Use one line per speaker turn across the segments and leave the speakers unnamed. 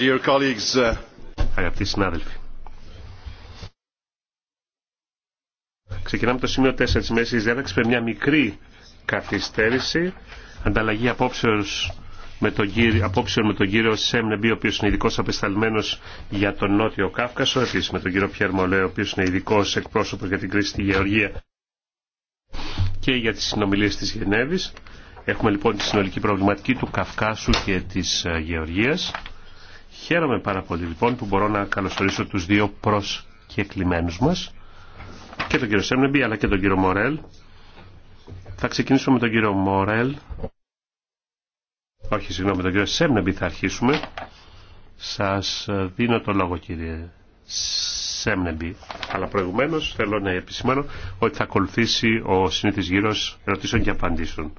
Uh,
Αγαπητοί συνάδελφοι, ξεκινάμε το σημείο 4 της μέσης διάταξης με μια μικρή καθυστέρηση, ανταλλαγή απόψεως με τον κύριο, απόψεων με τον κύριο Σέμνεμπι, ο οποίος είναι ειδικός απεσταλμένος για τον Νότιο Κάφκασο, επίσης με τον κύριο Πιέρ Μολέ, ο οποίος είναι ειδικός εκπρόσωπος για την κρίση στη Γεωργία και για τις συνομιλίες της Γενέβης. Έχουμε λοιπόν τη συνολική προβληματική του Καυκάσου και της ε, Γεωργίας. Χαίρομαι πάρα πολύ λοιπόν που μπορώ να καλωσορίσω τους δύο προς και μας και τον κύριο Σέμνεμπι αλλά και τον κύριο Μορέλ. Θα ξεκινήσουμε με τον κύριο Μορέλ. Όχι, συγγνώμη, τον κύριο Σέμνεμπι θα αρχίσουμε. Σας δίνω το λόγο κύριε Σέμνεμπι. Αλλά προηγουμένως θέλω να επισημάνω ότι θα ακολουθήσει ο συνήθις γύρος ερωτήσεων και απαντήσεων.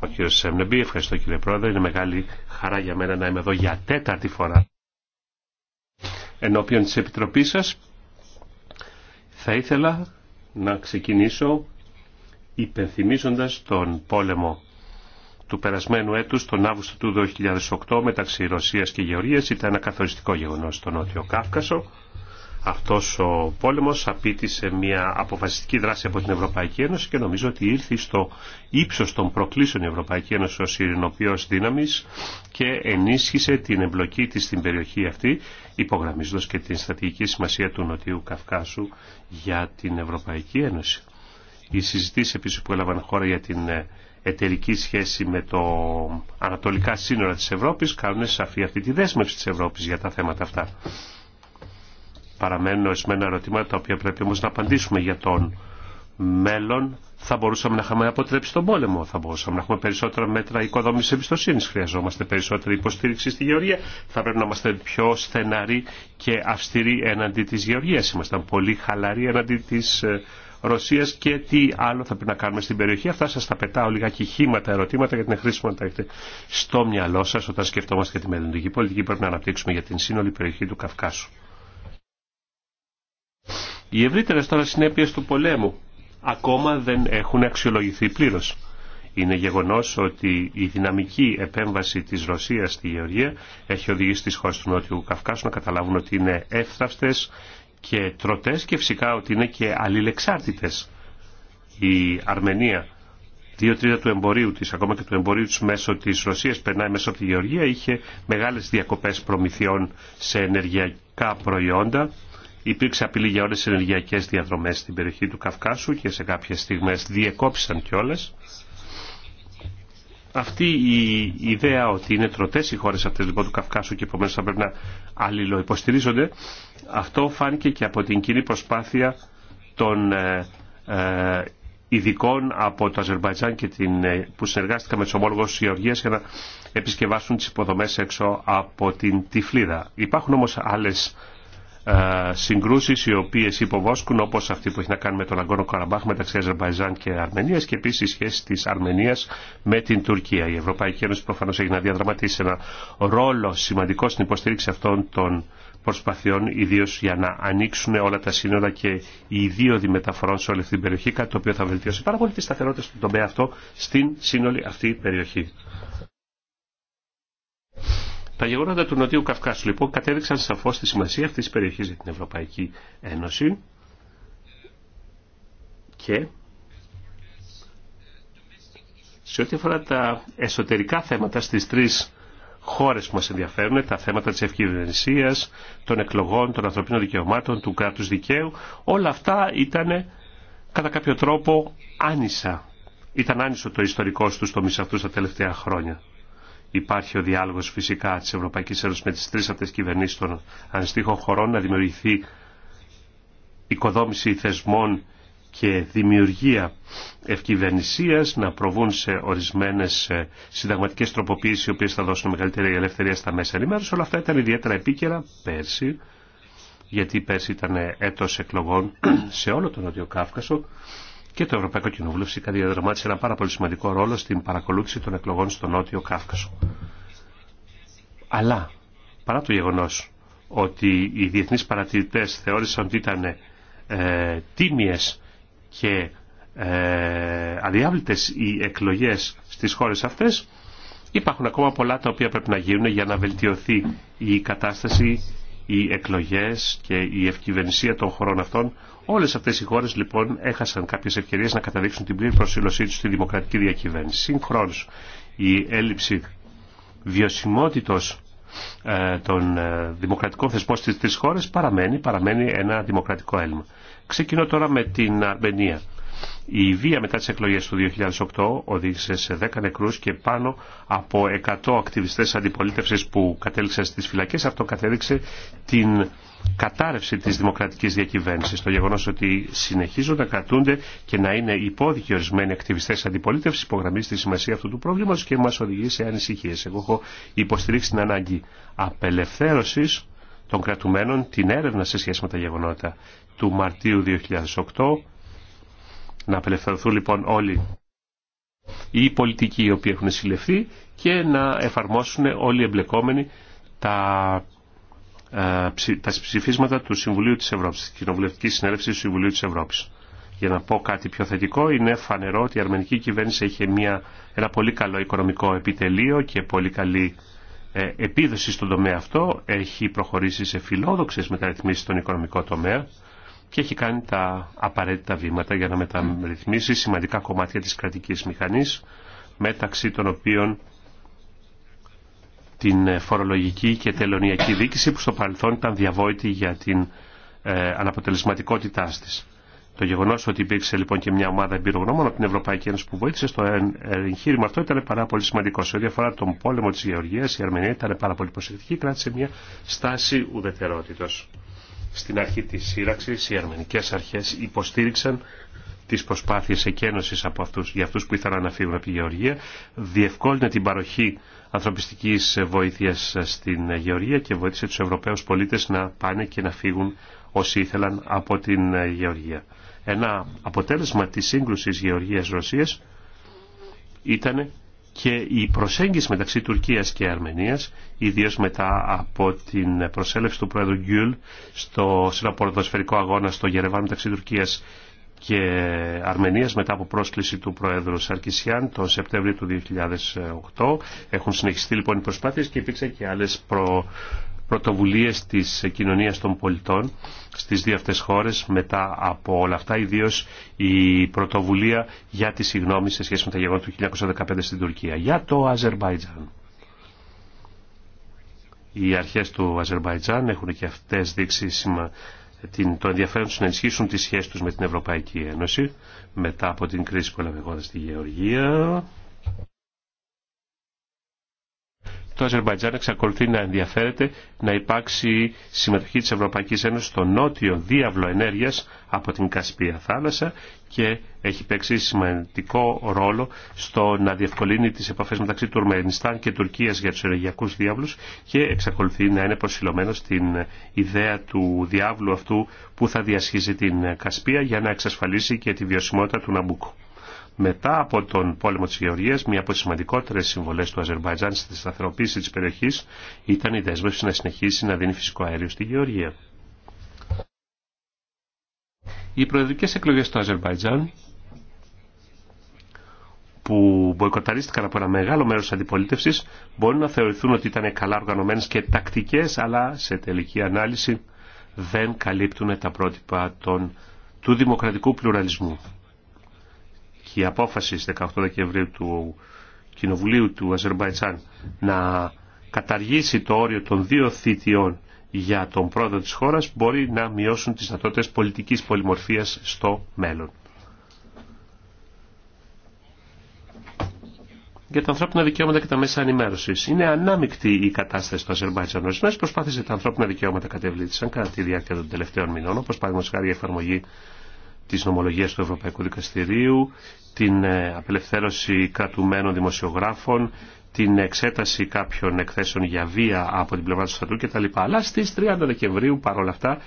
Ο κύριος Σέμνεμπι, ευχαριστώ κύριε Πρόεδρε, είναι μεγάλη χαρά για μένα να είμαι εδώ για τέταρτη φορά ενώπιον της Επιτροπής σας. Θα ήθελα να ξεκινήσω υπενθυμίζοντας τον πόλεμο του περασμένου έτους, τον Αύγουστο του 2008, μεταξύ Ρωσίας και Γεωργίας, ήταν ένα καθοριστικό γεγονός στο Νότιο Κάφκασο αυτός ο πόλεμος απίτησε μια αποφασιστική δράση από την Ευρωπαϊκή Ένωση και νομίζω ότι ήρθε στο ύψος των προκλήσεων η Ευρωπαϊκή Ένωση ως ειρηνοποιός δύναμης και ενίσχυσε την εμπλοκή της στην περιοχή αυτή υπογραμμίζοντας και την στρατηγική σημασία του Νοτιού Καυκάσου για την Ευρωπαϊκή Ένωση. Οι συζητήσεις επίση που έλαβαν χώρα για την ε, εταιρική σχέση με το ανατολικά σύνορα της Ευρώπης κάνουν σαφή αυτή τη δέσμευση της Ευρώπης για τα θέματα αυτά παραμένουν ορισμένα ερωτήματα τα οποία πρέπει όμως να απαντήσουμε για τον μέλλον. Θα μπορούσαμε να είχαμε αποτρέψει τον πόλεμο, θα μπορούσαμε να έχουμε περισσότερα μέτρα οικοδόμηση εμπιστοσύνη. Χρειαζόμαστε περισσότερη υποστήριξη στη Γεωργία. Θα πρέπει να είμαστε πιο στεναροί και αυστηροί εναντί τη Γεωργία. Ήμασταν πολύ χαλαροί εναντί τη ε, Ρωσία και τι άλλο θα πρέπει να κάνουμε στην περιοχή. Αυτά σα τα πετάω λιγάκι χήματα, ερωτήματα γιατί είναι χρήσιμο να τα έχετε στο μυαλό σα όταν σκεφτόμαστε για τη μελλοντική πολιτική πρέπει να αναπτύξουμε για την σύνολη περιοχή του Καυκάσου. Οι ευρύτερε τώρα συνέπειε του πολέμου ακόμα δεν έχουν αξιολογηθεί πλήρω. Είναι γεγονό ότι η δυναμική επέμβαση τη Ρωσία στη Γεωργία έχει οδηγήσει τι χώρε του Νότιου Καυκάσου να καταλάβουν ότι είναι εύθραυστε και τρωτέ, και φυσικά ότι είναι και αλληλεξάρτητε. Η Αρμενία, δύο τρίτα του εμπορίου τη, ακόμα και του εμπορίου τη μέσω τη Ρωσία, περνάει μέσω από τη Γεωργία, είχε μεγάλε διακοπέ προμηθειών σε ενεργειακά προϊόντα υπήρξε απειλή για όλες τις ενεργειακές διαδρομές στην περιοχή του Καυκάσου και σε κάποιες στιγμές διεκόπησαν κιόλας. Αυτή η ιδέα ότι είναι τροτές οι χώρες αυτές λοιπόν του Καυκάσου και επομένως θα πρέπει να αλληλοϊποστηρίζονται, αυτό φάνηκε και από την κοινή προσπάθεια των ε, ε, ειδικών από το Αζερβαϊτζάν και την, ε, που συνεργάστηκαν με του ομόλογου τη Γεωργία για να επισκευάσουν τι υποδομέ έξω από την Τυφλίδα. Υπάρχουν όμω άλλε ε, συγκρούσει οι οποίε υποβόσκουν όπω αυτή που έχει να κάνει με τον Αγκόνο Καραμπάχ μεταξύ Αζερβαϊζάν και Αρμενία και επίση η σχέση τη Αρμενία με την Τουρκία. Η Ευρωπαϊκή Ένωση προφανώ έχει να διαδραματίσει ένα ρόλο σημαντικό στην υποστήριξη αυτών των προσπαθειών, ιδίω για να ανοίξουν όλα τα σύνορα και οι δύο μεταφορών σε όλη αυτή την περιοχή, κάτι το οποίο θα βελτιώσει πάρα πολύ τη σταθερότητα στον τομέα αυτό στην σύνολη αυτή περιοχή. Τα γεγονότα του Νοτιού Καυκάσου λοιπόν κατέδειξαν σαφώ τη σημασία αυτή τη περιοχή για την Ευρωπαϊκή Ένωση και σε ό,τι αφορά τα εσωτερικά θέματα στι τρει χώρε που μα ενδιαφέρουν, τα θέματα τη ευκυβερνησίας, των εκλογών, των ανθρωπίνων δικαιωμάτων, του Κράτου δικαίου, όλα αυτά ήταν κατά κάποιο τρόπο άνισα. Ήταν άνισο το ιστορικό στους τομείς αυτούς τα τελευταία χρόνια υπάρχει ο διάλογος φυσικά της Ευρωπαϊκής Ένωσης με τις τρεις αυτές κυβερνήσεις των αντιστοίχων χωρών να δημιουργηθεί οικοδόμηση θεσμών και δημιουργία ευκυβερνησίας να προβούν σε ορισμένες ε, συνταγματικές τροποποίησεις οι οποίες θα δώσουν μεγαλύτερη ελευθερία στα μέσα ενημέρωση. Όλα αυτά ήταν ιδιαίτερα επίκαιρα πέρσι, γιατί πέρσι ήταν έτος εκλογών σε όλο τον Νότιο Κάφκασο και το Ευρωπαϊκό Κοινοβούλιο φυσικά διαδραμάτισε ένα πάρα πολύ σημαντικό ρόλο στην παρακολούθηση των εκλογών στο Νότιο Κάφκασο. Αλλά, παρά το γεγονός ότι οι διεθνείς παρατηρητές θεώρησαν ότι ήταν ε, τίμιες και ε, αδιάβλητες οι εκλογές στις χώρες αυτές, υπάρχουν ακόμα πολλά τα οποία πρέπει να γίνουν για να βελτιωθεί η κατάσταση οι εκλογές και η ευκυβερνησία των χωρών αυτών. Όλες αυτές οι χώρες λοιπόν έχασαν κάποιες ευκαιρίες να καταδείξουν την πλήρη προσήλωσή τους στη δημοκρατική διακυβέρνηση. Συγχρόνως η έλλειψη βιωσιμότητος ε, των ε, δημοκρατικών θεσμών στις τρεις χώρες παραμένει, παραμένει ένα δημοκρατικό έλλειμμα. Ξεκινώ τώρα με την Αρμενία. Η βία μετά τις εκλογές του 2008 οδήγησε σε 10 νεκρούς και πάνω από 100 ακτιβιστές αντιπολίτευσης που κατέληξαν στις φυλακές. Αυτό κατέδειξε την κατάρρευση της δημοκρατικής διακυβέρνησης. Το γεγονός ότι συνεχίζονται να κρατούνται και να είναι υπόδικοι ορισμένοι ακτιβιστές αντιπολίτευσης υπογραμμίζει τη σημασία αυτού του πρόβληματος και μας οδηγεί σε ανησυχίες. Εγώ έχω υποστηρίξει την ανάγκη απελευθέρωσης των κρατουμένων την έρευνα σε σχέση με τα γεγονότα του Μαρτίου 2008 να απελευθερωθούν λοιπόν όλοι οι πολιτικοί οι οποίοι έχουν συλλεφθεί και να εφαρμόσουν όλοι οι εμπλεκόμενοι τα, ε, τα ψηφίσματα του Συμβουλίου της Ευρώπης, της Κοινοβουλευτικής Συνέλευσης του Συμβουλίου της Ευρώπης. Για να πω κάτι πιο θετικό, είναι φανερό ότι η αρμενική κυβέρνηση έχει μια, ένα πολύ καλό οικονομικό επιτελείο και πολύ καλή ε, επίδοση στον τομέα αυτό. Έχει προχωρήσει σε φιλόδοξες μεταρρυθμίσεις στον οικονομικό τομέα και έχει κάνει τα απαραίτητα βήματα για να μεταρρυθμίσει σημαντικά κομμάτια της κρατικής μηχανής, μεταξύ των οποίων την ε, φορολογική και τελωνιακή δίκηση που στο παρελθόν ήταν διαβόητη για την ε, αναποτελεσματικότητά της. Το γεγονό ότι υπήρξε λοιπόν και μια ομάδα εμπειρογνώμων από την Ευρωπαϊκή Ένωση που βοήθησε στο ε, εγχείρημα αυτό ήταν πάρα πολύ σημαντικό. Σε ό,τι αφορά τον πόλεμο τη Γεωργία, η Αρμενία ήταν πάρα πολύ προσεκτική και κράτησε μια στάση ουδετερότητο. Στην αρχή της σύραξης οι αρμενικές αρχές υποστήριξαν τις προσπάθειες εκένωσης από αυτούς, για αυτούς που ήθελαν να φύγουν από τη Γεωργία, διευκόλυνε την παροχή ανθρωπιστικής βοήθειας στην Γεωργία και βοήθησε τους Ευρωπαίους πολίτες να πάνε και να φύγουν όσοι ήθελαν από την Γεωργία. Ένα αποτέλεσμα της σύγκρουσης Γεωργίας-Ρωσίας ήταν και η προσέγγιση μεταξύ Τουρκίας και Αρμενίας, ιδίως μετά από την προσέλευση του πρόεδρου Γκιουλ στο, σε αγώνα στο Γερεβάν μεταξύ Τουρκίας και Αρμενίας μετά από πρόσκληση του Προέδρου Σαρκισιάν τον Σεπτέμβριο του 2008. Έχουν συνεχιστεί λοιπόν οι προσπάθειες και υπήρξαν και άλλες προ, πρωτοβουλίες της κοινωνίας των πολιτών στις δύο αυτές χώρες μετά από όλα αυτά, ιδίως η πρωτοβουλία για τη συγνώμη σε σχέση με τα γεγονότα του 1915 στην Τουρκία. Για το Αζερβαϊτζάν. Οι αρχές του Αζερβαϊτζάν έχουν και αυτές δείξει το ενδιαφέρον τους να ενισχύσουν τις σχέσεις τους με την Ευρωπαϊκή Ένωση μετά από την κρίση που έλαβε στη Γεωργία το Αζερβαϊτζάν εξακολουθεί να ενδιαφέρεται να υπάρξει συμμετοχή της Ευρωπαϊκής Ένωσης στο νότιο διάβλο ενέργειας από την Κασπία θάλασσα και έχει παίξει σημαντικό ρόλο στο να διευκολύνει τις επαφές μεταξύ του Ορμενιστάν και Τουρκίας για τους ενεργειακούς διάβλους και εξακολουθεί να είναι προσιλωμένο στην ιδέα του διάβλου αυτού που θα διασχίζει την Κασπία για να εξασφαλίσει και τη βιωσιμότητα του Ναμπούκου μετά από τον πόλεμο της Γεωργίας, μία από τις σημαντικότερες συμβολές του Αζερμπαϊτζάν στη σταθεροποίηση της περιοχής ήταν η δέσμευση να συνεχίσει να δίνει φυσικό αέριο στη Γεωργία. Οι προεδρικές εκλογές του Αζερμπαϊτζάν που μποϊκοταρίστηκαν από ένα μεγάλο μέρος της αντιπολίτευσης μπορούν να θεωρηθούν ότι ήταν καλά οργανωμένες και τακτικές αλλά σε τελική ανάλυση δεν καλύπτουν τα πρότυπα του δημοκρατικού πλουραλισμού. Η απόφαση στις 18 Δεκεμβρίου του Κοινοβουλίου του Αζερμπαϊτσάν να καταργήσει το όριο των δύο θητιών για τον πρόεδρο της χώρας μπορεί να μειώσουν τις δυνατότητες πολιτικής πολυμορφίας στο μέλλον. για τα ανθρώπινα δικαιώματα και τα μέσα ενημέρωση. Είναι ανάμεικτη η κατάσταση του Αζερμπαϊτσάν. Ορισμένε προσπάθειε για τα ανθρώπινα δικαιώματα κατεβλήθησαν κατά τη διάρκεια των τελευταίων μηνών, όπω παραδείγματο χάρη η εφαρμογή της νομολογίας του Ευρωπαϊκού Δικαστηρίου, την ε, απελευθέρωση κρατουμένων δημοσιογράφων, την εξέταση κάποιων εκθέσεων για βία από την πλευρά του στρατού κτλ. Αλλά στις 30 Δεκεμβρίου παρόλα αυτά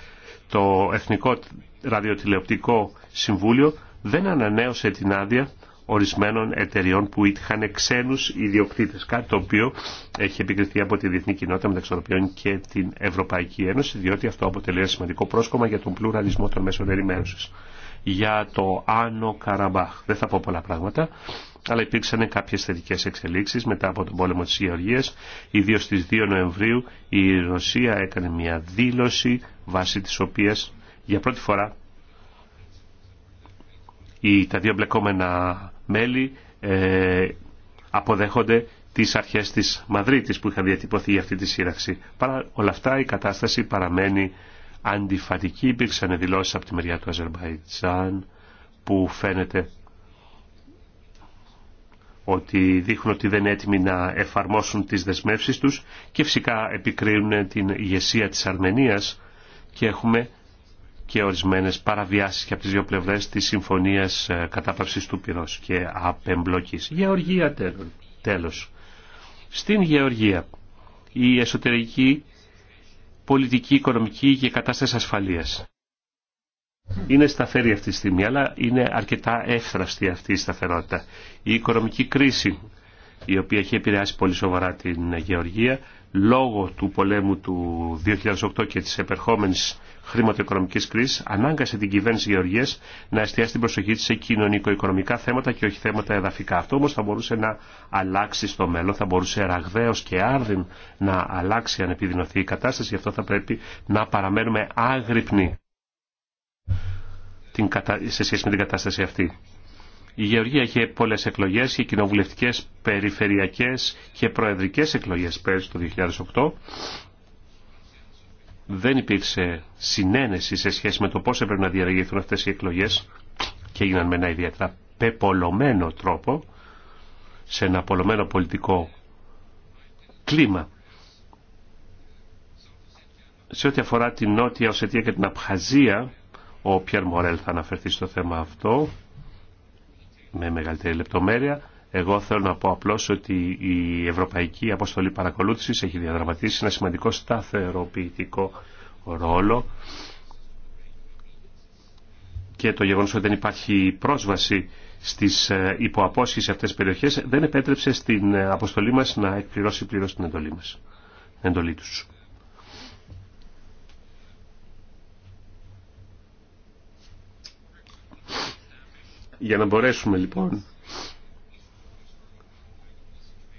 το Εθνικό Ραδιοτηλεοπτικό Συμβούλιο δεν ανανέωσε την άδεια ορισμένων εταιριών που είχαν ξένους ιδιοκτήτες, κάτι το οποίο έχει επικριθεί από τη διεθνή κοινότητα μεταξύ των οποίων και την Ευρωπαϊκή Ένωση, διότι αυτό αποτελεί ένα σημαντικό πρόσκομα για τον πλουραλισμό των μέσων ενημέρωσης για το Άνω Καραμπάχ. Δεν θα πω πολλά πράγματα, αλλά υπήρξαν κάποιες θετικές εξελίξεις μετά από τον πόλεμο της Γεωργίας. Ιδίως στις 2 Νοεμβρίου η Ρωσία έκανε μια δήλωση βάσει της οποίας για πρώτη φορά οι, τα δύο μπλεκόμενα μέλη ε, αποδέχονται τις αρχές της Μαδρίτης που είχαν διατυπωθεί για αυτή τη σύραξη. Παρά όλα αυτά η κατάσταση παραμένει αντιφατική. Υπήρξαν δηλώσει από τη μεριά του Αζερμπαϊτζάν που φαίνεται ότι δείχνουν ότι δεν είναι έτοιμοι να εφαρμόσουν τις δεσμεύσεις τους και φυσικά επικρίνουν την ηγεσία της Αρμενίας και έχουμε και ορισμένες παραβιάσεις και από τις δύο πλευρές της συμφωνίας ε, κατάπαυσης του πυρός και απεμπλοκής. Γεωργία τέλος. Στην Γεωργία η εσωτερική πολιτική, οικονομική και κατάσταση ασφαλείας. Είναι σταθερή αυτή τη στιγμή, αλλά είναι αρκετά εύθραυστη αυτή η σταθερότητα. Η οικονομική κρίση, η οποία έχει επηρεάσει πολύ σοβαρά την Γεωργία, λόγω του πολέμου του 2008 και της επερχόμενης χρηματοοικονομικής κρίσης ανάγκασε την κυβέρνηση Γεωργίας να εστιάσει την προσοχή της σε κοινωνικο-οικονομικά θέματα και όχι θέματα εδαφικά. Αυτό όμως θα μπορούσε να αλλάξει στο μέλλον, θα μπορούσε ραγδαίως και άρδιν να αλλάξει αν επιδεινωθεί η κατάσταση, γι' αυτό θα πρέπει να παραμένουμε άγρυπνοι σε σχέση με την κατάσταση αυτή. Η Γεωργία είχε πολλές εκλογές, και κοινοβουλευτικές, περιφερειακές και προεδρικές εκλογές πέρυσι το 2008. Δεν υπήρξε συνένεση σε σχέση με το πώς έπρεπε να διαργηθούν αυτές οι εκλογές και έγιναν με ένα ιδιαίτερα πεπολωμένο τρόπο σε ένα απολωμένο πολιτικό κλίμα. Σε ό,τι αφορά την Νότια Οσετία και την Απχαζία, ο Πιέρ Μορέλ θα αναφερθεί στο θέμα αυτό, με μεγαλύτερη λεπτομέρεια. Εγώ θέλω να πω απλώς ότι η Ευρωπαϊκή Αποστολή Παρακολούθησης έχει διαδραματίσει ένα σημαντικό σταθεροποιητικό ρόλο και το γεγονός ότι δεν υπάρχει πρόσβαση στις ε, υποαπόσχεις αυτές τις περιοχές δεν επέτρεψε στην ε, αποστολή μας να εκπληρώσει πλήρως την εντολή μας, εντολή τους. Για να μπορέσουμε λοιπόν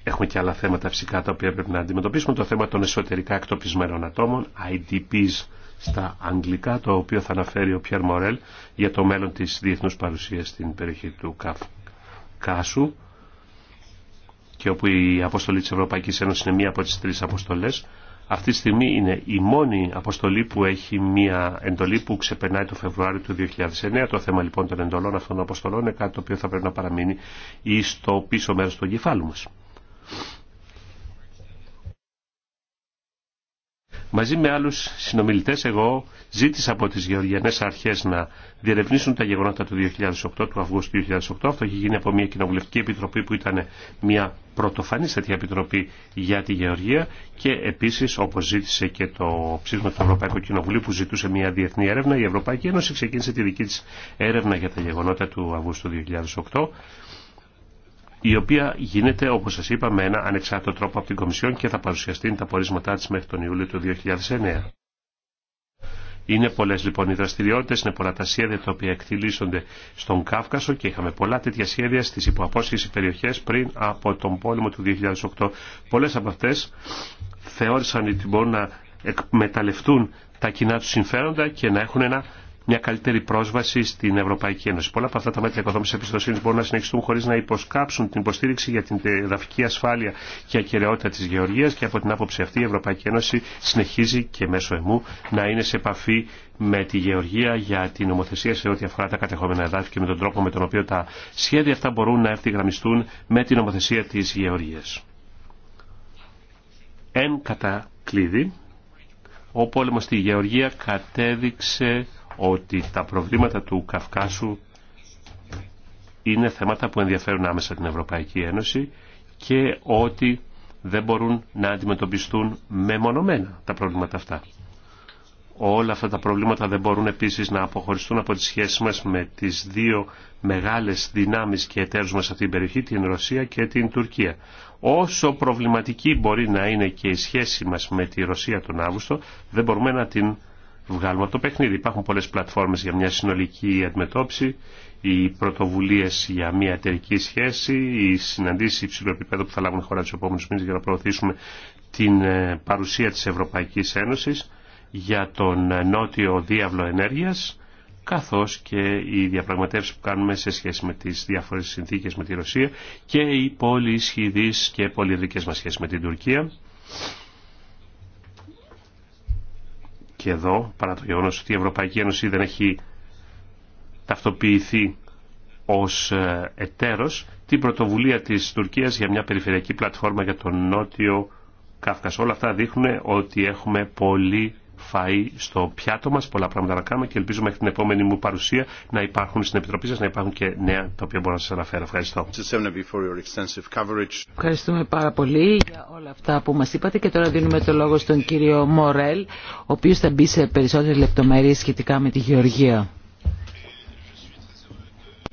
Έχουμε και άλλα θέματα φυσικά τα οποία πρέπει να αντιμετωπίσουμε. Το θέμα των εσωτερικά εκτοπισμένων ατόμων, IDPs στα αγγλικά, το οποίο θα αναφέρει ο Πιέρ Μορέλ για το μέλλον της διεθνούς παρουσίας στην περιοχή του Κάσου και όπου η αποστολή της Ευρωπαϊκής Ένωσης είναι μία από τις τρεις αποστολές αυτή τη στιγμή είναι η μόνη αποστολή που έχει μια εντολή που ξεπερνάει το Φεβρουάριο του 2009. Το θέμα λοιπόν των εντολών αυτών των αποστολών είναι κάτι το οποίο θα πρέπει να παραμείνει ή στο πίσω μέρος του εγκεφάλου μας. Μαζί με άλλους συνομιλητές εγώ ζήτησα από τις γεωργιανές αρχές να διερευνήσουν τα γεγονότα του 2008, του Αυγούστου 2008. Αυτό έχει γίνει από μια κοινοβουλευτική επιτροπή που ήταν μια πρωτοφανή τέτοια επιτροπή για τη γεωργία και επίσης όπως ζήτησε και το ψήφισμα του Ευρωπαϊκού Κοινοβουλίου που ζητούσε μια διεθνή έρευνα, η Ευρωπαϊκή Ένωση ξεκίνησε τη δική της έρευνα για τα γεγονότα του Αυγούστου 2008 η οποία γίνεται, όπως σας είπα, με ένα ανεξάρτητο τρόπο από την Κομισιόν και θα παρουσιαστεί τα πορίσματά της μέχρι τον Ιούλιο του 2009. Είναι πολλέ λοιπόν οι δραστηριότητε, είναι πολλά τα σχέδια τα οποία εκτιλήσονται στον Κάφκασο και είχαμε πολλά τέτοια σχέδια στις υποαπόσχεση περιοχές πριν από τον πόλεμο του 2008. Πολλές από αυτές θεώρησαν ότι μπορούν να εκμεταλλευτούν τα κοινά του συμφέροντα και να έχουν ένα μια καλύτερη πρόσβαση στην Ευρωπαϊκή Ένωση. Πολλά από αυτά τα μέτρα οικοδόμηση εμπιστοσύνη μπορούν να συνεχιστούν χωρί να υποσκάψουν την υποστήριξη για την εδαφική ασφάλεια και ακαιρεότητα τη Γεωργία και από την άποψη αυτή η Ευρωπαϊκή Ένωση συνεχίζει και μέσω εμού να είναι σε επαφή με τη Γεωργία για την ομοθεσία σε ό,τι αφορά τα κατεχόμενα εδάφη και με τον τρόπο με τον οποίο τα σχέδια αυτά μπορούν να ευθυγραμμιστούν με την νομοθεσία τη Γεωργία. Εν κατά κλείδι, ο πόλεμος στη Γεωργία κατέδειξε ότι τα προβλήματα του Καυκάσου είναι θέματα που ενδιαφέρουν άμεσα την Ευρωπαϊκή Ένωση και ότι δεν μπορούν να αντιμετωπιστούν μεμονωμένα τα προβλήματα αυτά. Όλα αυτά τα προβλήματα δεν μπορούν επίσης να αποχωριστούν από τις σχέσεις μας με τις δύο μεγάλες δυνάμεις και εταίρους μας σε αυτήν την περιοχή, την Ρωσία και την Τουρκία. Όσο προβληματική μπορεί να είναι και η σχέση μας με τη Ρωσία τον Αύγουστο, δεν μπορούμε να την βγάλουμε το παιχνίδι. Υπάρχουν πολλές πλατφόρμες για μια συνολική αντιμετώπιση, οι πρωτοβουλίες για μια εταιρική σχέση, οι συναντήσεις υψηλού επίπεδου που θα λάβουν χώρα τους επόμενους μήνες για να προωθήσουμε την ε, παρουσία της Ευρωπαϊκής Ένωσης για τον ε, νότιο διάβλο ενέργειας, καθώς και οι διαπραγματεύσεις που κάνουμε σε σχέση με τις διάφορες συνθήκες με τη Ρωσία και οι πολυσχηδείς και πολυεδρικές μας σχέσεις με την Τουρκία και εδώ, παρά το γεγονός ότι η Ευρωπαϊκή Ένωση δεν έχει ταυτοποιηθεί ως ε, εταίρος την πρωτοβουλία της Τουρκίας για μια περιφερειακή πλατφόρμα για τον Νότιο Κάφκασο. Όλα αυτά δείχνουν ότι έχουμε πολύ φαΐ στο πιάτο μας, πολλά πράγματα να κάνουμε και ελπίζω μέχρι την επόμενη μου παρουσία να υπάρχουν στην Επιτροπή σας, να υπάρχουν και νέα τα οποία μπορώ να σας αναφέρω. Ευχαριστώ.
Ευχαριστούμε πάρα πολύ για όλα αυτά που μας είπατε και τώρα δίνουμε το λόγο στον κύριο Μορέλ, ο οποίος θα μπει σε περισσότερες λεπτομέρειες σχετικά με τη Γεωργία.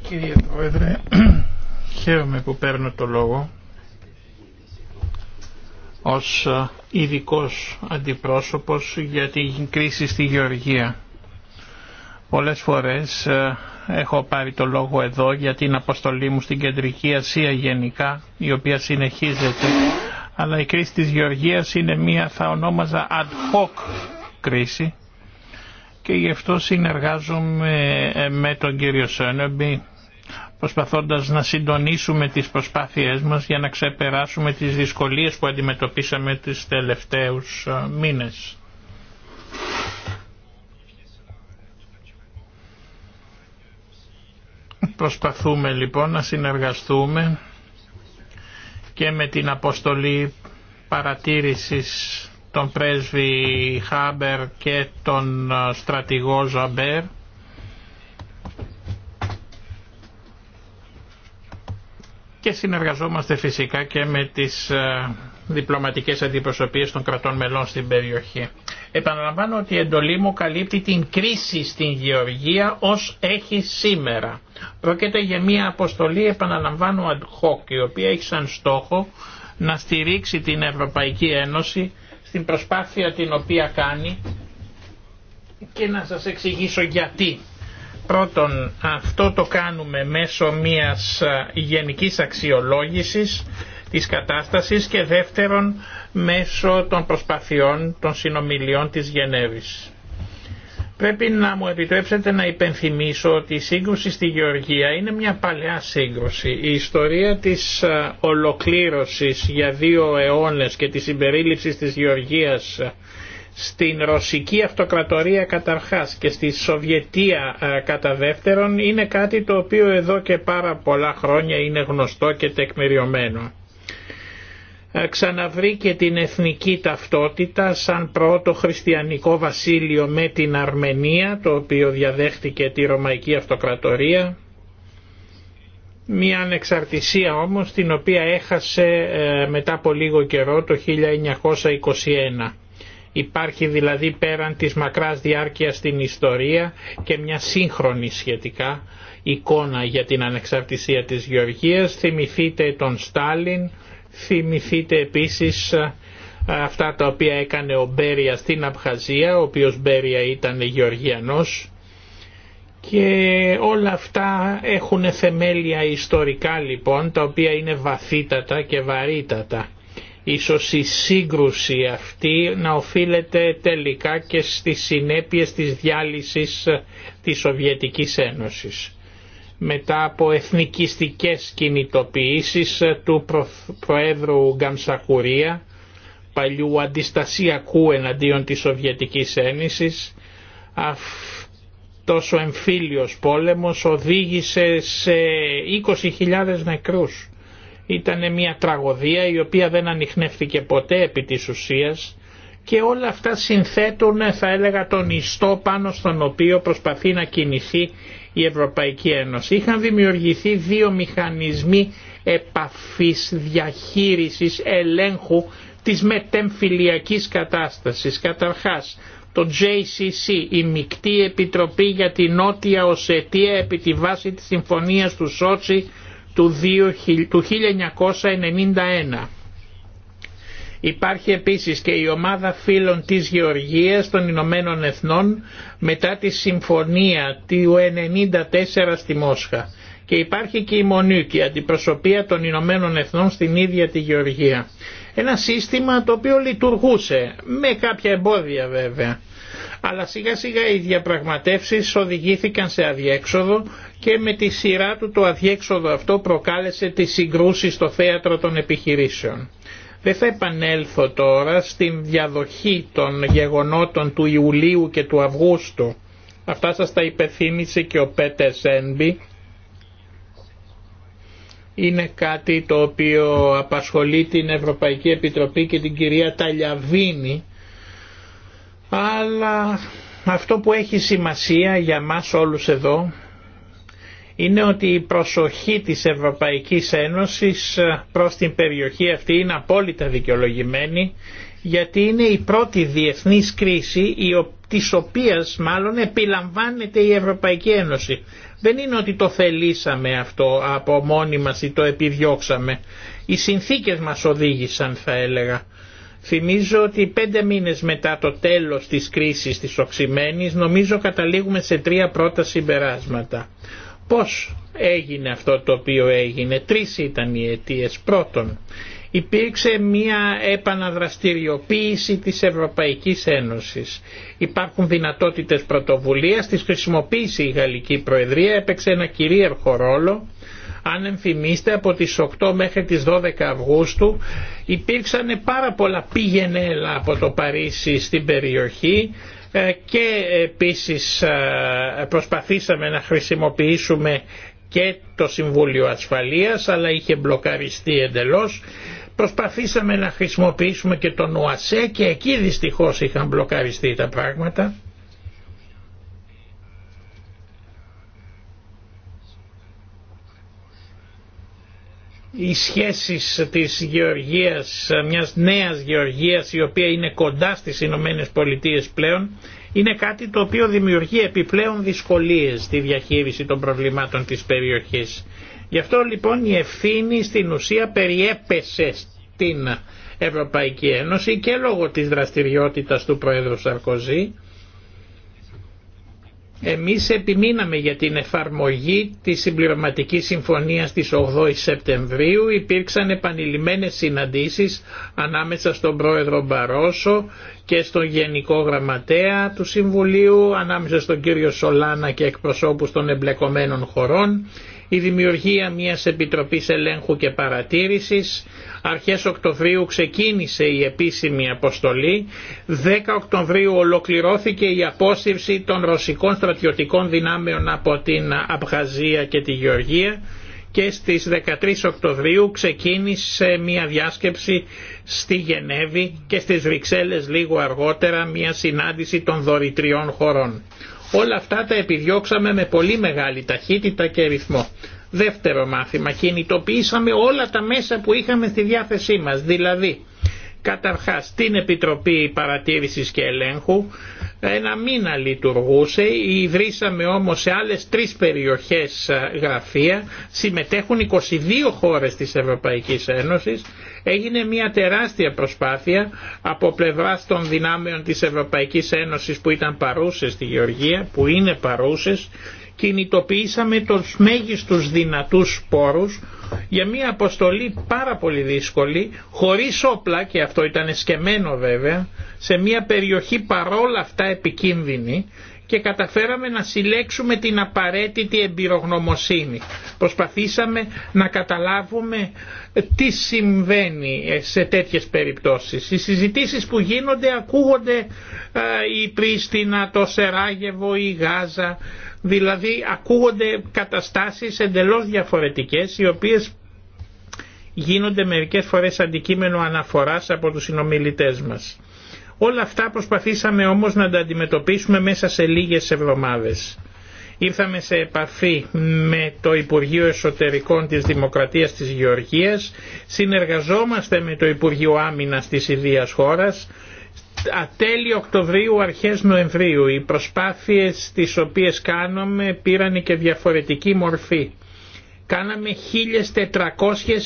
Κύριε Πρόεδρε, χαίρομαι που παίρνω το λόγο ως ε, ειδικό αντιπρόσωπος για την κρίση στη Γεωργία. Πολλές φορές ε, έχω πάρει το λόγο εδώ για την αποστολή μου στην Κεντρική Ασία γενικά, η οποία συνεχίζεται, αλλά η κρίση της Γεωργίας είναι μία θα ονόμαζα ad hoc κρίση και γι' αυτό συνεργάζομαι ε, με τον κύριο Σένεμπι προσπαθώντας να συντονίσουμε τις προσπάθειές μας για να ξεπεράσουμε τις δυσκολίες που αντιμετωπίσαμε τις τελευταίους ε, μήνες. Προσπαθούμε λοιπόν να συνεργαστούμε και με την αποστολή παρατήρησης τον πρέσβη Χάμπερ και των ε, στρατηγό Ζαμπέρ και συνεργαζόμαστε φυσικά και με τις ε, διπλωματικές αντιπροσωπείες των κρατών μελών στην περιοχή. Επαναλαμβάνω ότι η εντολή μου καλύπτει την κρίση στην Γεωργία ως έχει σήμερα. Πρόκειται για μια αποστολή επαναλαμβάνω ad hoc η οποία έχει σαν στόχο να στηρίξει την Ευρωπαϊκή Ένωση στην προσπάθεια την οποία κάνει και να σας εξηγήσω γιατί. Πρώτον, αυτό το κάνουμε μέσω μιας γενικής αξιολόγησης της κατάστασης και δεύτερον μέσω των προσπαθειών των συνομιλιών της Γενέβης. Πρέπει να μου επιτρέψετε να υπενθυμίσω ότι η σύγκρουση στη Γεωργία είναι μια παλαιά σύγκρουση. Η ιστορία της ολοκλήρωσης για δύο αιώνες και της συμπερίληψης της Γεωργίας στην Ρωσική Αυτοκρατορία καταρχάς και στη Σοβιετία ε, κατά δεύτερον είναι κάτι το οποίο εδώ και πάρα πολλά χρόνια είναι γνωστό και τεκμηριωμένο. Ε, ξαναβρήκε την εθνική ταυτότητα σαν πρώτο χριστιανικό βασίλειο με την Αρμενία το οποίο διαδέχτηκε τη Ρωμαϊκή Αυτοκρατορία μια ανεξαρτησία όμως την οποία έχασε ε, μετά από λίγο καιρό το 1921 Υπάρχει δηλαδή πέραν της μακράς διάρκειας στην ιστορία και μια σύγχρονη σχετικά εικόνα για την ανεξαρτησία της Γεωργίας. Θυμηθείτε τον Στάλιν, θυμηθείτε επίσης ε, αυτά τα οποία έκανε ο Μπέρια στην Απχαζία, ο οποίος Μπέρια ήταν Γεωργιανός και όλα αυτά έχουν θεμέλια ιστορικά λοιπόν τα οποία είναι βαθύτατα και βαρύτατα Ίσως η σύγκρουση αυτή να οφείλεται τελικά και στις συνέπειες της διάλυσης της Σοβιετικής Ένωσης μετά από εθνικιστικές κινητοποιήσεις του Προέδρου Γκαμσακουρία, παλιού αντιστασιακού εναντίον της Σοβιετικής Ένωσης, αυτός ο εμφύλιος πόλεμος οδήγησε σε 20.000 νεκρούς. Ήταν μια τραγωδία η οποία δεν ανοιχνεύτηκε ποτέ επί της ουσίας και όλα αυτά συνθέτουν θα έλεγα τον ιστό πάνω στον οποίο προσπαθεί να κινηθεί η Ευρωπαϊκή Ένωση. Είχαν δημιουργηθεί δύο μηχανισμοί επαφής, διαχείρισης, ελέγχου της μετεμφυλιακής κατάστασης. Καταρχάς, το JCC, η Μικτή Επιτροπή για την Νότια Οσετία επί τη βάση της Συμφωνίας του Σότσι του 1991. Υπάρχει επίσης και η ομάδα φίλων της Γεωργίας των Ηνωμένων Εθνών μετά τη συμφωνία του 1994 στη Μόσχα. Και υπάρχει και η Μονίκη, αντιπροσωπεία των Ηνωμένων Εθνών στην ίδια τη Γεωργία. Ένα σύστημα το οποίο λειτουργούσε, με κάποια εμπόδια βέβαια αλλά σιγά σιγά οι διαπραγματεύσεις οδηγήθηκαν σε αδιέξοδο και με τη σειρά του το αδιέξοδο αυτό προκάλεσε τις συγκρούσεις στο θέατρο των επιχειρήσεων. Δεν θα επανέλθω τώρα στην διαδοχή των γεγονότων του Ιουλίου και του Αυγούστου. Αυτά σας τα υπεθύμησε και ο Πέτες Ένμπι. Είναι κάτι το οποίο απασχολεί την Ευρωπαϊκή Επιτροπή και την κυρία Ταλιαβίνη αλλά αυτό που έχει σημασία για μας όλους εδώ είναι ότι η προσοχή της Ευρωπαϊκής Ένωσης προς την περιοχή αυτή είναι απόλυτα δικαιολογημένη γιατί είναι η πρώτη διεθνής κρίση της οποίας μάλλον επιλαμβάνεται η Ευρωπαϊκή Ένωση. Δεν είναι ότι το θελήσαμε αυτό από μόνοι μας ή το επιδιώξαμε. Οι συνθήκες μας οδήγησαν θα έλεγα. Θυμίζω ότι πέντε μήνες μετά το τέλος της κρίσης της οξυμένης νομίζω καταλήγουμε σε τρία πρώτα συμπεράσματα. Πώς έγινε αυτό το οποίο έγινε. Τρεις ήταν οι αιτίες. Πρώτον, υπήρξε μια επαναδραστηριοποίηση της Ευρωπαϊκής Ένωσης. Υπάρχουν δυνατότητες πρωτοβουλίας, τις χρησιμοποίησε η Γαλλική Προεδρία, έπαιξε ένα κυρίαρχο ρόλο αν εμφυμίστε από τις 8 μέχρι τις 12 Αυγούστου υπήρξαν πάρα πολλά πηγενέλα από το Παρίσι στην περιοχή ε, και επίσης ε, προσπαθήσαμε να χρησιμοποιήσουμε και το Συμβούλιο Ασφαλείας αλλά είχε μπλοκαριστεί εντελώς. Προσπαθήσαμε να χρησιμοποιήσουμε και τον ΟΑΣΕ και εκεί δυστυχώς είχαν μπλοκαριστεί τα πράγματα. οι σχέσεις της γεωργίας, μιας νέας γεωργίας η οποία είναι κοντά στις Ηνωμένε Πολιτείε πλέον είναι κάτι το οποίο δημιουργεί επιπλέον δυσκολίες στη διαχείριση των προβλημάτων της περιοχής. Γι' αυτό λοιπόν η ευθύνη στην ουσία περιέπεσε στην Ευρωπαϊκή Ένωση και λόγω της δραστηριότητας του Προέδρου Σαρκοζή εμείς επιμείναμε για την εφαρμογή της συμπληρωματικής συμφωνίας της 8 η Σεπτεμβρίου. Υπήρξαν επανειλημμένες συναντήσεις ανάμεσα στον πρόεδρο Μπαρόσο και στον Γενικό Γραμματέα του Συμβουλίου, ανάμεσα στον κύριο Σολάνα και εκπροσώπους των εμπλεκομένων χωρών η δημιουργία μιας Επιτροπής Ελέγχου και Παρατήρησης. Αρχές Οκτωβρίου ξεκίνησε η επίσημη αποστολή. 10 Οκτωβρίου ολοκληρώθηκε η απόσυρση των ρωσικών στρατιωτικών δυνάμεων από την Απχαζία και τη Γεωργία και στις 13 Οκτωβρίου ξεκίνησε μια διάσκεψη στη Γενέβη και στις Βρυξέλλες λίγο αργότερα μια συνάντηση των δωρητριών χωρών. Όλα αυτά τα επιδιώξαμε με πολύ μεγάλη ταχύτητα και ρυθμό. Δεύτερο μάθημα, κινητοποιήσαμε όλα τα μέσα που είχαμε στη διάθεσή μας, δηλαδή καταρχάς την Επιτροπή Παρατήρησης και Ελέγχου, ένα ε, μήνα λειτουργούσε, ιδρύσαμε όμως σε άλλες τρεις περιοχές ε, γραφεία, συμμετέχουν 22 χώρες της Ευρωπαϊκής Ένωσης, έγινε μια τεράστια προσπάθεια από πλευρά των δυνάμεων της Ευρωπαϊκής Ένωσης που ήταν παρούσες στη Γεωργία, που είναι παρούσες, κινητοποιήσαμε τους μέγιστους δυνατούς πόρους για μια αποστολή πάρα πολύ δύσκολη, χωρίς όπλα και αυτό ήταν σκεμμένο βέβαια, σε μια περιοχή παρόλα αυτά επικίνδυνη και καταφέραμε να συλλέξουμε την απαραίτητη εμπειρογνωμοσύνη. Προσπαθήσαμε να καταλάβουμε ε, τι συμβαίνει ε, σε τέτοιες περιπτώσεις. Οι συζητήσεις που γίνονται ακούγονται η ε, Πρίστινα, το Σεράγεβο, η Γάζα, Δηλαδή ακούγονται καταστάσεις εντελώς διαφορετικές οι οποίες γίνονται μερικές φορές αντικείμενο αναφοράς από τους συνομιλητές μας. Όλα αυτά προσπαθήσαμε όμως να τα αντιμετωπίσουμε μέσα σε λίγες εβδομάδες. Ήρθαμε σε επαφή με το Υπουργείο Εσωτερικών της Δημοκρατίας της Γεωργίας, συνεργαζόμαστε με το Υπουργείο Άμυνας της Ιδίας Χώρας, Ατέλειο Οκτωβρίου, αρχές Νοεμβρίου, οι προσπάθειες τις οποίες κάναμε πήραν και διαφορετική μορφή. Κάναμε 1.400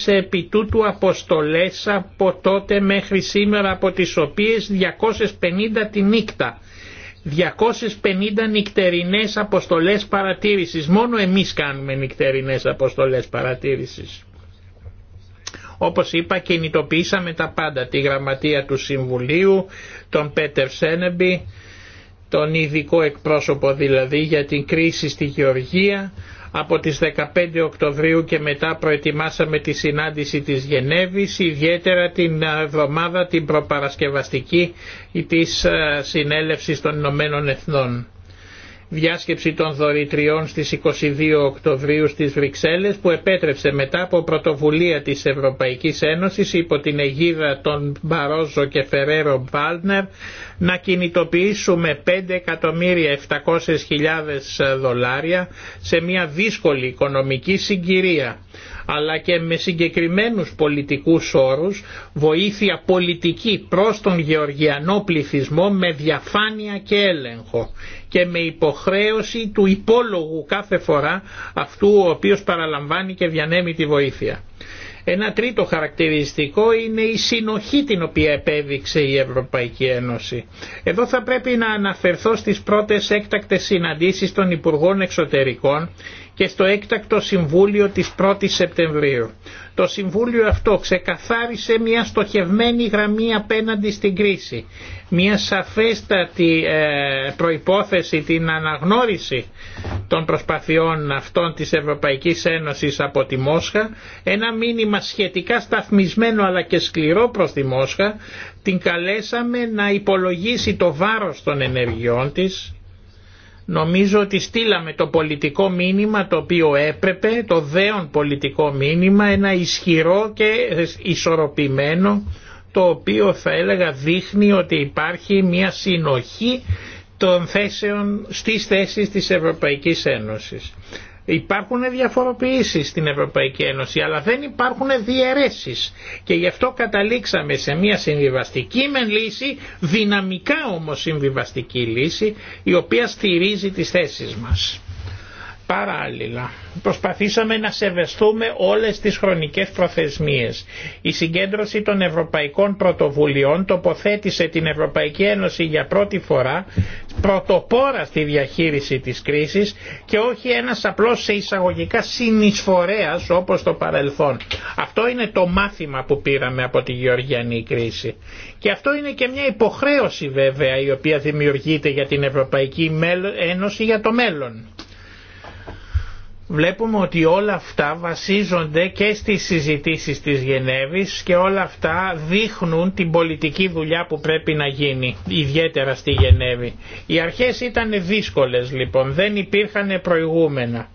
επί τούτου αποστολές από τότε μέχρι σήμερα από τις οποίες 250 τη νύχτα. 250 νυχτερινές αποστολές παρατήρησης. Μόνο εμείς κάνουμε νυχτερινές αποστολές παρατήρησης. Όπως είπα κινητοποιήσαμε τα πάντα, τη γραμματεία του Συμβουλίου, τον Πέτερ Σένεμπι, τον ειδικό εκπρόσωπο δηλαδή για την κρίση στη Γεωργία. Από τις 15 Οκτωβρίου και μετά προετοιμάσαμε τη συνάντηση της Γενέβης, ιδιαίτερα την εβδομάδα την προπαρασκευαστική της ε, συνέλευσης των Ηνωμένων Εθνών διάσκεψη των δωρητριών στις 22 Οκτωβρίου στις Βρυξέλλες που επέτρεψε μετά από πρωτοβουλία της Ευρωπαϊκής Ένωσης υπό την αιγίδα των Μπαρόζο και Φεραίρο Μπάλνερ να κινητοποιήσουμε 5.700.000 δολάρια σε μια δύσκολη οικονομική συγκυρία αλλά και με συγκεκριμένους πολιτικούς όρους βοήθεια πολιτική προς τον γεωργιανό πληθυσμό με διαφάνεια και έλεγχο και με υποχρέωση του υπόλογου κάθε φορά αυτού ο οποίος παραλαμβάνει και διανέμει τη βοήθεια. Ένα τρίτο χαρακτηριστικό είναι η συνοχή την οποία επέδειξε η Ευρωπαϊκή Ένωση. Εδώ θα πρέπει να αναφερθώ στις πρώτες έκτακτες συναντήσεις των Υπουργών Εξωτερικών και στο έκτακτο συμβούλιο της 1ης Σεπτεμβρίου. Το συμβούλιο αυτό ξεκαθάρισε μια στοχευμένη γραμμή απέναντι στην κρίση, μια σαφέστατη ε, προϋπόθεση την αναγνώριση των προσπαθειών αυτών της Ευρωπαϊκής Ένωσης από τη Μόσχα, ένα μήνυμα σχετικά σταθμισμένο αλλά και σκληρό προς τη Μόσχα, την καλέσαμε να υπολογίσει το βάρος των ενεργειών της, Νομίζω ότι στείλαμε το πολιτικό μήνυμα το οποίο έπρεπε, το δέον πολιτικό μήνυμα, ένα ισχυρό και ισορροπημένο, το οποίο θα έλεγα δείχνει ότι υπάρχει μια συνοχή των θέσεων στις θέσεις της Ευρωπαϊκής Ένωσης. Υπάρχουν διαφοροποιήσεις στην Ευρωπαϊκή Ένωση αλλά δεν υπάρχουν διαιρέσεις και γι' αυτό καταλήξαμε σε μια συμβιβαστική με λύση, δυναμικά όμως συμβιβαστική λύση η οποία στηρίζει τις θέσεις μας. Παράλληλα, προσπαθήσαμε να σεβεστούμε όλες τις χρονικές προθεσμίες. Η συγκέντρωση των ευρωπαϊκών πρωτοβουλειών τοποθέτησε την Ευρωπαϊκή Ένωση για πρώτη φορά πρωτοπόρα στη διαχείριση της κρίσης και όχι ένας απλός σε εισαγωγικά συνεισφορέας όπως το παρελθόν. Αυτό είναι το μάθημα που πήραμε από τη Γεωργιανή κρίση. Και αυτό είναι και μια υποχρέωση βέβαια η οποία δημιουργείται για την Ευρωπαϊκή Ένωση για το μέλλον Βλέπουμε ότι όλα αυτά βασίζονται και στις συζητήσεις της Γενέβης και όλα αυτά δείχνουν την πολιτική δουλειά που πρέπει να γίνει, ιδιαίτερα στη Γενέβη. Οι αρχές ήταν δύσκολες λοιπόν, δεν υπήρχαν προηγούμενα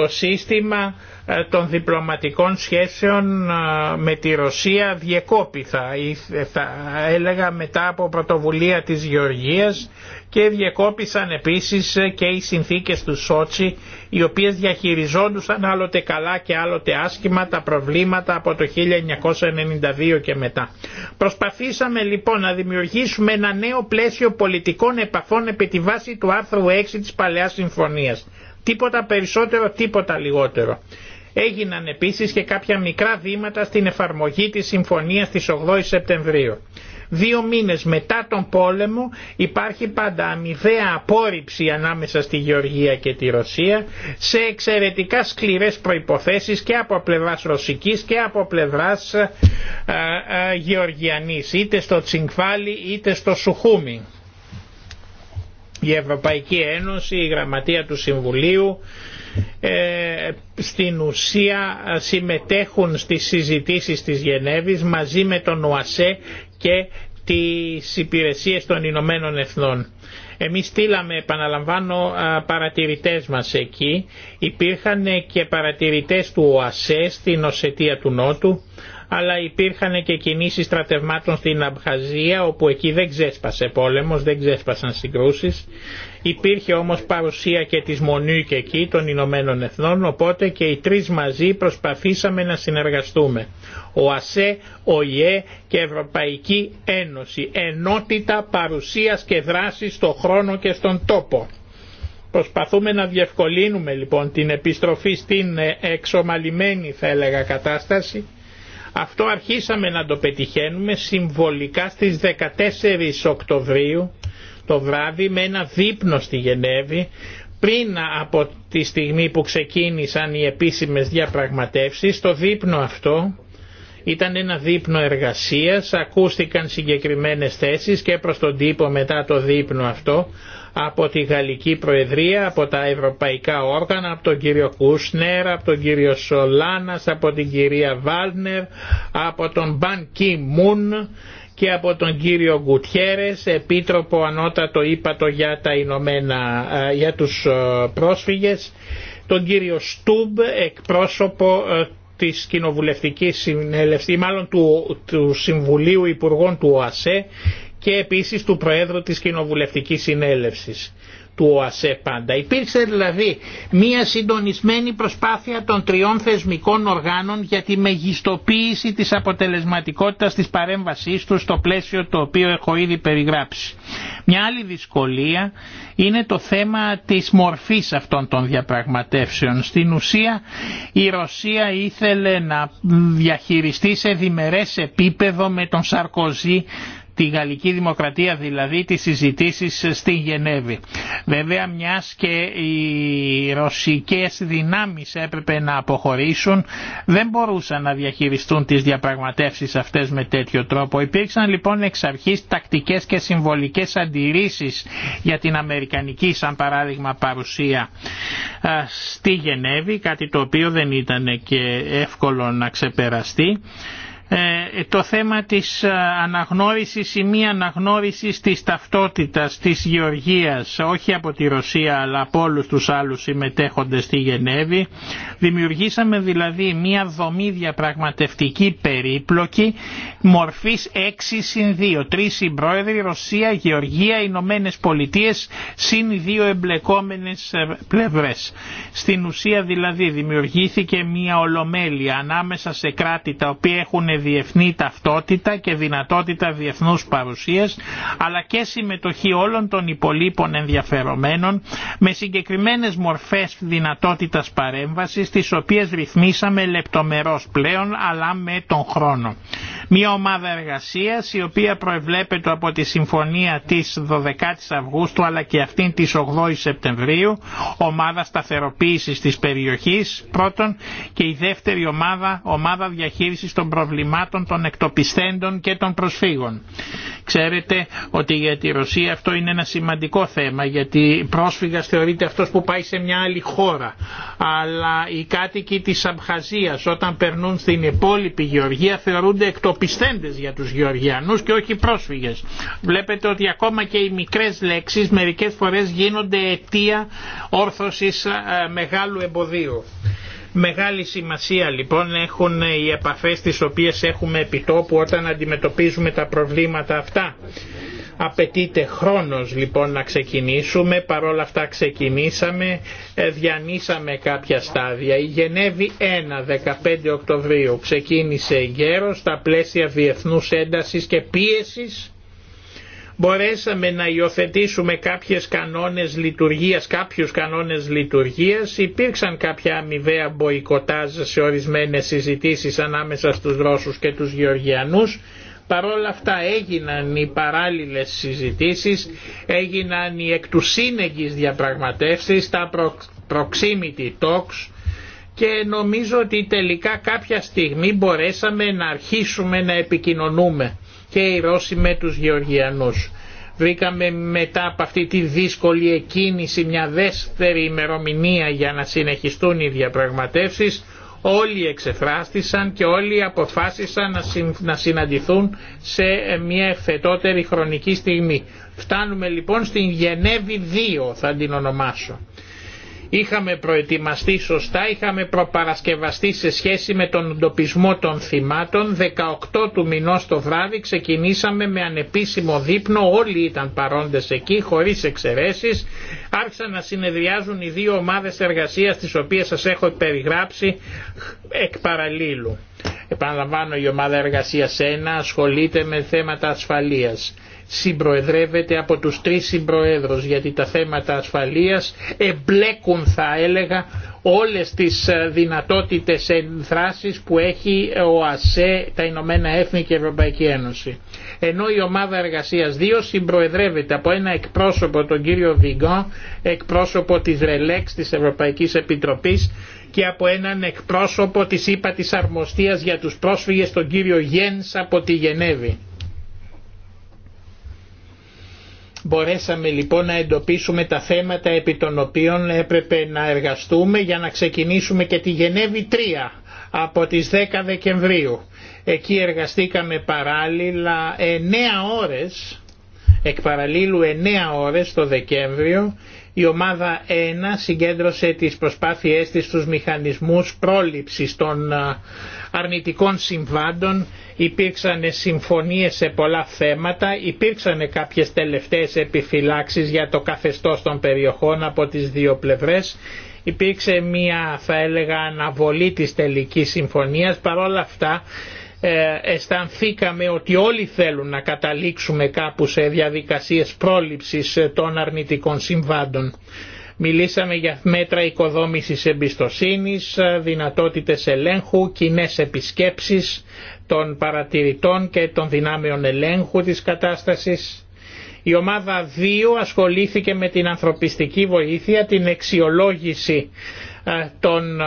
το σύστημα ε, των διπλωματικών σχέσεων ε, με τη Ρωσία διεκόπηθα, θα έλεγα μετά από πρωτοβουλία της Γεωργίας και διεκόπησαν επίσης ε, και οι συνθήκες του Σότσι οι οποίες διαχειριζόντουσαν άλλοτε καλά και άλλοτε άσχημα τα προβλήματα από το 1992 και μετά. Προσπαθήσαμε λοιπόν να δημιουργήσουμε ένα νέο πλαίσιο πολιτικών επαφών επί τη βάση του άρθρου 6 της Παλαιάς Συμφωνίας. Τίποτα περισσότερο, τίποτα λιγότερο. Έγιναν επίσης και κάποια μικρά βήματα στην εφαρμογή της συμφωνίας της 8 η Σεπτεμβρίου. Δύο μήνες μετά τον πόλεμο υπάρχει πάντα αμοιβαία απόρριψη ανάμεσα στη Γεωργία και τη Ρωσία σε εξαιρετικά σκληρές προϋποθέσεις και από πλευράς ρωσικής και από πλευράς ε, ε, γεωργιανής είτε στο Τσιγκφάλι είτε στο Σουχούμι η Ευρωπαϊκή Ένωση, η Γραμματεία του Συμβουλίου ε, στην ουσία συμμετέχουν στις συζητήσεις της Γενέβης μαζί με τον ΟΑΣΕ και τις υπηρεσίες των Ηνωμένων Εθνών. Εμείς στείλαμε, επαναλαμβάνω, παρατηρητές μας εκεί. Υπήρχαν και παρατηρητές του ΟΑΣΕ στην Οσετία του Νότου, αλλά υπήρχαν και κινήσεις στρατευμάτων στην Αμπχαζία όπου εκεί δεν ξέσπασε πόλεμος, δεν ξέσπασαν συγκρούσεις. Υπήρχε όμως παρουσία και της και εκεί των Ηνωμένων Εθνών οπότε και οι τρεις μαζί προσπαθήσαμε να συνεργαστούμε. Ο ΑΣΕ, ο ΙΕ και Ευρωπαϊκή Ένωση. Ενότητα παρουσίας και δράσης στον χρόνο και στον τόπο. Προσπαθούμε να διευκολύνουμε λοιπόν την επιστροφή στην ε, εξομαλυμένη θα έλεγα κατάσταση αυτό αρχίσαμε να το πετυχαίνουμε συμβολικά στις 14 Οκτωβρίου το βράδυ με ένα δείπνο στη Γενέβη πριν από τη στιγμή που ξεκίνησαν οι επίσημες διαπραγματεύσεις. Το δείπνο αυτό ήταν ένα δείπνο εργασίας, ακούστηκαν συγκεκριμένες θέσεις και προς τον τύπο μετά το δείπνο αυτό από τη Γαλλική Προεδρία, από τα ευρωπαϊκά όργανα, από τον κύριο Κούσνερ, από τον κύριο Σολάνας, από την κυρία Βάλνερ, από τον Μπαν Κι Μουν και από τον κύριο Γκουτιέρες, επίτροπο ανώτατο Ήπατο για, τα Ηνωμένα, ε, για τους ε, πρόσφυγες, τον κύριο Στούμπ, εκπρόσωπο ε, της κοινοβουλευτικής συνέλευσης, μάλλον του, του Συμβουλίου Υπουργών του ΟΑΣΕ και επίσης του Προέδρου της Κοινοβουλευτικής Συνέλευσης του ΟΑΣΕ πάντα. Υπήρξε δηλαδή μία συντονισμένη προσπάθεια των τριών θεσμικών οργάνων για τη μεγιστοποίηση της αποτελεσματικότητας της παρέμβασής τους... στο πλαίσιο το οποίο έχω ήδη περιγράψει. Μια άλλη δυσκολία είναι το θέμα της μορφής αυτών των διαπραγματεύσεων. Στην ουσία η Ρωσία ήθελε να διαχειριστεί σε διμερές επίπεδο με τον Σαρκοζή τη Γαλλική Δημοκρατία δηλαδή τις συζητήσεις στη Γενέβη. Βέβαια μιας και οι ρωσικές δυνάμεις έπρεπε να αποχωρήσουν δεν μπορούσαν να διαχειριστούν τις διαπραγματεύσεις αυτές με τέτοιο τρόπο. Υπήρξαν λοιπόν εξ αρχής τακτικές και συμβολικές αντιρρήσεις για την Αμερικανική σαν παράδειγμα παρουσία στη Γενέβη, κάτι το οποίο δεν ήταν και εύκολο να ξεπεραστεί. Ε, το θέμα της ε, αναγνώρισης ή μη αναγνώρισης της ταυτότητας της Γεωργίας όχι από τη Ρωσία αλλά από όλους τους άλλους συμμετέχοντες στη Γενέβη δημιουργήσαμε δηλαδή μια δομή διαπραγματευτική περίπλοκη μορφής 6 συν 2 τρεις συμπρόεδροι Ρωσία, Γεωργία, Ηνωμένε Πολιτείε συν δύο εμπλεκόμενες ε, πλευρές στην ουσία δηλαδή δημιουργήθηκε μια ολομέλεια ανάμεσα σε κράτη τα οποία έχουν διεθνή ταυτότητα και δυνατότητα διεθνούς παρουσίας αλλά και συμμετοχή όλων των υπολείπων ενδιαφερομένων με συγκεκριμένες μορφές δυνατότητας παρέμβασης τις οποίες ρυθμίσαμε λεπτομερώς πλέον αλλά με τον χρόνο. Μια ομάδα εργασίας η οποία προεβλέπεται από τη συμφωνία της 12ης Αυγούστου αλλά και αυτήν της 8ης Σεπτεμβρίου, ομάδα σταθεροποίησης της περιοχής πρώτον και η δεύτερη ομάδα, ομάδα διαχείρισης των προβλημάτων των εκτοπιστέντων και των προσφύγων. Ξέρετε ότι για τη Ρωσία αυτό είναι ένα σημαντικό θέμα γιατί πρόσφυγας θεωρείται αυτός που πάει σε μια άλλη χώρα. Αλλά οι κάτοικοι της Αμχαζίας όταν περνούν στην υπόλοιπη Γεωργία θεωρούνται εκτοπιστέντες για τους Γεωργιανούς και όχι πρόσφυγες. Βλέπετε ότι ακόμα και οι μικρές λέξεις μερικές φορές γίνονται αιτία όρθωσης ε, μεγάλου εμποδίου. Μεγάλη σημασία λοιπόν έχουν οι επαφές τις οποίες έχουμε επιτόπου όταν αντιμετωπίζουμε τα προβλήματα αυτά. Απαιτείται χρόνος λοιπόν να ξεκινήσουμε, παρόλα αυτά ξεκινήσαμε, ε, διανύσαμε κάποια στάδια. Η Γενέβη 1, 15 Οκτωβρίου ξεκίνησε γέρος στα πλαίσια διεθνούς έντασης και πίεσης μπορέσαμε να υιοθετήσουμε κάποιες κανόνες λειτουργίας, κάποιους κανόνες λειτουργίας, υπήρξαν κάποια αμοιβαία μποϊκοτάζ σε ορισμένες συζητήσεις ανάμεσα στους Ρώσους και τους Γεωργιανούς, Παρόλα αυτά έγιναν οι παράλληλες συζητήσεις, έγιναν οι εκ του διαπραγματεύσεις, τα proximity talks και νομίζω ότι τελικά κάποια στιγμή μπορέσαμε να αρχίσουμε να επικοινωνούμε και οι Ρώσοι με τους Γεωργιανούς. Βρήκαμε μετά από αυτή τη δύσκολη εκκίνηση μια δεύτερη ημερομηνία για να συνεχιστούν οι διαπραγματεύσεις. Όλοι εξεφράστησαν και όλοι αποφάσισαν να συναντηθούν σε μια ευθετότερη χρονική στιγμή. Φτάνουμε λοιπόν στην Γενέβη 2 θα την ονομάσω. Είχαμε προετοιμαστεί σωστά, είχαμε προπαρασκευαστεί σε σχέση με τον εντοπισμό των θυμάτων. 18 του μηνός το βράδυ ξεκινήσαμε με ανεπίσημο δείπνο, όλοι ήταν παρόντες εκεί χωρίς εξαιρέσεις. Άρχισαν να συνεδριάζουν οι δύο ομάδες εργασίας τις οποίες σας έχω περιγράψει εκ παραλίλου. Επαναλαμβάνω η ομάδα εργασίας 1 ασχολείται με θέματα ασφαλείας συμπροεδρεύεται από τους τρεις συμπροέδρους γιατί τα θέματα ασφαλείας εμπλέκουν θα έλεγα όλες τις ε, δυνατότητες ενδράσεις που έχει ο ΑΣΕ, τα Ηνωμένα Έθνη και η Ευρωπαϊκή Ένωση. Ενώ η ομάδα εργασίας 2 συμπροεδρεύεται από ένα εκπρόσωπο τον κύριο Βιγκό εκπρόσωπο της ΡΕΛΕΞ της Ευρωπαϊκής Επιτροπής και από έναν εκπρόσωπο της ΥΠΑ της Αρμοστίας για τους πρόσφυγες τον κύριο Γένς από τη Γενέβη. Μπορέσαμε λοιπόν να εντοπίσουμε τα θέματα επί των οποίων έπρεπε να εργαστούμε για να ξεκινήσουμε και τη Γενέβη 3 από τις 10 Δεκεμβρίου. Εκεί εργαστήκαμε παράλληλα 9 ώρες, εκ παραλλήλου 9 ώρες το Δεκέμβριο η ομάδα 1 συγκέντρωσε τις προσπάθειές της στους μηχανισμούς πρόληψης των ε, αρνητικών συμβάντων, υπήρξαν συμφωνίες σε πολλά θέματα, υπήρξαν κάποιες τελευταίες επιφυλάξεις για το καθεστώς των περιοχών από τις δύο πλευρές, υπήρξε μια θα έλεγα αναβολή της τελικής συμφωνίας, παρόλα αυτά ε, αισθανθήκαμε ότι όλοι θέλουν να καταλήξουμε κάπου σε διαδικασίες πρόληψης ε, των αρνητικών συμβάντων. Μιλήσαμε για μέτρα οικοδόμησης εμπιστοσύνης, ε, δυνατότητες ελέγχου, κοινέ επισκέψεις των παρατηρητών και των δυνάμεων ελέγχου της κατάστασης. Η ομάδα 2 ασχολήθηκε με την ανθρωπιστική βοήθεια, την εξιολόγηση των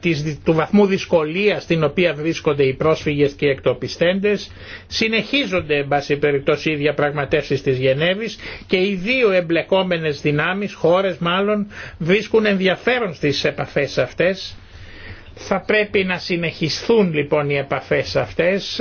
της, του βαθμού δυσκολίας στην οποία βρίσκονται οι πρόσφυγες και οι εκτοπιστέντες. Συνεχίζονται, εν πάση περιπτώσει, οι διαπραγματεύσεις της Γενέβης και οι δύο εμπλεκόμενες δυνάμεις, χώρες μάλλον, βρίσκουν ενδιαφέρον στις επαφές αυτές θα πρέπει να συνεχιστούν λοιπόν οι επαφές αυτές,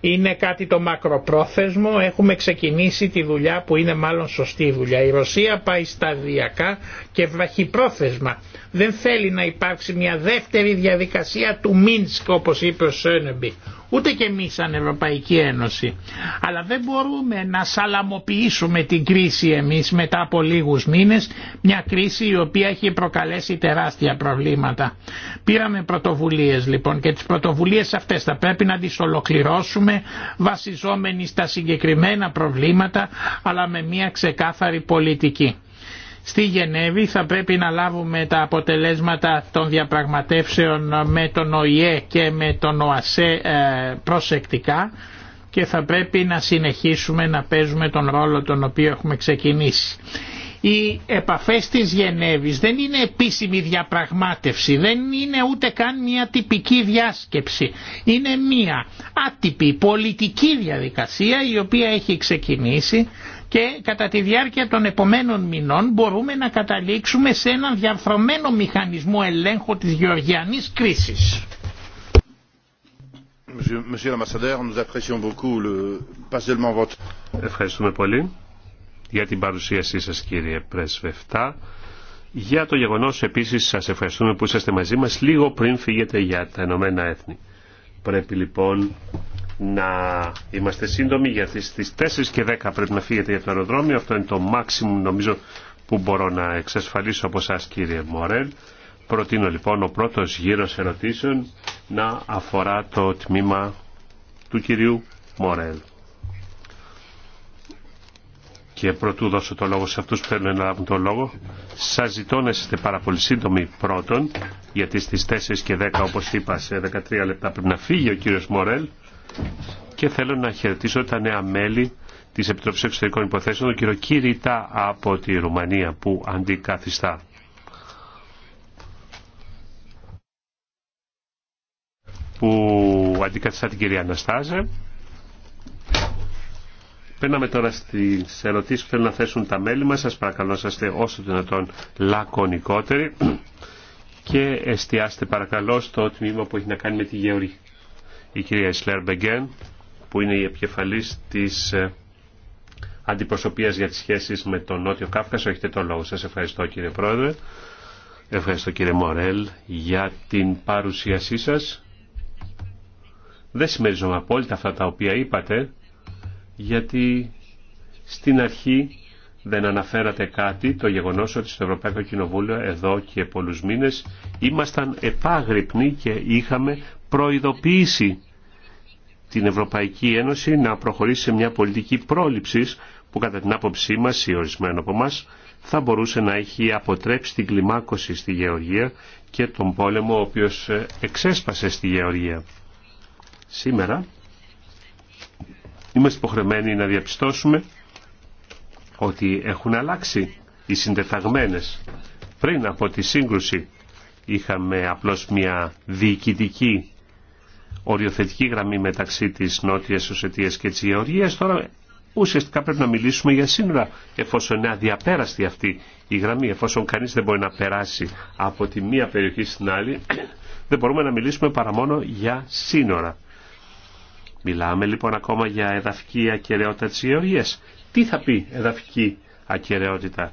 είναι κάτι το μακροπρόθεσμο, έχουμε ξεκινήσει τη δουλειά που είναι μάλλον σωστή δουλειά. Η Ρωσία πάει σταδιακά και βραχυπρόθεσμα. Δεν θέλει να υπάρξει μια δεύτερη διαδικασία του Μίνσκ όπως είπε ο Σένεμπι ούτε και εμείς σαν Ευρωπαϊκή Ένωση. Αλλά δεν μπορούμε να σαλαμοποιήσουμε την κρίση εμείς μετά από λίγους μήνες, μια κρίση η οποία έχει προκαλέσει τεράστια προβλήματα. Πήραμε πρωτοβουλίες λοιπόν και τις πρωτοβουλίες αυτές θα πρέπει να τις ολοκληρώσουμε βασιζόμενοι στα συγκεκριμένα προβλήματα αλλά με μια ξεκάθαρη πολιτική. Στη Γενέβη θα πρέπει να λάβουμε τα αποτελέσματα των διαπραγματεύσεων με τον ΟΗΕ και με τον ΟΑΣΕ ε, προσεκτικά και θα πρέπει να συνεχίσουμε να παίζουμε τον ρόλο τον οποίο έχουμε ξεκινήσει. Οι επαφές της Γενέβης δεν είναι επίσημη διαπραγμάτευση, δεν είναι ούτε καν μια τυπική διάσκεψη. Είναι μια άτυπη πολιτική διαδικασία η οποία έχει ξεκινήσει και κατά τη διάρκεια των επομένων μηνών μπορούμε να καταλήξουμε σε έναν διαρθρωμένο μηχανισμό ελέγχου της γεωργιανής κρίσης.
Ευχαριστούμε πολύ για την παρουσίασή σας κύριε Πρεσβευτά. Για το γεγονός επίσης σας ευχαριστούμε που είσαστε μαζί μας λίγο πριν φύγετε για τα Ηνωμένα Έθνη. Πρέπει λοιπόν να είμαστε σύντομοι γιατί στις 4 και 10 πρέπει να φύγετε για το αεροδρόμιο. Αυτό είναι το μάξιμου νομίζω που μπορώ να εξασφαλίσω από εσά κύριε Μορέλ. Προτείνω λοιπόν ο πρώτος γύρος ερωτήσεων να αφορά το τμήμα του κυρίου Μορέλ. Και πρωτού δώσω το λόγο σε αυτούς που θέλουν να λάβουν το λόγο, σας ζητώ να είστε πάρα πολύ σύντομοι πρώτον, γιατί στις 4 και 10 όπως είπα σε 13 λεπτά πρέπει να φύγει ο κύριος Μορέλ και θέλω να χαιρετήσω τα νέα μέλη της Επιτροπής Εξωτερικών Υποθέσεων, τον κύριο Κύριτα από τη Ρουμανία που αντικαθιστά. Που αντικαθιστά την κυρία Αναστάζε. Παίρναμε τώρα στις ερωτήσεις που θέλουν να θέσουν τα μέλη μας. Σας παρακαλώ να είστε όσο δυνατόν λακωνικότεροι και εστιάστε παρακαλώ στο τμήμα που έχει να κάνει με τη γεωργία η κυρία Ισλέρ Μπεγκέν, που είναι η επικεφαλής της ε, αντιπροσωπείας για τις σχέσεις με τον Νότιο Κάφκασο. Έχετε το λόγο. Σας ευχαριστώ κύριε Πρόεδρε. Ευχαριστώ κύριε Μορέλ για την παρουσίασή σας. Δεν συμμερίζομαι απόλυτα αυτά τα οποία είπατε, γιατί στην αρχή δεν αναφέρατε κάτι το γεγονός ότι στο Ευρωπαϊκό Κοινοβούλιο εδώ και πολλούς μήνες ήμασταν επάγρυπνοι και είχαμε προειδοποιήσει την Ευρωπαϊκή Ένωση να προχωρήσει σε μια πολιτική πρόληψης που κατά την άποψή μας ή ορισμένο από μας θα μπορούσε να έχει αποτρέψει την κλιμάκωση στη Γεωργία και τον πόλεμο ο οποίος ε, εξέσπασε στη Γεωργία. Σήμερα είμαστε υποχρεωμένοι να διαπιστώσουμε ότι έχουν αλλάξει οι συντεταγμένες. Πριν από τη σύγκρουση είχαμε απλώς μια διοικητική οριοθετική γραμμή μεταξύ της Νότιας Οσετίας και της Γεωργίας. Τώρα ουσιαστικά πρέπει να μιλήσουμε για σύνορα εφόσον είναι αδιαπέραστη αυτή η γραμμή, εφόσον κανείς δεν μπορεί να περάσει από τη μία περιοχή στην άλλη, δεν μπορούμε να μιλήσουμε παρά μόνο για σύνορα. Μιλάμε λοιπόν ακόμα για εδαφική ακαιρεότητα της Γεωργίας. Τι θα πει εδαφική ακαιρεότητα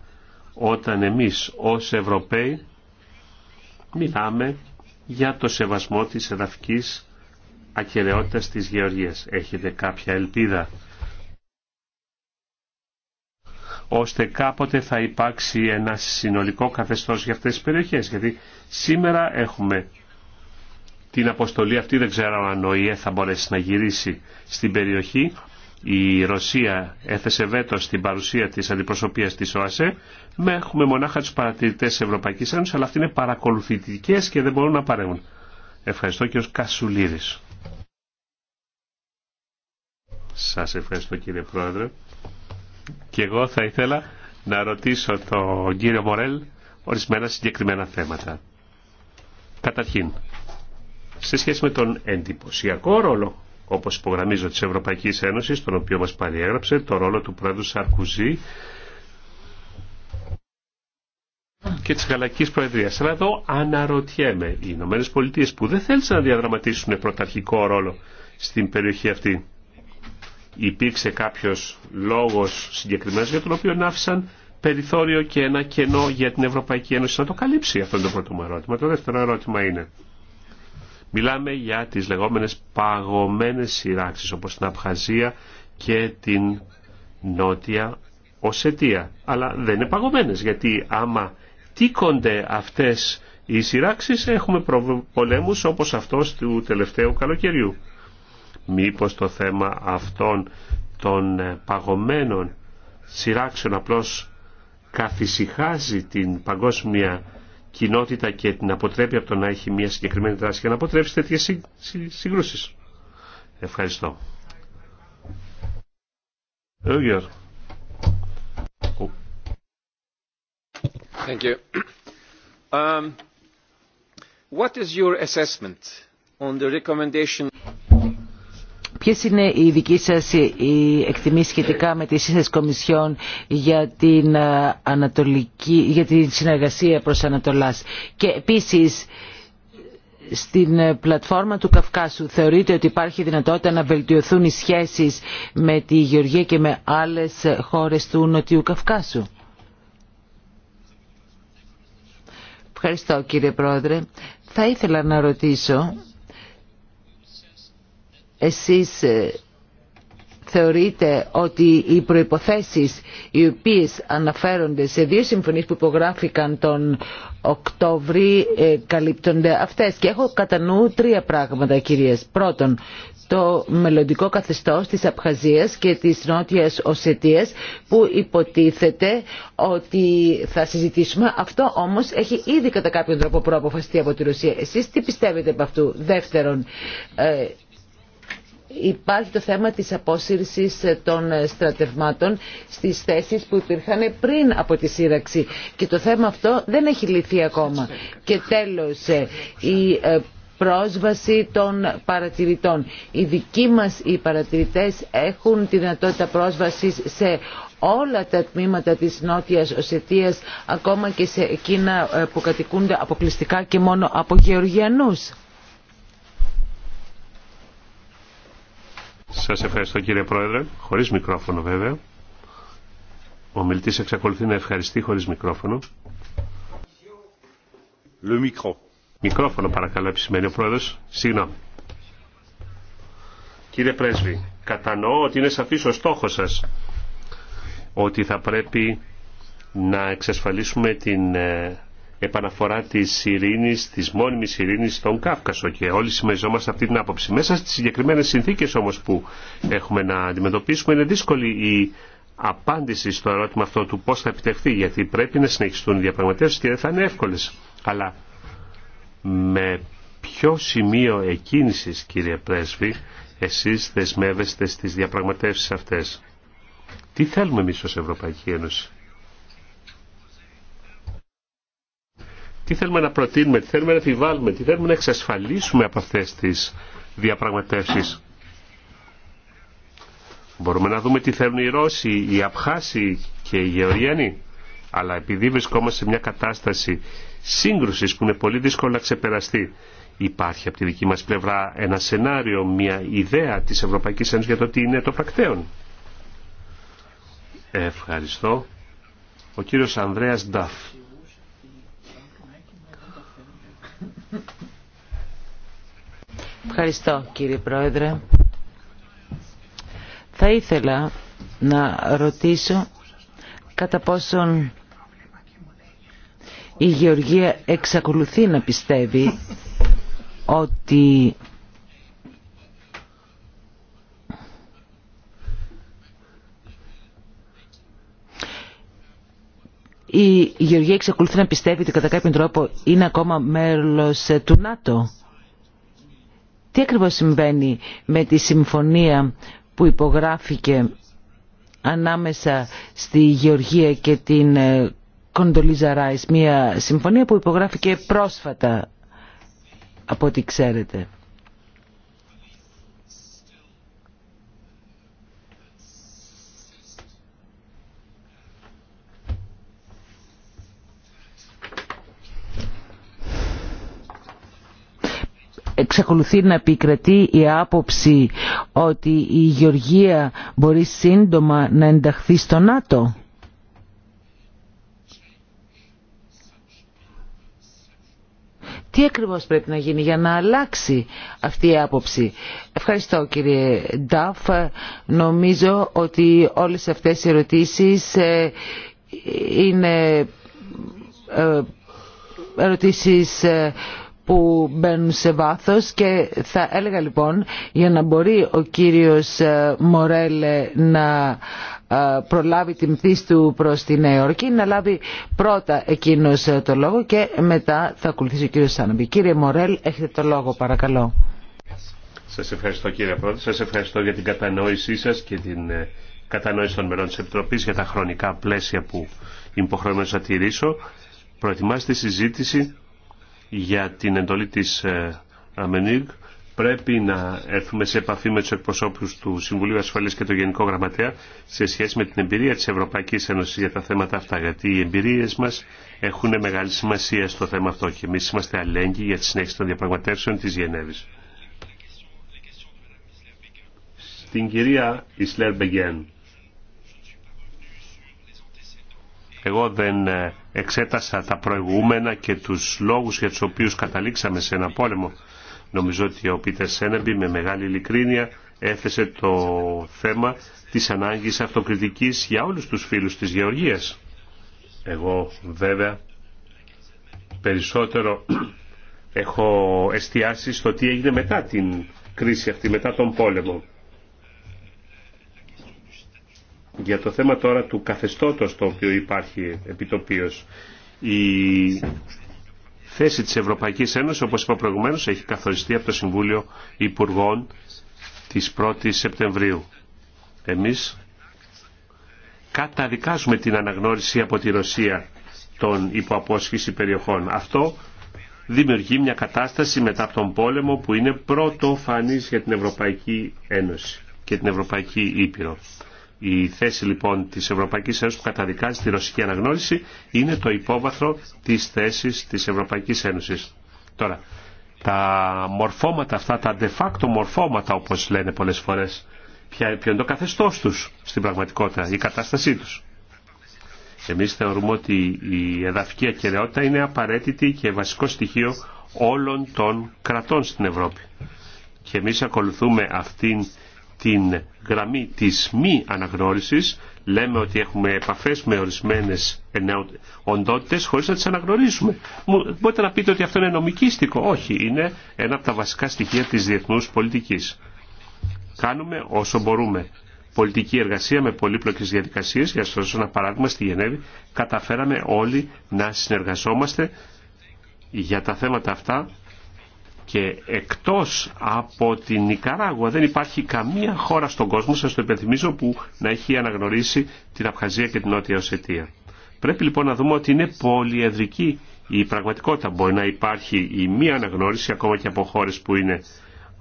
όταν εμείς ως Ευρωπαίοι μιλάμε για το σεβασμό της εδαφικής ακαιρεότητας της γεωργίας. Έχετε κάποια ελπίδα ώστε κάποτε θα υπάρξει ένα συνολικό καθεστώς για αυτές τις περιοχές. Γιατί σήμερα έχουμε την αποστολή αυτή, δεν ξέρω αν ο ΙΕ θα μπορέσει να γυρίσει στην περιοχή. Η Ρωσία έθεσε βέτο στην παρουσία της αντιπροσωπείας της ΟΑΣΕ. Με έχουμε μονάχα τους παρατηρητές Ευρωπαϊκής Ένωσης, αλλά αυτοί είναι παρακολουθητικές και δεν μπορούν να παρέμβουν. Ευχαριστώ κύριος Κασουλίδης. Σας ευχαριστώ κύριε Πρόεδρε. Και εγώ θα ήθελα να ρωτήσω τον κύριο Μορέλ ορισμένα συγκεκριμένα θέματα. Καταρχήν, σε σχέση με τον εντυπωσιακό ρόλο, όπως υπογραμμίζω της Ευρωπαϊκής Ένωσης, τον οποίο μας παριέγραψε, το ρόλο του πρόεδρου Σαρκουζή και της Γαλακής Προεδρίας. Αλλά εδώ αναρωτιέμαι, οι Ηνωμένε Πολιτείε που δεν θέλησαν να διαδραματίσουν πρωταρχικό ρόλο στην περιοχή αυτή, υπήρξε κάποιος λόγος συγκεκριμένος για τον οποίο άφησαν περιθώριο και ένα κενό για την Ευρωπαϊκή Ένωση να το καλύψει. Αυτό είναι το πρώτο μου ερώτημα. Το δεύτερο ερώτημα είναι, μιλάμε για τις λεγόμενες παγωμένες σειράξεις όπως την Απχαζία και την Νότια Οσετία. Αλλά δεν είναι παγωμένες γιατί άμα τίκονται αυτές οι σειράξεις έχουμε πολέμους όπως αυτός του τελευταίου καλοκαιριού. Μήπως το θέμα αυτών των ε, παγωμένων σειράξεων απλώς καθησυχάζει την παγκόσμια κοινότητα και την αποτρέπει από το να έχει μια συγκεκριμένη δράση για να αποτρέψει τέτοιες συγκρούσεις. Ευχαριστώ. Thank
you.
Um, what is your assessment on the recommendation?
Ποιε είναι οι δικοί σα ε, οι εκτιμήσεις σχετικά με τις ίσες κομισιόν για την, ε, ανατολική, για την συνεργασία προς Ανατολάς. Και επίσης στην ε, πλατφόρμα του Καυκάσου θεωρείτε ότι υπάρχει δυνατότητα να βελτιωθούν οι σχέσεις με τη Γεωργία και με άλλες χώρες του Νοτιού Καυκάσου. Ευχαριστώ κύριε Πρόεδρε. Θα ήθελα να ρωτήσω εσείς ε, θεωρείτε ότι οι προϋποθέσεις οι οποίες αναφέρονται σε δύο συμφωνίες που υπογράφηκαν τον Οκτώβρη ε, καλύπτονται αυτές. Και έχω κατά νου τρία πράγματα κυρίες. Πρώτον, το μελλοντικό καθεστώς της Απχαζίας και της Νότιας Οσετίας που υποτίθεται ότι θα συζητήσουμε. Αυτό όμως έχει ήδη κατά κάποιον τρόπο προαποφαστεί από τη Ρωσία. Εσείς τι πιστεύετε από αυτού. Δεύτερον, ε, υπάρχει το θέμα της απόσυρσης ε, των ε, στρατευμάτων στις θέσεις που υπήρχαν πριν από τη σύραξη και το θέμα αυτό δεν έχει λυθεί ακόμα. Και τέλος, ε, η πρόσβαση των παρατηρητών. Οι δικοί μας οι παρατηρητές έχουν τη δυνατότητα πρόσβασης σε όλα τα τμήματα της Νότιας Οσετίας, ακόμα και σε εκείνα που κατοικούνται αποκλειστικά και μόνο από Γεωργιανούς.
Σας ευχαριστώ κύριε Πρόεδρε, χωρίς μικρόφωνο βέβαια. Ο μιλητής εξακολουθεί να ευχαριστεί χωρίς μικρόφωνο. Le Μικρόφωνο παρακαλώ επισημαίνει ο Πρόεδρος. Συγγνώμη. Κύριε Πρέσβη, κατανοώ ότι είναι σαφής ο στόχος σας ότι θα πρέπει να εξασφαλίσουμε την ε, επαναφορά της ειρήνης, της μόνιμης ειρήνης στον Κάφκασο και όλοι συμμεριζόμαστε αυτή την άποψη. Μέσα στις συγκεκριμένες συνθήκες όμως που έχουμε να αντιμετωπίσουμε είναι δύσκολη η απάντηση στο ερώτημα αυτό του πώς θα επιτευχθεί γιατί πρέπει να συνεχιστούν οι διαπραγματεύσεις και δεν θα είναι εύκολες. Αλλά με ποιο σημείο εκκίνησης κύριε Πρέσβη εσείς δεσμεύεστε στις διαπραγματεύσεις αυτές. Τι θέλουμε εμείς ως Ευρωπαϊκή Ένωση. Τι θέλουμε να προτείνουμε, τι θέλουμε να επιβάλλουμε, τι θέλουμε να εξασφαλίσουμε από αυτέ τι διαπραγματεύσεις. Μπορούμε να δούμε τι θέλουν οι Ρώσοι, οι Απχάσοι και οι Γεωργιανοί. Αλλά επειδή βρισκόμαστε σε μια κατάσταση σύγκρουσης που είναι πολύ δύσκολο να ξεπεραστεί, υπάρχει από τη δική μας πλευρά ένα σενάριο, μια ιδέα τη Ευρωπαϊκή Ένωση για το τι είναι το πρακτέον. Ευχαριστώ. Ο κύριος Ανδρέας Νταφ.
Ευχαριστώ κύριε Πρόεδρε. Θα ήθελα να ρωτήσω κατά πόσον η Γεωργία εξακολουθεί να πιστεύει ότι η Γεωργία εξακολουθεί να πιστεύει ότι κατά κάποιον τρόπο είναι ακόμα μέλος του ΝΑΤΟ. Τι ακριβώς συμβαίνει με τη συμφωνία που υπογράφηκε ανάμεσα στη Γεωργία και την Κοντολίζα ε, μια συμφωνία που υπογράφηκε πρόσφατα από ό,τι ξέρετε.
εξακολουθεί
να επικρατεί η άποψη ότι η Γεωργία μπορεί σύντομα να ενταχθεί στο ΝΑΤΟ. Τι ακριβώς πρέπει να γίνει για να αλλάξει αυτή η άποψη. Ευχαριστώ κύριε Νταφ. Νομίζω ότι όλες αυτές οι ερωτήσεις ε, είναι ε, ερωτήσεις ε, που μπαίνουν σε βάθος και θα έλεγα λοιπόν για να μπορεί ο κύριος ε, Μορέλ να ε, προλάβει την πτήση του προς τη Νέα Υόρκη να λάβει πρώτα εκείνος ε, το λόγο και μετά θα ακολουθήσει ο κύριος Σάναμπη. Κύριε Μορέλ έχετε το λόγο παρακαλώ.
Σας ευχαριστώ κύριε Πρόεδρε, σας ευχαριστώ για την κατανόησή σας και την κατανόηση των μελών της Επιτροπής για τα χρονικά πλαίσια που είμαι υποχρεωμένος να τηρήσω. Προετοιμάστε συζήτηση για την εντολή της ε, ΑΜΕΝΙΓ πρέπει να έρθουμε σε επαφή με τους εκπροσώπους του Συμβουλίου Ασφαλείας και του Γενικού Γραμματέα σε σχέση με την εμπειρία της Ευρωπαϊκής Ένωσης για τα θέματα αυτά, γιατί οι εμπειρίες μας έχουν μεγάλη σημασία στο θέμα αυτό και εμείς είμαστε αλληλέγγυοι για τη συνέχιση των διαπραγματεύσεων της Γενέβης. Στην κυρία Ισλέρ Μπεγγέν, Εγώ δεν ε, εξέτασα τα προηγούμενα και τους λόγους για τους οποίους καταλήξαμε σε ένα πόλεμο. Νομίζω ότι ο Πίτερ Σένεμπι με μεγάλη ειλικρίνεια έθεσε το θέμα της ανάγκης αυτοκριτικής για όλους τους φίλους της Γεωργίας. Εγώ βέβαια περισσότερο έχω εστιάσει στο τι έγινε μετά την κρίση αυτή, μετά τον πόλεμο. Για το θέμα τώρα του καθεστώτος το οποίο υπάρχει επιτοπίως. Η θέση της Ευρωπαϊκής Ένωσης, όπως είπα προηγουμένως, έχει καθοριστεί από το Συμβούλιο Υπουργών της 1ης Σεπτεμβρίου. Εμείς καταδικάζουμε την αναγνώριση από τη Ρωσία των υποαπόσχηση περιοχών. Αυτό δημιουργεί μια κατάσταση μετά από τον πόλεμο που είναι πρωτοφανής για την Ευρωπαϊκή Ένωση και την Ευρωπαϊκή Ήπειρο. Η θέση λοιπόν της Ευρωπαϊκής Ένωσης που καταδικάζει τη ρωσική αναγνώριση είναι το υπόβαθρο της θέσης της Ευρωπαϊκής Ένωσης. Τώρα, τα μορφώματα αυτά, τα de facto μορφώματα όπως λένε πολλές φορές, ποιο είναι το καθεστώς τους στην πραγματικότητα, η κατάστασή τους. Εμείς θεωρούμε ότι η εδαφική ακαιρεότητα είναι απαραίτητη και βασικό στοιχείο όλων των κρατών στην Ευρώπη. Και εμείς ακολουθούμε αυτήν την γραμμή της μη αναγνώρισης, λέμε ότι έχουμε επαφές με ορισμένες οντότητες χωρίς να τις αναγνωρίσουμε. Μπορείτε να πείτε ότι αυτό είναι νομικίστικο. Όχι, είναι ένα από τα βασικά στοιχεία της διεθνούς πολιτικής. Κάνουμε όσο μπορούμε. Πολιτική εργασία με πολύπλοκες διαδικασίες, για να σας ένα παράδειγμα στη Γενέβη, καταφέραμε όλοι να συνεργαζόμαστε για τα θέματα αυτά και εκτός από την Νικαράγουα δεν υπάρχει καμία χώρα στον κόσμο, σας το υπενθυμίζω, που να έχει αναγνωρίσει την Απχαζία και την Νότια Οσετία. Πρέπει λοιπόν να δούμε ότι είναι πολυεδρική η πραγματικότητα. Μπορεί να υπάρχει η μία αναγνώριση ακόμα και από χώρε που είναι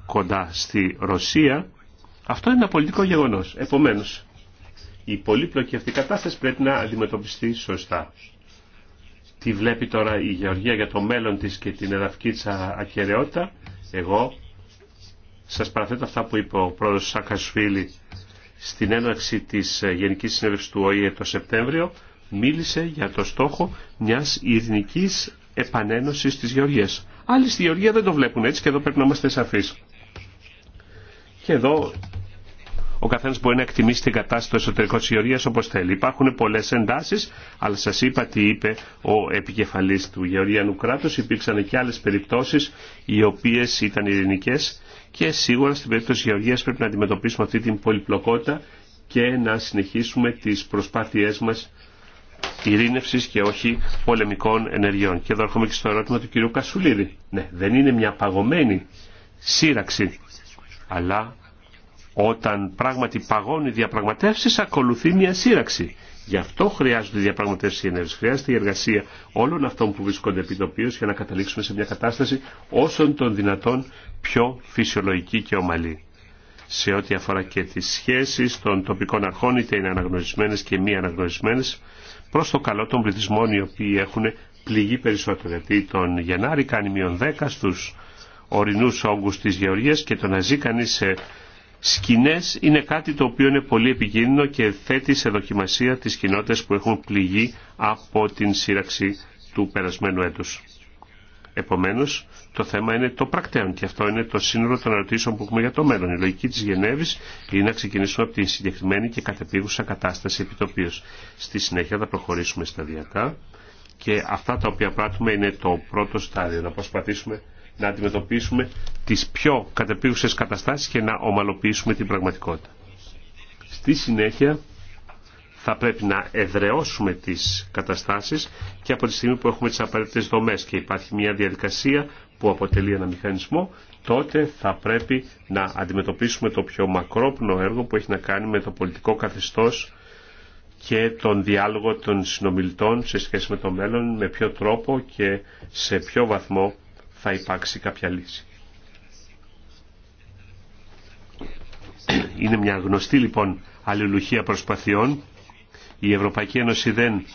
κοντά στη Ρωσία. Αυτό είναι ένα πολιτικό γεγονός. Επομένως, η πολύπλοκη αυτή κατάσταση πρέπει να αντιμετωπιστεί σωστά τι βλέπει τώρα η Γεωργία για το μέλλον της και την εδαφική της ακαιρεότητα. Εγώ σας παραθέτω αυτά που είπε ο πρόεδρος Σακασφίλη στην έναρξη της ε, Γενικής Συνέλευσης του ΟΗΕ το Σεπτέμβριο μίλησε για το στόχο μιας ειρηνικής επανένωσης της Γεωργίας. Άλλοι στη Γεωργία δεν το βλέπουν έτσι και εδώ πρέπει να είμαστε σαφείς. Και εδώ ο καθένα μπορεί να εκτιμήσει την κατάσταση του εσωτερικού τη Γεωργία όπω θέλει. Υπάρχουν πολλέ εντάσει, αλλά σα είπα τι είπε ο επικεφαλή του Γεωργιανού κράτου. Υπήρξαν και άλλε περιπτώσει οι οποίε ήταν ειρηνικέ και σίγουρα στην περίπτωση τη Γεωργία πρέπει να αντιμετωπίσουμε αυτή την πολυπλοκότητα και να συνεχίσουμε τι προσπάθειέ μα ειρήνευση και όχι πολεμικών ενεργειών. Και εδώ έρχομαι και στο ερώτημα του κ. Κασουλίδη. Ναι, δεν είναι μια παγωμένη σύραξη, αλλά όταν πράγματι παγώνει διαπραγματεύσει διαπραγματεύσεις ακολουθεί μια σύραξη. Γι' αυτό χρειάζονται διαπραγματεύσει ενέργεια. Χρειάζεται η εργασία όλων αυτών που βρίσκονται επί για να καταλήξουμε σε μια κατάσταση όσων των δυνατών πιο φυσιολογική και ομαλή. Σε ό,τι αφορά και τι σχέσει των τοπικών αρχών, είτε είναι αναγνωρισμένε και μη αναγνωρισμένε, προ το καλό των πληθυσμών οι οποίοι έχουν πληγεί περισσότερο. Γιατί τον Γενάρη κάνει μείον 10 στου ορεινού όγκου τη Γεωργία και το να ζει σε σκηνές είναι κάτι το οποίο είναι πολύ επικίνδυνο και θέτει σε δοκιμασία τις κοινότητες που έχουν πληγεί από την σύραξη του περασμένου έτους. Επομένως, το θέμα είναι το πρακτέον και αυτό είναι το σύνολο των ερωτήσεων που έχουμε για το μέλλον. Η λογική της Γενέβης είναι να ξεκινήσουμε από την συγκεκριμένη και κατεπίγουσα κατάσταση επιτοπίως. Στη συνέχεια θα προχωρήσουμε σταδιακά και αυτά τα οποία πράττουμε είναι το πρώτο στάδιο, να προσπαθήσουμε να αντιμετωπίσουμε τις πιο κατεπίγουσες καταστάσεις και να ομαλοποιήσουμε την πραγματικότητα. Στη συνέχεια θα πρέπει να εδραιώσουμε τις καταστάσεις και από τη στιγμή που έχουμε τις απαραίτητες δομές και υπάρχει μια διαδικασία που αποτελεί ένα μηχανισμό, τότε θα πρέπει να αντιμετωπίσουμε το πιο μακρόπνο έργο που έχει να κάνει με το πολιτικό καθεστώς και τον διάλογο των συνομιλητών σε σχέση με το μέλλον, με ποιο τρόπο και σε ποιο βαθμό θα υπάρξει κάποια λύση. Είναι μια γνωστή λοιπόν αλληλουχία προσπαθειών. Η Ευρωπαϊκή Ένωση δεν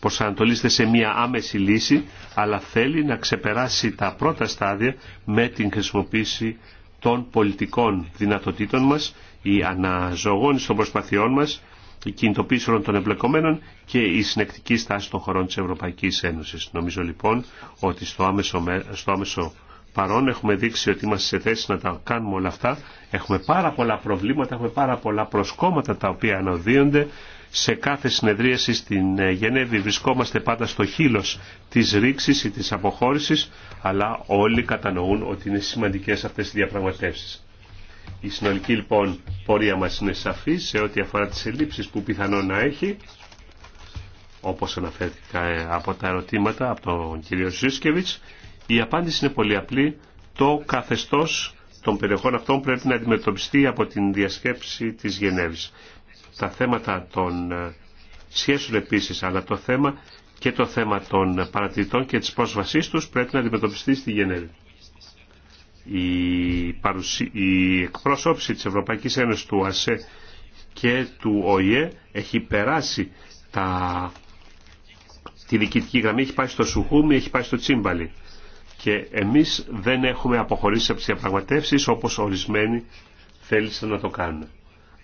προσανατολίζεται σε μια άμεση λύση, αλλά θέλει να ξεπεράσει τα πρώτα στάδια με την χρησιμοποίηση των πολιτικών δυνατοτήτων μας, η αναζωογόνηση των προσπαθειών μας η κινητοποίηση όλων των εμπλεκομένων και η συνεκτική στάση των χωρών της Ευρωπαϊκής Ένωσης. Νομίζω λοιπόν ότι στο άμεσο, στο άμεσο παρόν έχουμε δείξει ότι είμαστε σε θέση να τα κάνουμε όλα αυτά. Έχουμε πάρα πολλά προβλήματα, έχουμε πάρα πολλά προσκόμματα τα οποία αναδύονται. Σε κάθε συνεδρίαση στην ε, Γενέβη βρισκόμαστε πάντα στο χείλος της ρήξης ή της αποχώρησης, αλλά όλοι κατανοούν ότι είναι σημαντικές αυτές οι διαπραγματεύσεις. Η συνολική λοιπόν πορεία μας είναι σαφή σε ό,τι αφορά τις ελλείψεις που πιθανόν να έχει, όπως αναφέρθηκα ε, από τα ερωτήματα από τον κύριο Ζήσκεβιτς. Η απάντηση είναι πολύ απλή. Το καθεστώς των περιοχών αυτών πρέπει να αντιμετωπιστεί από την διασκέψη της Γενέβης. Τα θέματα των ε, σχέσεων επίσης, αλλά το θέμα και το θέμα των παρατηρητών και της πρόσβασής τους πρέπει να αντιμετωπιστεί στη Γενέβη η, παρουσία, η εκπρόσωψη της Ευρωπαϊκής Ένωσης του ΑΣΕ και του ΟΗΕ έχει περάσει τα, τη διοικητική γραμμή, έχει πάει στο Σουχούμι, έχει πάει στο Τσίμπαλι. Και εμείς δεν έχουμε αποχωρήσει από τις διαπραγματεύσεις όπως ορισμένοι θέλησαν να το κάνουν.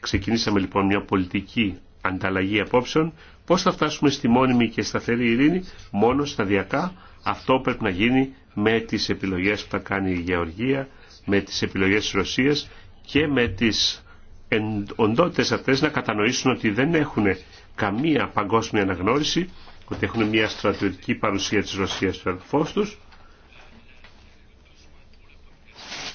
Ξεκινήσαμε λοιπόν μια πολιτική ανταλλαγή απόψεων. Πώς θα φτάσουμε στη μόνιμη και σταθερή ειρήνη μόνο σταδιακά αυτό πρέπει να γίνει με τις επιλογές που θα κάνει η Γεωργία, με τις επιλογές της Ρωσίας και με τις οντότητες αυτές να κατανοήσουν ότι δεν έχουν καμία παγκόσμια αναγνώριση, ότι έχουν μια στρατιωτική παρουσία της Ρωσίας στο ελφός τους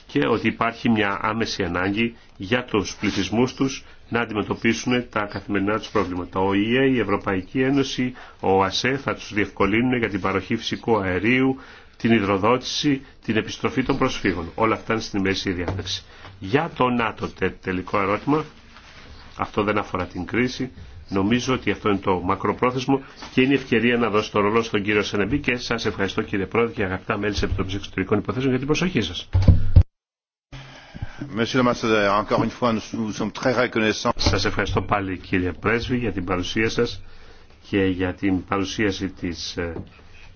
και ότι υπάρχει μια άμεση ανάγκη για τους πληθυσμούς τους να αντιμετωπίσουν τα καθημερινά τους προβλήματα. Ο ΙΕ, η Ευρωπαϊκή Ένωση, ο ΑΣΕ θα τους διευκολύνουν για την παροχή φυσικού αερίου, την υδροδότηση, την επιστροφή των προσφύγων. Όλα αυτά είναι στην μέση διάθεση. Για το ΝΑΤΟ τελικό ερώτημα, αυτό δεν αφορά την κρίση, Νομίζω ότι αυτό είναι το μακροπρόθεσμο και είναι η ευκαιρία να δώσω το ρολό στον κύριο Σενεμπή και σας ευχαριστώ κύριε Πρόεδρε και αγαπητά μέλη της Επιτροπή Εξωτερικών Υποθέσεων για την προσοχή σα. Σας ευχαριστώ πάλι κύριε Πρέσβη για την παρουσία σας και για την παρουσίαση της ε,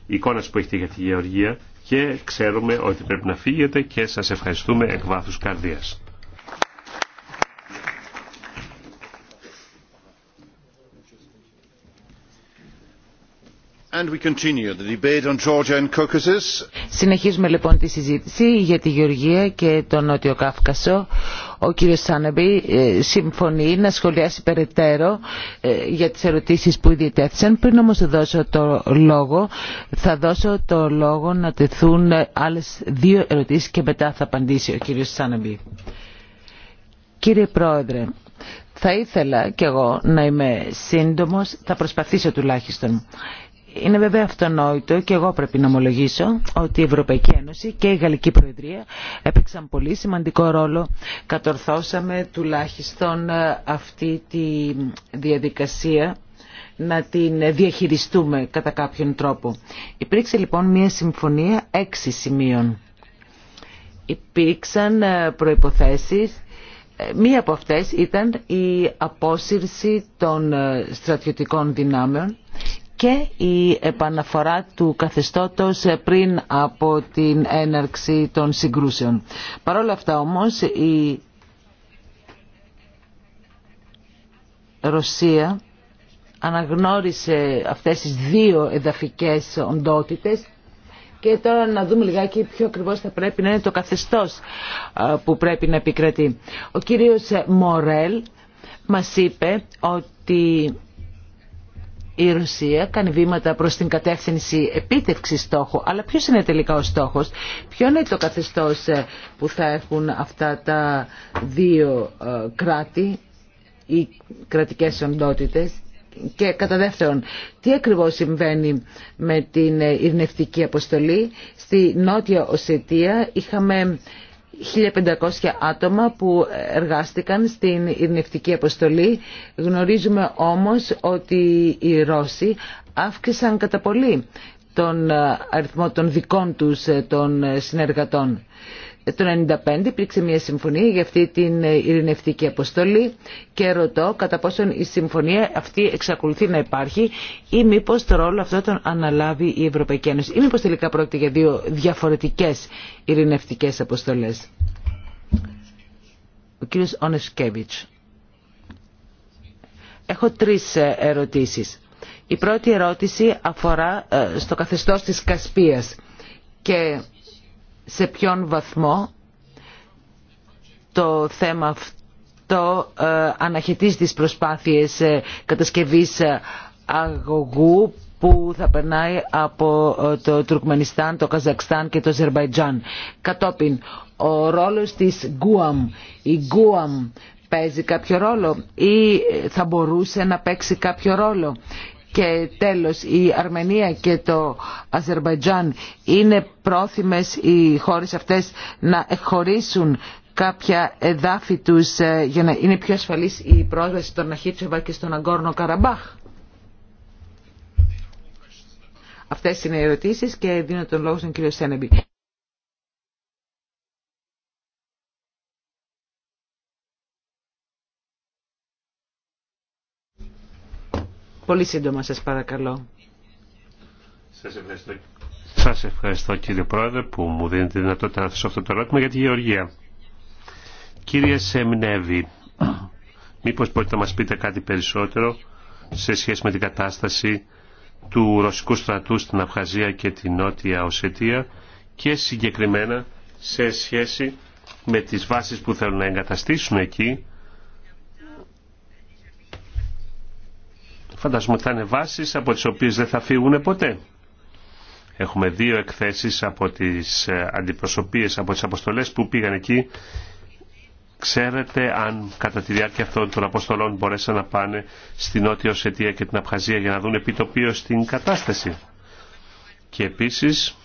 εικόνας που έχετε για τη Γεωργία και ξέρουμε ότι πρέπει να φύγετε και σας ευχαριστούμε εκ βάθους καρδίας.
Συνεχίζουμε λοιπόν τη συζήτηση για τη Γεωργία και τον Νότιο Κάφκασο. Ο κύριος Σάνεμπι ε, συμφωνεί να σχολιάσει περαιτέρω ε, για τις ερωτήσεις που ήδη τέθησαν. Πριν όμως δώσω το λόγο, θα δώσω το λόγο να τεθούν ε, άλλες δύο ερωτήσεις και μετά θα απαντήσει ο κύριος Σάνεμπι. Κύριε Πρόεδρε, θα ήθελα κι εγώ να είμαι σύντομος, θα προσπαθήσω τουλάχιστον. Είναι βέβαια αυτονόητο και εγώ πρέπει να ομολογήσω ότι η Ευρωπαϊκή Ένωση και η Γαλλική Προεδρία έπαιξαν πολύ σημαντικό ρόλο. Κατορθώσαμε τουλάχιστον ε, αυτή τη διαδικασία να την διαχειριστούμε κατά κάποιον τρόπο. Υπήρξε λοιπόν μια συμφωνία έξι σημείων. Υπήρξαν ε, προϋποθέσεις ε, Μία από αυτές ήταν η απόσυρση των στρατιωτικών δυνάμεων και η επαναφορά του καθεστώτος πριν από την έναρξη των συγκρούσεων. Παρ' όλα αυτά όμως η Ρωσία αναγνώρισε αυτές τις δύο εδαφικές οντότητες και τώρα να δούμε λιγάκι ποιο ακριβώς θα πρέπει να είναι το καθεστώς που πρέπει να επικρατεί. Ο κύριος Μορέλ μας είπε ότι η Ρωσία κάνει βήματα προς την κατεύθυνση επίτευξης στόχου. Αλλά ποιος είναι τελικά ο στόχος, ποιο είναι το καθεστώς ε, που θα έχουν αυτά τα δύο ε, κράτη ή κρατικές οντότητες. Και κατά δεύτερον, τι ακριβώς συμβαίνει με την ε, ειρνευτική αποστολή. Στη Νότια Οσετία είχαμε 1.500 άτομα που εργάστηκαν στην ειρηνευτική αποστολή. Γνωρίζουμε όμως ότι οι Ρώσοι αύξησαν κατά πολύ τον ε, αριθμό των δικών τους ε, των ε, συνεργατών το 1995 υπήρξε μια συμφωνία για αυτή την ειρηνευτική αποστολή και ρωτώ κατά πόσον η συμφωνία αυτή εξακολουθεί να υπάρχει ή μήπως το ρόλο αυτό τον αναλάβει η Ευρωπαϊκή Ένωση ή μήπως τελικά πρόκειται για δύο διαφορετικές ειρηνευτικές αποστολές. Ο κύριος Ονεσκέβιτς. Έχω τρεις ε, ερωτήσεις. Η πρώτη ερώτηση αφορά ε, στο καθεστώς της Κασπίας και σε ποιον βαθμό το θέμα αυτό ε, αναχαιτεί στις προσπάθειες ε, κατασκευής ε, αγωγού που θα περνάει από το Τουρκμενιστάν, το Καζακστάν και το Αζερβαϊτζάν. Κατόπιν, ο ρόλος της Γκουαμ, η Γκουαμ παίζει κάποιο ρόλο ή θα μπορούσε να παίξει κάποιο ρόλο και τέλος, η Αρμενία και το Αζερβαϊτζάν είναι πρόθυμες οι χώρες αυτές να χωρίσουν κάποια εδάφη τους ε, για να είναι πιο ασφαλής η πρόσβαση στον Αχίτσεβα και στον Αγκόρνο Καραμπάχ. Αυτές είναι οι ερωτήσεις και δίνω τον λόγο στον κύριο Σένεμπι. Πολύ σύντομα σας παρακαλώ.
Σας ευχαριστώ. Σας ευχαριστώ κύριε Πρόεδρε που μου δίνετε τη δυνατότητα να θέσω αυτό το ερώτημα για τη Γεωργία. Κύριε Σεμνεύη, μήπως μπορείτε να μας πείτε κάτι περισσότερο σε σχέση με την κατάσταση του ρωσικού στρατού στην Αυχαζία και την Νότια Οσετία και συγκεκριμένα σε σχέση με τις βάσεις που θέλουν να εγκαταστήσουν εκεί Φαντάζομαι ότι θα είναι βάσεις από τις οποίες δεν θα φύγουν ποτέ. Έχουμε δύο εκθέσεις από τις ε, αντιπροσωπείες, από τις αποστολές που πήγαν εκεί. Ξέρετε αν κατά τη διάρκεια αυτών των αποστολών μπορέσαν να πάνε στην Νότια Σετία και την Απχαζία για να δουν επιτοπίω στην κατάσταση. Και επίσης,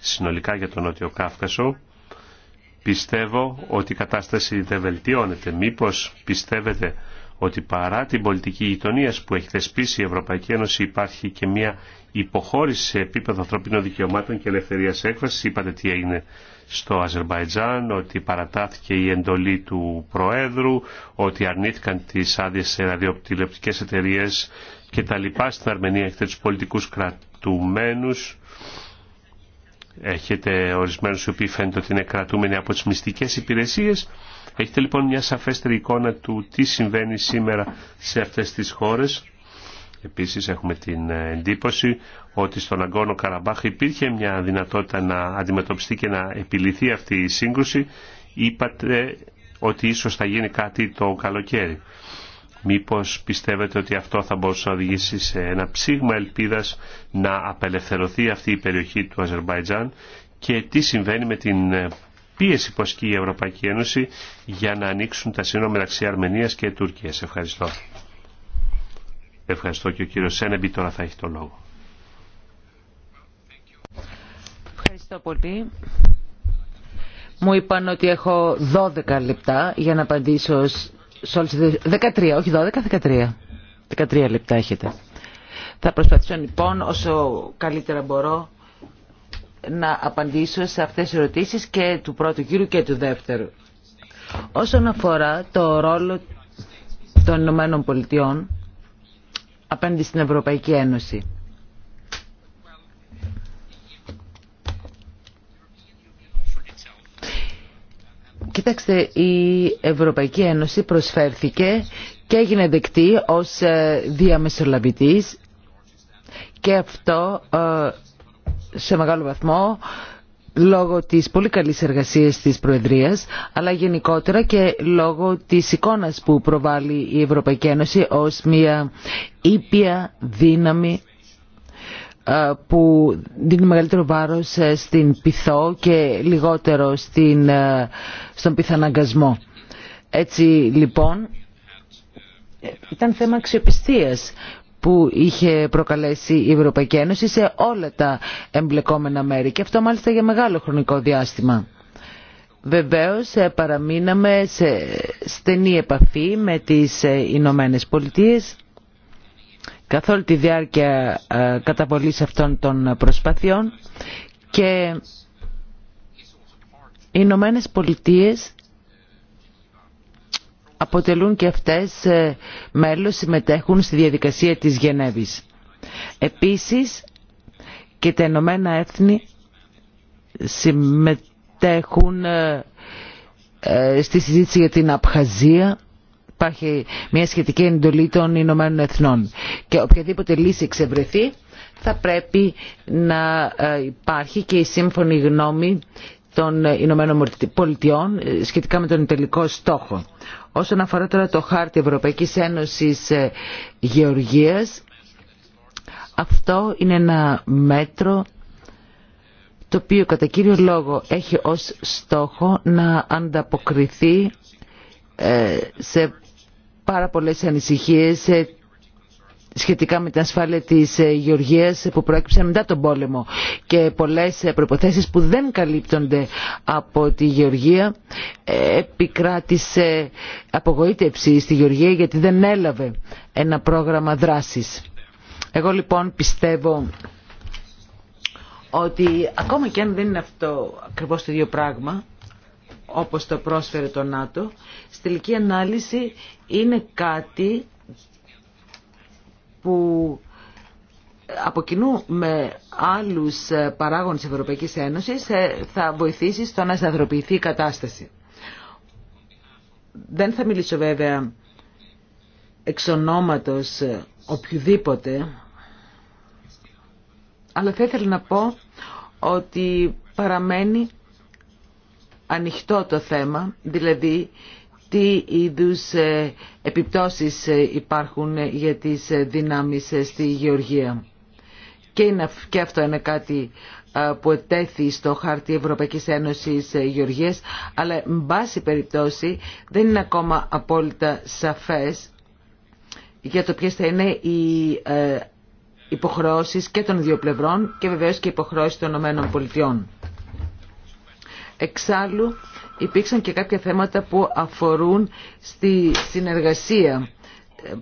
συνολικά για τον Νότιο Κάφκασο, πιστεύω ότι η κατάσταση δεν βελτιώνεται. Μήπως πιστεύετε ότι παρά την πολιτική γειτονία που έχει θεσπίσει η Ευρωπαϊκή Ένωση υπάρχει και μια υποχώρηση σε επίπεδο ανθρωπίνων δικαιωμάτων και ελευθερίας έκφρασης. Είπατε τι έγινε στο Αζερμπαϊτζάν, ότι παρατάθηκε η εντολή του Προέδρου, ότι αρνήθηκαν τις άδειες σε ραδιοτηλεοπτικές εταιρείε και τα λοιπά στην Αρμενία έχετε πολιτικούς κρατουμένους Έχετε ορισμένους οι οποίοι φαίνεται ότι είναι κρατούμενοι από τις μυστικές υπηρεσίες. Έχετε λοιπόν μια σαφέστερη εικόνα του τι συμβαίνει σήμερα σε αυτές τις χώρες. Επίσης έχουμε την εντύπωση ότι στον Αγκόνο Καραμπάχ υπήρχε μια δυνατότητα να αντιμετωπιστεί και να επιληθεί αυτή η σύγκρουση. Είπατε ότι ίσως θα γίνει κάτι το καλοκαίρι. Μήπως πιστεύετε ότι αυτό θα μπορούσε να οδηγήσει σε ένα ψήγμα ελπίδας να απελευθερωθεί αυτή η περιοχή του Αζερμπαϊτζάν και τι συμβαίνει με την ε, πίεση που ασκεί η Ευρωπαϊκή Ένωση για να ανοίξουν τα σύνορα μεταξύ Αρμενίας και Τουρκίας. Ευχαριστώ. Ευχαριστώ και ο κύριο Σένεμπι τώρα θα έχει το λόγο.
Ευχαριστώ πολύ. Μου είπαν ότι έχω 12 λεπτά για να απαντήσω 13, όχι 12, 13. 13 λεπτά έχετε. Θα προσπαθήσω λοιπόν όσο καλύτερα μπορώ να απαντήσω σε αυτές τις ερωτήσεις και του πρώτου κύρου και του δεύτερου. Όσον αφορά το ρόλο των Ηνωμένων Πολιτειών απέναντι στην Ευρωπαϊκή Ένωση. Κοιτάξτε, η Ευρωπαϊκή Ένωση προσφέρθηκε και έγινε δεκτή ως ε, διαμεσολαβητής και αυτό ε, σε μεγάλο βαθμό λόγω της πολύ καλής εργασίας της Προεδρίας αλλά γενικότερα και λόγω της εικόνας που προβάλλει η Ευρωπαϊκή Ένωση ως μια ήπια δύναμη ε, που δίνει μεγαλύτερο βάρος ε, στην πυθό και λιγότερο στην, ε, στον πιθαναγκασμό. Έτσι λοιπόν ήταν θέμα αξιοπιστίας που είχε προκαλέσει η Ευρωπαϊκή Ένωση σε όλα τα εμπλεκόμενα μέρη και αυτό μάλιστα για μεγάλο χρονικό διάστημα. Βεβαίως παραμείναμε σε στενή επαφή με τις Ηνωμένε Πολιτείες καθ' όλη τη διάρκεια ε, καταβολής αυτών των προσπαθειών και οι Ηνωμένε Πολιτείε αποτελούν και αυτές ε, μέλος συμμετέχουν στη διαδικασία της Γενέβης. Επίσης και τα Ηνωμένα Έθνη συμμετέχουν ε, στη συζήτηση για την Απχαζία υπάρχει μια σχετική εντολή των Ηνωμένων Εθνών. Και οποιαδήποτε λύση εξευρεθεί θα πρέπει να ε, υπάρχει και η σύμφωνη γνώμη των Ηνωμένων Πολιτειών ε, σχετικά με τον τελικό στόχο. Όσον αφορά τώρα το χάρτη Ευρωπαϊκής Ένωσης ε, Γεωργίας, αυτό είναι ένα μέτρο το οποίο κατά κύριο λόγο έχει ως στόχο να ανταποκριθεί σε πάρα πολλές ανησυχίες ε, σχετικά με την ασφάλεια της ε, γεωργίας που προέκυψαν μετά τον πόλεμο και πολλές ε, προϋποθέσεις που δεν καλύπτονται από τη γεωργία επικράτησε απογοήτευση στη γεωργία γιατί δεν έλαβε ένα πρόγραμμα δράσης. Εγώ λοιπόν πιστεύω ότι ακόμα και αν δεν είναι αυτό ακριβώς το ίδιο πράγμα όπως το πρόσφερε το ΝΑΤΟ, στη τελική ανάλυση είναι κάτι που από κοινού με άλλους παράγοντες Ευρωπαϊκής Ένωσης ε, θα βοηθήσει στο να σταθεροποιηθεί η κατάσταση. Δεν θα μιλήσω βέβαια εξ ονόματος οποιοδήποτε, αλλά θα ήθελα να πω ότι παραμένει ανοιχτό το θέμα, δηλαδή τι είδους ε, επιπτώσεις ε, υπάρχουν ε, για τις δυνάμεις στη γεωργία. Και, και αυτό είναι κάτι που ετέθη στο χάρτη Ευρωπαϊκής Ένωσης Γεωργίας, αλλά με περιπτώσει δεν είναι ακόμα απόλυτα σαφές για το ποιες θα είναι οι υποχρεώσεις και των δύο πλευρών και βεβαίως και υποχρεώσεις των ΗΠΑ. Εξάλλου υπήρξαν και κάποια θέματα που αφορούν στη συνεργασία ε,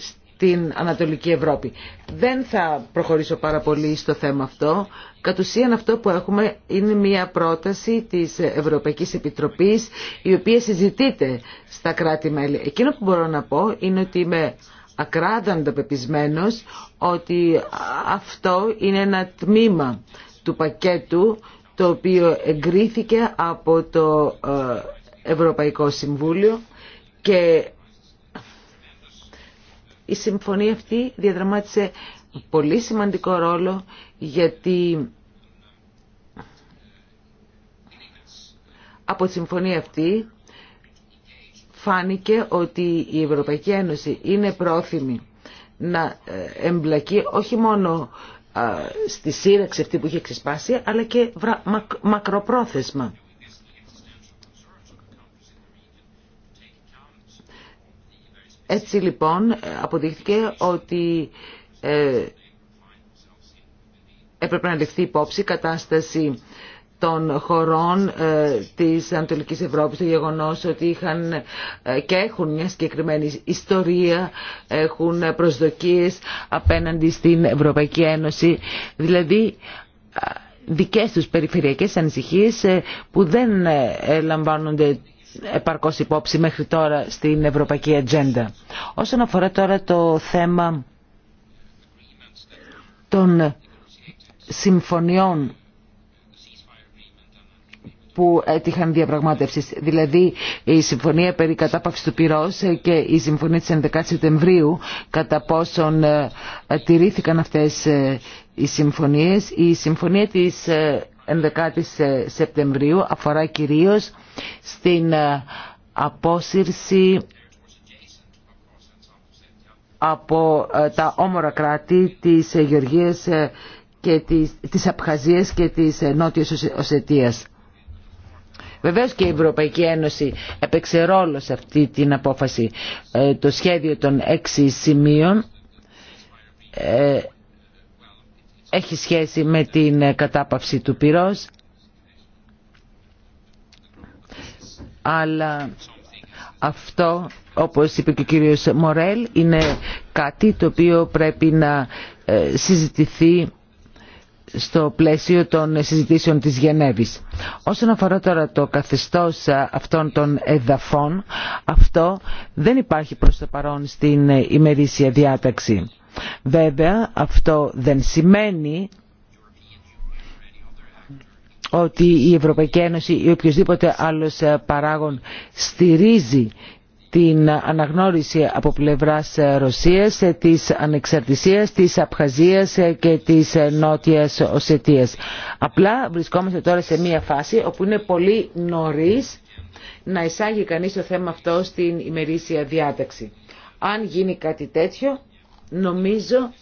στην Ανατολική Ευρώπη. Δεν θα προχωρήσω πάρα πολύ στο θέμα αυτό. Κατ' ουσίαν αυτό που έχουμε είναι μια πρόταση της Ευρωπαϊκής Επιτροπής η οποία συζητείται στα κράτη-μέλη. Εκείνο που μπορώ να πω είναι ότι είμαι ακράδαντα πεπισμένος ότι αυτό είναι ένα τμήμα του πακέτου το οποίο εγκρίθηκε από το ε, Ευρωπαϊκό Συμβούλιο και η συμφωνία αυτή διαδραμάτισε πολύ σημαντικό ρόλο γιατί από τη συμφωνία αυτή φάνηκε ότι η Ευρωπαϊκή Ένωση είναι πρόθυμη να ε, εμπλακεί όχι μόνο στη σύραξη αυτή που είχε ξεσπάσει, αλλά και μακροπρόθεσμα. Έτσι λοιπόν αποδείχθηκε ότι ε, έπρεπε να ληφθεί υπόψη η κατάσταση των χωρών ε, της Ανατολικής Ευρώπης το γεγονός ότι είχαν ε, και έχουν μια συγκεκριμένη ιστορία έχουν προσδοκίες απέναντι στην Ευρωπαϊκή Ένωση δηλαδή ε, δικές τους περιφερειακές ανησυχίες που δεν λαμβάνονται επαρκώς υπόψη μέχρι τώρα στην Ευρωπαϊκή Ατζέντα. Όσον αφορά τώρα το θέμα των συμφωνιών που έτυχαν διαπραγμάτευσης. Δηλαδή η Συμφωνία περί κατάπαυσης του πυρός και η Συμφωνία της 11 Σεπτεμβρίου κατά πόσον ε, τηρήθηκαν αυτές ε, οι συμφωνίες. Η Συμφωνία της 11 ε, Σεπτεμβρίου αφορά κυρίως στην απόσυρση από τα όμορα κράτη της Γεωργίας και της, της Απχαζίας και της Νότιας Οσετίας. Βεβαίως και η Ευρωπαϊκή Ένωση έπαιξε ρόλο σε αυτή την απόφαση. Ε, το σχέδιο των έξι σημείων ε, έχει σχέση με την ε, κατάπαυση του πυρός αλλά αυτό όπως είπε και ο κύριος Μορέλ είναι κάτι το οποίο πρέπει να συζητηθεί στο πλαίσιο των συζητήσεων της Γενέβης. Όσον αφορά τώρα το καθεστώς ε, αυτών των εδαφών, αυτό δεν υπάρχει προς το παρόν στην ε, ημερήσια διάταξη. Βέβαια, αυτό δεν σημαίνει ότι η Ευρωπαϊκή Ένωση ή οποιοδήποτε άλλος ε, παράγων στηρίζει την αναγνώριση από πλευράς Ρωσίας της ανεξαρτησίας της Απχαζίας και της Νότιας Οσετίας. Απλά βρισκόμαστε τώρα σε μια φάση όπου είναι πολύ νωρίς να εισάγει κανείς το θέμα αυτό στην ημερήσια διάταξη. Αν γίνει κάτι τέτοιο, νομίζω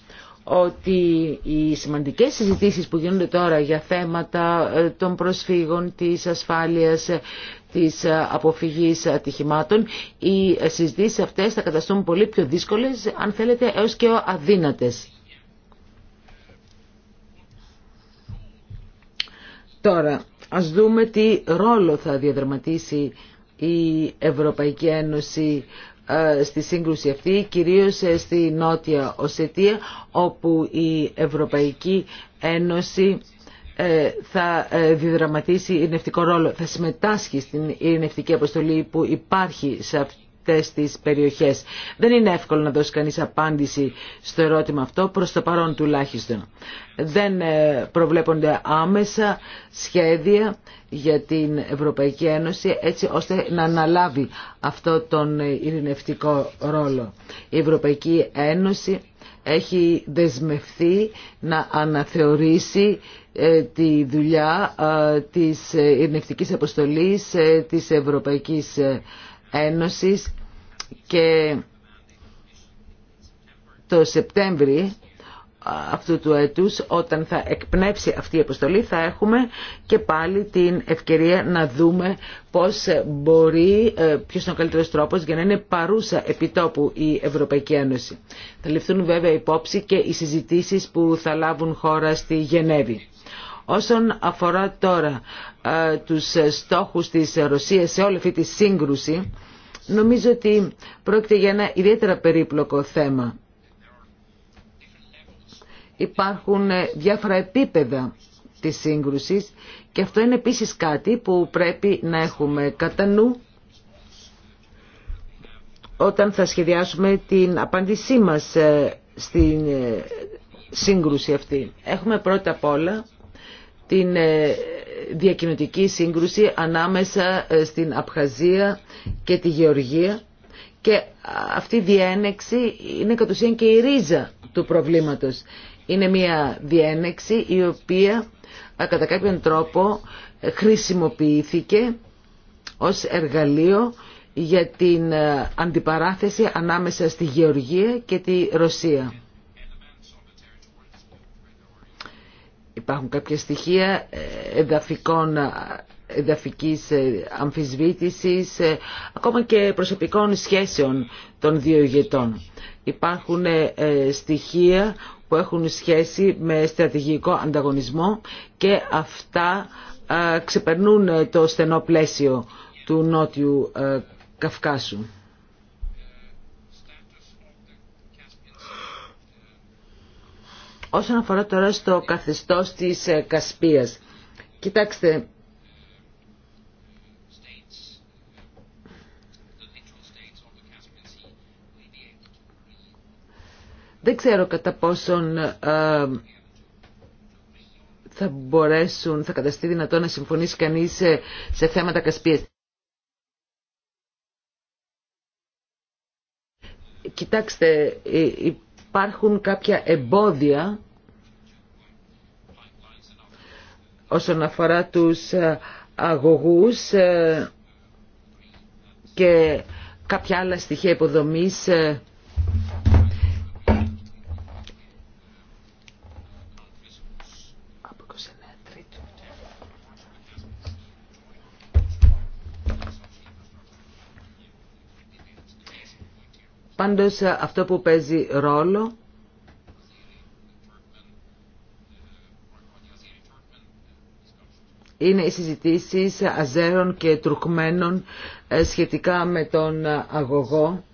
ότι οι σημαντικές συζητήσεις που γίνονται τώρα για θέματα των προσφύγων, της ασφάλειας, της ε, αποφυγής ατυχημάτων. Οι ε, συζητήσεις αυτές θα καταστούν πολύ πιο δύσκολες, αν θέλετε, έως και αδύνατες. Τώρα, ας δούμε τι ρόλο θα διαδραματίσει η Ευρωπαϊκή Ένωση ε, στη σύγκρουση αυτή, κυρίως στη Νότια Οσετία, όπου η Ευρωπαϊκή Ένωση ε, θα ε, διδραματίσει ειρηνευτικό ρόλο, θα συμμετάσχει στην ειρηνευτική αποστολή που υπάρχει σε αυτές τις περιοχές. Δεν είναι εύκολο να δώσει κανείς απάντηση στο ερώτημα αυτό, προς το παρόν τουλάχιστον. Δεν ε, προβλέπονται άμεσα σχέδια για την Ευρωπαϊκή Ένωση έτσι ώστε να αναλάβει αυτό τον ειρηνευτικό ρόλο. Η Ευρωπαϊκή Ένωση έχει δεσμευθεί να αναθεωρήσει ε, τη δουλειά ε, της ειρνευτικής αποστολής ε, της Ευρωπαϊκής Ένωσης και το Σεπτέμβρη αυτού του έτους όταν θα εκπνεύσει αυτή η αποστολή θα έχουμε και πάλι την ευκαιρία να δούμε πώς μπορεί, ποιος είναι ο καλύτερος τρόπος για να είναι παρούσα επιτόπου η Ευρωπαϊκή Ένωση. Θα ληφθούν βέβαια υπόψη και οι συζητήσεις που θα λάβουν χώρα στη Γενέβη. Όσον αφορά τώρα του ε, τους στόχους της Ρωσίας σε όλη αυτή τη σύγκρουση, νομίζω ότι πρόκειται για ένα ιδιαίτερα περίπλοκο θέμα. Υπάρχουν ε, διάφορα επίπεδα της σύγκρουσης και αυτό είναι επίσης κάτι που πρέπει να έχουμε κατά νου όταν θα σχεδιάσουμε την απάντησή μας ε, στην σύγκρουση αυτή. Έχουμε πρώτα απ' όλα την ε, διακοινωτική σύγκρουση ανάμεσα ε, στην Απχαζία και τη Γεωργία και αυτή η διένεξη είναι κατ' ουσίαν και η ρίζα του προβλήματος. Είναι μια διένεξη η οποία ε, κατά κάποιον τρόπο χρησιμοποιήθηκε ως εργαλείο για την αντιπαράθεση ανάμεσα στη Γεωργία και τη Ρωσία. Υπάρχουν κάποια στοιχεία ε, εδαφικών, ε, εδαφικής ε, αμφισβήτησης, ακόμα και προσωπικών σχέσεων των δύο ηγετών. Υπάρχουν στοιχεία που έχουν σχέση με στρατηγικό ανταγωνισμό και αυτά ξεπερνούν το στενό πλαίσιο του Νότιου Καυκάσου. Όσον αφορά τώρα στο καθεστώς της ε, Κασπίας, κοιτάξτε, δεν ξέρω κατά πόσον ε, θα μπορέσουν, θα καταστεί δυνατόν να συμφωνήσει κανείς σε, σε θέματα Κασπίας. Κοιτάξτε, ε, υπάρχουν κάποια εμπόδια όσον αφορά τους ε, αγωγούς ε, και κάποια άλλα στοιχεία υποδομής ε. Πάντως αυτό που παίζει ρόλο είναι οι συζητήσεις Αζέρων και Τουρκμένων ε, σχετικά με τον αγωγό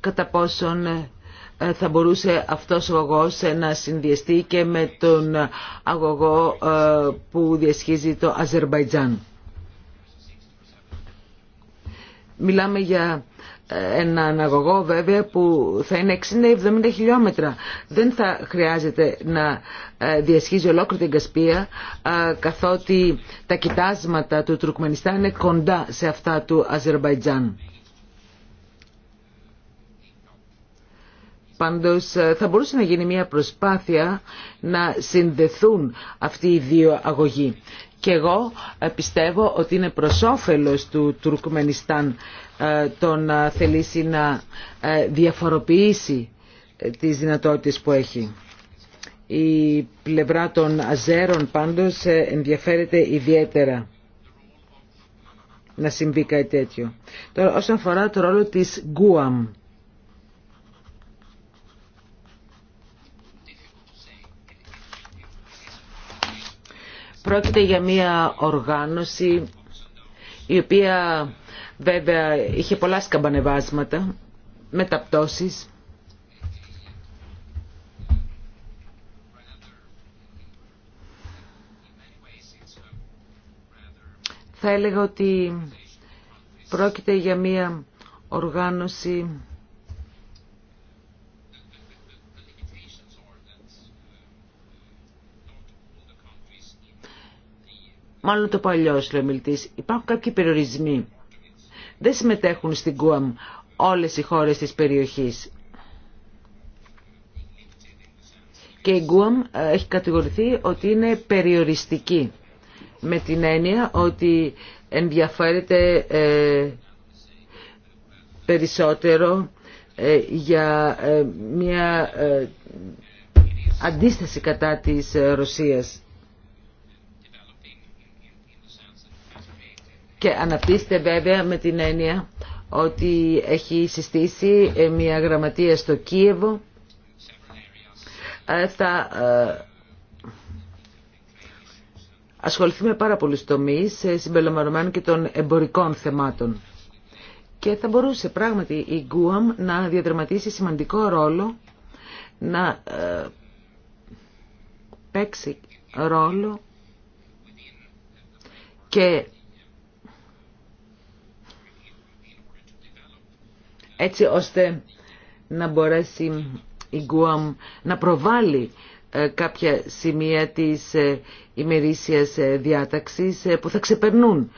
κατά πόσον ε, ε, θα μπορούσε αυτός ο αγωγός να συνδυαστεί και με τον αγωγό που διασχίζει το Αζερμπαϊτζάν. Μιλάμε για ένα αναγωγό βέβαια που θα είναι 60-70 χιλιόμετρα. Δεν θα χρειάζεται να ε, διασχίζει ολόκληρη την Κασπία ε, καθότι τα κοιτάσματα του Τουρκμενιστάν είναι κοντά σε αυτά του Αζερμπαϊτζάν. Πάντως ε, θα μπορούσε να γίνει μια προσπάθεια να συνδεθούν αυτοί οι δύο αγωγοί και εγώ ε, πιστεύω ότι είναι προς όφελος του Τουρκμενιστάν ε, το να θελήσει να ε, διαφοροποιήσει τις δυνατότητες που έχει. Η πλευρά των Αζέρων πάντως ενδιαφέρεται ιδιαίτερα να συμβεί κάτι τέτοιο. Τώρα όσον αφορά το ρόλο της Γκουαμ Πρόκειται για μια οργάνωση η οποία βέβαια είχε πολλά σκαμπανεβάσματα, μεταπτώσεις. Θα έλεγα ότι πρόκειται για μια οργάνωση Μάλλον το παλιό λέει ο μιλητή. Υπάρχουν κάποιοι περιορισμοί. Δεν συμμετέχουν στην ΚΟΑΜ όλες οι χώρες της περιοχής. Και η ΚΟΑΜ ε, έχει κατηγορηθεί ότι είναι περιοριστική. Με την έννοια ότι ενδιαφέρεται ε, περισσότερο ε, για ε, μια αντίσταση κατά της Ρωσίας. και αναπτύσσεται βέβαια με την έννοια ότι έχει συστήσει ε, μια γραμματεία στο Κίεβο. Ε, θα ε, ασχοληθεί με πάρα πολλούς τομείς, συμπεριλαμβανομένων και των εμπορικών θεμάτων. Και θα μπορούσε πράγματι η Γκουαμ να διαδραματίσει σημαντικό ρόλο, να παίξει ρόλο και έτσι ώστε να μπορέσει η Γκουαμ να προβάλλει ε, κάποια σημεία της ε, ημερήσιας ε, διάταξης που θα ξεπερνούν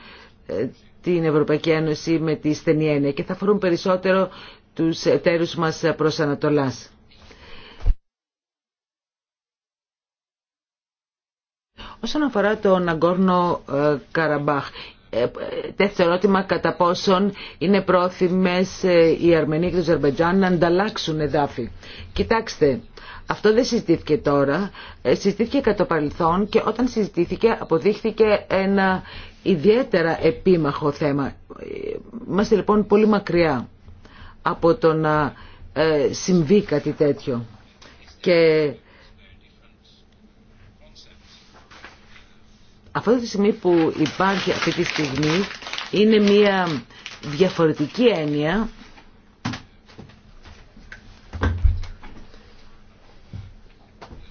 την Ευρωπαϊκή Ένωση με τη στενή έννοια και θα αφορούν περισσότερο τους εταίρους μας προς Ανατολάς. Όσον αφορά το Αγκόρνο Καραμπάχ, ε, τέτοιο ερώτημα κατά πόσον είναι πρόθυμες ε, οι Αρμενοί και το Ζερμπετζάν να ανταλλάξουν εδάφη. Κοιτάξτε, αυτό δεν συζητήθηκε τώρα, ε, συζητήθηκε κατά παρελθόν και όταν συζητήθηκε αποδείχθηκε ένα ιδιαίτερα επίμαχο θέμα. Είμαστε λοιπόν πολύ μακριά από το να συμβεί κάτι τέτοιο. Και Αυτό τη στιγμή που υπάρχει αυτή τη στιγμή είναι μια διαφορετική έννοια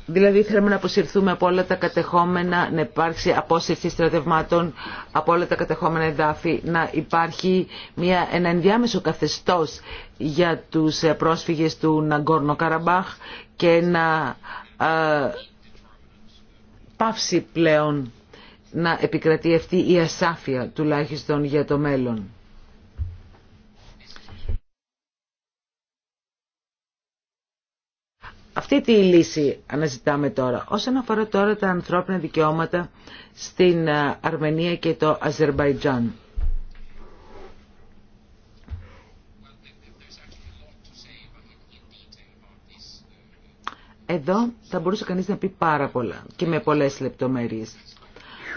Δηλαδή θέλουμε να αποσυρθούμε από όλα τα κατεχόμενα, να υπάρξει απόσυρση στρατευμάτων από όλα τα κατεχόμενα εδάφη, να υπάρχει μια, ένα ενδιάμεσο καθεστώς για τους ε, πρόσφυγες του Ναγκόρνο Καραμπάχ και να ε, πάυσει πλέον να επικρατεί αυτή η ασάφεια τουλάχιστον για το μέλλον. Αυτή τη λύση αναζητάμε τώρα. Όσον αφορά τώρα τα ανθρώπινα δικαιώματα στην ε, Αρμενία και το Αζερβαϊτζάν. Εδώ θα μπορούσε κανείς να πει πάρα πολλά και με πολλές λεπτομέρειες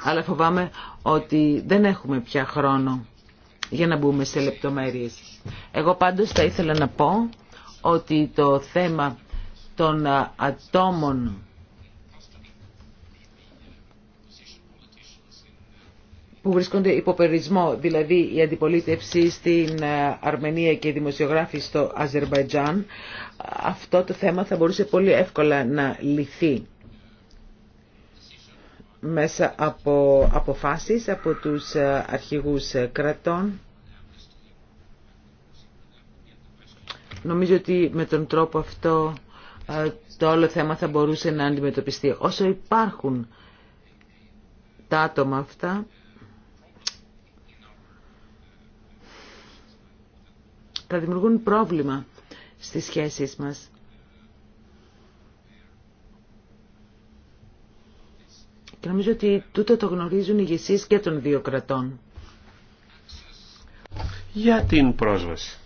αλλά φοβάμαι ότι δεν έχουμε πια χρόνο για να μπούμε σε λεπτομέρειες. Εγώ πάντως θα ήθελα να πω ότι το θέμα των ατόμων που βρίσκονται υπό περισμό, δηλαδή η αντιπολίτευση στην ε, Αρμενία και οι δημοσιογράφοι στο Αζερβαϊτζάν, αυτό το θέμα θα μπορούσε πολύ εύκολα να λυθεί μέσα από αποφάσεις από τους ε, αρχηγούς ε, κρατών. Νομίζω ότι με τον τρόπο αυτό ε, το όλο θέμα θα μπορούσε να αντιμετωπιστεί. Όσο υπάρχουν τα άτομα αυτά, θα δημιουργούν πρόβλημα στις σχέσεις μας. Και νομίζω ότι τούτο το γνωρίζουν οι ηγεσίες και των δύο κρατών.
Για την πρόσβαση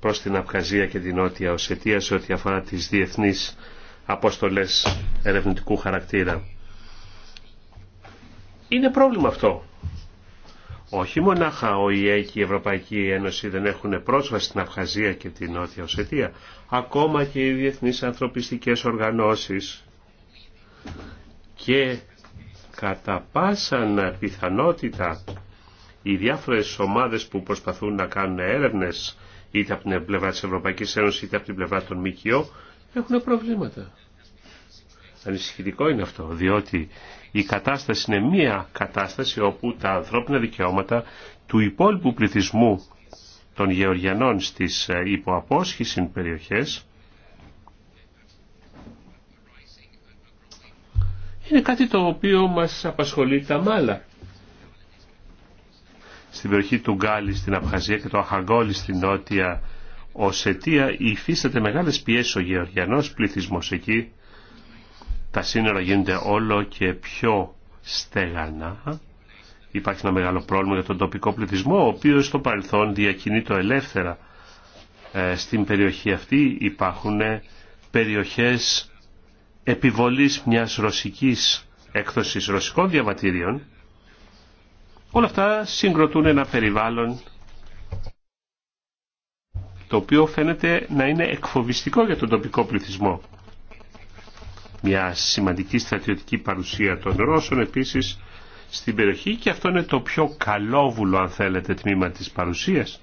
προς την Απχαζία και την Νότια Οσετία σε ό,τι αφορά τις διεθνείς αποστολές ερευνητικού χαρακτήρα. Είναι πρόβλημα αυτό. Όχι μονάχα ο ΙΕ και η Ευρωπαϊκή Ένωση δεν έχουν πρόσβαση στην Απχαζία και την Νότια Οσετία. Ακόμα και οι διεθνείς ανθρωπιστικές οργανώσεις και κατά πάσαν πιθανότητα οι διάφορες ομάδες που προσπαθούν να κάνουν έρευνες είτε από την πλευρά της Ευρωπαϊκής Ένωσης είτε από την πλευρά των ΜΚΟ έχουν προβλήματα. Ανησυχητικό είναι αυτό, διότι η κατάσταση είναι μία κατάσταση όπου τα ανθρώπινα δικαιώματα του υπόλοιπου πληθυσμού των Γεωργιανών στις ε, υποαπόσχησης περιοχές είναι κάτι το οποίο μας απασχολεί τα μάλα. Στην περιοχή του Γκάλι στην Απχαζία και το Αχαγκόλι στην Νότια Οσετία υφίσταται μεγάλες πιέσεις ο γεωργιανός πληθυσμός εκεί. Τα σύνορα γίνονται όλο και πιο στεγανά. Υπάρχει ένα μεγάλο πρόβλημα για τον τοπικό πληθυσμό, ο οποίος στο παρελθόν διακινεί το ελεύθερα. Ε, στην περιοχή αυτή υπάρχουν περιοχές επιβολής μιας ρωσικής έκδοσης ρωσικών διαβατήριων, όλα αυτά συγκροτούν ένα περιβάλλον το οποίο φαίνεται να είναι εκφοβιστικό για τον τοπικό πληθυσμό. Μια σημαντική στρατιωτική παρουσία των Ρώσων επίσης στην περιοχή και αυτό είναι το πιο καλόβουλο αν θέλετε τμήμα της παρουσίας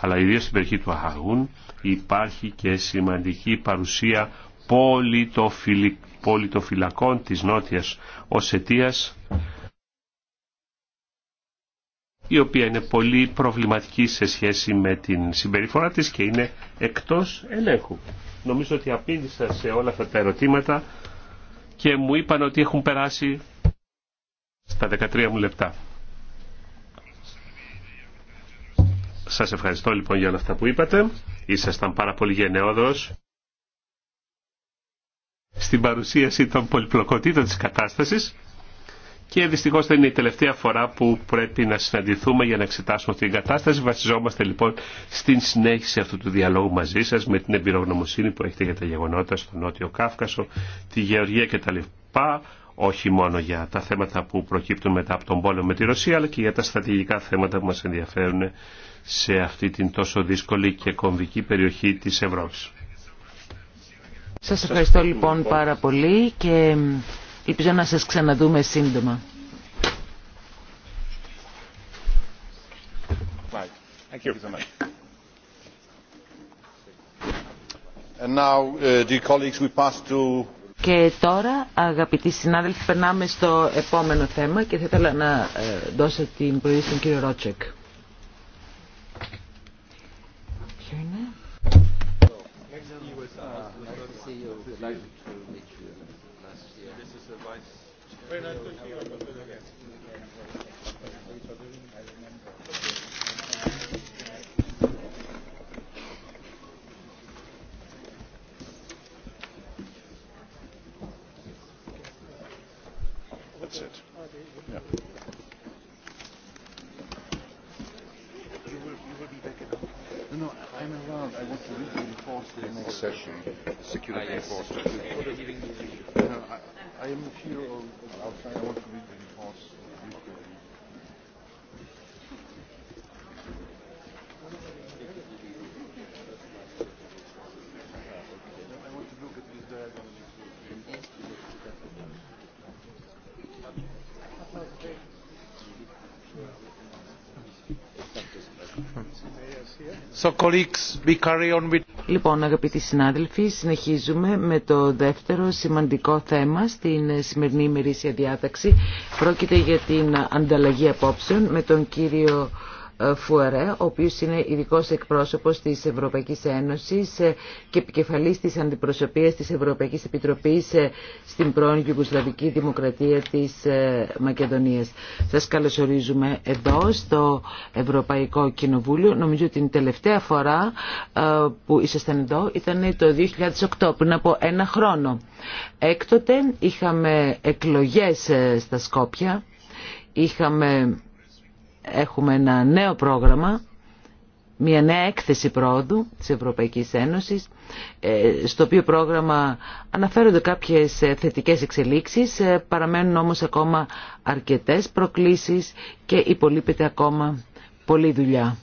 αλλά ιδίως στην περιοχή του Αχαγούν υπάρχει και σημαντική παρουσία πολιτοφυλακών της Νότιας Οσετίας η οποία είναι πολύ προβληματική σε σχέση με την συμπεριφορά της και είναι εκτός ελέγχου. Νομίζω ότι απήντησα σε όλα αυτά τα ερωτήματα και μου είπαν ότι έχουν περάσει στα 13 μου λεπτά. Σας ευχαριστώ λοιπόν για όλα αυτά που είπατε. Ήσασταν πάρα πολύ στην παρουσίαση των πολυπλοκοτήτων της κατάστασης και δυστυχώς δεν είναι η τελευταία φορά που πρέπει να συναντηθούμε για να εξετάσουμε αυτή την κατάσταση. Βασιζόμαστε λοιπόν στην συνέχιση αυτού του διαλόγου μαζί σας με την εμπειρογνωμοσύνη που έχετε για τα γεγονότα στο Νότιο Κάφκασο, τη Γεωργία κτλ. Όχι μόνο για τα θέματα που προκύπτουν μετά από τον πόλεμο με τη Ρωσία, αλλά και για τα στρατηγικά θέματα που μας ενδιαφέρουν σε αυτή την τόσο δύσκολη και κομβική περιοχή της Ευρώπης.
Σας ευχαριστώ λοιπόν, λοιπόν πάρα πολύ και ελπίζω να σας ξαναδούμε σύντομα. Και τώρα, αγαπητοί συνάδελφοι, περνάμε στο επόμενο θέμα και θα ήθελα να ε, δώσω την προηγούμενη στον κύριο Ρότσεκ.
This is
the next session. Security forces. I am here on outside. I want to read the reports. I want to look at this diagram.
So colleagues, we carry on with Λοιπόν, αγαπητοί συνάδελφοι, συνεχίζουμε με το δεύτερο σημαντικό θέμα στην σημερινή ημερήσια διάταξη. Πρόκειται για την ανταλλαγή απόψεων με τον κύριο Φουαρέ, ο οποίο είναι ειδικό εκπρόσωπος της Ευρωπαϊκής Ένωσης ε, και επικεφαλή της αντιπροσωπείας της Ευρωπαϊκής Επιτροπής ε, στην πρώην Γιουγκοσλαβική Δημοκρατία της ε, Μακεδονίας. Σα καλωσορίζουμε εδώ στο Ευρωπαϊκό Κοινοβούλιο. Νομίζω ότι την τελευταία φορά που ήσασταν εδώ ήταν το 2008, πριν από ένα χρόνο. Έκτοτε είχαμε εκλογέ στα Σκόπια, είχαμε έχουμε ένα νέο πρόγραμμα, μια νέα έκθεση πρόοδου της Ευρωπαϊκής Ένωσης, ε, στο οποίο πρόγραμμα αναφέρονται κάποιες ε, θετικές εξελίξεις, ε, παραμένουν όμως ακόμα αρκετές προκλήσεις και υπολείπεται ακόμα πολλή δουλειά.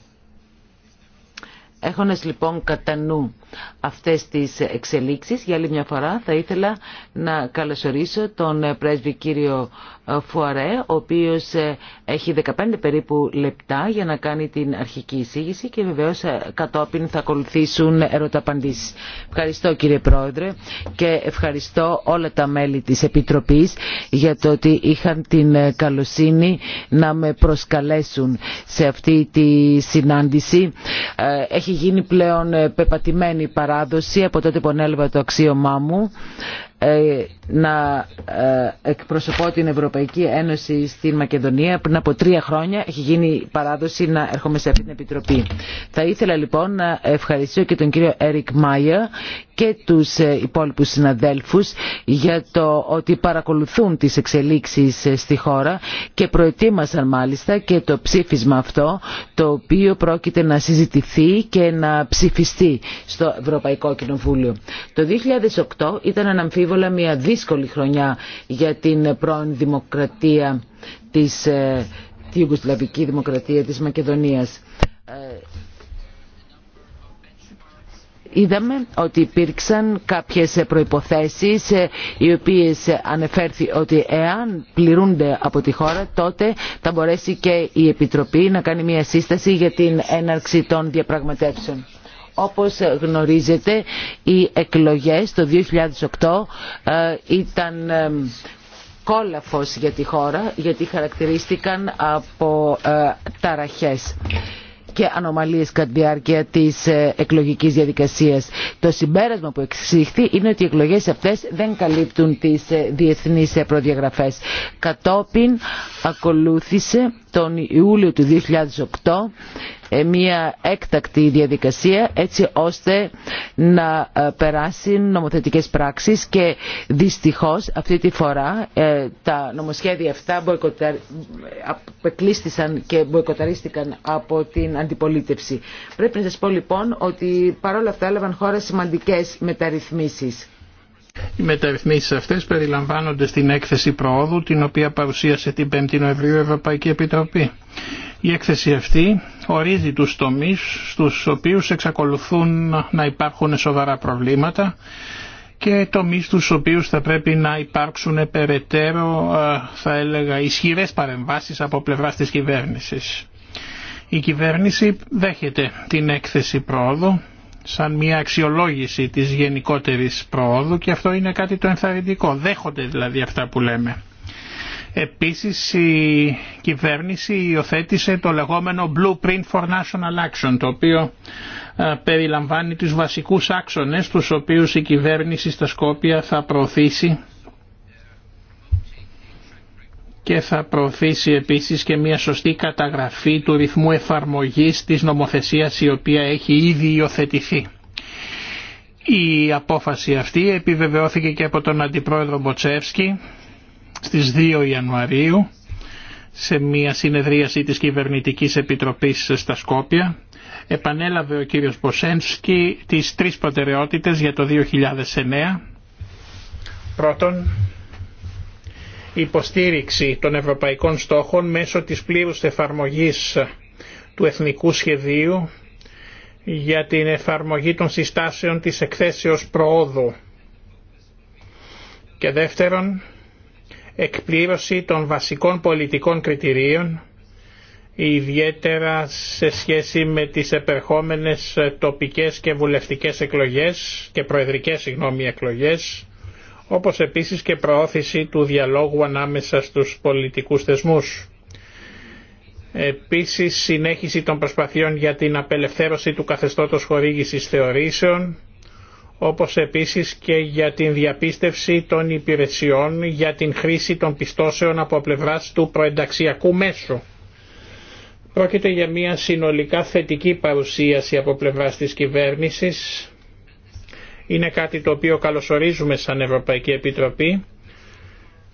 Έχοντας λοιπόν κατά νου αυτές τις εξελίξεις. Για άλλη μια φορά θα ήθελα να καλωσορίσω τον πρέσβη κύριο Φουαρέ, ο οποίος ε, έχει 15 περίπου λεπτά για να κάνει την αρχική εισήγηση και βεβαίως ε, κατόπιν θα ακολουθήσουν ερωταπαντήσεις. Ευχαριστώ κύριε Πρόεδρε και ευχαριστώ όλα τα μέλη της Επιτροπής για το ότι είχαν την ε, καλοσύνη να με προσκαλέσουν σε αυτή τη συνάντηση. Έχει γίνει πλέον πεπατημένη παράδοση από τότε που ανέλαβα το αξίωμά μου ε, να ε, εκπροσωπώ την Ευρωπαϊκή Ένωση στην Μακεδονία πριν από τρία χρόνια. Έχει γίνει παράδοση να έρχομαι σε αυτή την Επιτροπή. Θα ήθελα λοιπόν να ευχαριστήσω και τον κύριο Έρικ Μάια και τους ε, υπόλοιπους συναδέλφους για το ότι παρακολουθούν τις εξελίξεις στη χώρα και προετοίμασαν μάλιστα και το ψήφισμα αυτό το οποίο πρόκειται να συζητηθεί και να ψηφιστεί στο Ευρωπαϊκό Κοινοβούλιο. Το 2008 ήταν αναμφίβολο αμφίβολα μια δύσκολη χρονιά για την πρώην δημοκρατία της, ε, τη Ιουγκοσλαβική Δημοκρατία της Μακεδονίας. Ε, είδαμε ότι υπήρξαν κάποιες προϋποθέσεις ε, οι οποίες ανεφέρθη ότι εάν πληρούνται από τη χώρα τότε θα μπορέσει και η Επιτροπή να κάνει μια σύσταση για την έναρξη των διαπραγματεύσεων. Όπως γνωρίζετε, οι εκλογές το 2008 ε, ήταν ε, κόλαφος για τη χώρα, γιατί χαρακτηρίστηκαν από ε, ταραχές και ανομαλίες κατά τη διάρκεια της εκλογικής διαδικασίας. Το συμπέρασμα που εξήχθη είναι ότι οι εκλογές αυτές δεν καλύπτουν τις διεθνείς προδιαγραφές. Κατόπιν ακολούθησε τον Ιούλιο του 2008 ε, μια έκτακτη διαδικασία έτσι ώστε να ε, περάσει νομοθετικές πράξεις και δυστυχώς αυτή τη φορά ε, τα νομοσχέδια αυτά απεκλείστησαν και μποϊκοταρίστηκαν από την αντιπολίτευση. Πρέπει να σας πω λοιπόν ότι παρόλα αυτά έλαβαν χώρα σημαντικές μεταρρυθμίσεις.
Οι μεταρρυθμίσει αυτές περιλαμβάνονται στην έκθεση προόδου την οποία παρουσίασε την 5η Νοεμβρίου Ευρωπαϊκή Επιτροπή. Η έκθεση αυτή ορίζει τους τομείς στους οποίους εξακολουθούν να υπάρχουν σοβαρά προβλήματα και τομείς τους οποίους θα πρέπει να υπάρξουν περαιτέρω θα έλεγα ισχυρές παρεμβάσεις από πλευράς της κυβέρνησης. Η εκθεση αυτη οριζει τους τομεις στους οποιους εξακολουθουν να υπαρχουν σοβαρα προβληματα και τομεις στους οποιους θα πρεπει να υπαρξουν περαιτερω θα ελεγα ισχυρες παρεμβασεις απο πλευρά της κυβερνησης η κυβερνηση δεχεται την έκθεση πρόοδου σαν μια αξιολόγηση της γενικότερης προόδου και αυτό είναι κάτι το ενθαρρυντικό. Δέχονται δηλαδή αυτά που λέμε. Επίσης η κυβέρνηση υιοθέτησε το λεγόμενο Blueprint for National Action το οποίο ε, περιλαμβάνει τους βασικούς άξονες τους οποίους η κυβέρνηση στα Σκόπια θα προωθήσει και θα προωθήσει επίσης και μια σωστή καταγραφή του ρυθμού εφαρμογής της νομοθεσίας η οποία έχει ήδη υιοθετηθεί. Η απόφαση αυτή επιβεβαιώθηκε και από τον Αντιπρόεδρο Μποτσεύσκη στις 2 Ιανουαρίου σε μια συνεδρίαση της Κυβερνητικής Επιτροπής στα Σκόπια. Επανέλαβε ο κύριος Μποσένσκι τις τρεις προτεραιότητες για το 2009. Πρώτον, υποστήριξη των ευρωπαϊκών στόχων μέσω της πλήρους εφαρμογής του Εθνικού Σχεδίου για την εφαρμογή των συστάσεων της εκθέσεως προόδου και δεύτερον εκπλήρωση των βασικών πολιτικών κριτηρίων ιδιαίτερα σε σχέση με τις επερχόμενες τοπικές και βουλευτικές εκλογές και προεδρικές συγγνώμη εκλογές όπως επίσης και προώθηση του διαλόγου ανάμεσα στους πολιτικούς θεσμούς. Επίσης συνέχιση των προσπαθειών για την απελευθέρωση του καθεστώτος χορήγησης θεωρήσεων, όπως επίσης και για την διαπίστευση των υπηρεσιών για την χρήση των πιστώσεων από πλευράς του προενταξιακού μέσου. Πρόκειται για μια συνολικά θετική παρουσίαση από πλευράς της κυβέρνησης, είναι κάτι το οποίο καλωσορίζουμε σαν Ευρωπαϊκή Επιτροπή.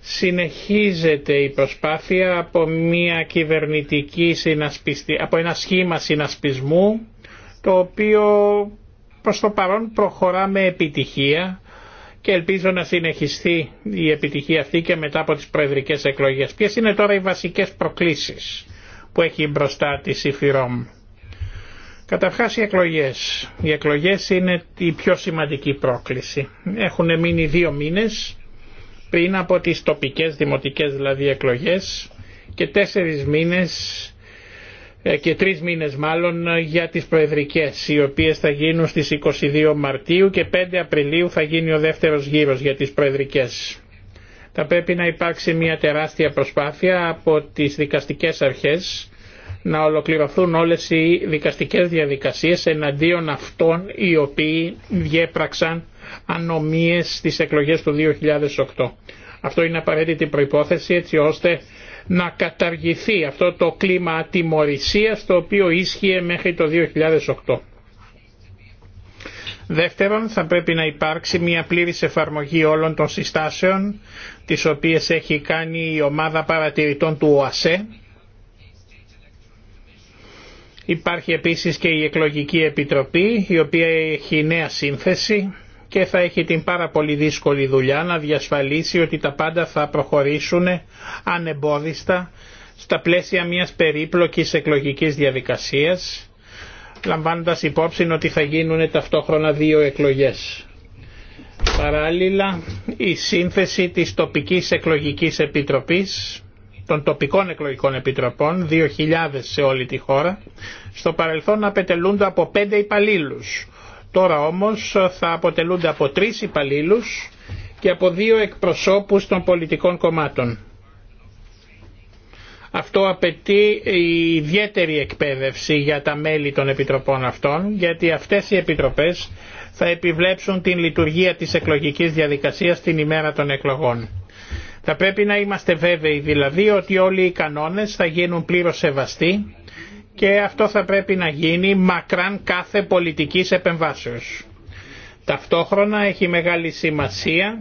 Συνεχίζεται η προσπάθεια από, μια κυβερνητική συνασπιστη... από ένα σχήμα συνασπισμού το οποίο προς το παρόν προχωρά με επιτυχία και ελπίζω να συνεχιστεί η επιτυχία αυτή και μετά από τις προεδρικές εκλογές. Ποιες είναι τώρα οι βασικές προκλήσεις που έχει μπροστά της η Καταρχάς οι εκλογές. Οι εκλογές είναι η πιο σημαντική πρόκληση. Έχουν μείνει δύο μήνες πριν από τις τοπικές δημοτικές δηλαδή εκλογές και τέσσερις μήνες ε, και τρεις μήνες μάλλον για τις προεδρικές οι οποίες θα γίνουν στις 22 Μαρτίου και 5 Απριλίου θα γίνει ο δεύτερος γύρος για τις προεδρικές. Θα πρέπει να υπάρξει μια τεράστια προσπάθεια από τις δικαστικές αρχές να ολοκληρωθούν όλες οι δικαστικές διαδικασίες εναντίον αυτών οι οποίοι διέπραξαν ανομίες στις εκλογές του 2008. Αυτό είναι απαραίτητη προϋπόθεση έτσι ώστε να καταργηθεί αυτό το κλίμα ατιμορρησίας το οποίο ίσχυε μέχρι το 2008. Δεύτερον, θα πρέπει να υπάρξει μια πλήρης εφαρμογή όλων των συστάσεων τις οποίες έχει κάνει η ομάδα παρατηρητών του ΟΑΣΕ Υπάρχει επίσης και η εκλογική επιτροπή η οποία έχει νέα σύνθεση και θα έχει την πάρα πολύ δύσκολη δουλειά να διασφαλίσει ότι τα πάντα θα προχωρήσουν ανεμπόδιστα στα πλαίσια μιας περίπλοκης εκλογικής διαδικασίας λαμβάνοντας υπόψη ότι θα γίνουν ταυτόχρονα δύο εκλογές. Παράλληλα, η σύνθεση της τοπικής εκλογικής επιτροπής των τοπικών εκλογικών επιτροπών, 2.000 σε όλη τη χώρα, στο παρελθόν απαιτελούνται από πέντε υπαλλήλου. Τώρα όμως θα αποτελούνται από τρει υπαλλήλου και από δύο εκπροσώπους των πολιτικών κομμάτων. Αυτό απαιτεί ιδιαίτερη εκπαίδευση για τα μέλη των επιτροπών αυτών, γιατί αυτές οι επιτροπές θα επιβλέψουν την λειτουργία της εκλογικής διαδικασίας την ημέρα των εκλογών θα πρέπει να είμαστε βέβαιοι δηλαδή ότι όλοι οι κανόνες θα γίνουν πλήρως σεβαστοί και αυτό θα πρέπει να γίνει μακράν κάθε πολιτικής επεμβάσεως. Ταυτόχρονα έχει μεγάλη σημασία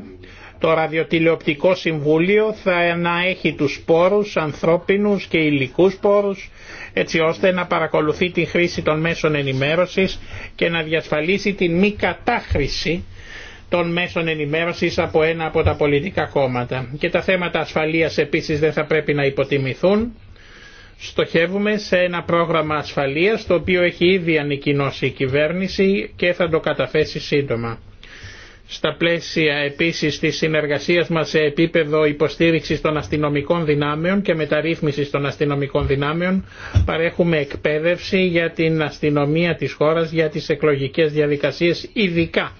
το ραδιοτηλεοπτικό συμβούλιο θα να έχει τους πόρους, ανθρώπινους και υλικούς πόρους, έτσι ώστε να παρακολουθεί τη χρήση των μέσων ενημέρωσης και να διασφαλίσει την μη κατάχρηση των μέσων ενημέρωσης από ένα από τα πολιτικά κόμματα. Και τα θέματα ασφαλείας επίσης δεν θα πρέπει να υποτιμηθούν. Στοχεύουμε σε ένα πρόγραμμα ασφαλείας το οποίο έχει ήδη ανακοινώσει η κυβέρνηση και θα το καταθέσει σύντομα. Στα πλαίσια επίσης της συνεργασίας μας σε επίπεδο υποστήριξης των αστυνομικών δυνάμεων και μεταρρύθμισης των αστυνομικών δυνάμεων παρέχουμε εκπαίδευση για την αστυνομία της χώρας για τις εκλογικές διαδικασίες ειδικά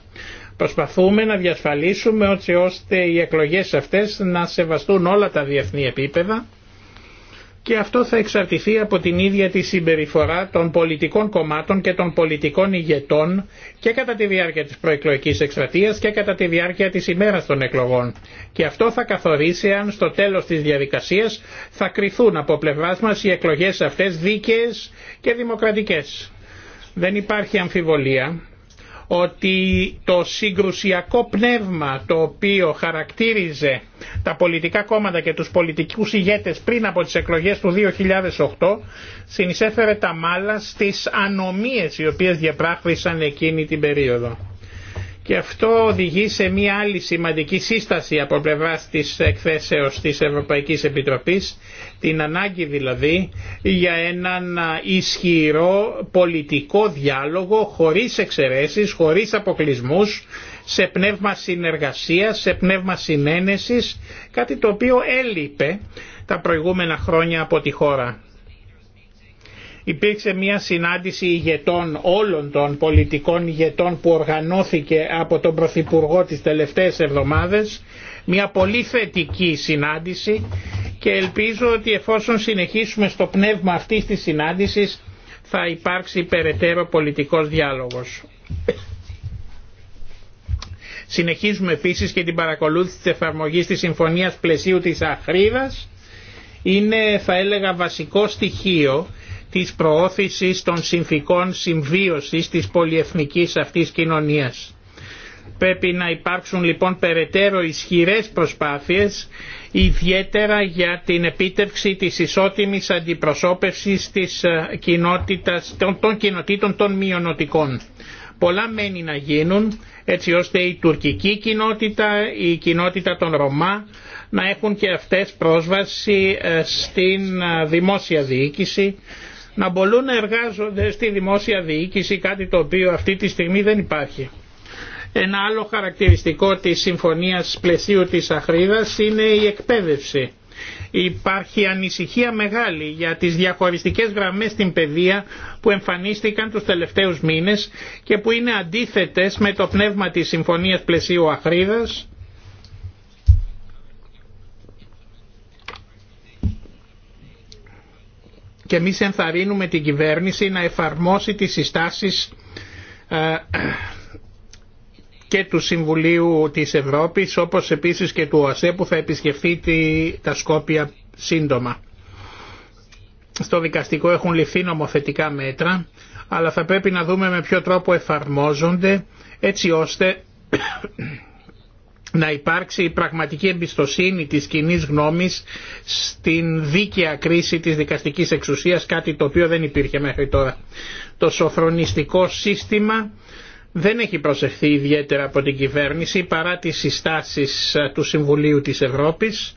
Προσπαθούμε να διασφαλίσουμε ότι ώστε οι εκλογές αυτές να σεβαστούν όλα τα διεθνή επίπεδα και αυτό θα εξαρτηθεί από την ίδια τη συμπεριφορά των πολιτικών κομμάτων και των πολιτικών ηγετών και κατά τη διάρκεια της προεκλογικής εκστρατείας και κατά τη διάρκεια της ημέρας των εκλογών. Και αυτό θα καθορίσει αν στο τέλος της διαδικασίας θα κρυθούν από πλευράς μας οι εκλογές αυτές δίκαιες και δημοκρατικές. Δεν υπάρχει αμφιβολία ότι το συγκρουσιακό πνεύμα το οποίο χαρακτήριζε τα πολιτικά κόμματα και τους πολιτικούς ηγέτες πριν από τις εκλογές του 2008 συνεισέφερε τα μάλα στις ανομίες οι οποίες διαπράχθησαν εκείνη την περίοδο. Και αυτό οδηγεί σε μία άλλη σημαντική σύσταση από πλευρά της εκθέσεω της Ευρωπαϊκή Επιτροπή, την ανάγκη δηλαδή για έναν ισχυρό πολιτικό διάλογο χωρίς εξαιρέσει, χωρίς αποκλεισμού σε πνεύμα συνεργασίας, σε πνεύμα συνένεσης, κάτι το οποίο έλειπε τα προηγούμενα χρόνια από τη χώρα υπήρξε μια συνάντηση ηγετών όλων των πολιτικών ηγετών που οργανώθηκε από τον Πρωθυπουργό τις τελευταίες εβδομάδες μια πολύ θετική συνάντηση και ελπίζω ότι εφόσον συνεχίσουμε στο πνεύμα αυτής της συνάντησης θα υπάρξει περαιτέρω πολιτικός διάλογος. Συνεχίζουμε επίσης και την παρακολούθηση της εφαρμογής της Συμφωνίας Πλαισίου της Αχρίδας. Είναι θα έλεγα βασικό στοιχείο της προώθησης των συνθηκών συμβίωσης της πολυεθνικής αυτής κοινωνίας. Πρέπει να υπάρξουν λοιπόν περαιτέρω ισχυρές προσπάθειες ιδιαίτερα για την επίτευξη της ισότιμης αντιπροσώπευσης της ε, κοινότητας, των, των κοινοτήτων των μειονοτικών. Πολλά μένει να γίνουν έτσι ώστε η τουρκική κοινότητα, η κοινότητα των Ρωμά να έχουν και αυτές πρόσβαση ε, στην ε, δημόσια διοίκηση να μπορούν να εργάζονται στη δημόσια διοίκηση, κάτι το οποίο αυτή τη στιγμή δεν υπάρχει. Ένα άλλο χαρακτηριστικό της συμφωνίας πλαισίου της Αχρίδας είναι η εκπαίδευση. Υπάρχει ανησυχία μεγάλη για τις διαχωριστικές γραμμές στην παιδεία που εμφανίστηκαν τους τελευταίους μήνες και που είναι αντίθετες με το πνεύμα της Συμφωνίας Πλαισίου Αχρίδας και εμείς ενθαρρύνουμε την κυβέρνηση να εφαρμόσει τις συστάσεις ε, και του Συμβουλίου της Ευρώπης όπως επίσης και του ΟΑΣΕ που θα επισκεφθεί τα Σκόπια σύντομα. Στο δικαστικό έχουν ληφθεί νομοθετικά μέτρα αλλά θα πρέπει να δούμε με ποιο τρόπο εφαρμόζονται έτσι ώστε να υπάρξει η πραγματική εμπιστοσύνη της κοινή γνώμης στην δίκαια κρίση της δικαστικής εξουσίας, κάτι το οποίο δεν υπήρχε μέχρι τώρα. Το σοφρονιστικό σύστημα δεν έχει προσεχθεί ιδιαίτερα από την κυβέρνηση παρά τις συστάσεις του Συμβουλίου της Ευρώπης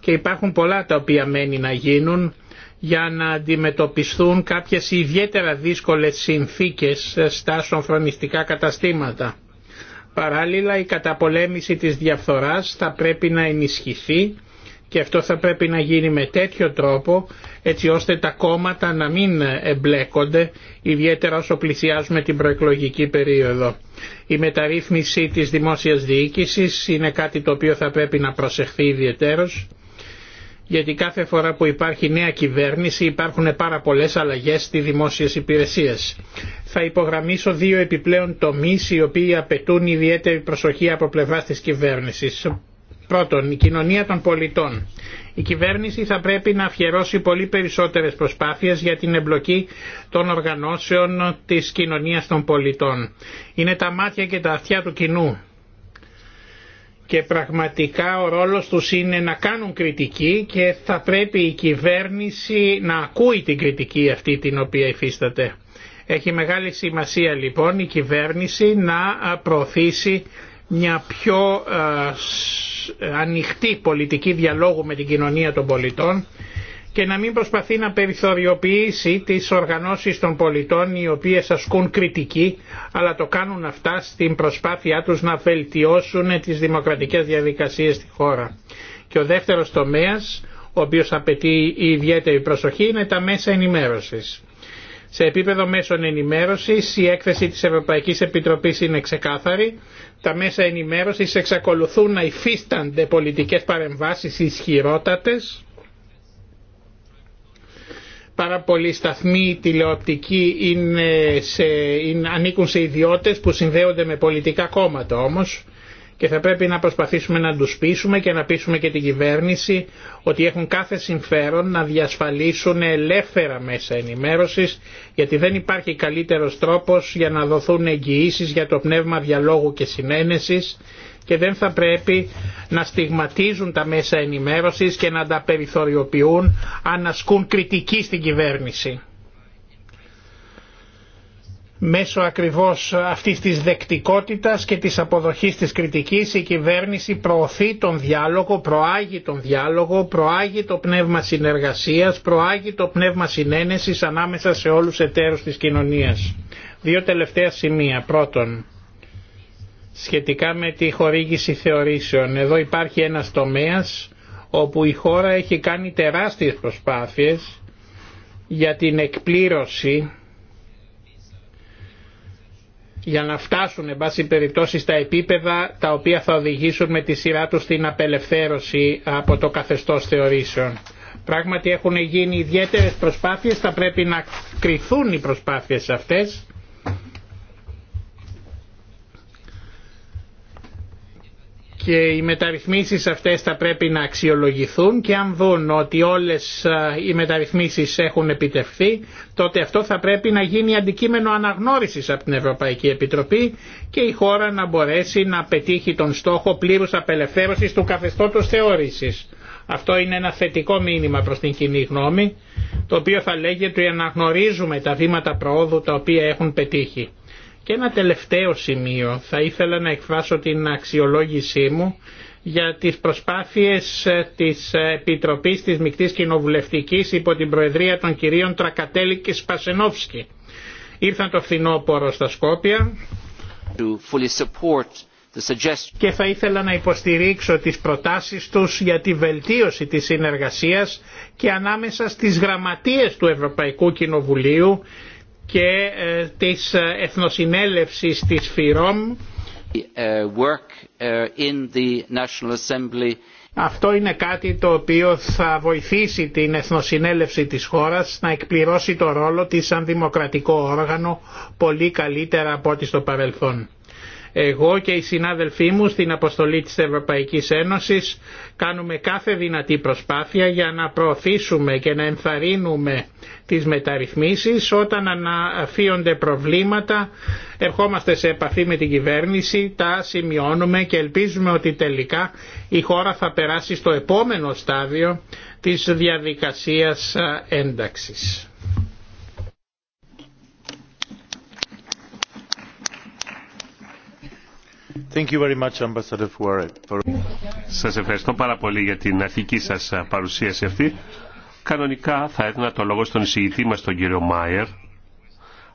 και υπάρχουν πολλά τα οποία μένει να γίνουν για να αντιμετωπιστούν κάποιες ιδιαίτερα δύσκολες συνθήκες στα σοφρονιστικά καταστήματα Παράλληλα η καταπολέμηση της διαφθοράς θα πρέπει να ενισχυθεί και αυτό θα πρέπει να γίνει με τέτοιο τρόπο έτσι ώστε τα κόμματα να μην εμπλέκονται ιδιαίτερα όσο πλησιάζουμε την προεκλογική περίοδο. Η μεταρρύθμιση της δημόσιας διοίκησης είναι κάτι το οποίο θα πρέπει να προσεχθεί ιδιαίτερος γιατί κάθε φορά που υπάρχει νέα κυβέρνηση υπάρχουν πάρα πολλές αλλαγές στις δημόσιες υπηρεσίες. Θα υπογραμμίσω δύο επιπλέον τομείς οι οποίοι απαιτούν ιδιαίτερη προσοχή από πλευρά της κυβέρνησης. Πρώτον, η κοινωνία των πολιτών. Η κυβέρνηση θα πρέπει να αφιερώσει πολύ περισσότερες προσπάθειες για την εμπλοκή των οργανώσεων της κοινωνίας των πολιτών. Είναι τα μάτια και τα αυτιά του κοινού και πραγματικά ο ρόλος τους είναι να κάνουν κριτική και θα πρέπει η κυβέρνηση να ακούει την κριτική αυτή την οποία υφίσταται. Έχει μεγάλη σημασία λοιπόν η κυβέρνηση να προωθήσει μια πιο ανοιχτή πολιτική διαλόγου με την κοινωνία των πολιτών και να μην προσπαθεί να περιθωριοποιήσει τις οργανώσεις των πολιτών οι οποίες ασκούν κριτική αλλά το κάνουν αυτά στην προσπάθειά τους να βελτιώσουν τις δημοκρατικές διαδικασίες στη χώρα. Και ο δεύτερος τομέας, ο οποίος απαιτεί ιδιαίτερη προσοχή, είναι τα μέσα ενημέρωσης. Σε επίπεδο μέσων ενημέρωσης η έκθεση της Ευρωπαϊκής Επιτροπής είναι ξεκάθαρη. Τα μέσα ενημέρωσης εξακολουθούν να υφίστανται πολιτικές παρεμβάσεις ισχυρότατες Πάρα πολλοί σταθμοί τηλεοπτικοί είναι είναι, ανήκουν σε ιδιώτες που συνδέονται με πολιτικά κόμματα όμως και θα πρέπει να προσπαθήσουμε να τους πείσουμε και να πείσουμε και την κυβέρνηση ότι έχουν κάθε συμφέρον να διασφαλίσουν ελεύθερα μέσα ενημέρωσης γιατί δεν υπάρχει καλύτερος τρόπος για να δοθούν εγγυήσεις για το πνεύμα διαλόγου και συνένεσης και δεν θα πρέπει να στιγματίζουν τα μέσα ενημέρωσης και να τα περιθωριοποιούν αν ασκούν κριτική στην κυβέρνηση. Μέσω ακριβώς αυτής της δεκτικότητας και της αποδοχής της κριτικής η κυβέρνηση προωθεί τον διάλογο, προάγει τον διάλογο, προάγει το πνεύμα συνεργασίας, προάγει το πνεύμα συνένεσης ανάμεσα σε όλους εταίρους της κοινωνίας. Δύο τελευταία σημεία. Πρώτον, σχετικά με τη χορήγηση θεωρήσεων. Εδώ υπάρχει ένας τομέας όπου η χώρα έχει κάνει τεράστιες προσπάθειες για την εκπλήρωση για να φτάσουν εν πάση περιπτώσει στα επίπεδα τα οποία θα οδηγήσουν με τη σειρά τους την απελευθέρωση από το καθεστώς θεωρήσεων. Πράγματι έχουν γίνει ιδιαίτερες προσπάθειες, θα πρέπει να κρυθούν οι προσπάθειες αυτές και οι μεταρρυθμίσεις αυτές θα πρέπει να αξιολογηθούν και αν δουν ότι όλες οι μεταρρυθμίσεις έχουν επιτευχθεί τότε αυτό θα πρέπει να γίνει αντικείμενο αναγνώρισης από την Ευρωπαϊκή Επιτροπή και η χώρα να μπορέσει να πετύχει τον στόχο πλήρους απελευθέρωσης του καθεστώτος θεώρησης. Αυτό είναι ένα θετικό μήνυμα προς την κοινή γνώμη το οποίο θα λέγεται ότι αναγνωρίζουμε τα βήματα προόδου τα οποία έχουν πετύχει. Και ένα τελευταίο σημείο, θα ήθελα να εκφράσω την αξιολόγησή μου για τις προσπάθειες ε, της ε, Επιτροπής της Μικτής Κοινοβουλευτικής υπό την Προεδρία των κυρίων Τρακατέλη και Σπασενόφσκι. Ήρθαν το φθινόπωρο στα Σκόπια και θα ήθελα να υποστηρίξω τις προτάσεις τους για τη βελτίωση της συνεργασίας και ανάμεσα στις γραμματείες του Ευρωπαϊκού Κοινοβουλίου και ε, της ε, Εθνοσυνέλευσης της ΦΥΡΟΜ. Ε, Αυτό είναι κάτι το οποίο θα βοηθήσει την Εθνοσυνέλευση της χώρας να εκπληρώσει το ρόλο της σαν δημοκρατικό όργανο πολύ καλύτερα από ό,τι στο παρελθόν. Εγώ και οι συνάδελφοί μου στην αποστολή της Ευρωπαϊκής Ένωσης κάνουμε κάθε δυνατή προσπάθεια για να προωθήσουμε και να ενθαρρύνουμε τις μεταρρυθμίσεις όταν αναφύονται προβλήματα ερχόμαστε σε επαφή με την κυβέρνηση, τα σημειώνουμε και ελπίζουμε ότι τελικά η χώρα θα περάσει στο επόμενο στάδιο της διαδικασίας ένταξης.
Thank Σας ευχαριστώ πάρα πολύ για την αρχική σας παρουσίαση αυτή. Κανονικά θα έδινα το λόγο στον εισηγητή μας τον κύριο Μάιερ,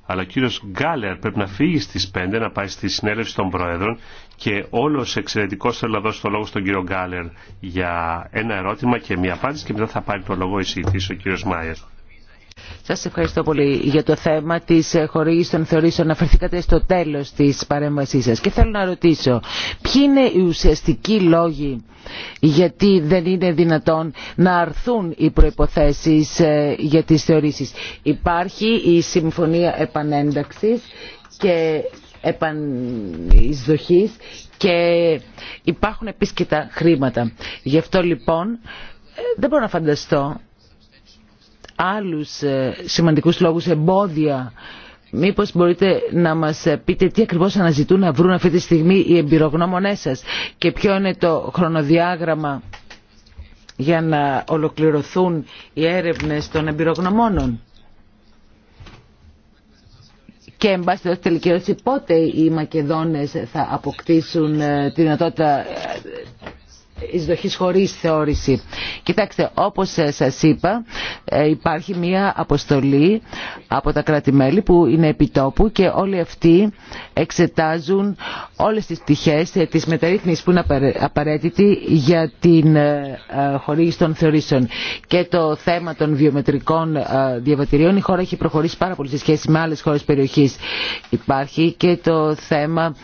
αλλά ο κύριος Γκάλερ πρέπει να φύγει στις 5 να πάει στη συνέλευση των Προέδρων και όλος εξαιρετικός θέλω να δώσω το λόγο στον κύριο Γκάλερ για ένα ερώτημα και μια απάντηση και μετά θα πάρει το λόγο εισηγητής ο κύριο Μάιερ.
Σας ευχαριστώ πολύ για το θέμα της χορήγηση των θεωρήσεων. Αναφερθήκατε στο τέλος της παρέμβασής σας. Και θέλω να ρωτήσω, ποιοι είναι οι ουσιαστικοί λόγοι γιατί δεν είναι δυνατόν να αρθούν οι προϋποθέσεις ε, για τις θεωρήσεις. Υπάρχει η Συμφωνία Επανένταξης και επανεισδοχής και υπάρχουν επίσκετα χρήματα. Γι' αυτό λοιπόν ε, δεν μπορώ να φανταστώ άλλους ε, σημαντικούς λόγους εμπόδια Μήπως μπορείτε να μας ε, πείτε τι ακριβώς αναζητούν να βρουν αυτή τη στιγμή οι εμπειρογνώμονές σας και ποιο είναι το χρονοδιάγραμμα για να ολοκληρωθούν οι έρευνες των εμπειρογνωμόνων. Και εν πάση τελική πότε οι Μακεδόνες θα αποκτήσουν ε, τη δυνατότητα εισδοχής χωρίς θεώρηση. Κοιτάξτε, όπως σας είπα, ε, υπάρχει μία αποστολή από τα κράτη-μέλη που είναι επιτόπου και όλοι αυτοί εξετάζουν όλες τις πτυχές ε, της μεταρρύθμισης που είναι απαραίτητη για την ε, χορήγηση των θεωρήσεων. Και το θέμα των βιομετρικών διαβατηρίων, η χώρα έχει προχωρήσει πάρα πολύ σε σχέση με άλλες χώρες περιοχής. Υπάρχει και το θέμα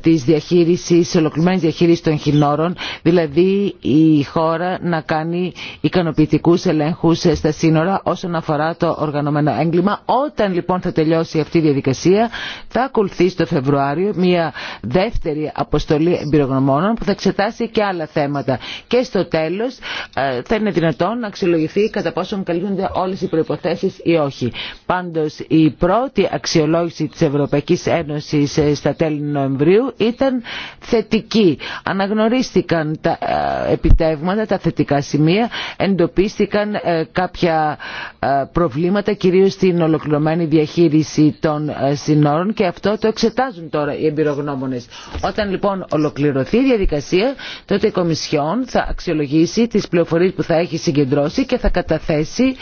της διαχείρισης, ολοκληρωμένης διαχείρισης των χινόρων, δηλαδή δηλαδή η χώρα να κάνει ικανοποιητικούς ελέγχους στα σύνορα όσον αφορά το οργανωμένο έγκλημα. Όταν λοιπόν θα τελειώσει αυτή η διαδικασία θα ακολουθήσει το Φεβρουάριο μια δεύτερη αποστολή εμπειρογνωμόνων που θα εξετάσει και άλλα θέματα. Και στο τέλος ε, θα είναι δυνατόν να αξιολογηθεί κατά πόσο καλύπτονται όλες οι προϋποθέσεις ή όχι. Πάντως η πρώτη αξιολόγηση της Ευρωπαϊκής Ένωσης ε, στα τέλη Νοεμβρίου ήταν θετική. Αναγνωρίστηκαν τα ε, επιτεύγματα, τα θετικά σημεία. Εντοπίστηκαν ε, κάποια ε, προβλήματα κυρίως στην ολοκληρωμένη διαχείριση των συνόρων και αυτό το εξετάζουν τώρα οι εμπειρογνώμονες. Όταν λοιπόν ολοκληρωθεί η διαδικασία τότε η Κομισιόν θα αξιολογήσει τις πληροφορίες που θα έχει συγκεντρώσει και θα καταθέσει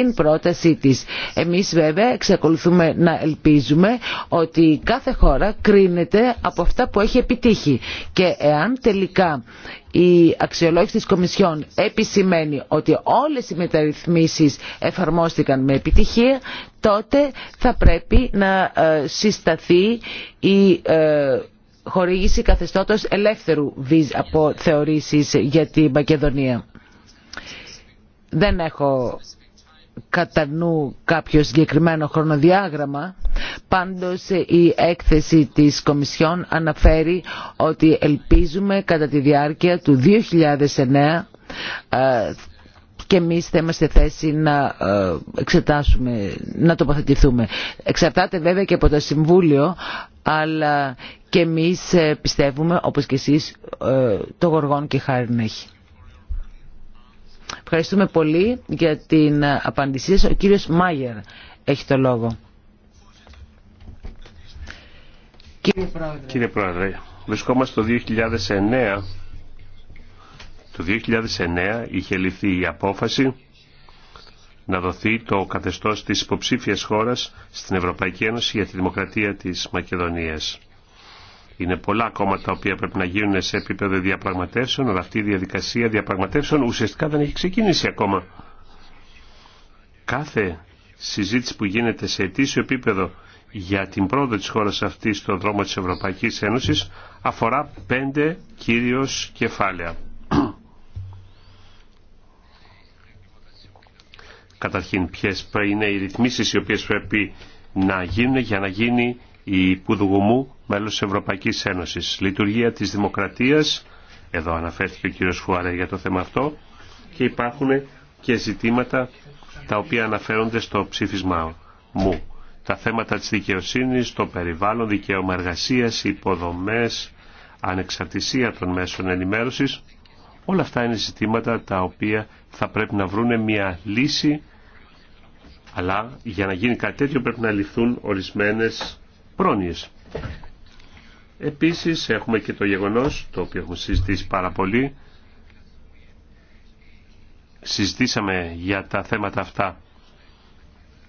την πρότασή της. Εμείς βέβαια εξακολουθούμε να ελπίζουμε ότι κάθε χώρα κρίνεται από αυτά που έχει επιτύχει και εάν τελικά η αξιολόγηση της Κομισιόν επισημαίνει ότι όλες οι μεταρρυθμίσεις εφαρμόστηκαν με επιτυχία, τότε θα πρέπει να ε, συσταθεί η ε, χορήγηση καθεστώτος ελεύθερου από θεωρήσεις για την Μακεδονία. Δεν έχω κατά νου κάποιο συγκεκριμένο χρονοδιάγραμμα πάντως η έκθεση της Κομισιόν αναφέρει ότι ελπίζουμε κατά τη διάρκεια του 2009 ε, και εμεί θα είμαστε θέση να ε, εξετάσουμε, να τοποθετηθούμε. Εξαρτάται βέβαια και από το Συμβούλιο, αλλά και εμείς ε, πιστεύουμε, όπως και εσείς, το γοργόν και χάρη να έχει. Ευχαριστούμε πολύ για την απάντησή σας. Ο κύριος Μάγερ έχει το λόγο. Κύριε Πρόεδρε,
Κύριε Πρόεδρε βρισκόμαστε το 2009. Το 2009 είχε λυθεί η απόφαση να δοθεί το καθεστώς της υποψήφιας χώρας στην Ευρωπαϊκή Ένωση για τη Δημοκρατία της Μακεδονίας. Είναι πολλά κόμματα τα οποία πρέπει να γίνουν σε επίπεδο διαπραγματεύσεων, αλλά αυτή η διαδικασία διαπραγματεύσεων ουσιαστικά δεν έχει ξεκινήσει ακόμα. Κάθε συζήτηση που γίνεται σε ετήσιο επίπεδο για την πρόοδο της χώρας αυτής στον δρόμο της Ευρωπαϊκής Ένωσης αφορά πέντε κύριος κεφάλαια. Καταρχήν, ποιε είναι οι ρυθμίσεις οι οποίες πρέπει να γίνουν για να γίνει η Πουδουγουμού μέλος της Ευρωπαϊκής Ένωσης. Λειτουργία της Δημοκρατίας, εδώ αναφέρθηκε ο κύριος Φουάρε για το θέμα αυτό, και υπάρχουν και ζητήματα τα οποία αναφέρονται στο ψήφισμα μου. Τα θέματα της δικαιοσύνης, το περιβάλλον, δικαίωμα εργασία, υποδομές, ανεξαρτησία των μέσων ενημέρωσης, όλα αυτά είναι ζητήματα τα οποία θα πρέπει να βρούνε μια λύση, αλλά για να γίνει κάτι τέτοιο πρέπει να ληφθούν ορισμένες πρόνοιες. Επίσης έχουμε και το γεγονός, το οποίο έχουμε συζητήσει πάρα πολύ, συζητήσαμε για τα θέματα αυτά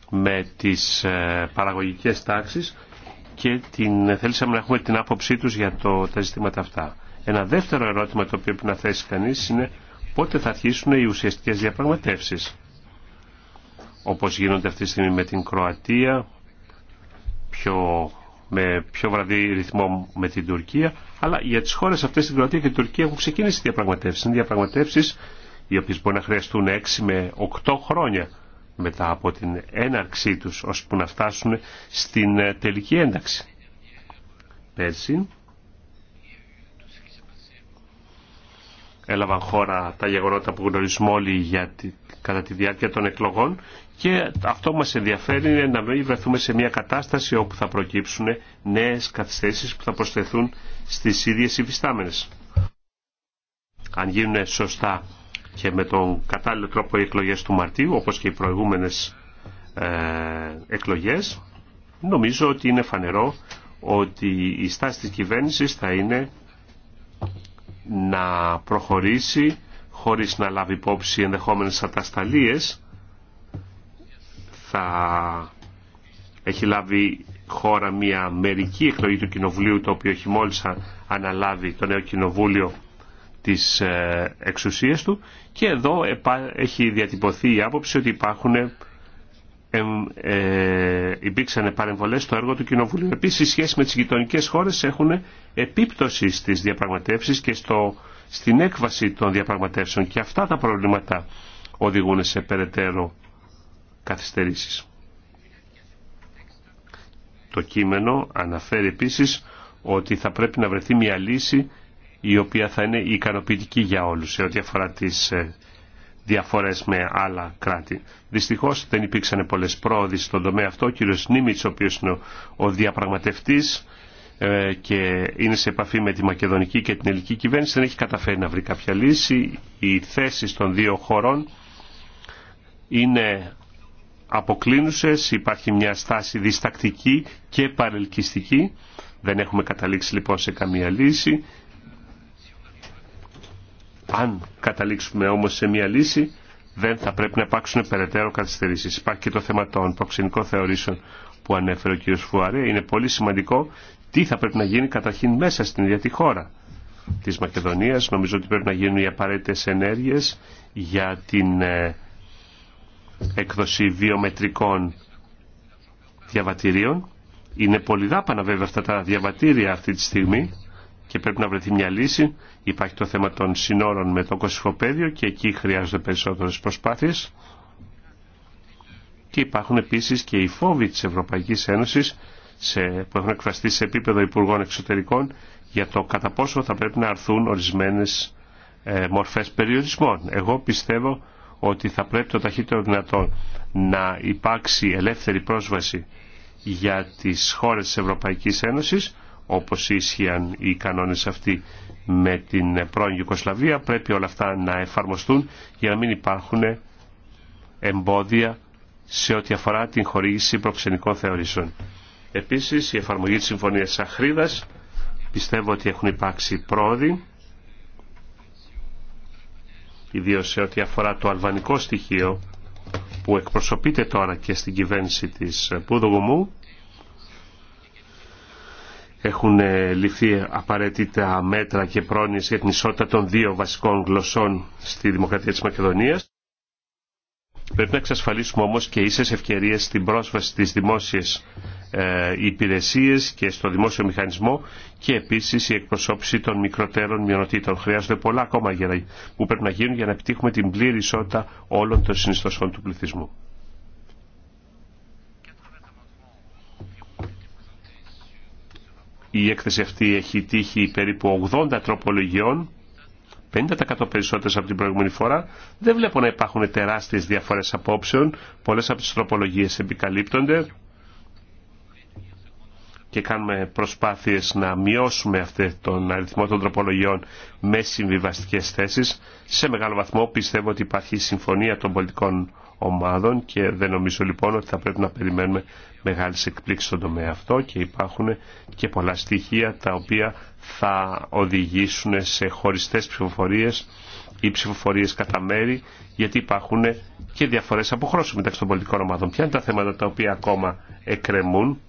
με τις ε, παραγωγικές τάξεις και την, θέλησαμε να έχουμε την άποψή τους για το, τα ζητήματα αυτά. Ένα δεύτερο ερώτημα το οποίο πρέπει να θέσει κανείς είναι πότε θα αρχίσουν οι ουσιαστικές διαπραγματεύσεις. Όπως γίνονται αυτή τη στιγμή με την Κροατία, πιο με πιο βραδύ ρυθμό με την Τουρκία, αλλά για τις χώρες αυτές στην Κροατία και την Τουρκία έχουν ξεκινήσει διαπραγματεύσεις. Είναι διαπραγματεύσεις οι οποίες μπορεί να χρειαστούν 6 με 8 χρόνια μετά από την έναρξή τους, ώσπου να φτάσουν στην τελική ένταξη. Πέρσι, έλαβαν χώρα τα γεγονότα που γνωρίζουμε όλοι για κατά τη διάρκεια των εκλογών και αυτό που μας ενδιαφέρει είναι να μην βρεθούμε σε μια κατάσταση όπου θα προκύψουν νέες καθυστέρησεις που θα προσθεθούν στις ίδιες υφιστάμενες. Αν γίνουν σωστά και με τον κατάλληλο τρόπο οι εκλογές του Μαρτίου, όπως και οι προηγούμενες ε, εκλογές, νομίζω ότι είναι φανερό ότι η στάση της κυβέρνησης θα είναι να προχωρήσει χωρίς να λάβει υπόψη ενδεχόμενες ατασταλίες θα έχει λάβει χώρα μια μερική εκλογή του Κοινοβουλίου το οποίο έχει μόλις αναλάβει το νέο Κοινοβούλιο της ε, εξουσίας του και εδώ έχει διατυπωθεί η άποψη ότι υπάρχουν ε, υπήρξαν παρεμβολές στο έργο του Κοινοβουλίου. Επίσης, οι σχέσεις με τις γειτονικές χώρες έχουν επίπτωση στις διαπραγματεύσεις και στο, στην έκβαση των διαπραγματεύσεων και αυτά τα προβλήματα οδηγούν σε περαιτέρω καθυστερήσεις. Το κείμενο αναφέρει επίσης ότι θα πρέπει να βρεθεί μια λύση η οποία θα είναι ικανοποιητική για όλους σε ό,τι αφορά τις ε, διαφορές με άλλα κράτη. Δυστυχώς δεν υπήρξαν πολλές πρόοδοι στον τομέα αυτό. Ο κύριος Νίμιτς, ο οποίος είναι ο διαπραγματευτής ε, και είναι σε επαφή με τη μακεδονική και την ελληνική κυβέρνηση, δεν έχει καταφέρει να βρει κάποια λύση. Οι θέσεις των δύο χωρών είναι αποκλίνουσες, υπάρχει μια στάση διστακτική και παρελκυστική. Δεν έχουμε καταλήξει λοιπόν σε καμία λύση. Αν καταλήξουμε όμως σε μια λύση, δεν θα πρέπει να υπάρξουν περαιτέρω καθυστερήσεις. Υπάρχει και το θέμα των προξενικών θεωρήσεων που ανέφερε ο κ. Φουαρέ. Είναι πολύ σημαντικό τι θα πρέπει να γίνει καταρχήν μέσα στην ίδια τη χώρα της Μακεδονίας. Νομίζω ότι πρέπει να γίνουν οι απαραίτητες ενέργειες για την έκδοση ε, βιομετρικών διαβατηρίων. Είναι πολύ δάπανα βέβαια αυτά τα διαβατήρια αυτή τη στιγμή και πρέπει να βρεθεί μια λύση. Υπάρχει το θέμα των συνόρων με το κοσυφοπαίδιο και εκεί χρειάζονται περισσότερες προσπάθειες. Και υπάρχουν επίσης και οι φόβοι της Ευρωπαϊκής Ένωσης σε, που έχουν εκφραστεί σε επίπεδο Υπουργών Εξωτερικών για το κατά πόσο θα πρέπει να αρθούν ορισμένες ε, μορφές περιορισμών. Εγώ πιστεύω ότι θα πρέπει το ταχύτερο δυνατόν να υπάρξει ελεύθερη πρόσβαση για τις χώρες της Ευρωπαϊκής Ένωσης όπως ίσχυαν οι κανόνες αυτοί με την πρώην Ιουκοσλαβία. Πρέπει όλα αυτά να εφαρμοστούν για να μην υπάρχουν εμπόδια σε ό,τι αφορά την χορήγηση προξενικών θεωρήσεων. Επίσης, η εφαρμογή της Συμφωνίας Σαχρίδας πιστεύω ότι έχουν υπάρξει πρόοδοι, ιδίως σε ό,τι αφορά το αλβανικό στοιχείο που εκπροσωπείται τώρα και στην κυβέρνηση της Πουδογουμού έχουν ε, ληφθεί απαραίτητα μέτρα και πρόνοιες για την ισότητα των δύο βασικών γλωσσών στη Δημοκρατία της Μακεδονίας. Πρέπει να εξασφαλίσουμε όμως και ίσες ευκαιρίες στην πρόσβαση στις δημόσιες ε, υπηρεσίες και στο δημόσιο μηχανισμό και επίσης η εκπροσώπηση των μικροτέρων μειονοτήτων. Χρειάζονται πολλά ακόμα που πρέπει να γίνουν για να επιτύχουμε την πλήρη ισότητα όλων των συνιστοσών του πληθυσμού. η έκθεση αυτή έχει τύχει περίπου 80 τροπολογιών, 50% περισσότερες από την προηγούμενη φορά. Δεν βλέπω να υπάρχουν τεράστιες διαφορές απόψεων. Πολλές από τις τροπολογίες επικαλύπτονται και κάνουμε προσπάθειες να μειώσουμε αυτή τον αριθμό των τροπολογιών με συμβιβαστικές θέσεις. Σε μεγάλο βαθμό πιστεύω ότι υπάρχει συμφωνία των πολιτικών ομάδων και δεν νομίζω λοιπόν ότι θα πρέπει να περιμένουμε μεγάλες εκπλήξεις στον τομέα αυτό και υπάρχουν και πολλά στοιχεία τα οποία θα οδηγήσουν σε χωριστές ψηφοφορίες ή ψηφοφορίες κατά μέρη γιατί υπάρχουν και διαφορές αποχρώσεων μεταξύ των πολιτικών ομάδων. Ποια είναι τα θέματα τα οποία ακόμα εκκρεμούν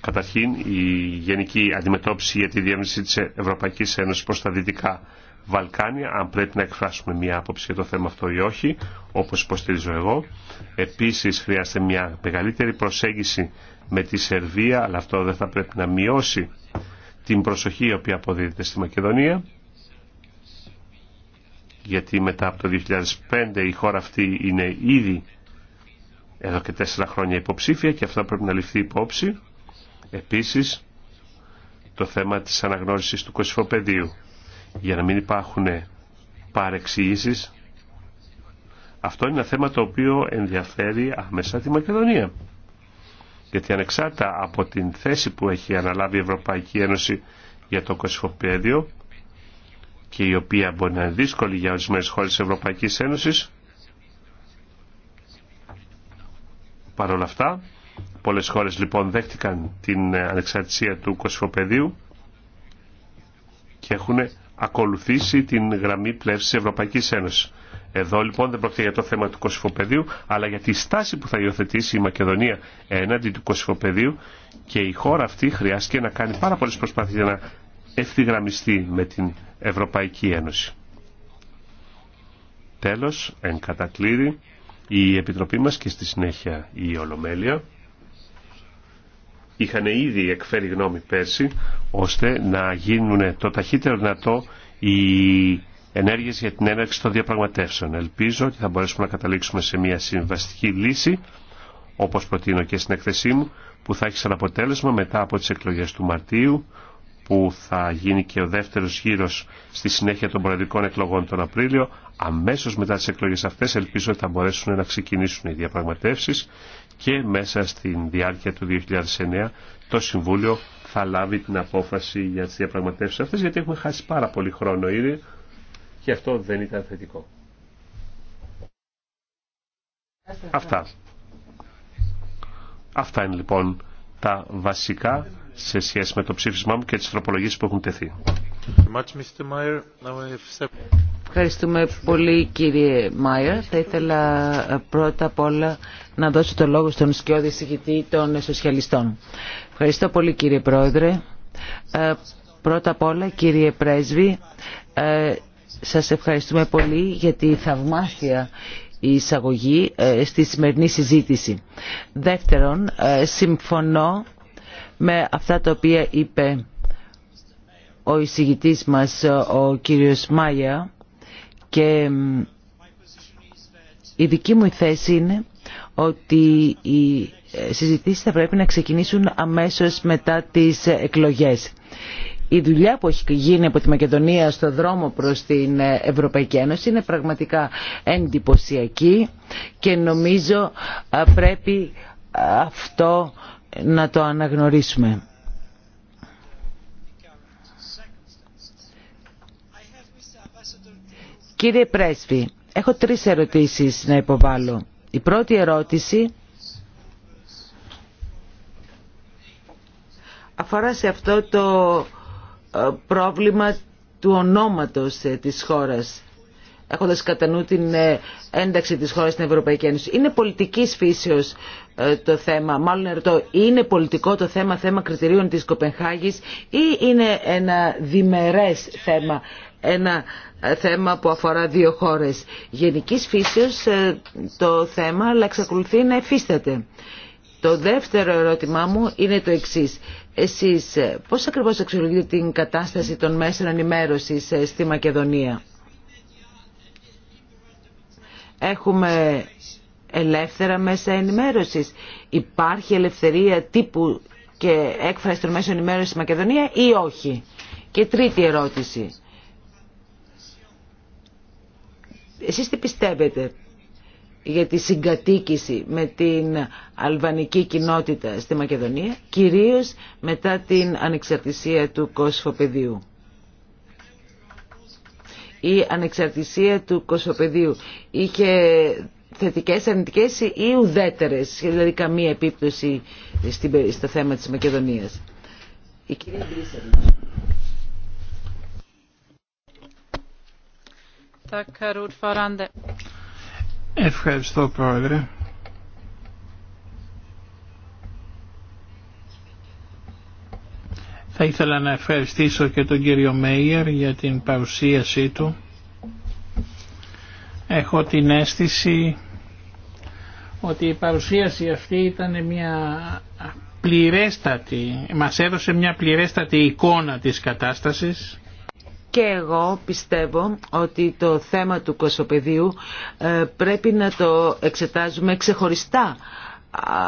Καταρχήν, η γενική αντιμετώπιση για τη διεύρυνση της Ευρωπαϊκής Ένωσης προς τα δυτικά Βαλκάνια, αν πρέπει να εκφράσουμε μια άποψη για το θέμα αυτό ή όχι, όπως υποστηρίζω εγώ. Επίσης χρειάζεται μια μεγαλύτερη προσέγγιση με τη Σερβία, αλλά αυτό δεν θα πρέπει να μειώσει την προσοχή η οποία αποδίδεται στη Μακεδονία γιατί μετά από το 2005 η χώρα αυτή είναι ήδη εδώ και τέσσερα χρόνια υποψήφια και αυτό πρέπει να ληφθεί υπόψη. Επίσης, το θέμα της αναγνώρισης του κοσυφοπεδίου για να μην υπάρχουν παρεξηγήσεις. Αυτό είναι ένα θέμα το οποίο ενδιαφέρει άμεσα τη Μακεδονία. Γιατί ανεξάρτητα από την θέση που έχει αναλάβει η Ευρωπαϊκή Ένωση για το κοσυφοπέδιο και η οποία μπορεί να είναι δύσκολη για ορισμένε χώρε τη Ευρωπαϊκή Ένωση, Παρ' αυτά, πολλές χώρε λοιπόν δέχτηκαν την ανεξαρτησία του κοσφοπεδίου και έχουν ακολουθήσει την γραμμή πλεύσης της Ευρωπαϊκής Ένωσης. Εδώ λοιπόν δεν πρόκειται για το θέμα του Κωσυφοπεδίου, αλλά για τη στάση που θα υιοθετήσει η Μακεδονία έναντι του Κωσυφοπεδίου και η χώρα αυτή χρειάστηκε να κάνει πάρα πολλές προσπάθειες για να ευθυγραμμιστεί με την Ευρωπαϊκή Ένωση. Τέλος, εν κατακλείδη, η Επιτροπή μας και στη συνέχεια η Ολομέλεια είχαν ήδη εκφέρει γνώμη πέρσι ώστε να γίνουν το ταχύτερο δυνατό οι ενέργειες για την έναρξη των διαπραγματεύσεων. Ελπίζω ότι θα μπορέσουμε να καταλήξουμε σε μια συμβαστική λύση όπως προτείνω και στην εκθεσή μου που θα έχει σαν αποτέλεσμα μετά από τις εκλογές του Μαρτίου που θα γίνει και ο δεύτερος γύρος στη συνέχεια των προεδρικών εκλογών τον Απρίλιο. Αμέσως μετά τις εκλογές αυτές ελπίζω ότι θα μπορέσουν να ξεκινήσουν οι διαπραγματεύσεις και μέσα στην διάρκεια του 2009 το Συμβούλιο θα λάβει την απόφαση για τις διαπραγματεύσεις αυτές γιατί έχουμε χάσει πάρα πολύ χρόνο ήδη και αυτό δεν ήταν θετικό. Αυτά. Αυτά είναι λοιπόν τα βασικά σε σχέση με το ψήφισμά μου και τις τροπολογίες που έχουν τεθεί.
Ευχαριστούμε πολύ κύριε Μάιερ. Θα ήθελα ε, πρώτα απ' όλα να δώσω το λόγο στον σκιώδη των σοσιαλιστών. Ευχαριστώ πολύ κύριε Πρόεδρε. Ε, πρώτα απ' όλα κύριε Πρέσβη, ε, σας ευχαριστούμε πολύ για τη θαυμάσια η εισαγωγή στη σημερινή συζήτηση. Δεύτερον, συμφωνώ με αυτά τα οποία είπε ο εισηγητής μας ε, ο κύριος Μάια και η δική μου θέση είναι ότι οι ε, συζητήσεις θα πρέπει να ξεκινήσουν αμέσως μετά τις ε, εκλογές. Η δουλειά που έχει γίνει από τη Μακεδονία στο δρόμο προς την Ευρωπαϊκή Ένωση είναι πραγματικά εντυπωσιακή και νομίζω πρέπει αυτό να το αναγνωρίσουμε. Κύριε Πρέσβη, έχω τρεις ερωτήσεις να υποβάλω. Η πρώτη ερώτηση αφορά σε αυτό το ε, πρόβλημα του ονόματος ε, της χώρας έχοντας κατά νου την ε, ένταξη της χώρας στην Ευρωπαϊκή Ένωση. Είναι πολιτικής φύσεως το θέμα, μάλλον ερωτώ. είναι πολιτικό το θέμα, θέμα κριτηρίων της Κοπενχάγης ή είναι ένα διμερές θέμα ένα ε, θέμα που αφορά δύο χώρες. Γενικής φύσεως ε, το θέμα, αλλά εξακολουθεί να εφίσταται. Το δεύτερο ερώτημά μου είναι το εξής. Εσείς ε, πώς ακριβώς αξιολογείτε την κατάσταση των μέσων ενημέρωσης στη Μακεδονία. Έχουμε ελεύθερα μέσα ενημέρωσης. Υπάρχει ελευθερία τύπου και έκφραση των μέσων ενημέρωσης στη Μακεδονία ή όχι. Και τρίτη ερώτηση. Εσείς τι πιστεύετε για τη συγκατοίκηση με την αλβανική κοινότητα στη Μακεδονία, κυρίως μετά την ανεξαρτησία του Κοσφοπεδίου. Η ανεξαρτησία του Κοσφοπεδίου είχε θετικές, αρνητικές ή ουδέτερες, δηλαδή καμία επίπτωση στο θέμα της Μακεδονίας. Η κυρία της μακεδονιας η κυρια
Ευχαριστώ Πρόεδρε. Θα ήθελα να ευχαριστήσω και τον κύριο Μέιερ για την παρουσίασή του. Έχω την αίσθηση ότι η παρουσίαση αυτή ήταν μια πληρέστατη, μας έδωσε μια πληρέστατη εικόνα της κατάστασης
και εγώ πιστεύω ότι το θέμα του κοσοπεδίου ε, πρέπει να το εξετάζουμε ξεχωριστά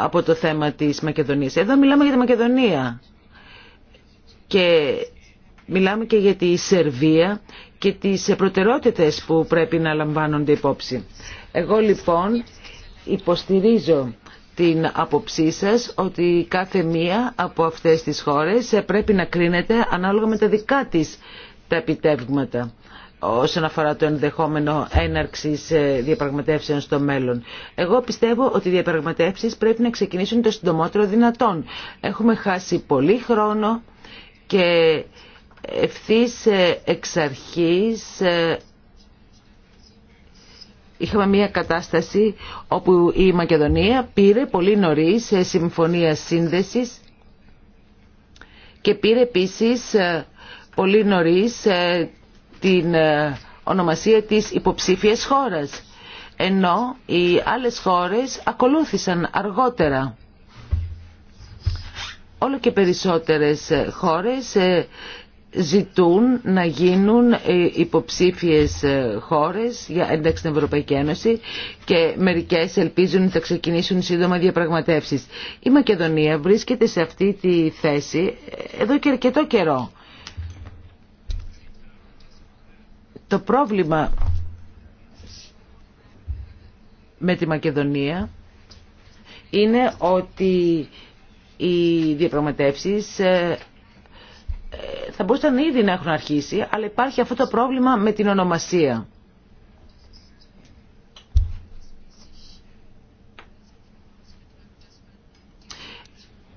από το θέμα της Μακεδονίας. Εδώ μιλάμε για τη Μακεδονία και μιλάμε και για τη Σερβία και τις προτερότητες που πρέπει να λαμβάνονται υπόψη. Εγώ λοιπόν υποστηρίζω την άποψή σας ότι κάθε μία από αυτές τις χώρες ε, πρέπει να κρίνεται ανάλογα με τα δικά της τα επιτεύγματα όσον αφορά το ενδεχόμενο έναρξης ε, διαπραγματεύσεων στο μέλλον. Εγώ πιστεύω ότι οι διαπραγματεύσεις πρέπει να ξεκινήσουν το συντομότερο δυνατόν. Έχουμε χάσει πολύ χρόνο και ευθύς ε, εξ αρχής ε, είχαμε μια κατάσταση όπου η Μακεδονία πήρε πολύ νωρίς συμφωνία σύνδεσης και πήρε επίσης πολύ νωρίς ε, την ε, ονομασία της υποψήφιας χώρας, ενώ οι άλλες χώρες ακολούθησαν αργότερα. Όλο και περισσότερες ε, χώρες ζητούν να γίνουν υποψήφιες χώρες για ένταξη στην Ευρωπαϊκή Ένωση και μερικές ελπίζουν να ξεκινήσουν σύντομα διαπραγματεύσεις. Η Μακεδονία βρίσκεται σε αυτή τη θέση εδώ και αρκετό καιρό. Το πρόβλημα με τη Μακεδονία είναι ότι οι διαπραγματεύσεις ε, ε, θα μπορούσαν ήδη να έχουν αρχίσει, αλλά υπάρχει αυτό το πρόβλημα με την ονομασία.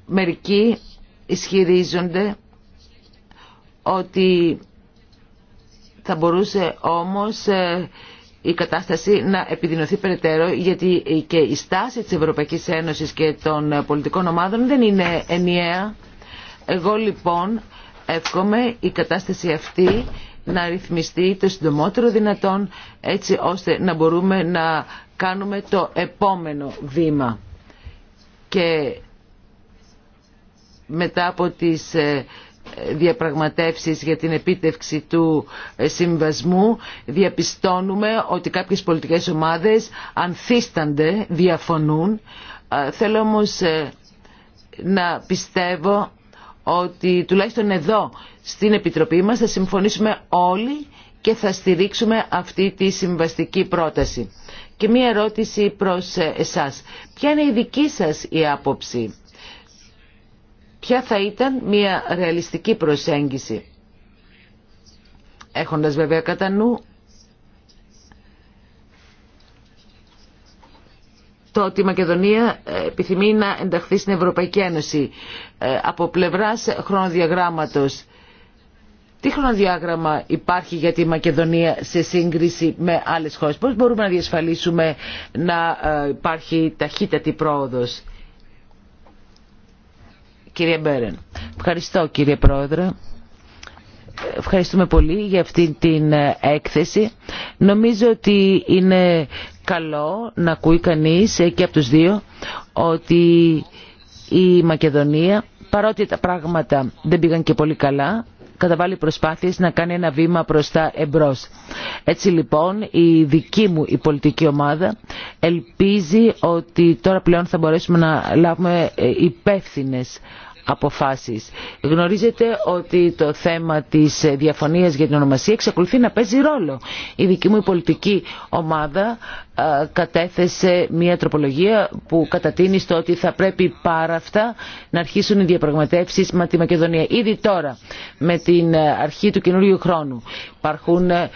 Μερικοί ισχυρίζονται ότι θα μπορούσε όμως ε, η κατάσταση να επιδεινωθεί περαιτέρω γιατί ε, και η στάση της Ευρωπαϊκής Ένωσης και των ε, πολιτικών ομάδων δεν είναι ενιαία. Εγώ λοιπόν εύχομαι η κατάσταση αυτή να ρυθμιστεί το συντομότερο δυνατόν έτσι ώστε να μπορούμε να κάνουμε το επόμενο βήμα. Και μετά από τις διαπραγματεύσεις για την επίτευξη του ε, συμβασμού διαπιστώνουμε ότι κάποιες πολιτικές ομάδες ανθίστανται, διαφωνούν. Ε, θέλω όμως ε, να πιστεύω ότι τουλάχιστον εδώ στην Επιτροπή μας θα συμφωνήσουμε όλοι και θα στηρίξουμε αυτή τη συμβαστική πρόταση. Και μία ερώτηση προς εσάς. Ποια είναι η δική σας η άποψη Ποια θα ήταν μια ρεαλιστική προσέγγιση, έχοντας βέβαια κατά νου το ότι η Μακεδονία ε, επιθυμεί να ενταχθεί στην Ευρωπαϊκή Ένωση ε, από πλευράς χρονοδιαγράμματος. Τι χρονοδιάγραμμα υπάρχει για τη Μακεδονία σε σύγκριση με άλλες χώρες. Πώς μπορούμε να διασφαλίσουμε να ε, υπάρχει ταχύτατη πρόοδος. Κύριε Μπέρεν. Ευχαριστώ κύριε Πρόεδρε. Ευχαριστούμε πολύ για αυτή την έκθεση. Νομίζω ότι είναι καλό να ακούει κανείς ε, και από τους δύο ότι η Μακεδονία παρότι τα πράγματα δεν πήγαν και πολύ καλά καταβάλει προσπάθειες να κάνει ένα βήμα προς τα εμπρός. Έτσι λοιπόν η δική μου η πολιτική ομάδα ελπίζει ότι τώρα πλέον θα μπορέσουμε να λάβουμε ε, υπεύθυνε αποφάσεις. Γνωρίζετε ότι το θέμα της ε, διαφωνίας για την ονομασία εξακολουθεί να παίζει ρόλο. Η δική μου η πολιτική ομάδα ε, κατέθεσε μια τροπολογία που κατατείνει στο ότι θα πρέπει πάρα αυτά να αρχίσουν οι διαπραγματεύσεις με τη Μακεδονία. Ήδη τώρα με την ε, αρχή του καινούριου χρόνου υπάρχουν ε,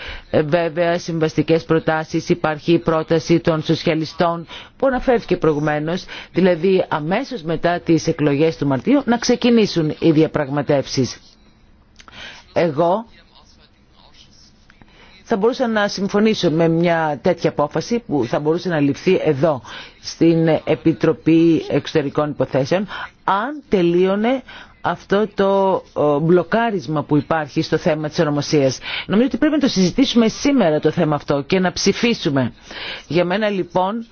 βέβαια συμβαστικές προτάσεις, υπάρχει η πρόταση των σοσιαλιστών που αναφέρθηκε προηγουμένως, δηλαδή αμέσως μετά τις εκλογές του Μαρτίου να ξεκινήσουν οι διαπραγματεύσεις. Εγώ θα μπορούσα να συμφωνήσω με μια τέτοια απόφαση που θα μπορούσε να ληφθεί εδώ στην Επιτροπή Εξωτερικών Υποθέσεων αν τελείωνε αυτό το μπλοκάρισμα που υπάρχει στο θέμα της ονομοσίας. Νομίζω ότι πρέπει να το συζητήσουμε σήμερα το θέμα αυτό και να ψηφίσουμε. Για μένα λοιπόν,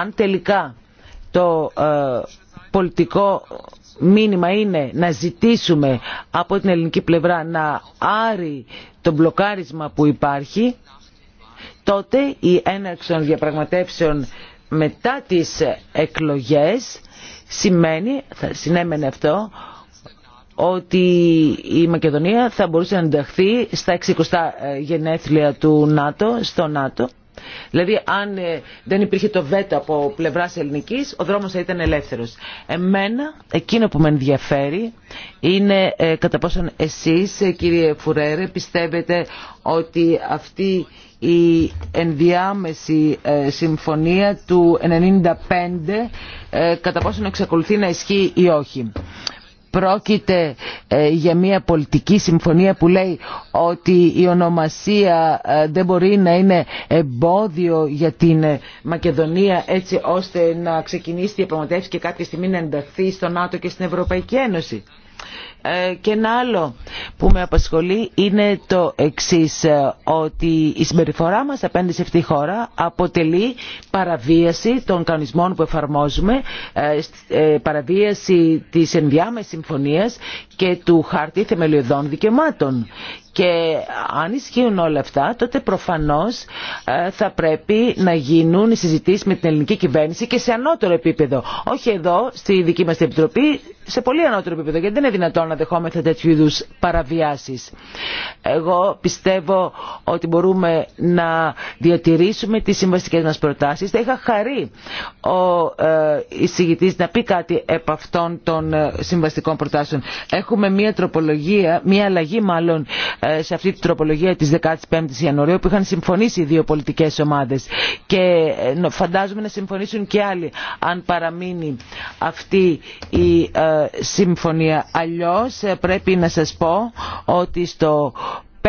αν τελικά το ε, πολιτικό μήνυμα είναι να ζητήσουμε από την ελληνική πλευρά να άρει το μπλοκάρισμα που υπάρχει, τότε η έναρξη των διαπραγματεύσεων μετά τις εκλογές σημαίνει, θα συνέμενε αυτό, ότι η Μακεδονία θα μπορούσε να ενταχθεί στα 60 γενέθλια του ΝΑΤΟ, στο ΝΑΤΟ Δηλαδή αν ε, δεν υπήρχε το βέτο από πλευρά ελληνική, ο δρόμο θα ήταν ελεύθερο. Εμένα, εκείνο που με ενδιαφέρει είναι ε, κατά πόσον εσείς ε, κύριε Φουρέρε πιστεύετε ότι αυτή η ενδιάμεση συμφωνία του 1995 κατά πόσον εξακολουθεί να ισχύει ή όχι πρόκειται ε, για μια πολιτική συμφωνία που λέει ότι η ονομασία ε, δεν μπορεί να είναι εμπόδιο για την ε, Μακεδονία έτσι ώστε να ξεκινήσει η και κάποια στιγμή να ενταχθεί στο ΝΑΤΟ και στην Ευρωπαϊκή Ένωση. Ε, και ένα άλλο που με απασχολεί είναι το εξής, ε, ότι η συμπεριφορά μας απέναντι σε αυτή τη χώρα αποτελεί παραβίαση των κανονισμών που εφαρμόζουμε, ε, παραβίαση της ενδιάμεσης συμφωνίας και του χάρτη θεμελιωδών δικαιωμάτων. Και αν ισχύουν όλα αυτά, τότε προφανώς θα πρέπει να γίνουν οι συζητήσεις με την ελληνική κυβέρνηση και σε ανώτερο επίπεδο. Όχι εδώ, στη δική μας Επιτροπή, σε πολύ ανώτερο επίπεδο, γιατί δεν είναι δυνατόν να δεχόμεθα τέτοιου είδου παραβιάσει. Εγώ πιστεύω ότι μπορούμε να διατηρήσουμε τι συμβαστικέ μα προτάσει. Θα είχα χαρεί ο ε, εισηγητή να πει κάτι επ' αυτών των ε, συμβαστικών προτάσεων. Έχουμε μία τροπολογία, μία αλλαγή μάλλον ε, σε αυτή τη τροπολογία τη 15η Ιανουαρίου που είχαν συμφωνήσει οι δύο πολιτικέ ομάδε. Και φαντάζομαι να συμφωνήσουν και άλλοι αν παραμείνει αυτή η ε, συμφωνία. Αλλιώς ε, πρέπει να σας πω ότι στο 5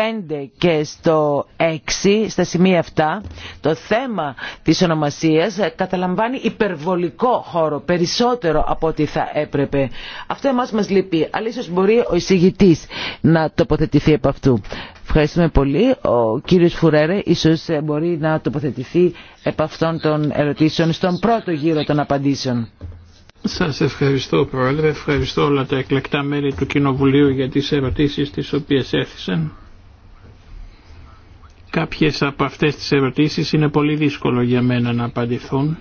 και στο 6, στα σημεία αυτά, το θέμα της ονομασίας ε, καταλαμβάνει υπερβολικό χώρο, περισσότερο από ό,τι θα έπρεπε. Αυτό εμάς μας λείπει, αλλά ίσως μπορεί ο εισηγητής να τοποθετηθεί από αυτού. Ευχαριστούμε πολύ. Ο κύριος Φουρέρε ίσως ε, μπορεί να τοποθετηθεί επ' αυτών των ερωτήσεων στον πρώτο γύρο των απαντήσεων.
Σας ευχαριστώ Πρόεδρε, ευχαριστώ όλα τα εκλεκτά μέλη του Κοινοβουλίου για τις ερωτήσεις τις οποίες έθεσαν. Κάποιες από αυτές τις ερωτήσεις είναι πολύ δύσκολο για μένα να απαντηθούν.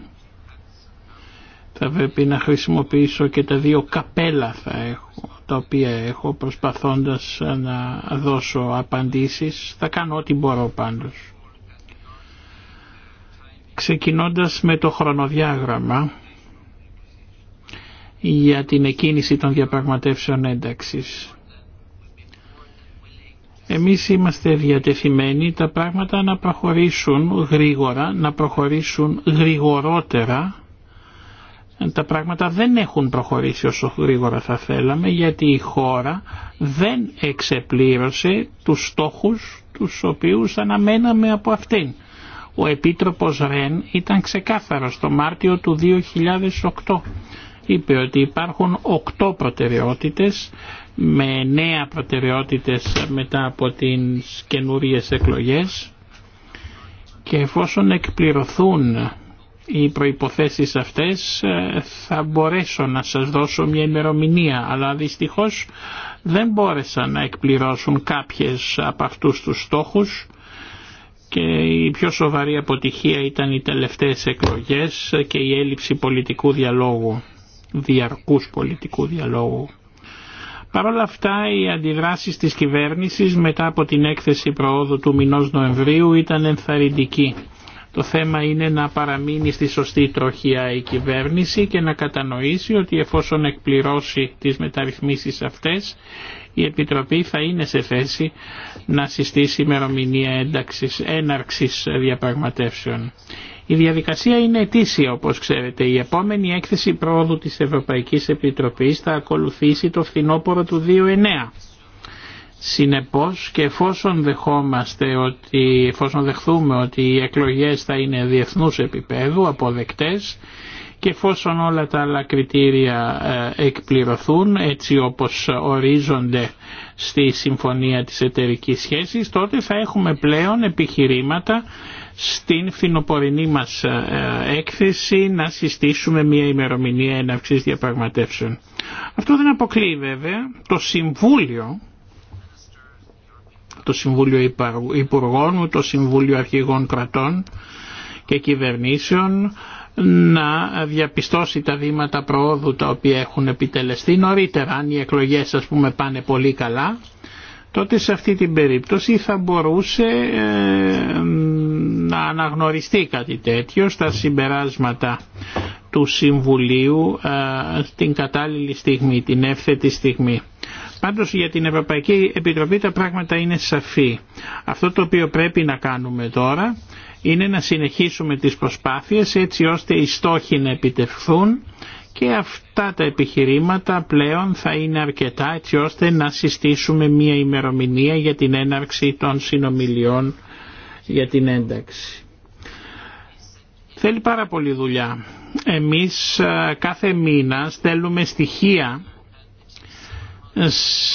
Θα πρέπει να χρησιμοποιήσω και τα δύο καπέλα θα έχω, τα οποία έχω προσπαθώντας να δώσω απαντήσεις. Θα κάνω ό,τι μπορώ πάντως. Ξεκινώντας με το χρονοδιάγραμμα, για την εκκίνηση των διαπραγματεύσεων ένταξης. Εμείς είμαστε διατεθειμένοι τα πράγματα να προχωρήσουν γρήγορα, να προχωρήσουν γρηγορότερα. Τα πράγματα δεν έχουν προχωρήσει όσο γρήγορα θα θέλαμε γιατί η χώρα δεν εξεπλήρωσε τους στόχους τους οποίους αναμέναμε από αυτήν. Ο Επίτροπος Ρεν ήταν ξεκάθαρος το Μάρτιο του 2008 είπε ότι υπάρχουν οκτώ προτεραιότητες με νέα προτεραιότητες μετά από τις καινούριε εκλογές και εφόσον εκπληρωθούν οι προϋποθέσεις αυτές θα μπορέσω να σας δώσω μια ημερομηνία αλλά δυστυχώς δεν μπόρεσαν να εκπληρώσουν κάποιες από αυτούς τους στόχους και η πιο σοβαρή αποτυχία ήταν οι τελευταίες εκλογές και η έλλειψη πολιτικού διαλόγου διαρκούς πολιτικού διαλόγου. Παρ' όλα αυτά οι αντιδράσεις της κυβέρνησης μετά από την έκθεση προόδου του μηνός Νοεμβρίου ήταν ενθαρρυντικοί. Το θέμα είναι να παραμείνει στη σωστή τροχιά η κυβέρνηση και να κατανοήσει ότι εφόσον εκπληρώσει τις μεταρρυθμίσεις αυτές η Επιτροπή θα είναι σε θέση να συστήσει ημερομηνία ένταξης, έναρξης διαπραγματεύσεων. Η διαδικασία είναι ετήσια όπως ξέρετε. Η επόμενη έκθεση πρόοδου της Ευρωπαϊκής Επιτροπής θα ακολουθήσει το φθινόπωρο του 2009. Συνεπώς και εφόσον δεχόμαστε ότι, εφόσον δεχθούμε ότι οι εκλογές θα είναι διεθνούς επίπεδου, αποδεκτές και εφόσον όλα τα άλλα κριτήρια ε, εκπληρωθούν έτσι όπως ορίζονται στη Συμφωνία της Εταιρικής Σχέσης, τότε θα έχουμε πλέον επιχειρήματα στην φθινοπορεινή μας ε, ε, έκθεση να συστήσουμε μια ημερομηνία έναυξης διαπραγματεύσεων. Αυτό δεν αποκλείει βέβαια το Συμβούλιο το Συμβούλιο Υπουργών, το Συμβούλιο Αρχηγών Κρατών και Κυβερνήσεων να διαπιστώσει τα βήματα προόδου τα οποία έχουν επιτελεστεί νωρίτερα αν οι εκλογές ας πούμε πάνε πολύ καλά τότε σε αυτή την περίπτωση θα μπορούσε ε, να αναγνωριστεί κάτι τέτοιο στα συμπεράσματα του Συμβουλίου ε, την κατάλληλη στιγμή, την εύθετη στιγμή. Πάντως για την Ευρωπαϊκή Επιτροπή τα πράγματα είναι σαφή. Αυτό το οποίο πρέπει να κάνουμε τώρα είναι να συνεχίσουμε τις προσπάθειες έτσι ώστε οι στόχοι να επιτευχθούν και αυτά τα επιχειρήματα πλέον θα είναι αρκετά έτσι ώστε να συστήσουμε μία ημερομηνία για την έναρξη των συνομιλιών για την ένταξη. Θέλει πάρα πολύ δουλειά. Εμείς κάθε μήνα στέλνουμε στοιχεία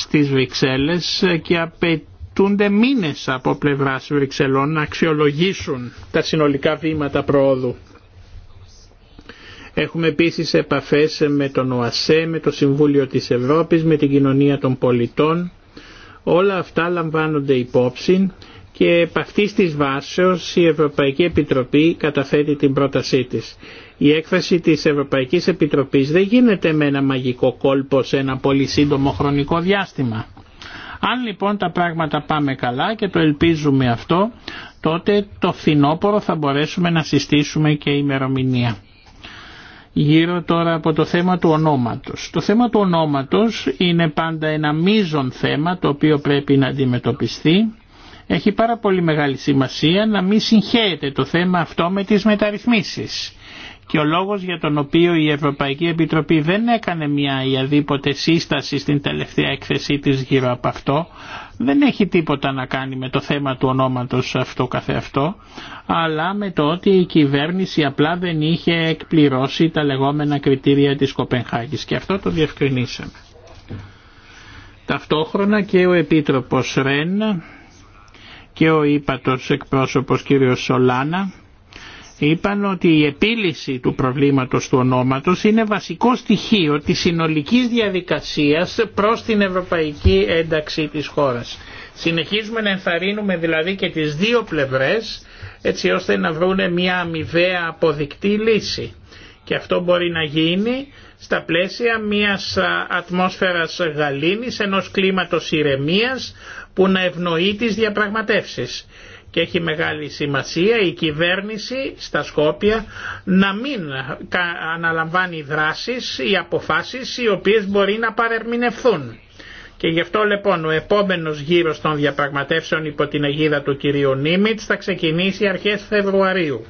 στις Βρυξέλλες και απαιτούνται μήνες από πλευράς Βρυξελών να αξιολογήσουν τα συνολικά βήματα προόδου. Έχουμε επίσης επαφές με τον ΟΑΣΕ, με το Συμβούλιο της Ευρώπης, με την κοινωνία των πολιτών. Όλα αυτά λαμβάνονται υπόψη και επ' αυτή της βάσεως η Ευρωπαϊκή Επιτροπή καταθέτει την πρότασή της. Η έκφραση της Ευρωπαϊκής Επιτροπής δεν γίνεται με ένα μαγικό κόλπο σε ένα πολύ σύντομο χρονικό διάστημα. Αν λοιπόν τα πράγματα πάμε καλά και το ελπίζουμε αυτό, τότε το φθινόπωρο θα μπορέσουμε να συστήσουμε και ημερομηνία γύρω τώρα από το θέμα του ονόματος. Το θέμα του ονόματος είναι πάντα ένα μείζον θέμα το οποίο πρέπει να αντιμετωπιστεί. Έχει πάρα πολύ μεγάλη σημασία να μην συγχαίεται το θέμα αυτό με τις μεταρρυθμίσεις. Και ο λόγος για τον οποίο η Ευρωπαϊκή Επιτροπή δεν έκανε μια ιαδήποτε σύσταση στην τελευταία έκθεσή της γύρω από αυτό δεν έχει τίποτα να κάνει με το θέμα του ονόματος αυτό καθεαυτό, αλλά με το ότι η κυβέρνηση απλά δεν είχε εκπληρώσει τα λεγόμενα κριτήρια της Κοπενχάγης και αυτό το διευκρινίσαμε. Ταυτόχρονα και ο Επίτροπος Ρεν και ο Ήπατος εκπρόσωπος κ. Σολάνα είπαν ότι η επίλυση του προβλήματος του ονόματος είναι βασικό στοιχείο της συνολικής διαδικασίας προς την ευρωπαϊκή ένταξη της χώρας. Συνεχίζουμε να ενθαρρύνουμε δηλαδή και τις δύο πλευρές έτσι ώστε να βρούνε μια αμοιβαία αποδεικτή λύση. Και αυτό μπορεί να γίνει στα πλαίσια μιας ατμόσφαιρας γαλήνης, ενός κλίματος ηρεμίας που να ευνοεί τις διαπραγματεύσεις και έχει μεγάλη σημασία η κυβέρνηση στα Σκόπια να μην αναλαμβάνει δράσεις ή αποφάσεις οι οποίες μπορεί να παρερμηνευθούν. Και γι' αυτό λοιπόν ο επόμενος γύρος των διαπραγματεύσεων υπό την αιγίδα του κυρίου Νίμιτς θα ξεκινήσει αρχές Φεβρουαρίου.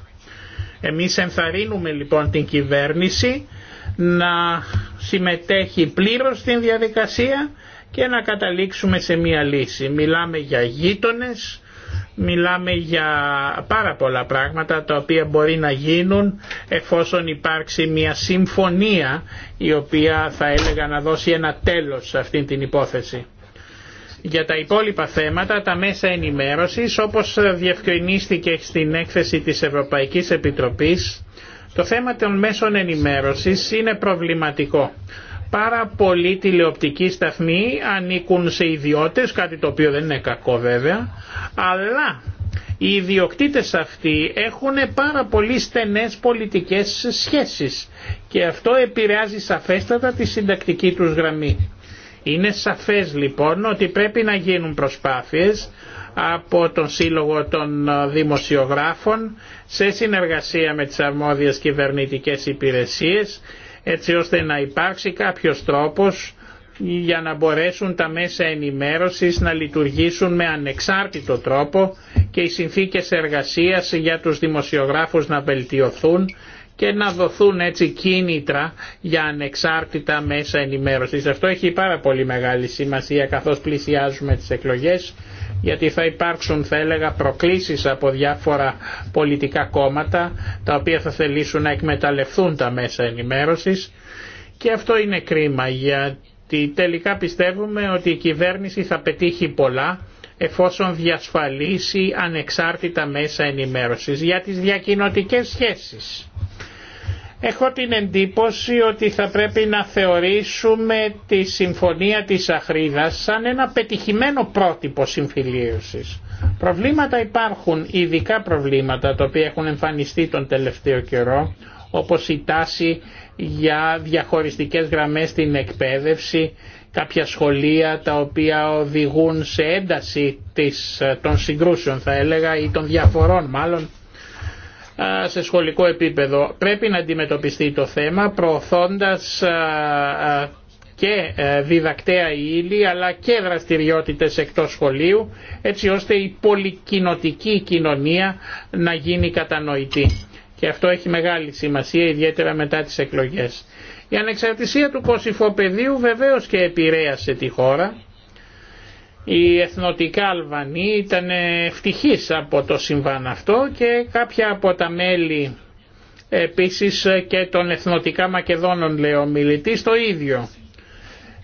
Εμείς ενθαρρύνουμε λοιπόν την κυβέρνηση να συμμετέχει πλήρως στην διαδικασία και να καταλήξουμε σε μία λύση. Μιλάμε για γείτονες, Μιλάμε για πάρα πολλά πράγματα τα οποία μπορεί να γίνουν εφόσον υπάρξει μια συμφωνία η οποία θα έλεγα να δώσει ένα τέλος σε αυτή την υπόθεση. Για τα υπόλοιπα θέματα, τα μέσα ενημέρωσης, όπως διευκρινίστηκε στην έκθεση της Ευρωπαϊκής Επιτροπής, το θέμα των μέσων ενημέρωσης είναι προβληματικό πάρα πολλοί τηλεοπτικοί σταθμοί ανήκουν σε ιδιώτες, κάτι το οποίο δεν είναι κακό βέβαια, αλλά οι ιδιοκτήτες αυτοί έχουν πάρα πολύ στενές πολιτικές σχέσεις και αυτό επηρεάζει σαφέστατα τη συντακτική τους γραμμή. Είναι σαφές λοιπόν ότι πρέπει να γίνουν προσπάθειες από τον Σύλλογο των Δημοσιογράφων σε συνεργασία με τις αρμόδιες κυβερνητικές υπηρεσίες έτσι ώστε να υπάρξει κάποιος τρόπος για να μπορέσουν τα μέσα ενημέρωσης να λειτουργήσουν με ανεξάρτητο τρόπο και οι συνθήκες εργασίας για τους δημοσιογράφους να βελτιωθούν και να δοθούν έτσι κίνητρα για ανεξάρτητα μέσα ενημέρωσης. Αυτό έχει πάρα πολύ μεγάλη σημασία καθώς πλησιάζουμε τις εκλογές γιατί θα υπάρξουν θα έλεγα προκλήσεις από διάφορα πολιτικά κόμματα τα οποία θα θελήσουν να εκμεταλλευτούν τα μέσα ενημέρωσης και αυτό είναι κρίμα γιατί τελικά πιστεύουμε ότι η κυβέρνηση θα πετύχει πολλά εφόσον διασφαλίσει ανεξάρτητα μέσα ενημέρωσης για τις διακοινωτικές σχέσεις Έχω την εντύπωση ότι θα πρέπει να θεωρήσουμε τη Συμφωνία της Αχρίδας σαν ένα πετυχημένο πρότυπο συμφιλίωσης. Προβλήματα υπάρχουν, ειδικά προβλήματα τα οποία έχουν εμφανιστεί τον τελευταίο καιρό, όπως η τάση για διαχωριστικές γραμμές στην εκπαίδευση, κάποια σχολεία τα οποία οδηγούν σε ένταση των συγκρούσεων θα έλεγα ή των διαφορών μάλλον σε σχολικό επίπεδο. Πρέπει να αντιμετωπιστεί το θέμα προωθώντας και ε, διδακτέα ύλη αλλά και δραστηριότητες εκτός σχολείου έτσι ώστε η πολυκοινοτική κοινωνία να γίνει κατανοητή. Και αυτό έχει μεγάλη σημασία ιδιαίτερα μετά τις εκλογές. Η ανεξαρτησία του κοσυφοπεδίου βεβαίως και επηρέασε τη χώρα οι εθνοτικά Αλβανοί ήταν ευτυχείς από το συμβάν αυτό και κάποια από τα μέλη επίσης και των εθνοτικά Μακεδόνων λέει ο μιλητής το ίδιο.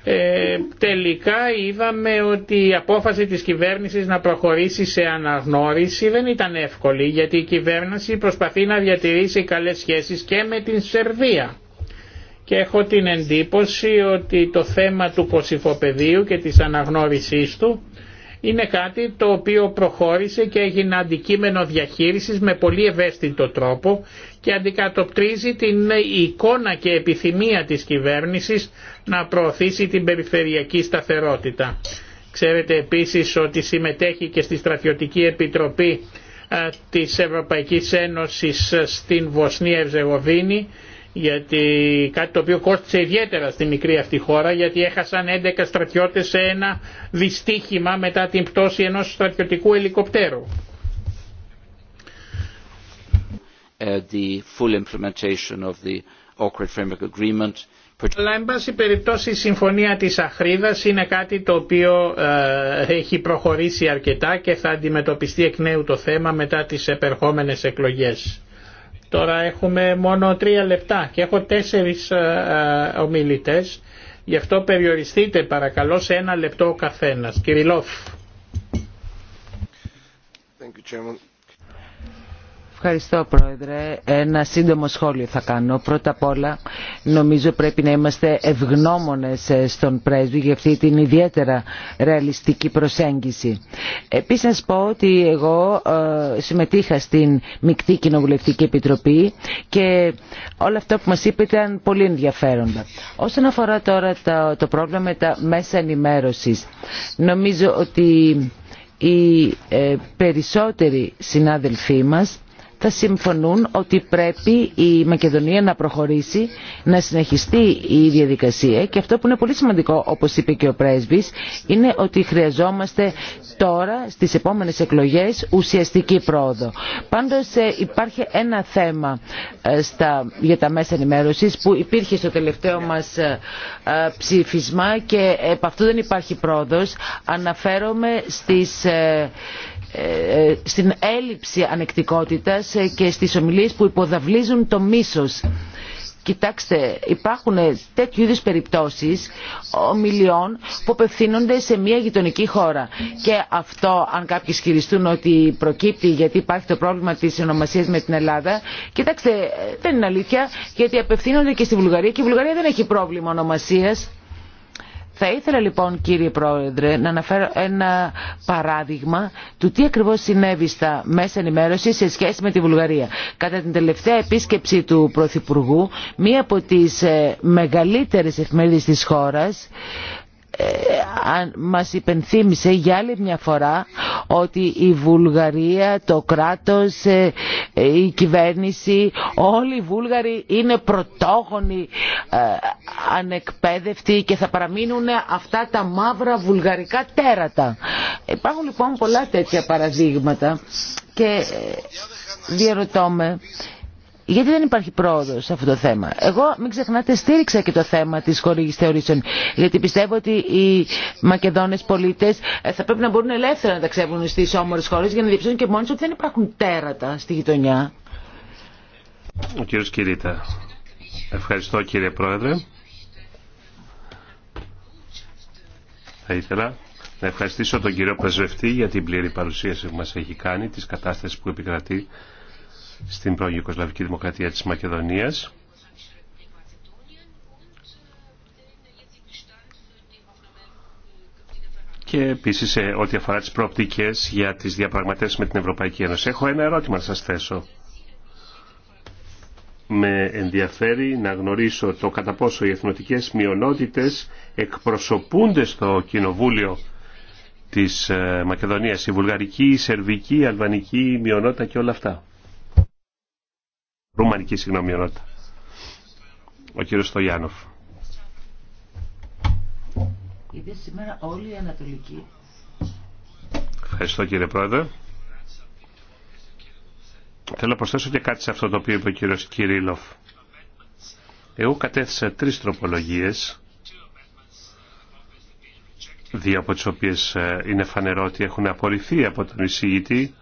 Ε, τελικά είδαμε ότι η απόφαση της κυβέρνησης να προχωρήσει σε αναγνώριση δεν ήταν εύκολη γιατί η κυβέρνηση προσπαθεί να διατηρήσει καλές σχέσεις και με την Σερβία και έχω την εντύπωση ότι το θέμα του κοσυφοπεδίου και της αναγνώρισής του είναι κάτι το οποίο προχώρησε και έγινε αντικείμενο διαχείρισης με πολύ ευαίσθητο τρόπο και αντικατοπτρίζει την εικόνα και επιθυμία της κυβέρνησης να προωθήσει την περιφερειακή σταθερότητα. Ξέρετε επίσης ότι συμμετέχει και στη Στρατιωτική Επιτροπή ε, της Ευρωπαϊκής Ένωσης ε, στην Βοσνία Ευζεγοβίνη γιατί κάτι το οποίο κόστησε ιδιαίτερα στη μικρή αυτή χώρα γιατί έχασαν 11 στρατιώτες σε ένα δυστύχημα μετά την πτώση ενός στρατιωτικού ελικοπτέρου. Ε, Αλλά εν πάση περιπτώσει η συμφωνία της Αχρίδας είναι κάτι το οποίο ε, έχει προχωρήσει αρκετά και θα αντιμετωπιστεί εκ νέου το θέμα μετά τις επερχόμενες εκλογές Τώρα έχουμε μόνο τρία λεπτά και έχω τέσσερις ε, ε, ομιλητές. Γι' αυτό περιοριστείτε παρακαλώ σε ένα λεπτό ο καθένας. Κυριλόφ.
Ευχαριστώ Πρόεδρε. Ένα σύντομο σχόλιο θα κάνω. Πρώτα απ' όλα νομίζω πρέπει να είμαστε ευγνώμονες ε, στον πρέσβη για αυτή την ιδιαίτερα ρεαλιστική προσέγγιση. Επίσης να σας πω ότι εγώ ε, συμμετείχα στην Μικτή Κοινοβουλευτική Επιτροπή και όλα αυτά που μας είπε ήταν πολύ ενδιαφέροντα. Όσον αφορά τώρα το πρόβλημα με τα μέσα ενημέρωσης, νομίζω ότι οι ε, περισσότεροι συνάδελφοί μας θα συμφωνούν ότι πρέπει η Μακεδονία να προχωρήσει, να συνεχιστεί η διαδικασία και αυτό που είναι πολύ σημαντικό όπως είπε και ο πρέσβης είναι ότι χρειαζόμαστε τώρα στις επόμενες εκλογές ουσιαστική πρόοδο. Πάντως ε, υπάρχει ένα θέμα ε, για τα μέσα ενημέρωσης που υπήρχε στο τελευταίο μας ε, ψήφισμα και από αυτού δεν υπάρχει πρόοδος. Αναφέρομαι στις ε, ε, στην έλλειψη ανεκτικότητας ε, και στις ομιλίες που υποδαβλίζουν το μίσος. Κοιτάξτε, υπάρχουν τέτοιου είδου περιπτώσει ομιλιών που απευθύνονται σε μια γειτονική χώρα. Και αυτό, αν κάποιοι ισχυριστούν ότι προκύπτει γιατί υπάρχει το πρόβλημα τη ονομασία με την Ελλάδα, κοιτάξτε, δεν είναι αλήθεια, γιατί απευθύνονται και στη Βουλγαρία και η Βουλγαρία δεν έχει πρόβλημα ονομασία. Θα ήθελα λοιπόν κύριε Πρόεδρε να αναφέρω ένα παράδειγμα του τι ακριβώς συνέβη στα μέσα ενημέρωση σε σχέση με τη Βουλγαρία. Κατά την τελευταία επίσκεψη του Πρωθυπουργού, μία από τις ε, μεγαλύτερες εφημερίδες της χώρας ε, μας υπενθύμησε για άλλη μια φορά ότι η Βουλγαρία, το κράτος, ε, ε, η κυβέρνηση, όλοι οι Βούλγαροι είναι πρωτόγονοι, ανεκπαίδευτοι και θα παραμείνουν αυτά τα μαύρα βουλγαρικά τέρατα. Υπάρχουν λοιπόν πολλά τέτοια παραδείγματα και διαρωτώ με γιατί δεν υπάρχει πρόοδο σε αυτό το θέμα. Εγώ μην ξεχνάτε στήριξα και το θέμα τη χορήγης θεωρήσεων γιατί πιστεύω ότι οι μακεδόνε πολίτε ε, θα πρέπει να μπορούν ελεύθερα να ταξιδεύουν στις όμορφε χώρε για να διευθυνθούν και μόνοι ότι δεν υπάρχουν τέρατα στη γειτονιά.
Ο κύριο Κυρίτα. Ευχαριστώ κύριε Πρόεδρε. Θα ήθελα να ευχαριστήσω τον κύριο Πρεσβευτή για την πλήρη παρουσίαση που μα έχει κάνει, τη κατάσταση που επικρατεί στην πρώην Ιουκοσλαβική Δημοκρατία της Μακεδονίας και επίση σε ό,τι αφορά τις προοπτικές για τις διαπραγματεύσεις με την Ευρωπαϊκή Ένωση. Έχω ένα ερώτημα να σας θέσω. Με ενδιαφέρει να γνωρίσω το κατά πόσο οι εθνοτικές μειονότητες εκπροσωπούνται στο Κοινοβούλιο της ε, Μακεδονίας, η βουλγαρική, η σερβική, η αλβανική μειονότητα και όλα αυτά. Ρουμανική συγγνώμη ενότητα. Ο κύριος Στογιάννοφ. σήμερα Ευχαριστώ κύριε Πρόεδρε. Θέλω να προσθέσω και κάτι σε αυτό το οποίο είπε ο κύριος Κυρίλοφ. Εγώ κατέθεσα τρεις τροπολογίες, δύο από τις οποίες ε, είναι φανερό ότι έχουν απορριφθεί από τον εισηγητή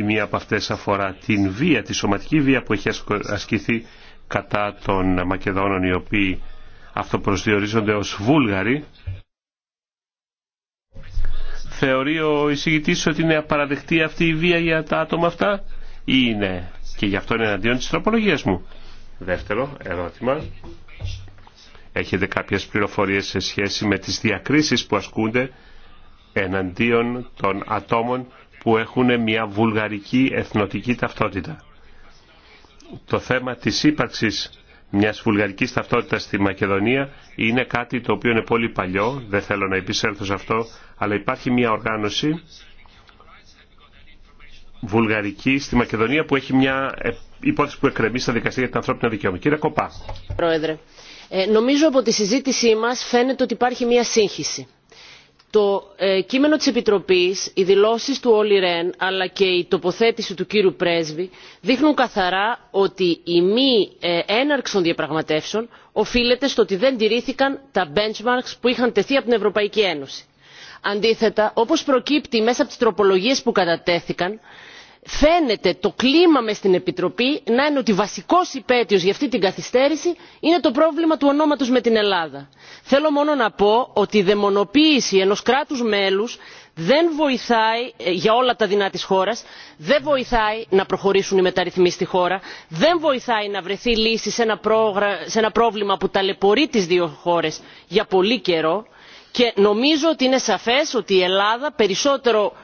Η μία από αυτές αφορά την βία, τη σωματική βία που έχει ασκηθεί κατά των Μακεδόνων οι οποίοι αυτοπροσδιορίζονται ως Βούλγαροι. Θεωρεί ο εισηγητής ότι είναι απαραδεκτή αυτή η βία για τα άτομα αυτά ή είναι και γι' αυτό είναι εναντίον της τροπολογίας μου. Δεύτερο ερώτημα. Έχετε κάποιες πληροφορίες σε σχέση με τις διακρίσεις που ασκούνται εναντίον των ατόμων που έχουν μια βουλγαρική εθνοτική ταυτότητα. Το θέμα της ύπαρξης μιας βουλγαρικής ταυτότητας στη Μακεδονία είναι κάτι το οποίο είναι πολύ παλιό, δεν θέλω να επισέλθω σε αυτό, αλλά υπάρχει μια οργάνωση βουλγαρική στη Μακεδονία που έχει μια ε, υπόθεση που εκκρεμεί στα δικαστήρια για τα ανθρώπινα δικαιώματα. Κύριε Κοπά.
Πρόεδρε, ε, νομίζω από τη συζήτησή μας φαίνεται ότι υπάρχει μια σύγχυση το ε, κείμενο της επιτροπής οι δηλώσεις του όλι Ρεν αλλά και η τοποθέτηση του κύρου πρέσβη δείχνουν καθαρά ότι η μη ε, έναρξη των διαπραγματεύσεων οφείλεται στο ότι δεν τηρήθηκαν τα benchmarks που είχαν τεθεί από την ευρωπαϊκή ένωση. αντίθετα όπως προκύπτει μέσα από τις τροπολογίες που κατατέθηκαν φαίνεται το κλίμα μες στην επιτροπή να είναι ότι βασικός υπέτειος για αυτή την καθυστέρηση είναι το πρόβλημα του ονόματος με την ελλάδα. θέλω μόνο να πω ότι η δαιμονοποίηση ενός κράτους μέλους δεν βοηθάει ε, για όλα τα δεινά τη χώρας δεν βοηθάει να προχωρήσουν οι μεταρρυθμίσεις στη χώρα δεν βοηθάει να βρεθεί λύση σε ένα πρόβλημα που ταλαιπωρεί τις δύο χώρες για πολύ καιρό και νομίζω ότι είναι σαφές ότι η ελλάδα περισσότερο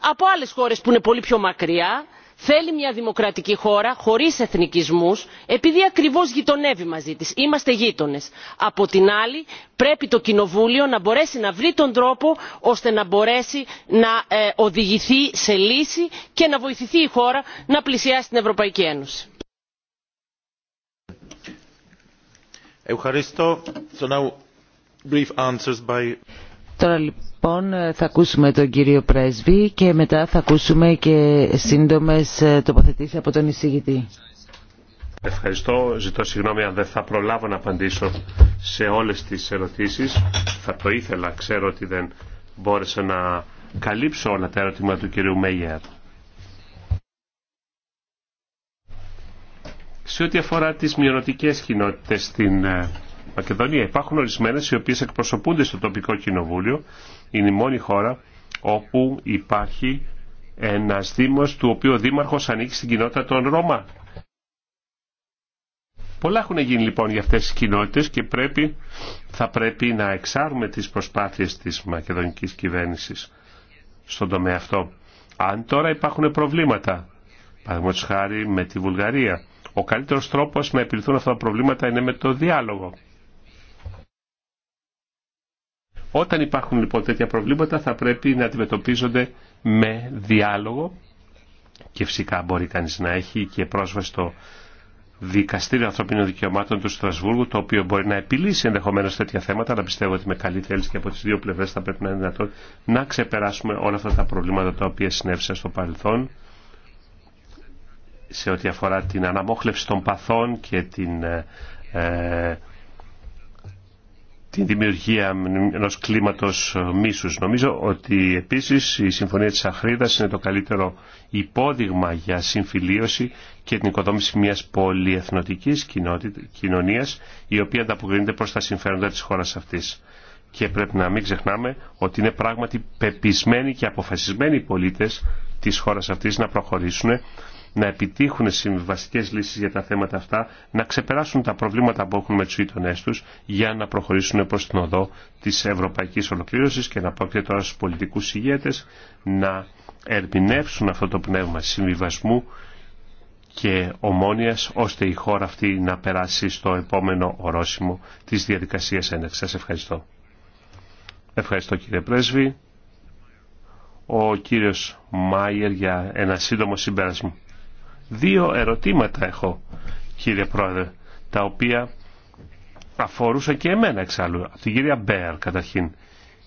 από άλλες χώρες που είναι πολύ πιο μακριά θέλει μια δημοκρατική χώρα χωρίς εθνικισμούς επειδή ακριβώς γειτονεύει μαζί της είμαστε γείτονες. από την άλλη πρέπει το κοινοβούλιο να μπορέσει να βρει τον τρόπο ώστε να μπορέσει να ε, οδηγηθεί σε λύση και να βοηθηθεί η χώρα να πλησιάσει την ευρωπαϊκή ένωση.
Ευχαριστώ.
Τώρα λοιπόν ε, θα ακούσουμε τον κύριο Πρέσβη και μετά θα ακούσουμε και σύντομες ε, τοποθετήσεις από τον εισηγητή.
Ευχαριστώ. Ζητώ συγγνώμη αν δεν θα προλάβω να απαντήσω σε όλες τις ερωτήσεις. Θα το ήθελα. Ξέρω ότι δεν μπόρεσα να καλύψω όλα τα ερωτήματα του κυρίου Μέγερ. Σε ό,τι αφορά τις μειονοτικές κοινότητες στην ε, Μακεδονία. Υπάρχουν ορισμένε οι οποίε εκπροσωπούνται στο τοπικό κοινοβούλιο. Είναι η μόνη χώρα όπου υπάρχει ένα δήμος του οποίου ο δήμαρχος ανήκει στην κοινότητα των Ρώμα. Πολλά έχουν γίνει λοιπόν για αυτές τις κοινότητες και πρέπει, θα πρέπει να εξάρουμε τις προσπάθειες της μακεδονικής κυβέρνησης στον τομέα αυτό. Αν τώρα υπάρχουν προβλήματα, παραδείγματο χάρη με τη Βουλγαρία, ο καλύτερος τρόπος να επιληθούν αυτά τα προβλήματα είναι με το διάλογο. Όταν υπάρχουν λοιπόν τέτοια προβλήματα θα πρέπει να αντιμετωπίζονται με διάλογο και φυσικά μπορεί κανείς να έχει και πρόσβαση στο Δικαστήριο Ανθρωπίνων Δικαιωμάτων του Στρασβούργου, το οποίο μπορεί να επιλύσει ενδεχομένως τέτοια θέματα, αλλά πιστεύω ότι με καλή θέληση και από τις δύο πλευρές θα πρέπει να είναι δυνατόν να ξεπεράσουμε όλα αυτά τα προβλήματα τα οποία συνέβησαν στο παρελθόν σε ό,τι αφορά την αναμόχλευση των παθών και την ε, ε την δημιουργία ενό κλίματος μίσους. Νομίζω ότι επίσης η Συμφωνία της Αχρίδας είναι το καλύτερο υπόδειγμα για συμφιλίωση και την οικοδόμηση μιας πολυεθνοτική κοινωνίας η οποία ανταποκρίνεται προς τα συμφέροντα της χώρας αυτής. Και πρέπει να μην ξεχνάμε ότι είναι πράγματι πεπισμένοι και αποφασισμένοι οι πολίτες της χώρας αυτής να προχωρήσουν να επιτύχουν συμβιβαστικές λύσεις για τα θέματα αυτά, να ξεπεράσουν τα προβλήματα που έχουν με τους γείτονέ τους για να προχωρήσουν προς την οδό της ευρωπαϊκής ολοκλήρωσης και να πρόκειται τώρα στους πολιτικούς ηγέτες να ερμηνεύσουν αυτό το πνεύμα συμβιβασμού και ομόνιας ώστε η χώρα αυτή να περάσει στο επόμενο ορόσημο της διαδικασίας ένταξης. Σα ευχαριστώ. Ευχαριστώ κύριε Πρέσβη. Ο κύριος Μάιερ για ένα σύντομο συμπέρασμα. Δύο ερωτήματα έχω, κύριε Πρόεδρε, τα οποία αφορούσα και εμένα εξάλλου. Από την κυρία Μπέαρ, καταρχήν,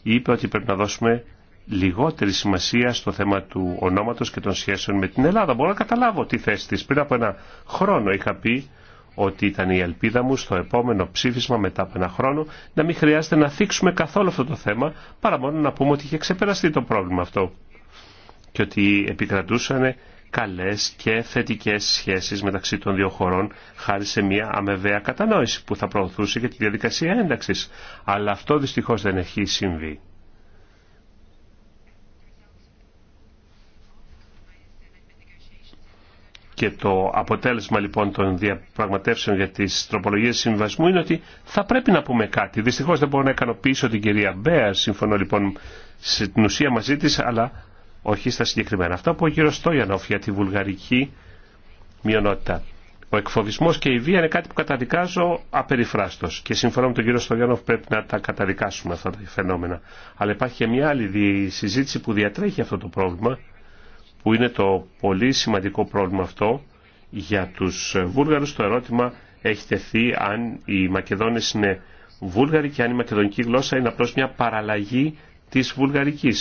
είπε ότι πρέπει να δώσουμε λιγότερη σημασία στο θέμα του ονόματος και των σχέσεων με την Ελλάδα. Μπορώ να καταλάβω τη θέση της. Πριν από ένα χρόνο είχα πει ότι ήταν η ελπίδα μου στο επόμενο ψήφισμα μετά από ένα χρόνο να μην χρειάζεται να θίξουμε καθόλου αυτό το θέμα παρά μόνο να πούμε ότι είχε ξεπεραστεί το πρόβλημα αυτό και ότι επικρατούσαν καλές και θετικές σχέσεις μεταξύ των δύο χωρών χάρη σε μια αμεβαία κατανόηση που θα προωθούσε και τη διαδικασία ένταξης. Αλλά αυτό δυστυχώς δεν έχει συμβεί. Και το αποτέλεσμα λοιπόν των διαπραγματεύσεων για τις τροπολογίες συμβασμού είναι ότι θα πρέπει να πούμε κάτι. Δυστυχώς δεν μπορώ να ικανοποιήσω την κυρία Μπέα, συμφωνώ λοιπόν στην ουσία μαζί της, αλλά όχι στα συγκεκριμένα. Αυτά που ο κύριο Στόιανοφ για τη βουλγαρική μειονότητα. Ο εκφοβισμό και η βία είναι κάτι που καταδικάζω απεριφράστο. Και σύμφωνα με τον κύριο Στόιανοφ πρέπει να τα καταδικάσουμε αυτά τα φαινόμενα. Αλλά υπάρχει και μια άλλη συζήτηση που διατρέχει αυτό το πρόβλημα, που είναι το πολύ σημαντικό πρόβλημα αυτό για του Βούλγαρου. Το ερώτημα έχει τεθεί αν οι Μακεδόνε είναι Βούλγαροι και αν η μακεδονική γλώσσα είναι απλώ μια παραλλαγή τη Βουλγαρική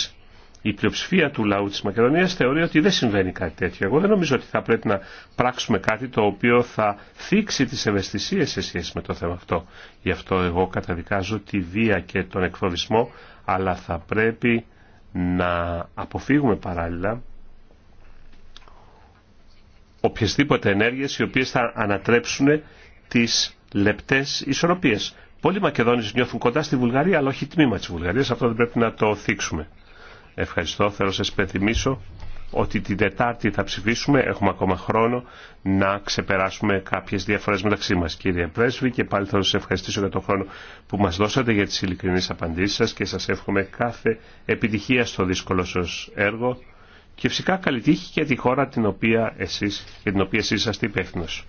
η πλειοψηφία του λαού της Μακεδονίας θεωρεί ότι δεν συμβαίνει κάτι τέτοιο. Εγώ δεν νομίζω ότι θα πρέπει να πράξουμε κάτι το οποίο θα θίξει τις ευαισθησίες σε σχέση με το θέμα αυτό. Γι' αυτό εγώ καταδικάζω τη βία και τον εκφοβισμό, αλλά θα πρέπει να αποφύγουμε παράλληλα οποιασδήποτε ενέργειες οι οποίες θα ανατρέψουν τις λεπτές ισορροπίες. Πολλοί Μακεδόνες νιώθουν κοντά στη Βουλγαρία, αλλά όχι τμήμα της Βουλγαρίας. Αυτό δεν πρέπει να το θίξουμε. Ευχαριστώ. Θέλω να σας υπενθυμίσω ότι την Τετάρτη θα ψηφίσουμε. Έχουμε ακόμα χρόνο να ξεπεράσουμε κάποιες διαφορές μεταξύ μας. Κύριε Πρέσβη, και πάλι θέλω να σας ευχαριστήσω για τον χρόνο που μας δώσατε για τις ειλικρινείς απαντήσεις σας και σας εύχομαι κάθε επιτυχία στο δύσκολο σας έργο και φυσικά καλή τύχη για τη χώρα την οποία εσείς, για την οποία εσείς είσαστε υπεύθυνος.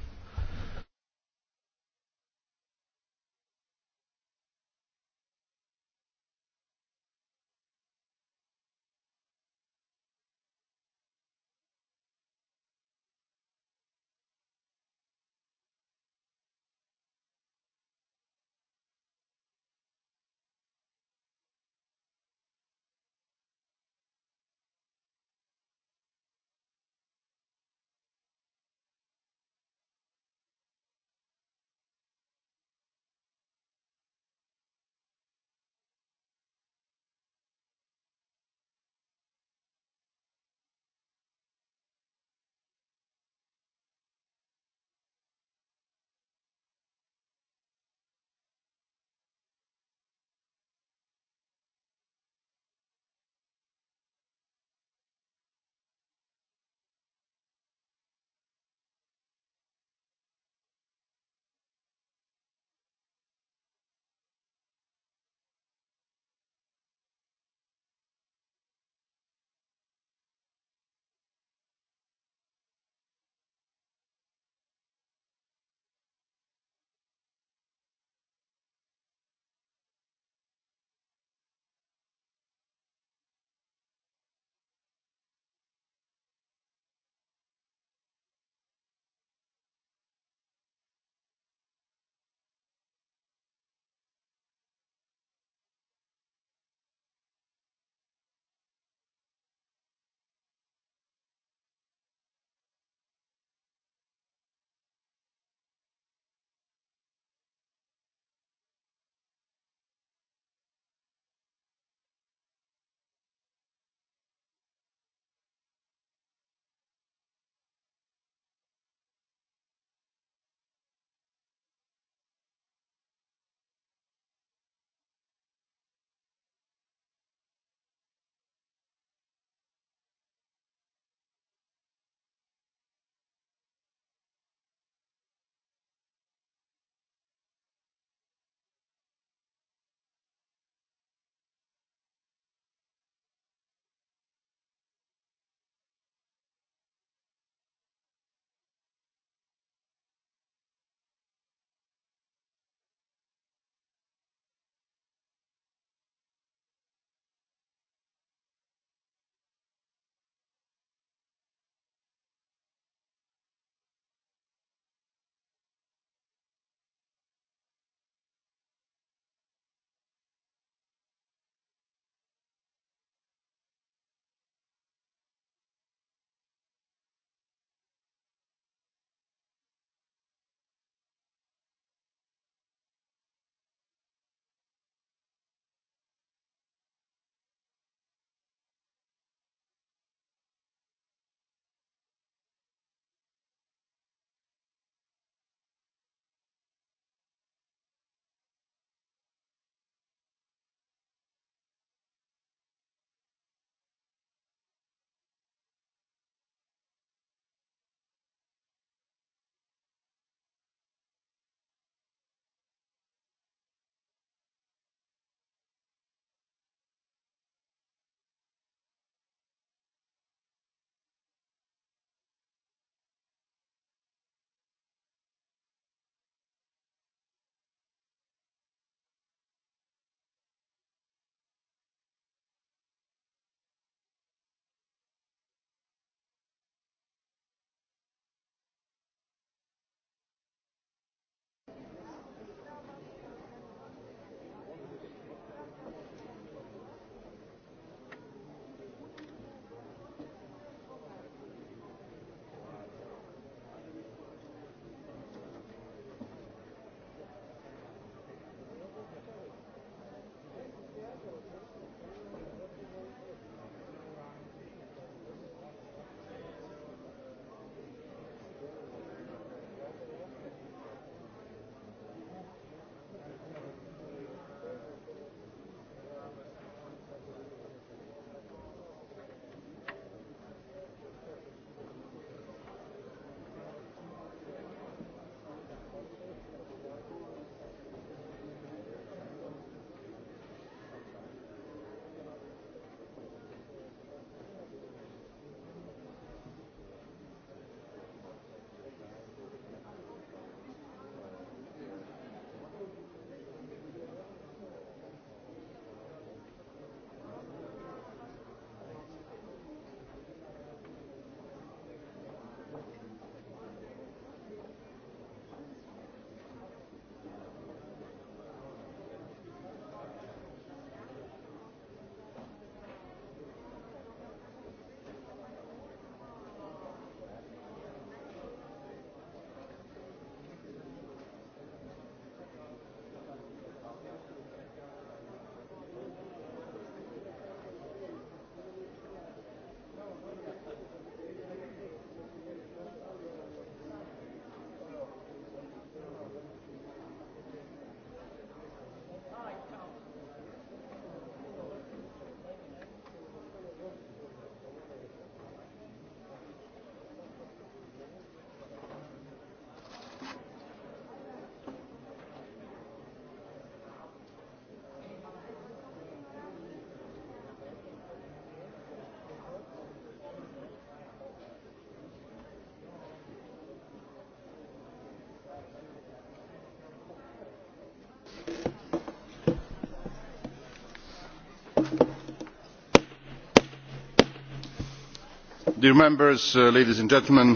Uh,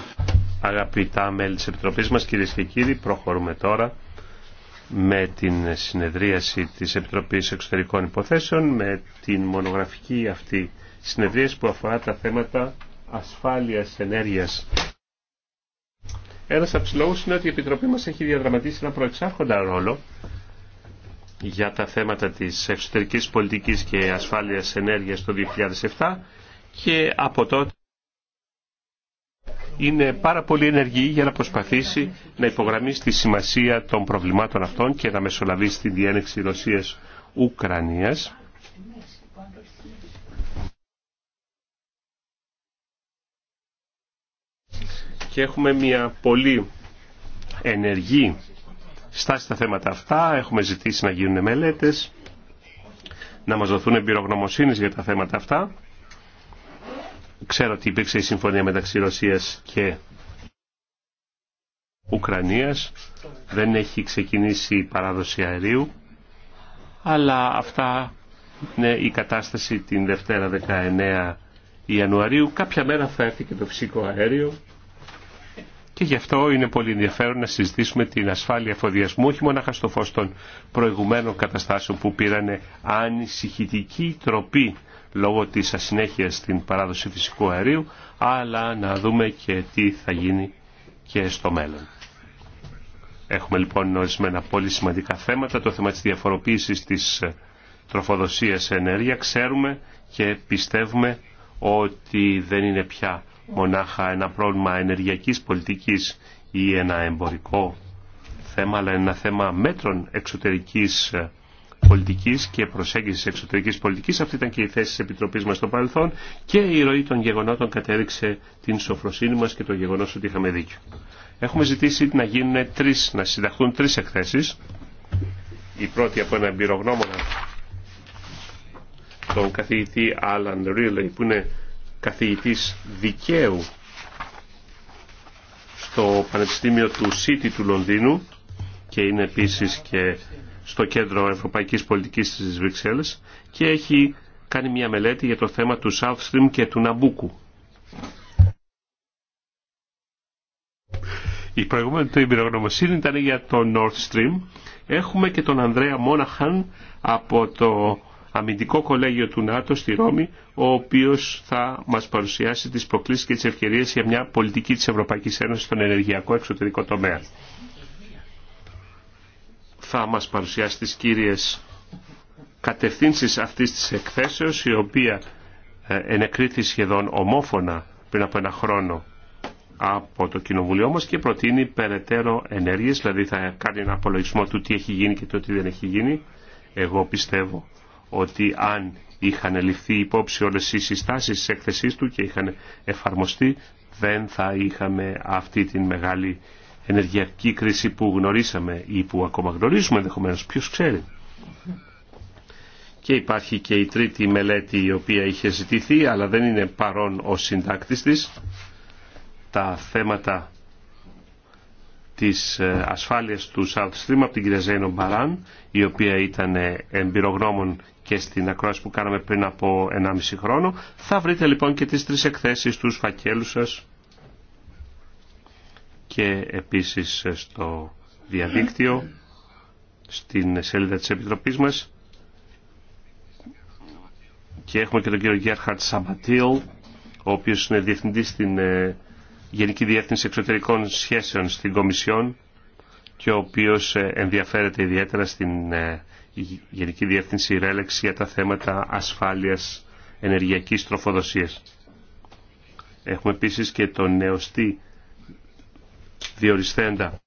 Αγαπητά μέλη της Επιτροπής μας, κυρίες και κύριοι, προχωρούμε τώρα με την συνεδρίαση της Επιτροπής Εξωτερικών Υποθέσεων, με την μονογραφική αυτή συνεδρίαση που αφορά τα θέματα ασφάλειας ενέργειας. Ένας από τους λόγους είναι ότι η Επιτροπή μας έχει διαδραματίσει ένα προεξάρχοντα ρόλο για τα θέματα της εξωτερικής πολιτικής και ασφάλειας ενέργειας το 2007 και από τότε είναι πάρα πολύ ενεργή για να προσπαθήσει να υπογραμμίσει τη σημασία των προβλημάτων αυτών και να μεσολαβήσει τη διένεξη Ρωσίας-Ουκρανίας. Και έχουμε μια πολύ ενεργή στάση στα θέματα αυτά. Έχουμε ζητήσει να γίνουν μελέτες, να μας δοθούν εμπειρογνωμοσύνες για τα θέματα αυτά Ξέρω ότι υπήρξε η συμφωνία μεταξύ Ρωσίας και Ουκρανίας. Δεν έχει ξεκινήσει η παράδοση αερίου. Αλλά αυτά είναι η κατάσταση την Δευτέρα 19 Ιανουαρίου. Κάποια μέρα θα έρθει και το φυσικό αέριο. Και γι' αυτό είναι πολύ ενδιαφέρον να συζητήσουμε την ασφάλεια φοδιασμού. όχι μόνο στο φως των προηγουμένων καταστάσεων που πήρανε ανησυχητική τροπή λόγω της ασυνέχειας στην παράδοση φυσικού αερίου, αλλά να δούμε και τι θα γίνει και στο μέλλον. Έχουμε λοιπόν ορισμένα πολύ σημαντικά θέματα. Το θέμα της διαφοροποίησης της ε, τροφοδοσίας ενέργεια. Ξέρουμε και πιστεύουμε ότι δεν είναι πια μονάχα ένα πρόβλημα ενεργειακής πολιτικής ή ένα εμπορικό θέμα, αλλά ένα θέμα μέτρων εξωτερικής ε, πολιτικής και προσέγγισης εξωτερικής πολιτικής. Αυτή ήταν και η θέση της Επιτροπής μας στο παρελθόν και η ροή των γεγονότων κατέδειξε την σοφροσύνη μας και το γεγονός ότι είχαμε δίκιο. Έχουμε ζητήσει να γίνουν τρεις, να συνταχθούν τρεις εκθέσεις. Η πρώτη από ένα εμπειρογνώμονα τον καθηγητή Άλαν Ρίλεϊ που είναι καθηγητής δικαίου στο Πανεπιστήμιο του City του Λονδίνου και είναι επίσης και στο Κέντρο Ευρωπαϊκής Πολιτικής της Βρυξέλλες και έχει κάνει μια μελέτη για το θέμα του South Stream και του Ναμπούκου. Η προηγούμενη του εμπειρογνωμοσύνη ήταν για το North Stream. Έχουμε και τον Ανδρέα Μόναχαν από το αμυντικό κολέγιο του ΝΑΤΟ στη Ρώμη, ο οποίος θα μας παρουσιάσει τις προκλήσεις και τις ευκαιρίες για μια πολιτική της Ευρωπαϊκής Ένωσης στον ενεργειακό εξωτερικό τομέα θα μας παρουσιάσει τις κύριες κατευθύνσεις αυτής της εκθέσεως η οποία ε, ενεκρίθη σχεδόν ομόφωνα πριν από ένα χρόνο από το Κοινοβουλίο μας και προτείνει περαιτέρω ενέργειες, δηλαδή θα κάνει ένα απολογισμό του τι έχει γίνει και το τι δεν έχει γίνει. Εγώ πιστεύω ότι αν είχαν ληφθεί υπόψη όλες οι συστάσεις της έκθεσής του και είχαν εφαρμοστεί, δεν θα είχαμε αυτή την μεγάλη ενεργειακή κρίση που γνωρίσαμε ή που ακόμα γνωρίζουμε ενδεχομένω, ποιος ξέρει. Και υπάρχει και η τρίτη μελέτη η οποία είχε ζητηθεί αλλά δεν είναι παρόν ο συντάκτης της. Τα θέματα της ε, ασφάλειας του South Stream από την κυρία Ζέινο Μπαράν η οποία ήταν ε, εμπειρογνώμων και στην ακρόαση που κάναμε πριν από 1,5 χρόνο. Θα βρείτε λοιπόν και τις τρεις εκθέσεις στους φακέλους σας και επίσης στο διαδίκτυο στην σελίδα της Επιτροπής μας και έχουμε και τον κύριο Γκέρχαρτ Σαμπατήλ ο οποίος είναι διευθυντής στην ε, Γενική Διεύθυνση Εξωτερικών Σχέσεων στην Κομισιόν και ο οποίος ε, ενδιαφέρεται ιδιαίτερα στην ε, Γενική Διεύθυνση Ρέλεξη για τα θέματα ασφάλειας ενεργειακής τροφοδοσίας. Έχουμε επίσης και τον νεοστή διοριστέντα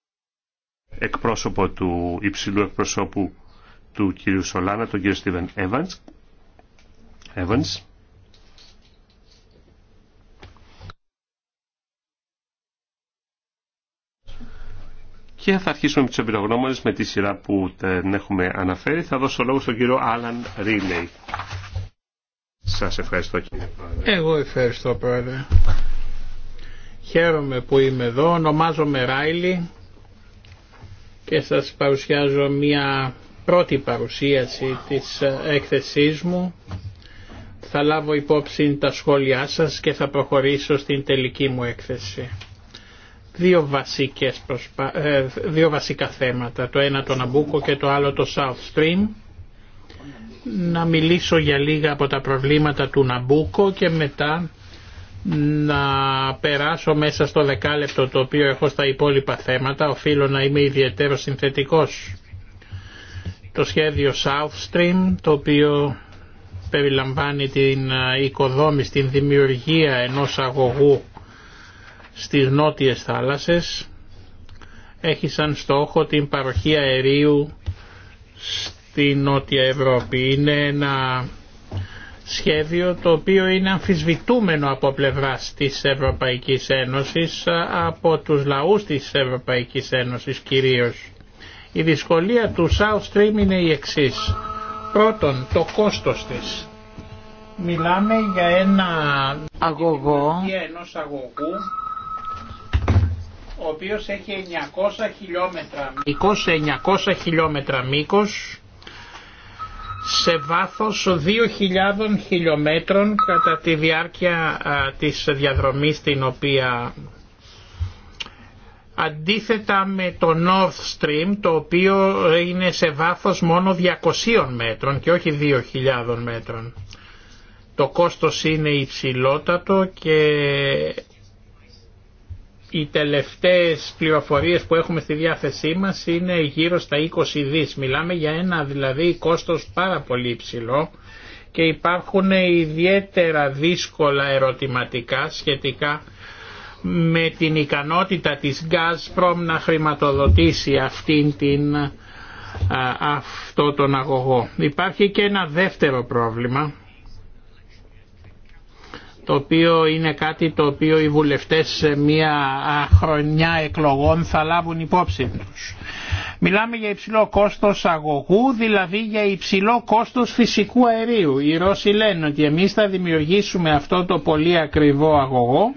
εκπρόσωπο του υψηλού εκπροσώπου του κυρίου Σολάνα, τον κύριο Στίβεν Evans. Evans. Και θα αρχίσουμε με τις εμπειρογνώμονες με τη σειρά που την έχουμε αναφέρει. Θα δώσω λόγο στον κύριο Άλαν Ρίλεϊ. Σας ευχαριστώ κύριε
Πρόεδρε. Εγώ ευχαριστώ Πρόεδρε. Χαίρομαι που είμαι εδώ, ονομάζομαι Ράιλι και σας παρουσιάζω μια πρώτη παρουσίαση της ε, έκθεσής μου. Θα λάβω υπόψη τα σχόλιά σας και θα προχωρήσω στην τελική μου έκθεση. Δύο, βασικές ε, δύο βασικά θέματα, το ένα το Ναμπούκο και το άλλο το South Stream. Να μιλήσω για λίγα από τα προβλήματα του Ναμπούκο και μετά να περάσω μέσα στο δεκάλεπτο το οποίο έχω στα υπόλοιπα θέματα, οφείλω να είμαι ιδιαίτερο συνθετικός. Το σχέδιο South Stream, το οποίο περιλαμβάνει την οικοδόμη την δημιουργία ενός αγωγού στις νότιες θάλασσες, έχει σαν στόχο την παροχή αερίου στη Νότια Ευρώπη. Είναι ένα σχέδιο το οποίο είναι αμφισβητούμενο από πλευράς της Ευρωπαϊκής Ένωσης, από τους λαούς της Ευρωπαϊκής Ένωσης κυρίως. Η δυσκολία του South Stream είναι η εξής. Πρώτον, το κόστος της. Μιλάμε για ένα αγωγό, ενός αγωγού, ο οποίος έχει 900 χιλιόμετρα, 900 χιλιόμετρα μήκος, σε βάθος 2.000 χιλιόμετρων κατά τη διάρκεια της διαδρομής την οποία αντίθετα με το North Stream το οποίο είναι σε βάθος μόνο 200 μέτρων και όχι 2.000 μέτρων. Το κόστος είναι υψηλότατο και οι τελευταίες πληροφορίες που έχουμε στη διάθεσή μας είναι γύρω στα 20 δις. Μιλάμε για ένα δηλαδή κόστος πάρα πολύ υψηλό και υπάρχουν ιδιαίτερα δύσκολα ερωτηματικά σχετικά με την ικανότητα της Gazprom να χρηματοδοτήσει αυτήν την, αυτό τον αγωγό. Υπάρχει και ένα δεύτερο πρόβλημα το οποίο είναι κάτι το οποίο οι βουλευτές σε μια χρονιά εκλογών θα λάβουν υπόψη τους. Μιλάμε για υψηλό κόστος αγωγού, δηλαδή για υψηλό κόστος φυσικού αερίου. Οι Ρώσοι λένε ότι εμείς θα δημιουργήσουμε αυτό το πολύ ακριβό αγωγό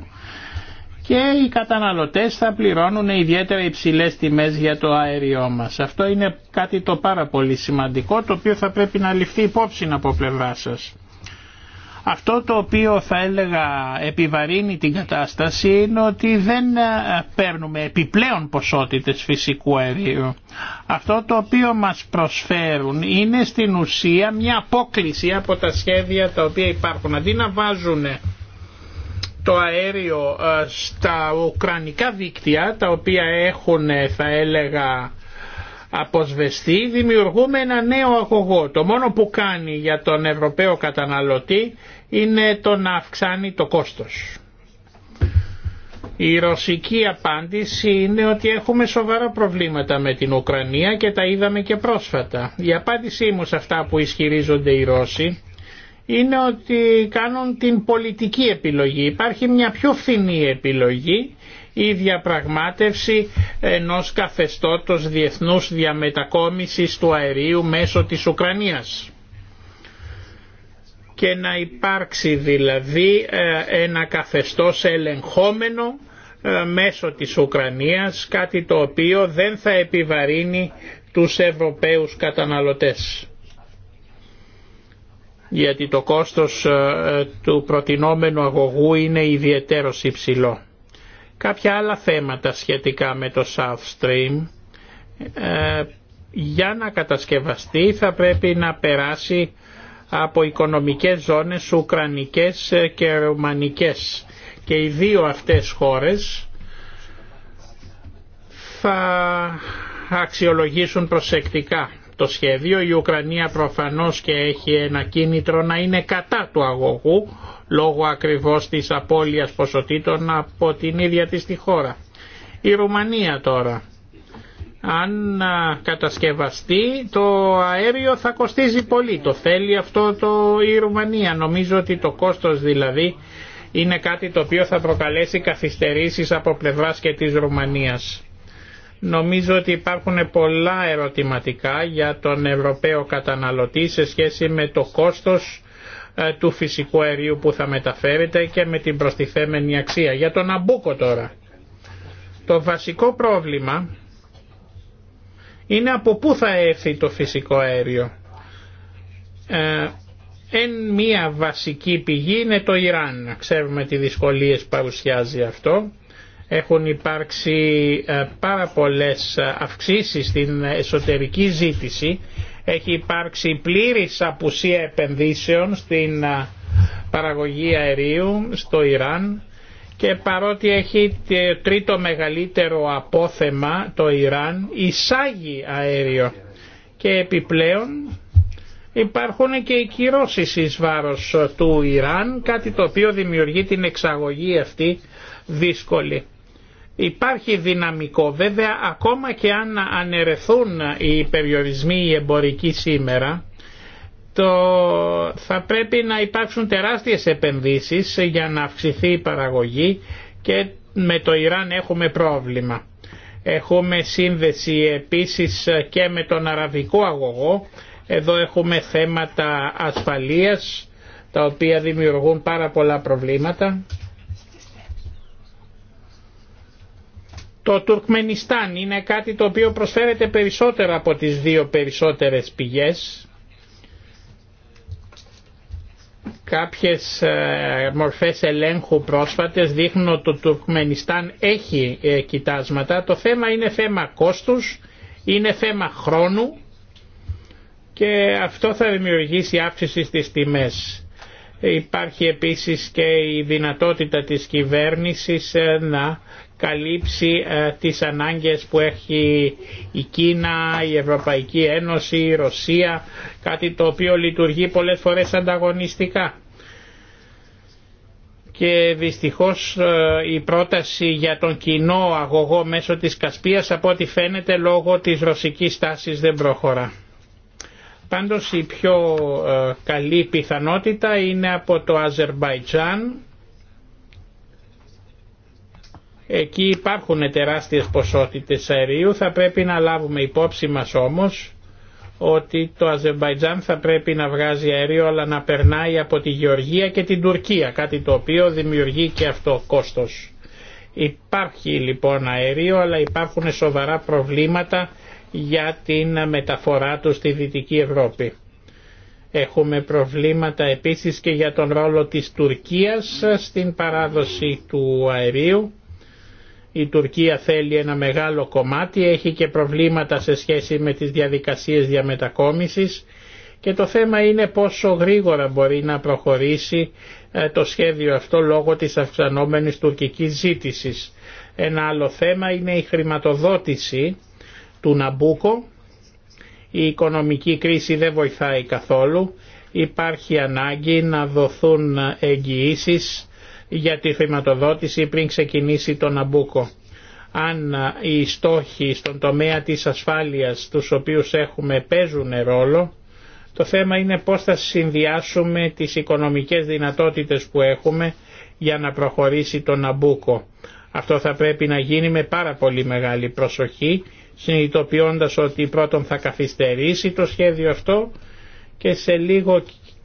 και οι καταναλωτές θα πληρώνουν ιδιαίτερα υψηλές τιμές για το αέριό μας. Αυτό είναι κάτι το πάρα πολύ σημαντικό, το οποίο θα πρέπει να ληφθεί υπόψη από πλευρά σας. Αυτό το οποίο θα έλεγα επιβαρύνει την κατάσταση είναι ότι δεν ε, παίρνουμε επιπλέον ποσότητες φυσικού αερίου. Αυτό το οποίο μας προσφέρουν είναι στην ουσία μια απόκληση από τα σχέδια τα οποία υπάρχουν. Αντί να βάζουν το αέριο ε, στα ουκρανικά δίκτυα τα οποία έχουν ε, θα έλεγα αποσβεστεί δημιουργούμε ένα νέο αγωγό. Το μόνο που κάνει για τον Ευρωπαίο καταναλωτή είναι το να αυξάνει το κόστος. Η ρωσική απάντηση είναι ότι έχουμε σοβαρά προβλήματα με την Ουκρανία και τα είδαμε και πρόσφατα. Η απάντησή μου σε αυτά που ισχυρίζονται οι Ρώσοι είναι ότι κάνουν την πολιτική επιλογή. Υπάρχει μια πιο φθηνή επιλογή η διαπραγμάτευση ενός καθεστώτος διεθνούς διαμετακόμισης του αερίου μέσω της Ουκρανίας και να υπάρξει δηλαδή ε, ένα καθεστώς ελεγχόμενο ε, μέσω της Ουκρανίας, κάτι το οποίο δεν θα επιβαρύνει τους Ευρωπαίους καταναλωτές. Γιατί το κόστος ε, του προτινόμενου αγωγού είναι ιδιαίτερο υψηλό. Κάποια άλλα θέματα σχετικά με το South Stream. Για να κατασκευαστεί θα πρέπει να περάσει από οικονομικές ζώνες ουκρανικές ε, και ρουμανικές. Και οι δύο αυτές χώρες θα αξιολογήσουν προσεκτικά το σχέδιο. Η Ουκρανία προφανώς και έχει ένα κίνητρο να είναι κατά του αγωγού λόγω ακριβώς της απώλειας ποσοτήτων από την ίδια της τη χώρα. Η Ρουμανία τώρα αν κατασκευαστεί το αέριο θα κοστίζει πολύ. Το θέλει αυτό το η Ρουμανία. Νομίζω ότι το κόστος δηλαδή είναι κάτι το οποίο θα προκαλέσει καθυστερήσεις από πλευράς και της Ρουμανίας. Νομίζω ότι υπάρχουν πολλά ερωτηματικά για τον Ευρωπαίο καταναλωτή σε σχέση με το κόστος ε, του φυσικού αερίου που θα μεταφέρεται και με την προστιθέμενη αξία. Για τον Αμπούκο τώρα. Το βασικό πρόβλημα είναι από πού θα έρθει το φυσικό αέριο. Ε, εν μία βασική πηγή είναι το Ιράν. Ξέρουμε τι δυσκολίες παρουσιάζει αυτό. Έχουν υπάρξει ε, πάρα πολλές ε, αυξήσεις στην εσωτερική ζήτηση. Έχει υπάρξει πλήρης απουσία επενδύσεων στην ε, παραγωγή αερίου στο Ιράν και παρότι έχει τρίτο μεγαλύτερο απόθεμα το Ιράν εισάγει αέριο και επιπλέον υπάρχουν και οι κυρώσεις εις βάρος του Ιράν κάτι το οποίο δημιουργεί την εξαγωγή αυτή δύσκολη. Υπάρχει δυναμικό βέβαια ακόμα και αν αναιρεθούν οι περιορισμοί οι εμπορικοί σήμερα το, θα πρέπει να υπάρξουν τεράστιες επενδύσεις για να αυξηθεί η παραγωγή και με το Ιράν έχουμε πρόβλημα. Έχουμε σύνδεση επίσης και με τον αραβικό αγωγό. Εδώ έχουμε θέματα ασφαλείας τα οποία δημιουργούν πάρα πολλά προβλήματα. Το Τουρκμενιστάν είναι κάτι το οποίο προσφέρεται περισσότερα από τις δύο περισσότερες πηγές κάποιες ε, μορφές ελέγχου πρόσφατες δείχνουν ότι το Τουρκμενιστάν έχει ε, κοιτάσματα. Το θέμα είναι θέμα κόστους, είναι θέμα χρόνου και αυτό θα δημιουργήσει αύξηση στις τιμές. Ε, υπάρχει επίσης και η δυνατότητα της κυβέρνησης να καλύψει τις ανάγκες που έχει η Κίνα, η Ευρωπαϊκή Ένωση, η Ρωσία, κάτι το οποίο λειτουργεί πολλές φορές ανταγωνιστικά και δυστυχώς ε, η πρόταση για τον κοινό αγωγό μέσω της Κασπίας από ό,τι φαίνεται λόγω της ρωσικής τάσης δεν προχωρά. Πάντως η πιο ε, καλή πιθανότητα είναι από το Αζερμπαϊτζάν. Εκεί υπάρχουν τεράστιες ποσότητες αερίου, θα πρέπει να λάβουμε υπόψη μας όμως ότι το Αζερμπαϊτζάν θα πρέπει να βγάζει αέριο αλλά να περνάει από τη Γεωργία και την Τουρκία, κάτι το οποίο δημιουργεί και αυτό κόστος. Υπάρχει λοιπόν αέριο αλλά υπάρχουν σοβαρά προβλήματα για την μεταφορά του στη Δυτική Ευρώπη. Έχουμε προβλήματα επίσης και για τον ρόλο της Τουρκίας στην παράδοση του αερίου η Τουρκία θέλει ένα μεγάλο κομμάτι, έχει και προβλήματα σε σχέση με τις διαδικασίες διαμετακόμισης και το θέμα είναι πόσο γρήγορα μπορεί να προχωρήσει ε, το σχέδιο αυτό λόγω της αυξανόμενης τουρκικής ζήτησης. Ένα άλλο θέμα είναι η χρηματοδότηση του Ναμπούκο. Η οικονομική κρίση δεν βοηθάει καθόλου. Υπάρχει ανάγκη να δοθούν ε, εγγυήσεις για τη χρηματοδότηση πριν ξεκινήσει το Ναμπούκο. Αν οι στόχοι στον τομέα της ασφάλειας τους οποίους έχουμε παίζουν ρόλο, το θέμα είναι πώς θα συνδυάσουμε τις οικονομικές δυνατότητες που έχουμε για να προχωρήσει το Ναμπούκο. Αυτό θα πρέπει να γίνει με πάρα πολύ μεγάλη προσοχή, συνειδητοποιώντας ότι πρώτον θα καθυστερήσει το σχέδιο αυτό και σε λίγο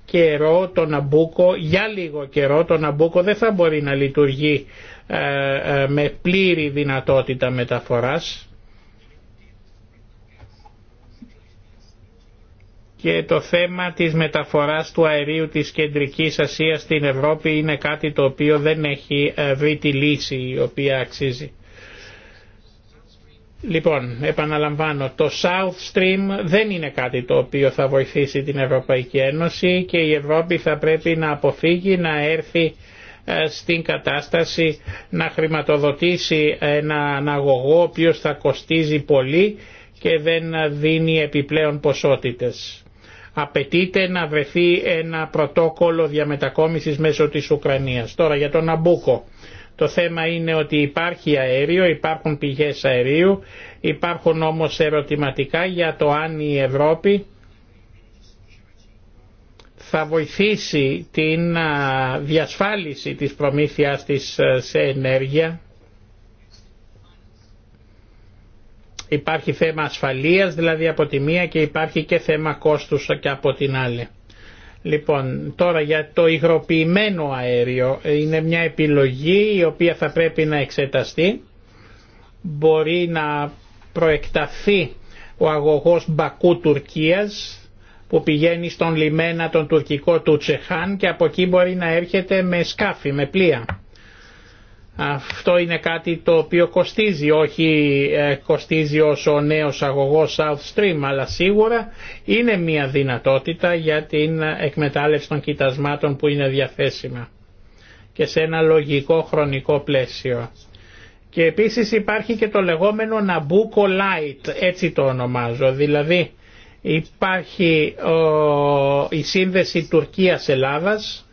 καιρό το Ναμπούκο, για λίγο καιρό το Ναμπούκο δεν θα μπορεί να λειτουργεί ε, ε, με πλήρη δυνατότητα μεταφοράς και το θέμα της μεταφοράς του αερίου της Κεντρικής Ασίας στην Ευρώπη είναι κάτι το οποίο δεν έχει ε, βρει τη λύση η οποία αξίζει. Λοιπόν, επαναλαμβάνω, το South Stream δεν είναι κάτι το οποίο θα βοηθήσει την Ευρωπαϊκή Ένωση και η Ευρώπη θα πρέπει να αποφύγει να έρθει ε, στην κατάσταση να χρηματοδοτήσει ένα αναγωγό ο οποίος θα κοστίζει πολύ και δεν δίνει επιπλέον ποσότητες. Απαιτείται να βρεθεί ένα πρωτόκολλο διαμετακόμισης μέσω της Ουκρανίας. Τώρα για τον Αμπούκο το θέμα είναι ότι υπάρχει αέριο, υπάρχουν πηγές αερίου, υπάρχουν όμως ερωτηματικά για το αν η Ευρώπη θα βοηθήσει την διασφάλιση της προμήθειάς της σε ενέργεια. Υπάρχει θέμα ασφαλείας δηλαδή από τη μία και υπάρχει και θέμα κόστους και από την άλλη. Λοιπόν, τώρα για το υγροποιημένο αέριο είναι μια επιλογή η οποία θα πρέπει να εξεταστεί. Μπορεί να προεκταθεί ο αγωγός Μπακού Τουρκίας που πηγαίνει στον λιμένα τον τουρκικό του Τσεχάν και από εκεί μπορεί να έρχεται με σκάφη, με πλοία. Αυτό είναι κάτι το οποίο κοστίζει, όχι ε, κοστίζει όσο ο νέος αγωγός South Stream, αλλά σίγουρα είναι μια δυνατότητα για την εκμετάλλευση των κοιτασμάτων που είναι διαθέσιμα και σε ένα λογικό χρονικό πλαίσιο. Και επίσης υπάρχει και το λεγόμενο Nabucco Light, έτσι το ονομάζω, δηλαδή υπάρχει ο, η σύνδεση Τουρκίας-Ελλάδας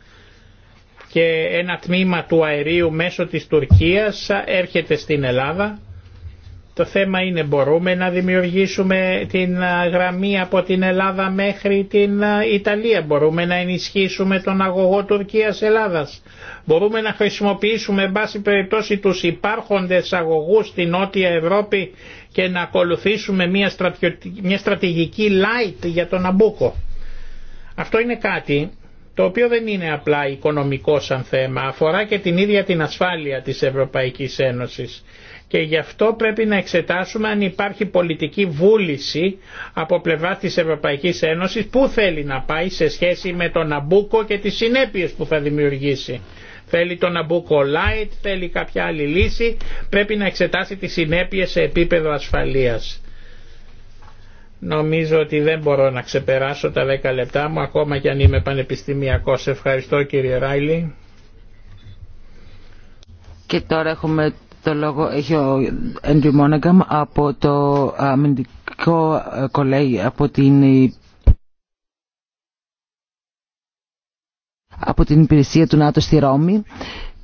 και ένα τμήμα του αερίου μέσω της Τουρκίας έρχεται στην Ελλάδα. Το θέμα είναι μπορούμε να δημιουργήσουμε την γραμμή από την Ελλάδα μέχρι την Ιταλία. Μπορούμε να ενισχύσουμε τον αγωγό Τουρκίας-Ελλάδας. Μπορούμε να χρησιμοποιήσουμε βάση πάση περιπτώσει τους υπάρχοντες αγωγούς στην Νότια Ευρώπη και να ακολουθήσουμε μια, μια στρατηγική light για τον Αμπούκο. Αυτό είναι κάτι το οποίο δεν είναι απλά οικονομικό σαν θέμα, αφορά και την ίδια την ασφάλεια της Ευρωπαϊκής Ένωσης. Και γι' αυτό πρέπει να εξετάσουμε αν υπάρχει πολιτική βούληση από πλευρά της Ευρωπαϊκής Ένωσης που θέλει να πάει σε σχέση με τον Αμπούκο και τις συνέπειες που θα δημιουργήσει. Θέλει τον Αμπούκο Light, θέλει κάποια άλλη λύση, πρέπει να εξετάσει τις συνέπειες σε επίπεδο ασφαλείας. Νομίζω ότι δεν μπορώ να ξεπεράσω τα 10 λεπτά μου ακόμα και αν είμαι πανεπιστημιακός. Ευχαριστώ κύριε Ράιλι.
Και τώρα έχουμε το λόγο, έχει ο Andrew Monaghan από το αμυντικό ε, κολέγιο, από την από την υπηρεσία του ΝΑΤΟ στη Ρώμη.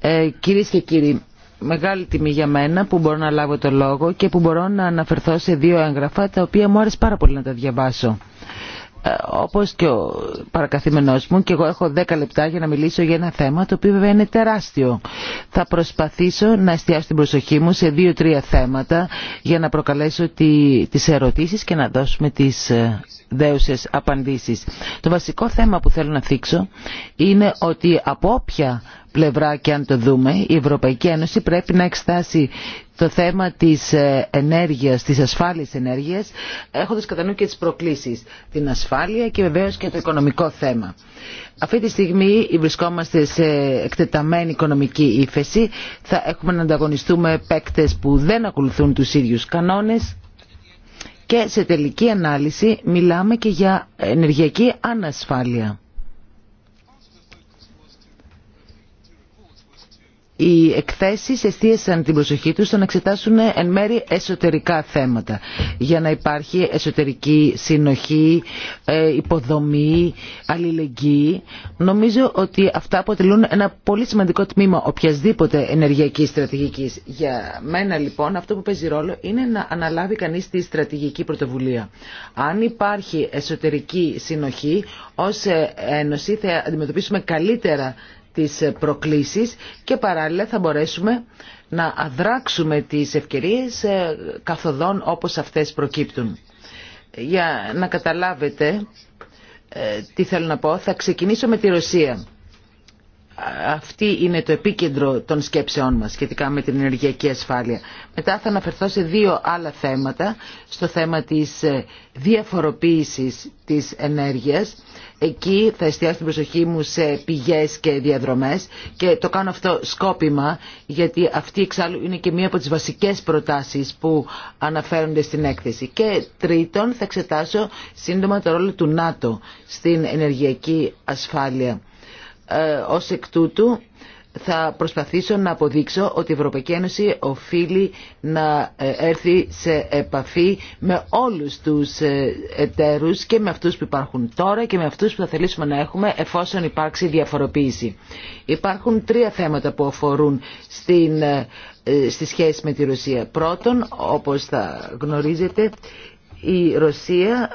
Ε, κυρίες και κύριοι, μεγάλη τιμή για μένα που μπορώ να λάβω το λόγο και που μπορώ να αναφερθώ σε δύο έγγραφα τα οποία μου άρεσε πάρα πολύ να τα διαβάσω. Ε, όπως και ο παρακαθήμενός μου και εγώ έχω δέκα λεπτά για να μιλήσω για ένα θέμα το οποίο βέβαια είναι τεράστιο. Θα προσπαθήσω να εστιάσω την προσοχή μου σε δύο-τρία θέματα για να προκαλέσω τη, τις ερωτήσεις και να δώσουμε τις ε, δέουσες απαντήσεις. Το βασικό θέμα που θέλω να θίξω είναι ότι από όποια πλευρά και αν το δούμε, η Ευρωπαϊκή Ένωση πρέπει να εξτάσει το θέμα της ε, ενέργειας, της ασφάλειας ενέργειας, έχοντας κατά νου και τις προκλήσεις, την ασφάλεια και βεβαίως και το οικονομικό θέμα. Αυτή τη στιγμή βρισκόμαστε σε εκτεταμένη οικονομική ύφεση. Θα έχουμε να ανταγωνιστούμε παίκτες που δεν ακολουθούν τους ίδιους κανόνες και σε τελική ανάλυση μιλάμε και για ενεργειακή ανασφάλεια. οι εκθέσεις εστίασαν την προσοχή τους στο να εξετάσουν εν μέρη εσωτερικά θέματα για να υπάρχει εσωτερική συνοχή, ε, υποδομή, αλληλεγγύη. Νομίζω ότι αυτά αποτελούν ένα πολύ σημαντικό τμήμα οποιασδήποτε ενεργειακής στρατηγικής. Για μένα λοιπόν αυτό που παίζει ρόλο είναι να αναλάβει κανείς τη στρατηγική πρωτοβουλία. Αν υπάρχει εσωτερική συνοχή, ως Ένωση θα αντιμετωπίσουμε καλύτερα τις ε, προκλήσεις και παράλληλα θα μπορέσουμε να αδράξουμε τις ευκαιρίες ε, καθοδόν όπως αυτές προκύπτουν. Για να καταλάβετε ε, τι θέλω να πω, θα ξεκινήσω με τη Ρωσία αυτή είναι το επίκεντρο των σκέψεών μας σχετικά με την ενεργειακή ασφάλεια. Μετά θα αναφερθώ σε δύο άλλα θέματα, στο θέμα της ε, διαφοροποίησης της ενέργειας. Εκεί θα εστιάσω την προσοχή μου σε πηγές και διαδρομές και το κάνω αυτό σκόπιμα γιατί αυτή εξάλλου είναι και μία από τις βασικές προτάσεις που αναφέρονται στην έκθεση. Και τρίτον θα εξετάσω σύντομα το ρόλο του ΝΑΤΟ στην ενεργειακή ασφάλεια ε, ως εκ τούτου θα προσπαθήσω να αποδείξω ότι η Ευρωπαϊκή Ένωση οφείλει να ε, έρθει σε επαφή με όλους τους ε, εταίρους και με αυτούς που υπάρχουν τώρα και με αυτούς που θα θελήσουμε να έχουμε εφόσον υπάρξει διαφοροποίηση. Υπάρχουν τρία θέματα που αφορούν στην, στη σχέση με τη Ρωσία. Πρώτον, όπως θα γνωρίζετε, η Ρωσία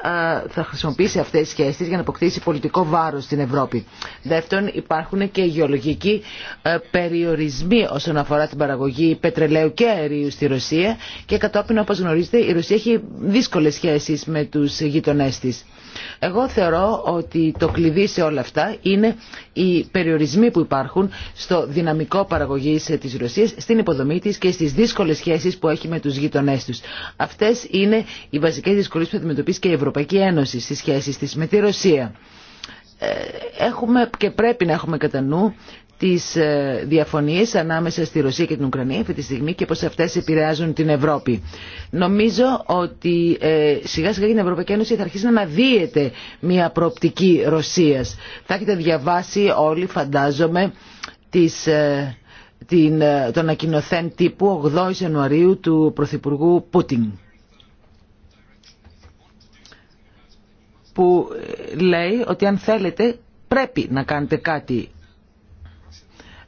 θα χρησιμοποιήσει αυτές τις σχέσεις για να αποκτήσει πολιτικό βάρος στην Ευρώπη. Δεύτερον, υπάρχουν και γεωλογικοί ε, περιορισμοί όσον αφορά την παραγωγή πετρελαίου και αερίου στη Ρωσία και κατόπιν, όπως γνωρίζετε, η Ρωσία έχει δύσκολες σχέσεις με τους γειτονές της. Εγώ θεωρώ ότι το κλειδί σε όλα αυτά είναι οι περιορισμοί που υπάρχουν στο δυναμικό παραγωγής της Ρωσίας, στην υποδομή της και στις δύσκολες σχέσεις που έχει με τους γειτονές τους. Αυτές είναι οι βασικές δυσκολίες που αντιμετωπίζει και η Ευρωπαϊκή Ένωση στις σχέσεις της με τη Ρωσία ε, έχουμε και πρέπει να έχουμε κατά νου τις ε, διαφωνίες ανάμεσα στη Ρωσία και την Ουκρανία αυτή τη στιγμή και πώς αυτές επηρεάζουν την Ευρώπη. Νομίζω ότι ε, σιγά σιγά η Ευρωπαϊκή Ένωση θα αρχίσει να αναδύεται μια προοπτική Ρωσίας. Θα έχετε διαβάσει όλοι φαντάζομαι ε, την, ε, τον ανακοινωθέν τύπου 8 Ιανουαρίου του Πρωθυπουργού Πούτιν. που λέει ότι αν θέλετε πρέπει να κάνετε κάτι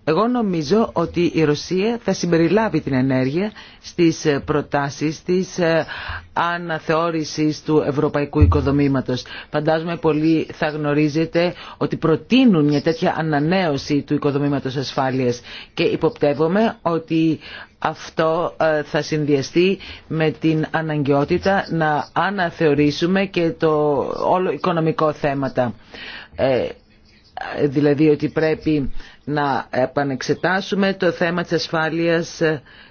εγώ νομίζω ότι η Ρωσία θα συμπεριλάβει την ενέργεια στις ε, προτάσεις της ε, αναθεώρησης του ευρωπαϊκού οικοδομήματος. Φαντάζομαι πολύ θα γνωρίζετε ότι προτείνουν μια τέτοια ανανέωση του οικοδομήματος ασφάλειας και υποπτεύομαι ότι αυτό ε, θα συνδυαστεί με την αναγκαιότητα να αναθεωρήσουμε και το όλο οικονομικό θέματα δηλαδή ότι πρέπει να επανεξετάσουμε το θέμα της ασφάλειας,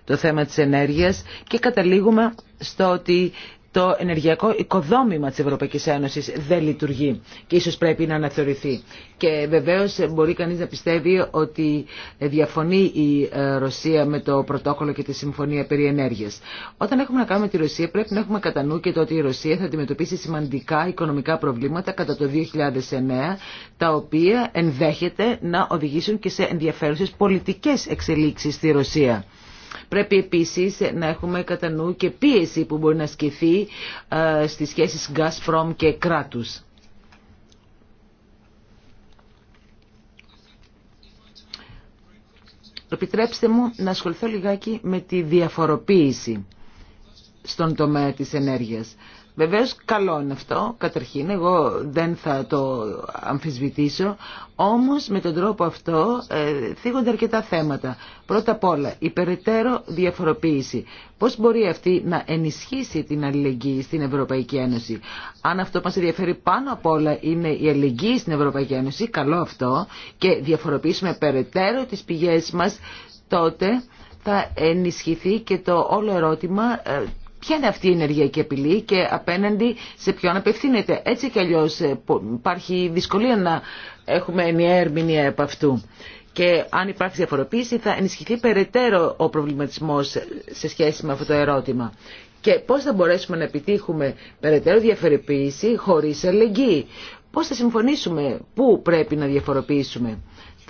το θέμα της ενέργειας και καταλήγουμε στο ότι το ενεργειακό οικοδόμημα της Ευρωπαϊκής Ένωσης δεν λειτουργεί και ίσως πρέπει να αναθεωρηθεί. Και βεβαίως μπορεί κανείς να πιστεύει ότι διαφωνεί η ε, Ρωσία με το πρωτόκολλο και τη συμφωνία περί ενέργειας. Όταν έχουμε να κάνουμε τη Ρωσία πρέπει να έχουμε κατά νου και το ότι η Ρωσία θα αντιμετωπίσει σημαντικά οικονομικά προβλήματα κατά το 2009 τα οποία ενδέχεται να οδηγήσουν και σε ενδιαφέρουσες πολιτικές εξελίξεις στη Ρωσία. Πρέπει επίσης να έχουμε κατά νου και πίεση που μπορεί να ασκηθεί ε, στις σχέσεις Gazprom και κράτους. Επιτρέψτε μου να ασχοληθώ λιγάκι με τη διαφοροποίηση στον τομέα της ενέργειας. Βεβαίω καλό είναι αυτό, καταρχήν, εγώ δεν θα το αμφισβητήσω, όμως με τον τρόπο αυτό ε, θίγονται αρκετά θέματα. Πρώτα απ' όλα, η διαφοροποίηση. Πώς μπορεί αυτή να ενισχύσει την αλληλεγγύη στην Ευρωπαϊκή Ένωση. Αν αυτό που μας ενδιαφέρει πάνω απ' όλα είναι η αλληλεγγύη στην Ευρωπαϊκή Ένωση, καλό αυτό, και διαφοροποιήσουμε περαιτέρω τις πηγές μας, τότε θα ενισχυθεί και το όλο ερώτημα ε, ποια είναι αυτή η ενεργειακή απειλή και απέναντι σε ποιον απευθύνεται. Έτσι κι αλλιώ ε, υπάρχει δυσκολία να έχουμε ενιαία ερμηνεία από αυτού. Και αν υπάρχει διαφοροποίηση θα ενισχυθεί περαιτέρω ο προβληματισμός ε, σε σχέση με αυτό το ερώτημα. Και πώς θα μπορέσουμε να επιτύχουμε περαιτέρω διαφοροποίηση χωρίς αλληλεγγύη. Πώς θα συμφωνήσουμε, πού πρέπει να διαφοροποιήσουμε.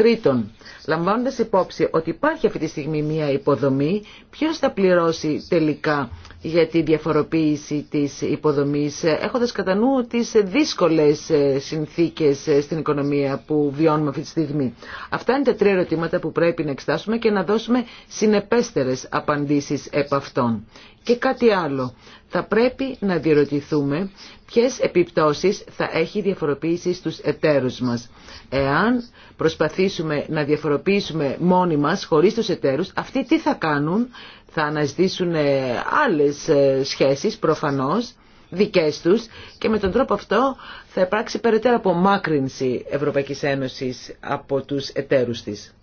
Τρίτον, λαμβάνοντας υπόψη ότι υπάρχει αυτή τη στιγμή μια υποδομή, ποιος θα πληρώσει τελικά για τη διαφοροποίηση της υποδομής, έχοντας κατά νου τις δύσκολες ε, συνθήκες ε, στην οικονομία που βιώνουμε αυτή τη στιγμή. Αυτά είναι τα τρία ερωτήματα που πρέπει να εξετάσουμε και να δώσουμε συνεπέστερες απαντήσεις επ' αυτών. Και κάτι άλλο. Θα πρέπει να διερωτηθούμε ποιες επιπτώσεις θα έχει η διαφοροποίηση στους εταίρους μας. Εάν προσπαθήσουμε να διαφοροποιήσουμε μόνοι μας, χωρίς τους εταίρους, αυτοί τι θα κάνουν, θα αναζητήσουν ε, άλλες ε, σχέσεις προφανώς, δικές τους και με τον τρόπο αυτό θα υπάρξει περαιτέρω απομάκρυνση Ευρωπαϊκής Ένωσης από τους εταίρους της.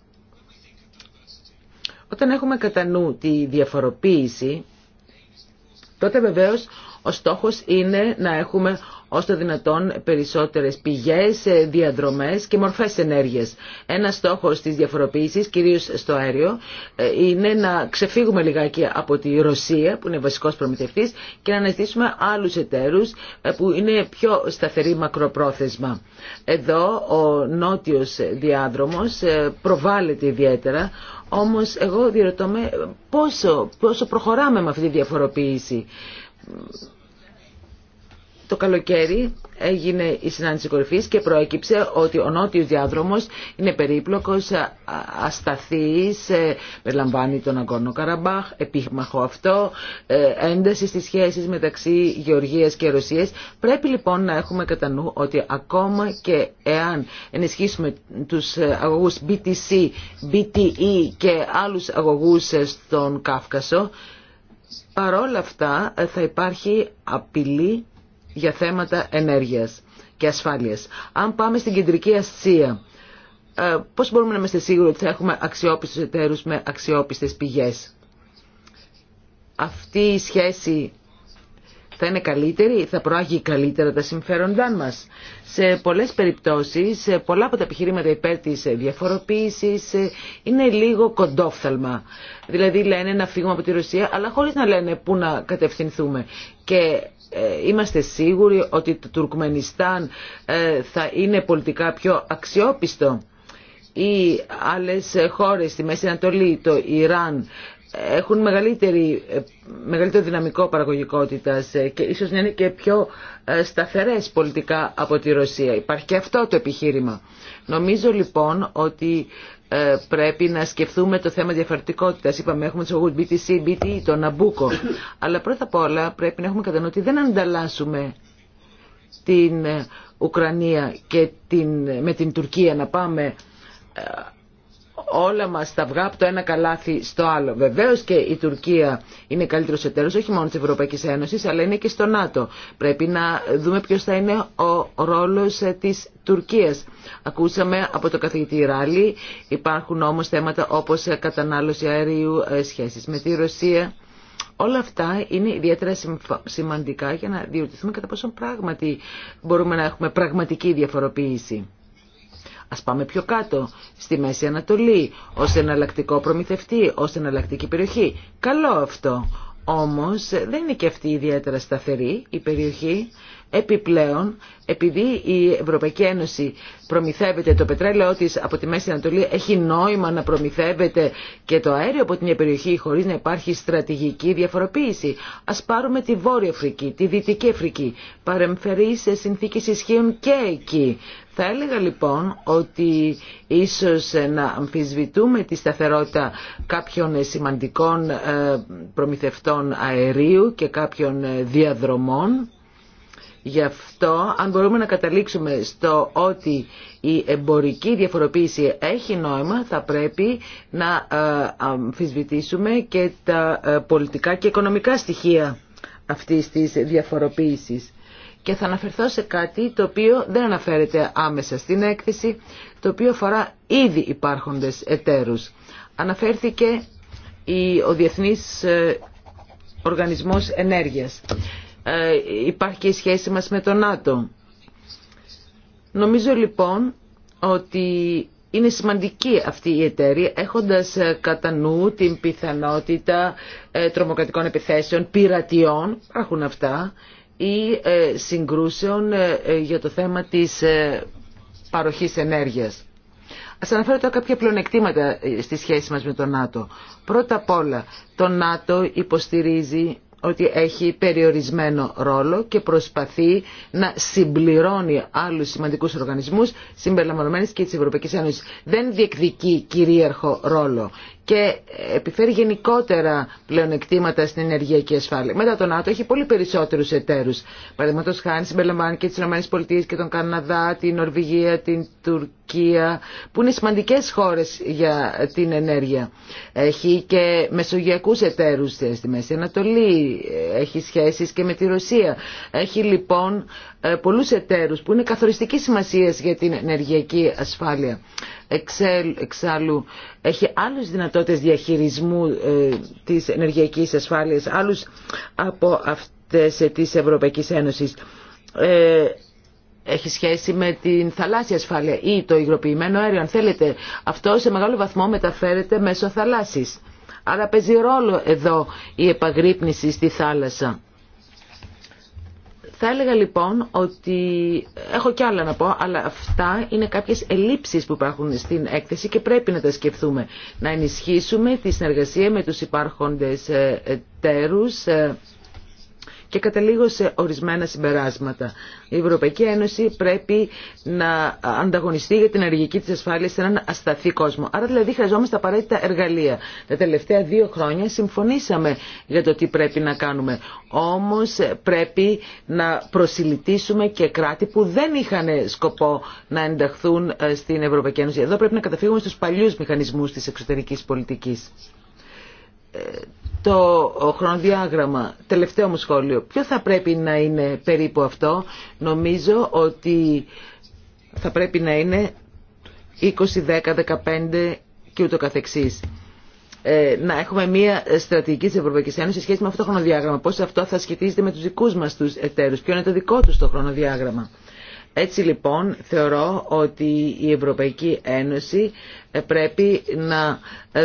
Όταν έχουμε κατά νου τη διαφοροποίηση, τότε βεβαίως ο στόχος είναι να έχουμε ως δυνατόν περισσότερες πηγές, ε, διαδρομές και μορφές ενέργειας. Ένα στόχος της διαφοροποίησης, κυρίως στο αέριο, ε, είναι να ξεφύγουμε λιγάκι από τη Ρωσία, που είναι βασικός προμηθευτής, και να αναζητήσουμε άλλους εταίρους ε, που είναι πιο σταθεροί μακροπρόθεσμα. Εδώ ο νότιος διάδρομος προβάλλεται ιδιαίτερα, όμως εγώ διερωτώ πόσο, πόσο προχωράμε με αυτή τη διαφοροποίηση το καλοκαίρι έγινε η συνάντηση κορυφής και προέκυψε ότι ο νότιος διάδρομος είναι περίπλοκος, ασταθής, ε, περιλαμβάνει τον Αγκόνο Καραμπάχ, επίμαχο αυτό, ε, ένταση στις σχέσεις μεταξύ Γεωργίας και Ρωσίας. Πρέπει λοιπόν να έχουμε κατά νου ότι ακόμα και εάν ενισχύσουμε τους ε, αγωγούς BTC, BTE και άλλους αγωγούς στον Κάφκασο, παρόλα αυτά θα υπάρχει απειλή για θέματα ενέργειας και ασφάλειας. Αν πάμε στην Κεντρική Ασία, ε, πώς μπορούμε να είμαστε σίγουροι ότι θα έχουμε αξιόπιστους εταίρους με αξιόπιστες πηγές. Αυτή η σχέση θα είναι καλύτερη, θα προάγει καλύτερα τα συμφέροντά μας. Σε πολλές περιπτώσεις, σε πολλά από τα επιχειρήματα υπέρ της διαφοροποίησης ε, είναι λίγο κοντόφθαλμα. Δηλαδή λένε να φύγουμε από τη Ρωσία, αλλά χωρίς να λένε πού να κατευθυνθούμε. Και ε, είμαστε σίγουροι ότι το Τουρκμενιστάν ε, θα είναι πολιτικά πιο αξιόπιστο ή άλλες χώρες στη Μέση Ανατολή, το Ιράν, έχουν μεγαλύτερη, ε, μεγαλύτερο δυναμικό παραγωγικότητας ε, και ίσως να είναι και πιο ε, σταθερές πολιτικά από τη Ρωσία. Υπάρχει και αυτό το επιχείρημα. Νομίζω λοιπόν ότι πρέπει να σκεφτούμε το θέμα διαφορετικότητας. Είπαμε έχουμε τους BTC, BT, το Ναμπούκο. Αλλά πρώτα απ' όλα πρέπει να έχουμε κατά ότι δεν ανταλλάσσουμε την Ουκρανία και την, με την Τουρκία να πάμε όλα μας τα αυγά από το ένα καλάθι στο άλλο. Βεβαίως και η Τουρκία είναι καλύτερος εταίρος όχι μόνο της Ευρωπαϊκής Ένωσης αλλά είναι και στο ΝΑΤΟ. Πρέπει να δούμε ποιος θα είναι ο ρόλος ε, της Τουρκίας. Ακούσαμε από το καθηγητή Ράλι, υπάρχουν όμως θέματα όπως ε, κατανάλωση αερίου, ε, σχέσεις με τη Ρωσία. Όλα αυτά είναι ιδιαίτερα σημαντικά για να διορτηθούμε κατά πόσο πράγματι μπορούμε να έχουμε πραγματική διαφοροποίηση. Ας πάμε πιο κάτω, στη Μέση Ανατολή, ως εναλλακτικό προμηθευτή, ως εναλλακτική περιοχή. Καλό αυτό. Όμως δεν είναι και αυτή ιδιαίτερα σταθερή η περιοχή. Επιπλέον, επειδή η Ευρωπαϊκή Ένωση προμηθεύεται το πετρέλαιό της από τη Μέση Ανατολή, έχει νόημα να προμηθεύεται και το αέριο από την περιοχή χωρίς να υπάρχει στρατηγική διαφοροποίηση. Ας πάρουμε τη Βόρεια Αφρική, τη Δυτική Αφρική. Παρεμφερεί σε συνθήκες ισχύουν και εκεί. Θα έλεγα λοιπόν ότι ίσως να αμφισβητούμε τη σταθερότητα κάποιων σημαντικών ε, προμηθευτών αερίου και κάποιων ε, διαδρομών. Γι' αυτό, αν μπορούμε να καταλήξουμε στο ότι η εμπορική διαφοροποίηση έχει νόημα, θα πρέπει να ε, αμφισβητήσουμε και τα πολιτικά και οικονομικά στοιχεία αυτής της διαφοροποίησης και θα αναφερθώ σε κάτι το οποίο δεν αναφέρεται άμεσα στην έκθεση, το οποίο αφορά ήδη υπάρχοντες εταίρους. Αναφέρθηκε ο Διεθνής ε, Οργανισμός Ενέργειας. Ε, υπάρχει και η σχέση μας με τον ΝΑΤΟ. Νομίζω λοιπόν ότι είναι σημαντική αυτή η εταίρεια έχοντας ε, κατά νου την πιθανότητα τρομοκρατικών επιθέσεων, πειρατιών, υπάρχουν αυτά ή ε, συγκρούσεων ε, ε, για το θέμα της παροχής ενέργειας. Ας αναφέρω τώρα κάποια πλονεκτήματα στη σχέση μας με το ΝΑΤΟ. Πρώτα απ' όλα, το ΝΑΤΟ υποστηρίζει ότι έχει περιορισμένο ρόλο και προσπαθεί να συμπληρώνει άλλους σημαντικούς οργανισμούς συμπεριλαμβανομένης και της Ευρωπαϊκής Ένωσης. Δεν διεκδικεί κυρίαρχο ρόλο και επιφέρει γενικότερα πλεονεκτήματα στην ενεργειακή ασφάλεια. Μετά τον ΝΑΤΟ έχει πολύ περισσότερου εταίρου. Παραδείγματο χάρη συμπεριλαμβάνει και τι ΗΠΑ και τον Καναδά, την Νορβηγία, την Τουρκία, που είναι σημαντικέ χώρε για την ενέργεια. Έχει και μεσογειακού εταίρου στη Μέση Ανατολή, έχει σχέσει και με τη Ρωσία. Έχει λοιπόν ε, πολλούς εταίρους που είναι καθοριστική σημασία για την ενεργειακή ασφάλεια. Εξάλλου έχει άλλες δυνατότητες διαχειρισμού ε, της ενεργειακής ασφάλειας, άλλους από αυτές ε, της Ευρωπαϊκής Ένωσης. Έχει σχέση με την θαλάσσια ασφάλεια ή το υγροποιημένο αέριο. Αν θέλετε, αυτό σε μεγάλο βαθμό μεταφέρεται μέσω θαλάσσης. Άρα παίζει ρόλο εδώ η επαγρύπνηση στη θάλασσα. Θα έλεγα λοιπόν ότι έχω κι άλλα να πω, αλλά αυτά είναι κάποιες ελλείψεις που υπάρχουν στην έκθεση και πρέπει να τα σκεφτούμε. Να ενισχύσουμε τη συνεργασία με τους υπάρχοντες ε, τέρους. Ε, και καταλήγω σε ορισμένα συμπεράσματα. Η Ευρωπαϊκή Ένωση πρέπει να ανταγωνιστεί για την ενεργειακή της ασφάλεια σε έναν ασταθή κόσμο. Άρα δηλαδή χρειαζόμαστε απαραίτητα εργαλεία. Τα τελευταία δύο χρόνια συμφωνήσαμε για το τι πρέπει να κάνουμε. Όμως πρέπει να προσιλητήσουμε και κράτη που δεν είχαν σκοπό να ενταχθούν ε, στην Ευρωπαϊκή Ένωση. Εδώ πρέπει να καταφύγουμε στους παλιούς μηχανισμούς της εξωτερικής πολιτική το χρονοδιάγραμμα, τελευταίο μου σχόλιο, ποιο θα πρέπει να είναι περίπου αυτό. Νομίζω ότι θα πρέπει να είναι 20, 10, 15 και ούτω καθεξής. Ε, να έχουμε μια στρατηγική της Ευρωπαϊκής Ένωσης σε σχέση με αυτό το χρονοδιάγραμμα. Πώς αυτό θα σχετίζεται με τους δικούς μας τους εταίρους. Ποιο είναι το δικό τους το χρονοδιάγραμμα. Έτσι λοιπόν θεωρώ ότι η Ευρωπαϊκή Ένωση πρέπει να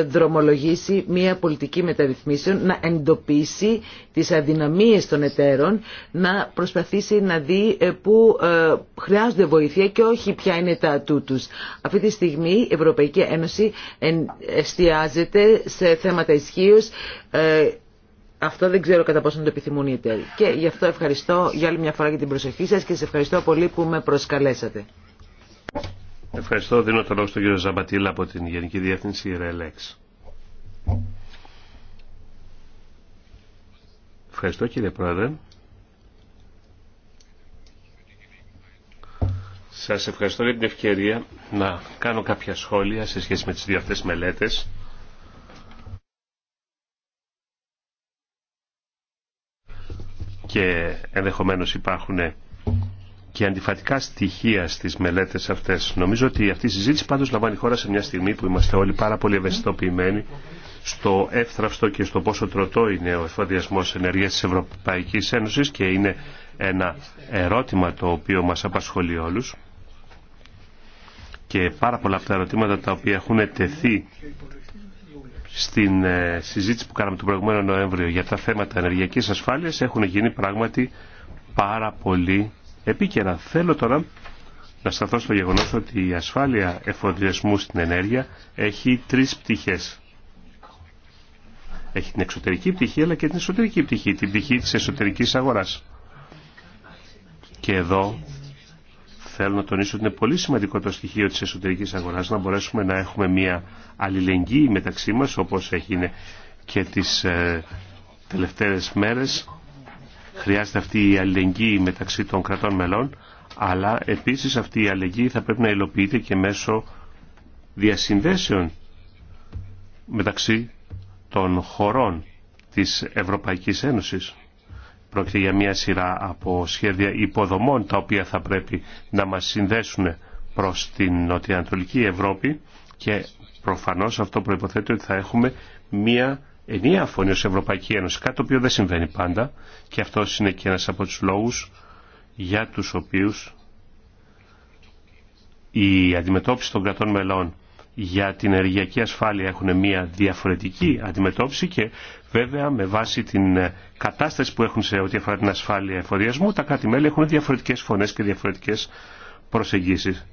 δρομολογήσει μια πολιτική μεταρρυθμίσεων, να εντοπίσει τις αδυναμίες των εταίρων, να προσπαθήσει να δει ε, πού ε, χρειάζονται βοήθεια και όχι ποια είναι τα ατού τους. Αυτή τη στιγμή η Ευρωπαϊκή Ένωση εστιάζεται σε θέματα ισχύω ε, αυτό δεν ξέρω κατά πόσο το επιθυμούν οι εταίροι. Και γι' αυτό ευχαριστώ για άλλη μια φορά για την προσοχή σας και σε ευχαριστώ πολύ που με προσκαλέσατε.
Ευχαριστώ. Δίνω το λόγο στον κύριο Ζαμπατήλα από την Γενική Διεύθυνση ΡΕΛΕΞ. Ευχαριστώ κύριε Πρόεδρε. Σας ευχαριστώ για την ευκαιρία να κάνω κάποια σχόλια σε σχέση με τις δύο αυτές μελέτες και ενδεχομένως υπάρχουν και αντιφατικά στοιχεία στις μελέτες αυτές. Νομίζω ότι αυτή η συζήτηση πάντως λαμβάνει χώρα σε μια στιγμή που είμαστε όλοι πάρα πολύ ευαισθητοποιημένοι στο εύθραυστο και στο πόσο τροτό είναι ο εφοδιασμός ενεργείας της Ευρωπαϊκής Ένωσης και είναι ένα ερώτημα το οποίο μας απασχολεί όλους και πάρα πολλά από τα ερωτήματα τα οποία έχουν τεθεί στην ε, συζήτηση που κάναμε τον προηγούμενο Νοέμβριο για τα θέματα ενεργειακής ασφάλειας έχουν γίνει πράγματι πάρα πολύ επίκαιρα. Θέλω τώρα να σταθώ στο γεγονός ότι η ασφάλεια εφοδιασμού στην ενέργεια έχει τρεις πτυχές. Έχει την εξωτερική πτυχή αλλά και την εσωτερική πτυχή, την πτυχή της εσωτερικής αγοράς. Και εδώ θέλω να τονίσω ότι είναι πολύ σημαντικό το στοιχείο της εσωτερικής αγοράς να μπορέσουμε να έχουμε μια αλληλεγγύη μεταξύ μας όπως έγινε και τις ε, τελευταίες μέρες. Χρειάζεται αυτή η αλληλεγγύη μεταξύ των κρατών μελών αλλά επίσης αυτή η αλληλεγγύη θα πρέπει να υλοποιείται και μέσω διασυνδέσεων μεταξύ των χωρών της Ευρωπαϊκής Ένωσης. Πρόκειται για μια σειρά από σχέδια υποδομών τα οποία θα πρέπει να μας συνδέσουν προς την νοτιοανατολική Ευρώπη και προφανώς αυτό προϋποθέτει ότι θα έχουμε μια ενιαία φωνή ως Ευρωπαϊκή Ένωση, κάτι το οποίο δεν συμβαίνει πάντα και αυτό είναι και ένας από τους λόγους για τους οποίους η αντιμετώπιση των κρατών μελών για την ενεργειακή ασφάλεια έχουν μια διαφορετική αντιμετώπιση και βέβαια με βάση την ε, κατάσταση που έχουν σε ό,τι αφορά την ασφάλεια εφοδιασμού τα κράτη-μέλη έχουν διαφορετικές φωνές και διαφορετικές προσεγγίσεις.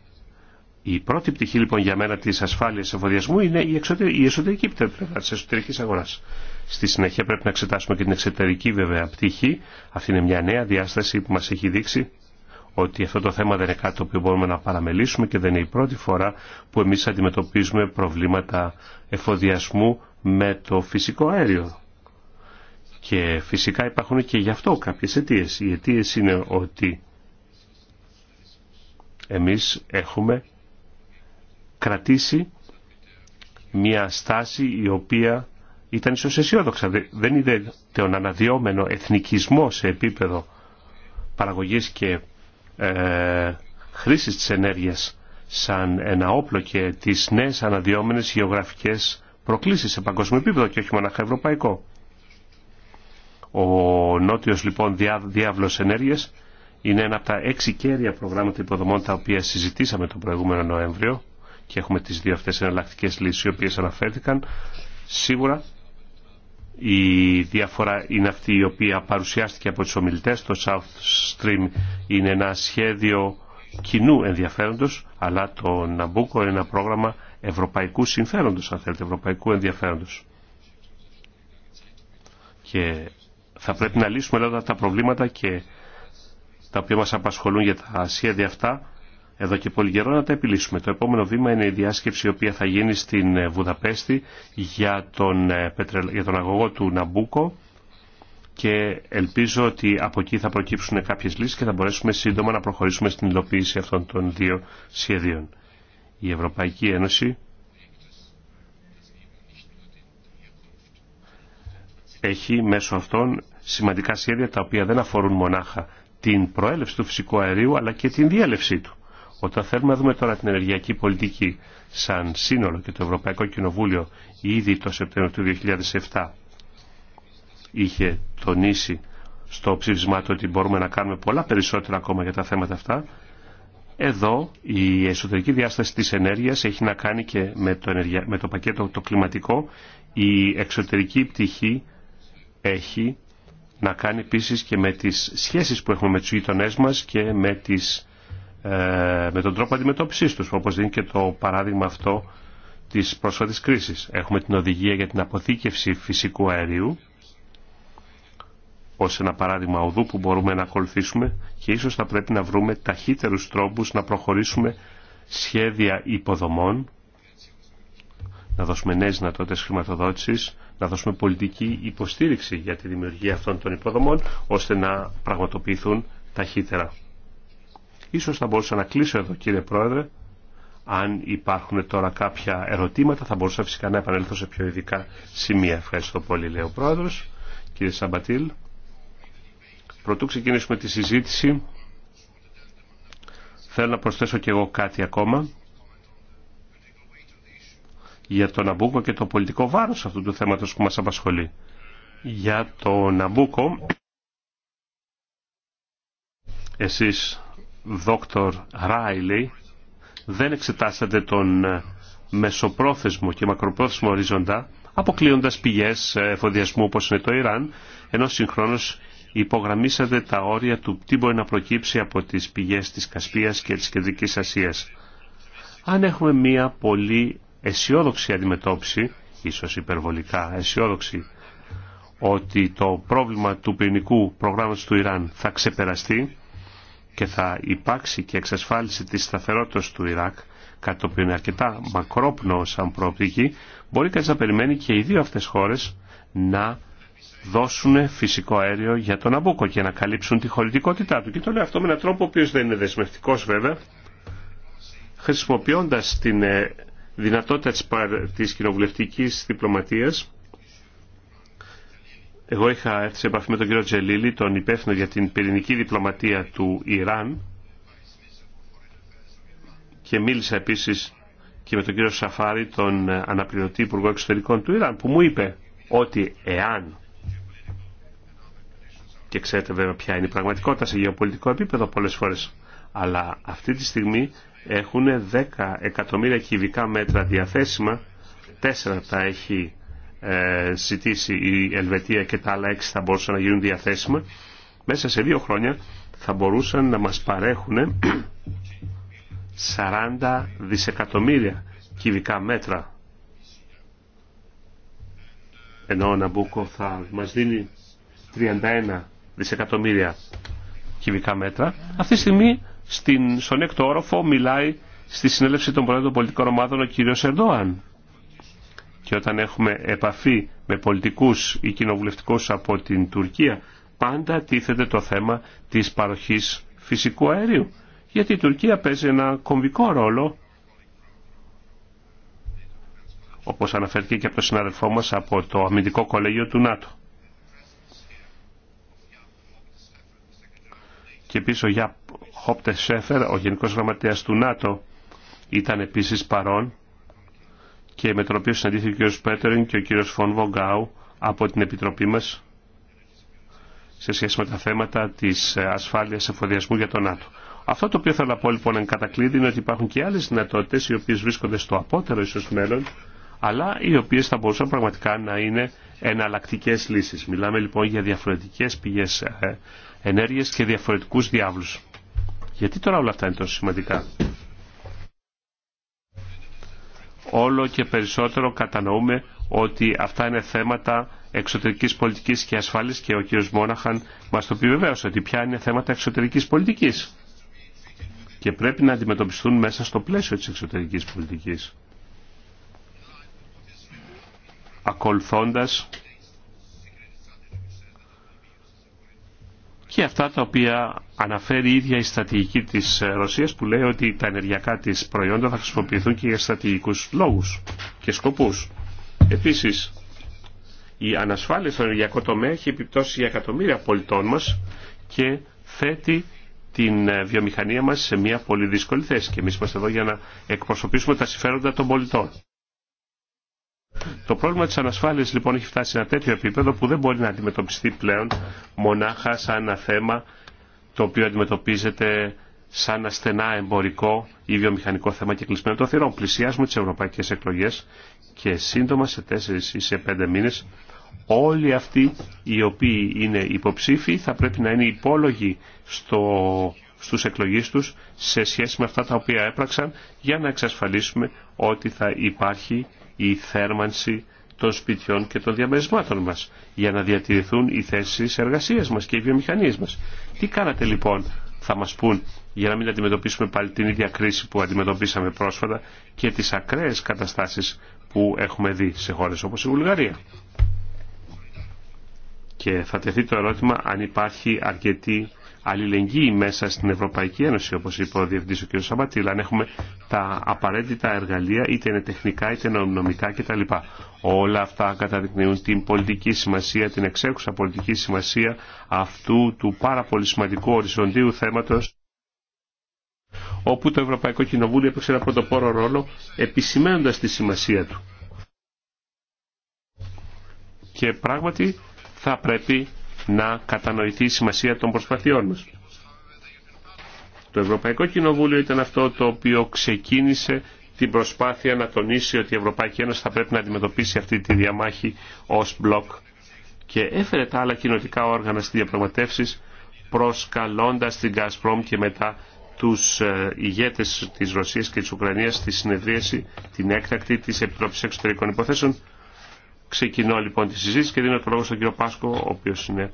Η πρώτη πτυχή λοιπόν για μένα της ασφάλειας εφοδιασμού είναι η, η εσωτερική πτυχή της εσωτερικής αγοράς. Στη συνέχεια πρέπει να εξετάσουμε και την εξωτερική βέβαια πτυχή. Αυτή είναι μια νέα διάσταση που μας έχει δείξει ότι αυτό το θέμα δεν είναι κάτι το οποίο μπορούμε να παραμελήσουμε και δεν είναι η πρώτη φορά που εμείς αντιμετωπίζουμε προβλήματα εφοδιασμού με το φυσικό αέριο. Και φυσικά υπάρχουν και γι' αυτό κάποιες αιτίε. Οι αιτίε είναι ότι εμείς έχουμε κρατήσει μια στάση η οποία ήταν ίσως αισιόδοξα. Δεν είδε τον αναδυόμενο εθνικισμό σε επίπεδο παραγωγής και ε, χρήσης της ενέργειας σαν ένα όπλο και τις νέες αναδυόμενες γεωγραφικές προκλήσεις σε παγκόσμιο επίπεδο και όχι μόνο ευρωπαϊκό. Ο νότιος λοιπόν διάβλος ενέργειας είναι ένα από τα έξι κέρια προγράμματα υποδομών τα οποία συζητήσαμε τον προηγούμενο Νοέμβριο και έχουμε τις δύο αυτές εναλλακτικέ λύσεις οι οποίες αναφέρθηκαν. Σίγουρα η διαφορά είναι αυτή η οποία παρουσιάστηκε από τους ομιλητές. Το South Stream είναι ένα σχέδιο κοινού ενδιαφέροντος, αλλά το Ναμπούκο είναι ένα πρόγραμμα ευρωπαϊκού συμφέροντος, αν θέλετε, ευρωπαϊκού ενδιαφέροντος. Και θα πρέπει να λύσουμε όλα τα προβλήματα και τα οποία μας απασχολούν για τα σχέδια αυτά εδώ και πολύ καιρό να τα επιλύσουμε. Το επόμενο βήμα είναι η διάσκεψη η οποία θα γίνει στην ε, Βουδαπέστη για τον, ε, για τον αγωγό του Ναμπούκο και ελπίζω ότι από εκεί θα προκύψουν κάποιες λύσεις και θα μπορέσουμε σύντομα να προχωρήσουμε στην υλοποίηση αυτών των δύο σχεδίων. Η Ευρωπαϊκή Ένωση έχει μέσω αυτών σημαντικά σχέδια τα οποία δεν αφορούν μονάχα την προέλευση του φυσικού αερίου αλλά και την διέλευσή του. Όταν θέλουμε να δούμε τώρα την ενεργειακή πολιτική σαν σύνολο και το Ευρωπαϊκό Κοινοβούλιο ήδη το Σεπτέμβριο του 2007 είχε τονίσει στο ψήφισμά του ότι μπορούμε να κάνουμε πολλά περισσότερα ακόμα για τα θέματα αυτά, εδώ η εσωτερική διάσταση της ενέργειας έχει να κάνει και με το, ενεργεια... με το πακέτο το κλιματικό. Η εξωτερική πτυχή έχει να κάνει επίσης και με τις σχέσεις που έχουμε με τους γείτονέ μας και με τις ε, με τον τρόπο αντιμετώπισή του, όπω δίνει και το παράδειγμα αυτό της πρόσφατης κρίση. Έχουμε την οδηγία για την αποθήκευση φυσικού αερίου, ως ένα παράδειγμα οδού που μπορούμε να ακολουθήσουμε και ίσως θα πρέπει να βρούμε ταχύτερους τρόπους να προχωρήσουμε σχέδια υποδομών, να δώσουμε νέες δυνατότητε χρηματοδότησης, να δώσουμε πολιτική υποστήριξη για τη δημιουργία αυτών των υποδομών, ώστε να πραγματοποιηθούν ταχύτερα. Ίσως θα μπορούσα να κλείσω εδώ κύριε Πρόεδρε. Αν υπάρχουν τώρα κάποια ερωτήματα θα μπορούσα φυσικά να επανέλθω σε πιο ειδικά σημεία. Ευχαριστώ πολύ λέει ο Πρόεδρος. Κύριε Σαμπατήλ. Πρωτού ξεκινήσουμε τη συζήτηση. Θέλω να προσθέσω και εγώ κάτι ακόμα για το Ναμπούκο και το πολιτικό βάρος αυτού του θέματος που μας απασχολεί. Για το Ναμπούκο, εσείς Δόκτωρ Ράιλι δεν εξετάσατε τον ε, μεσοπρόθεσμο και μακροπρόθεσμο ορίζοντα αποκλείοντας πηγές ε, εφοδιασμού όπως είναι το Ιράν ενώ συγχρόνως υπογραμμίσατε τα όρια του τι μπορεί να προκύψει από τις πηγές της Κασπίας και της Κεντρικής Ασίας. Αν έχουμε μία πολύ αισιόδοξη αντιμετώπιση, ίσως υπερβολικά αισιόδοξη, ότι το πρόβλημα του πυρηνικού προγράμματος του Ιράν θα ξεπεραστεί, και θα υπάρξει και εξασφάλιση της σταθερότητας του Ιράκ, κάτι το οποίο είναι αρκετά μακρόπνοο σαν προοπτική, μπορεί κανείς να περιμένει και οι δύο αυτές χώρες να δώσουν φυσικό αέριο για τον Αμπούκο και να καλύψουν τη χωρητικότητά του. Και το λέω αυτό με έναν τρόπο ο οποίο δεν είναι δεσμευτικός βέβαια, χρησιμοποιώντας την ε, δυνατότητα της κοινοβουλευτικής διπλωματίας εγώ είχα έρθει σε επαφή με τον κύριο Τζελίλη, τον υπεύθυνο για την πυρηνική διπλωματία του Ιράν και μίλησα επίσης και με τον κύριο Σαφάρη, τον ε, αναπληρωτή Υπουργό Εξωτερικών του Ιράν, που μου είπε ότι εάν και ξέρετε βέβαια ποια είναι η πραγματικότητα σε γεωπολιτικό επίπεδο πολλές φορές αλλά αυτή τη στιγμή έχουν 10 εκατομμύρια κυβικά μέτρα διαθέσιμα τέσσερα τα έχει ε, ζητήσει η Ελβετία και τα άλλα έξι θα μπορούσαν να γίνουν διαθέσιμα, μέσα σε δύο χρόνια θα μπορούσαν να μας παρέχουν 40 δισεκατομμύρια κυβικά μέτρα. Ενώ ο Ναμπούκο θα μας δίνει 31 δισεκατομμύρια κυβικά μέτρα. Αυτή τη στιγμή στην, στον έκτο όροφο μιλάει στη συνέλευση των Προέδρων Πολιτικών Ομάδων ο κύριος Ερντοάν και όταν έχουμε επαφή με πολιτικούς ή κοινοβουλευτικούς από την Τουρκία πάντα τίθεται το θέμα της παροχής φυσικού αερίου γιατί η Τουρκία παίζει ένα κομβικό ρόλο όπως αναφέρθηκε και από τον συναδελφό μας από το αμυντικό κολέγιο του ΝΑΤΟ. Και ο για Χόπτε Σέφερ, ο Γενικός Γραμματέας του ΝΑΤΟ, ήταν επίσης παρόν και με τον οποίο συναντήθηκε ο κύριος Πέτερν και ο κύριος Φων Βογκάου από την Επιτροπή μας σε σχέση με τα θέματα της ε, ασφάλειας εφοδιασμού για τον ΝΑΤΟ. Αυτό το οποίο θέλω να πω λοιπόν εν κατακλείδη είναι ότι υπάρχουν και άλλες δυνατότητες οι οποίες βρίσκονται στο απότερο ίσως μέλλον αλλά οι οποίες θα μπορούσαν πραγματικά να είναι εναλλακτικέ λύσεις. Μιλάμε λοιπόν για διαφορετικές πηγές ε, ε, ενέργειας και διαφορετικούς διάβλους. Γιατί τώρα όλα αυτά είναι τόσο σημαντικά όλο και περισσότερο κατανοούμε ότι αυτά είναι θέματα εξωτερικής πολιτικής και ασφάλεια και ο κ. Μόναχαν μας το πει βεβαίω ότι πια είναι θέματα εξωτερικής πολιτικής και πρέπει να αντιμετωπιστούν μέσα στο πλαίσιο της εξωτερικής πολιτικής. Ακολουθώντας και αυτά τα οποία αναφέρει η ίδια η στρατηγική της Ρωσίας που λέει ότι τα ενεργειακά της προϊόντα θα χρησιμοποιηθούν και για στρατηγικούς λόγους και σκοπούς. Επίσης, η ανασφάλεια στο ενεργειακό τομέα έχει επιπτώσει για εκατομμύρια πολιτών μας και θέτει την βιομηχανία μας σε μια πολύ δύσκολη θέση και εμείς είμαστε εδώ για να εκπροσωπήσουμε τα συμφέροντα των πολιτών. Το πρόβλημα της ανασφάλειας λοιπόν έχει φτάσει σε ένα τέτοιο επίπεδο που δεν μπορεί να αντιμετωπιστεί πλέον μονάχα σαν ένα θέμα το οποίο αντιμετωπίζεται σαν ασθενά εμπορικό ή βιομηχανικό θέμα και κλεισμένο το θηρόν. Πλησιάζουμε τις ευρωπαϊκές εκλογές και σύντομα σε τέσσερι ή σε πέντε μήνες όλοι αυτοί οι οποίοι είναι υποψήφοι θα πρέπει να είναι υπόλογοι στο, στους εκλογείς τους σε σχέση με αυτά τα οποία έπραξαν για να εξασφαλίσουμε ότι θα υπάρχει η θέρμανση των σπιτιών και των διαμερισμάτων μας για να διατηρηθούν οι θέσεις εργασίας μας και οι βιομηχανίες μας. Τι κάνατε λοιπόν θα μας πούν για να μην αντιμετωπίσουμε πάλι την ίδια κρίση που αντιμετωπίσαμε πρόσφατα και τις ακραίες καταστάσεις που έχουμε δει σε χώρες όπως η Βουλγαρία. Και θα τεθεί το ερώτημα αν υπάρχει αρκετή αλληλεγγύη μέσα στην Ευρωπαϊκή Ένωση, όπως είπε ο Διευθυντής ο κ. Σαμπατήλα, έχουμε τα απαραίτητα εργαλεία, είτε είναι τεχνικά είτε νομικά κτλ. Όλα αυτά καταδεικνύουν την πολιτική σημασία, την εξέχουσα πολιτική σημασία αυτού του πάρα πολύ σημαντικού οριζοντίου θέματος όπου το Ευρωπαϊκό Κοινοβούλιο έπαιξε ένα πρωτοπόρο ρόλο επισημένοντας τη σημασία του. Και πράγματι θα πρέπει να κατανοηθεί η σημασία των προσπαθειών μας. Το Ευρωπαϊκό Κοινοβούλιο ήταν αυτό το οποίο ξεκίνησε την προσπάθεια να τονίσει ότι η Ευρωπαϊκή Ένωση θα πρέπει να αντιμετωπίσει αυτή τη διαμάχη ως μπλοκ και έφερε τα άλλα κοινωτικά όργανα στις διαπραγματεύσεις προσκαλώντας την Gazprom και μετά τους ε, ηγέτες της Ρωσίας και της Ουκρανίας στη συνεδρίαση την έκτακτη της Επιτροπής Εξωτερικών Υποθέσεων Ξεκινώ λοιπόν τη συζήτηση και δίνω το λόγο στον κύριο Πάσκο, ο οποίο είναι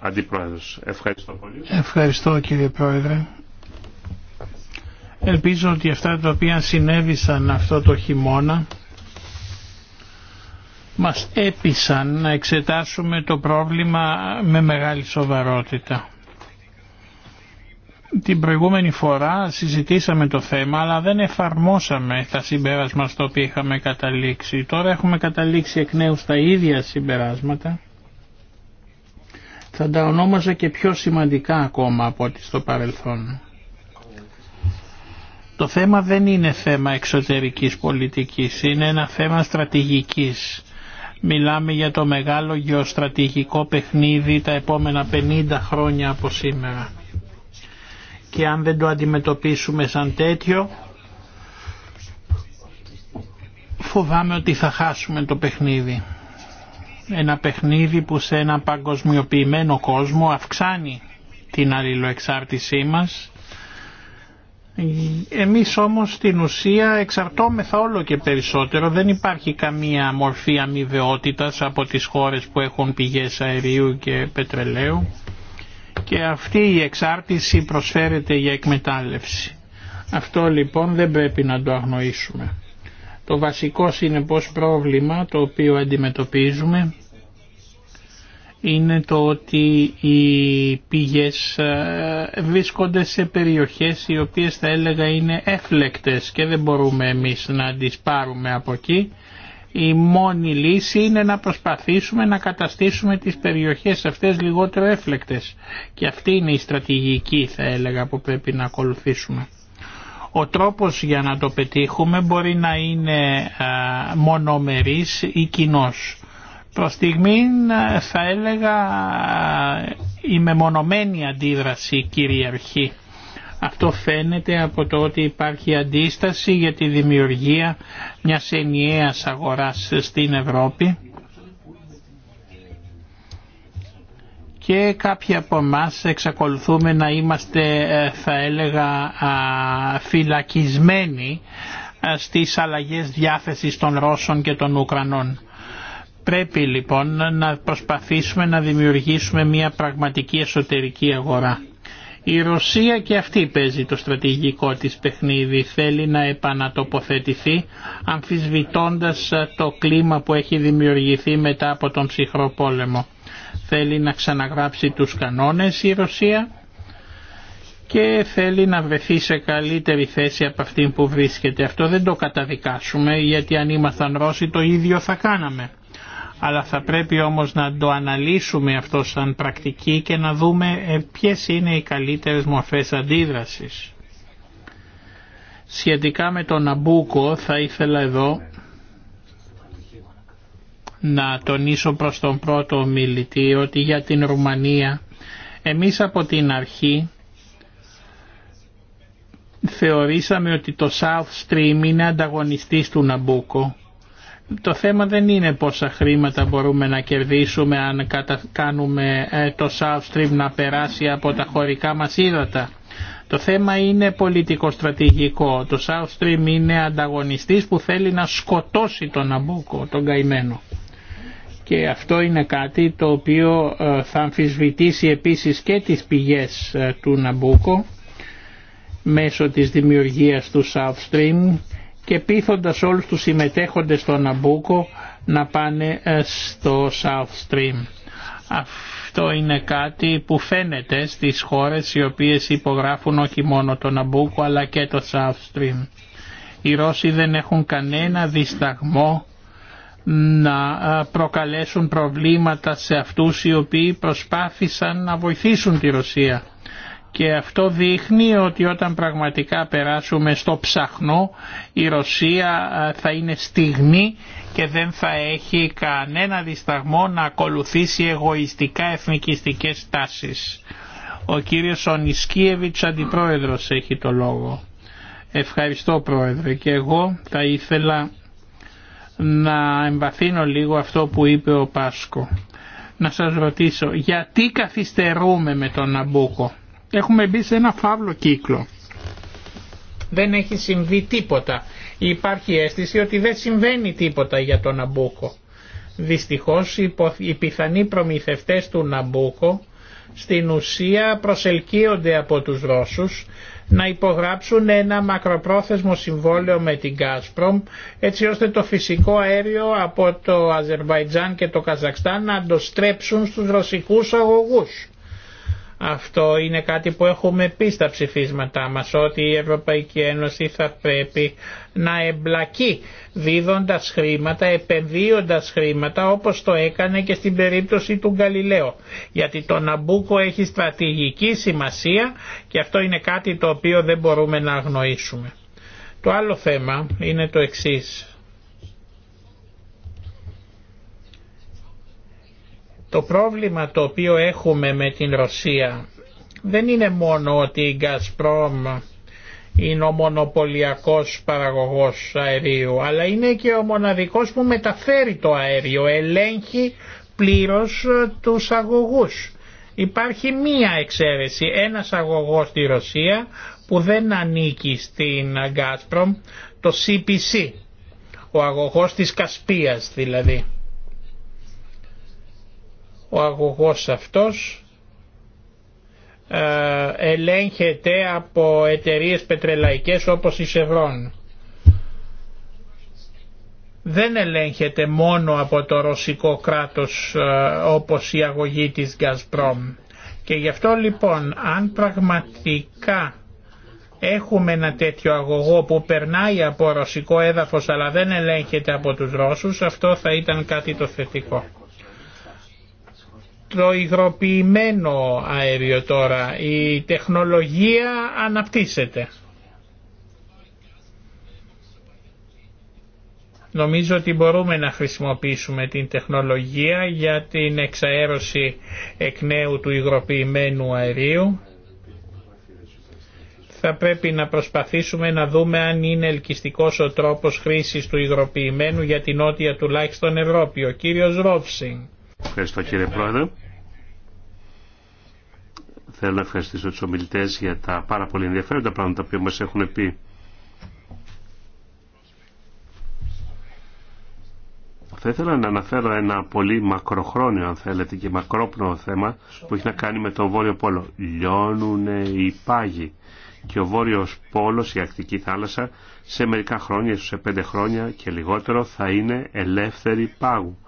αντιπρόεδρος. Ευχαριστώ πολύ.
Ευχαριστώ κύριε Πρόεδρε. Ελπίζω ότι αυτά τα οποία συνέβησαν αυτό το χειμώνα μας έπεισαν να εξετάσουμε το πρόβλημα με μεγάλη σοβαρότητα. Την προηγούμενη φορά συζητήσαμε το θέμα αλλά δεν εφαρμόσαμε τα συμπέρασμα στο οποίο είχαμε καταλήξει. Τώρα έχουμε καταλήξει εκ νέου στα ίδια συμπεράσματα. Θα τα ονόμαζα και πιο σημαντικά ακόμα από ό,τι στο παρελθόν. Το θέμα δεν είναι θέμα εξωτερικής πολιτικής, είναι ένα θέμα στρατηγικής. Μιλάμε για το μεγάλο γεωστρατηγικό παιχνίδι τα επόμενα 50 χρόνια από σήμερα και αν δεν το αντιμετωπίσουμε σαν τέτοιο φοβάμαι ότι θα χάσουμε το παιχνίδι. Ένα παιχνίδι που σε ένα παγκοσμιοποιημένο κόσμο αυξάνει την αλληλοεξάρτησή μας. Εμείς όμως στην ουσία εξαρτώμεθα όλο και περισσότερο. Δεν υπάρχει καμία μορφή αμοιβαιότητας από τις χώρες που έχουν πηγές αερίου και πετρελαίου και αυτή η εξάρτηση προσφέρεται για εκμετάλλευση. Αυτό λοιπόν δεν πρέπει να το αγνοήσουμε. Το βασικό συνεπώς πρόβλημα το οποίο αντιμετωπίζουμε είναι το ότι οι πηγές ε, βρίσκονται σε περιοχές οι οποίες θα έλεγα είναι έφλεκτες και δεν μπορούμε εμείς να τις πάρουμε από εκεί η μόνη λύση είναι να προσπαθήσουμε να καταστήσουμε τις περιοχές αυτές λιγότερο έφλεκτες και αυτή είναι η στρατηγική θα έλεγα που πρέπει να ακολουθήσουμε. Ο τρόπος για να το πετύχουμε μπορεί να είναι μονομερής ή κοινός. Προς στιγμή θα έλεγα η μεμονωμένη αντίδραση κυριαρχεί αυτό φαίνεται από το ότι υπάρχει αντίσταση για τη δημιουργία μιας ενιαίας αγοράς στην Ευρώπη και κάποιοι από εμά εξακολουθούμε να είμαστε ε, θα έλεγα φυλακισμένοι ε, στις αλλαγές διάθεσης των Ρώσων και των Ουκρανών. Πρέπει λοιπόν να προσπαθήσουμε να δημιουργήσουμε μια πραγματική εσωτερική αγορά. Η Ρωσία και αυτή παίζει το στρατηγικό της παιχνίδι, θέλει να επανατοποθετηθεί αμφισβητώντας το κλίμα που έχει δημιουργηθεί μετά από τον ψυχρό πόλεμο. Θέλει να ξαναγράψει τους κανόνες η Ρωσία και θέλει να βρεθεί σε καλύτερη θέση από αυτήν που βρίσκεται. Αυτό δεν το καταδικάσουμε γιατί αν ήμασταν Ρώσοι το ίδιο θα κάναμε αλλά θα πρέπει όμως να το αναλύσουμε αυτό σαν πρακτική και να δούμε ε, ποιες είναι οι καλύτερες μορφές αντίδρασης. Σχετικά με τον Αμπούκο θα ήθελα εδώ να τονίσω προς τον πρώτο ομιλητή ότι για την Ρουμανία εμείς από την αρχή θεωρήσαμε ότι το South Stream είναι ανταγωνιστής του Ναμπούκο το θέμα δεν είναι πόσα χρήματα μπορούμε να κερδίσουμε αν κάνουμε ε, το South Stream να περάσει από τα χωρικά μας ύδατα. Το θέμα είναι πολιτικοστρατηγικό. Το South Stream είναι ανταγωνιστής που θέλει να σκοτώσει τον Αμπούκο, τον καημένο. Και αυτό είναι κάτι το οποίο ε, θα αμφισβητήσει επίσης και τις πηγές ε, του Ναμπούκο μέσω της δημιουργίας του South Stream και πείθοντας όλους τους συμμετέχοντες στο Ναμπούκο να πάνε ε, στο South Stream. Αυτό είναι κάτι που φαίνεται στις χώρες οι οποίες υπογράφουν όχι μόνο το Ναμπούκο αλλά και το South Stream. Οι Ρώσοι δεν έχουν κανένα δισταγμό να ε, προκαλέσουν προβλήματα σε αυτούς οι οποίοι προσπάθησαν να βοηθήσουν τη Ρωσία και αυτό δείχνει ότι όταν πραγματικά περάσουμε στο ψαχνό η Ρωσία θα είναι στιγμή και δεν θα έχει κανένα δισταγμό να ακολουθήσει εγωιστικά εθνικιστικές τάσεις. Ο κύριος Ονισκίεβιτς αντιπρόεδρος έχει το λόγο. Ευχαριστώ πρόεδρε και εγώ θα ήθελα να εμβαθύνω λίγο αυτό που είπε ο Πάσκο. Να σας ρωτήσω γιατί καθυστερούμε με τον Αμπούκο Έχουμε μπει σε ένα φαύλο κύκλο. Δεν έχει συμβεί τίποτα. Υπάρχει αίσθηση ότι δεν συμβαίνει τίποτα για τον Ναμπούκο. Δυστυχώς οι πιθανοί προμηθευτές του Ναμπούκο στην ουσία προσελκύονται από τους Ρώσους να υπογράψουν ένα μακροπρόθεσμο συμβόλαιο με την Gazprom έτσι ώστε το φυσικό αέριο από το Αζερβαϊτζάν και το Καζακστάν να το στρέψουν στους ρωσικούς αγωγούς. Αυτό είναι κάτι που έχουμε πει στα ψηφίσματά μας, ότι η Ευρωπαϊκή Ένωση θα πρέπει να εμπλακεί δίδοντας χρήματα, επενδύοντας χρήματα όπως το έκανε και στην περίπτωση του Γκαλιλαίου. Γιατί το Ναμπούκο έχει στρατηγική σημασία και αυτό είναι κάτι το οποίο δεν μπορούμε να αγνοήσουμε. Το άλλο θέμα είναι το εξής. Το πρόβλημα το οποίο έχουμε με την Ρωσία δεν είναι μόνο ότι η Gazprom είναι ο μονοπωλιακός παραγωγός αερίου, αλλά είναι και ο μοναδικός που μεταφέρει το αέριο, ελέγχει πλήρως ε, τους αγωγούς. Υπάρχει μία εξαίρεση, ένας αγωγός στη Ρωσία που δεν ανήκει στην Gazprom, το CPC, ο αγωγός της Κασπίας δηλαδή. Ο αγωγός αυτός ε, ελέγχεται από εταιρείες πετρελαϊκές όπως η Chevron. Δεν ελέγχεται μόνο από το ρωσικό κράτος ε, όπως η αγωγή της Gazprom. Και γι' αυτό λοιπόν αν πραγματικά έχουμε ένα τέτοιο αγωγό που περνάει από ρωσικό έδαφος αλλά δεν ελέγχεται από τους Ρώσους αυτό θα ήταν κάτι το θετικό το υγροποιημένο αέριο τώρα. Η τεχνολογία αναπτύσσεται. Νομίζω ότι μπορούμε να χρησιμοποιήσουμε την τεχνολογία για την εξαέρωση εκ νέου του υγροποιημένου αερίου. Θα πρέπει να προσπαθήσουμε να δούμε αν είναι ελκυστικός ο τρόπος χρήσης του υγροποιημένου για την νότια τουλάχιστον Ευρώπη. Ο κύριος Ρόφσιν.
Ευχαριστώ κύριε Πρόεδρε. Θέλω να ευχαριστήσω τους ομιλητές για τα πάρα πολύ ενδιαφέροντα πράγματα που μας έχουν πει. Θα ήθελα να αναφέρω ένα πολύ μακροχρόνιο, αν θέλετε, και μακρόπνοο θέμα που έχει να κάνει με τον Βόρειο Πόλο. Λιώνουν οι πάγοι και ο Βόρειος Πόλος, η Ακτική Θάλασσα, σε μερικά χρόνια, σε πέντε χρόνια και λιγότερο, θα είναι ελεύθερη πάγου.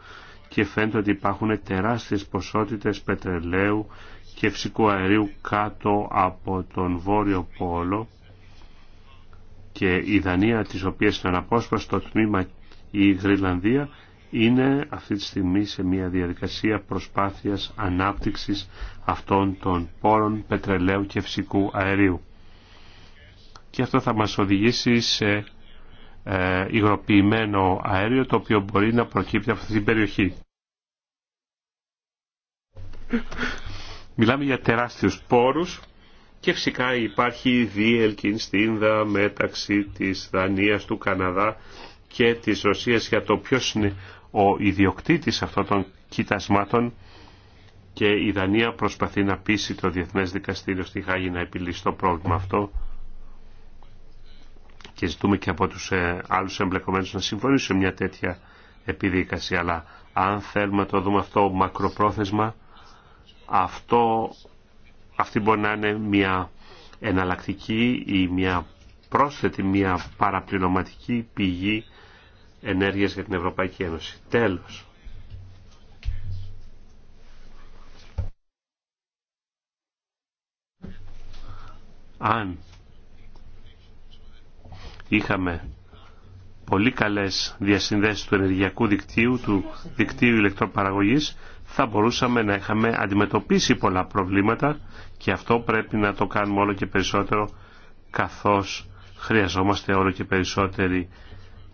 Και φαίνεται ότι υπάρχουν τεράστιες ποσότητες πετρελαίου και φυσικού αερίου κάτω από τον Βόρειο Πόλο και η Δανία της οποίας είναι αναπόσπαστο τμήμα η Γρυλανδία είναι αυτή τη στιγμή σε μια διαδικασία προσπάθειας ανάπτυξης αυτών των πόρων πετρελαίου και φυσικού αερίου. Και αυτό θα μας οδηγήσει σε ε, υγροποιημένο αέριο το οποίο μπορεί να προκύπτει από αυτή την περιοχή. Μιλάμε για τεράστιους πόρους και φυσικά υπάρχει διελκυνστίνδα μεταξύ της Δανίας, του Καναδά και της Ρωσίας για το ποιος είναι ο ιδιοκτήτης αυτών των κοιτασμάτων και η Δανία προσπαθεί να πείσει το Διεθνές Δικαστήριο στη Χάγη να επιλύσει το πρόβλημα αυτό και ζητούμε και από τους ε, άλλους εμπλεκομένους να συμφωνήσουν μια τέτοια επιδίκαση αλλά αν θέλουμε να το δούμε αυτό μακροπρόθεσμα αυτό, αυτή μπορεί να είναι μια εναλλακτική ή μια πρόσθετη, μια παραπληρωματική πηγή ενέργειας για την Ευρωπαϊκή Ένωση. Τέλος. Αν είχαμε πολύ καλές διασυνδέσεις του ενεργειακού δικτύου, του δικτύου ηλεκτροπαραγωγής, θα μπορούσαμε να είχαμε αντιμετωπίσει πολλά προβλήματα και αυτό πρέπει να το κάνουμε όλο και περισσότερο καθώς χρειαζόμαστε όλο και περισσότερη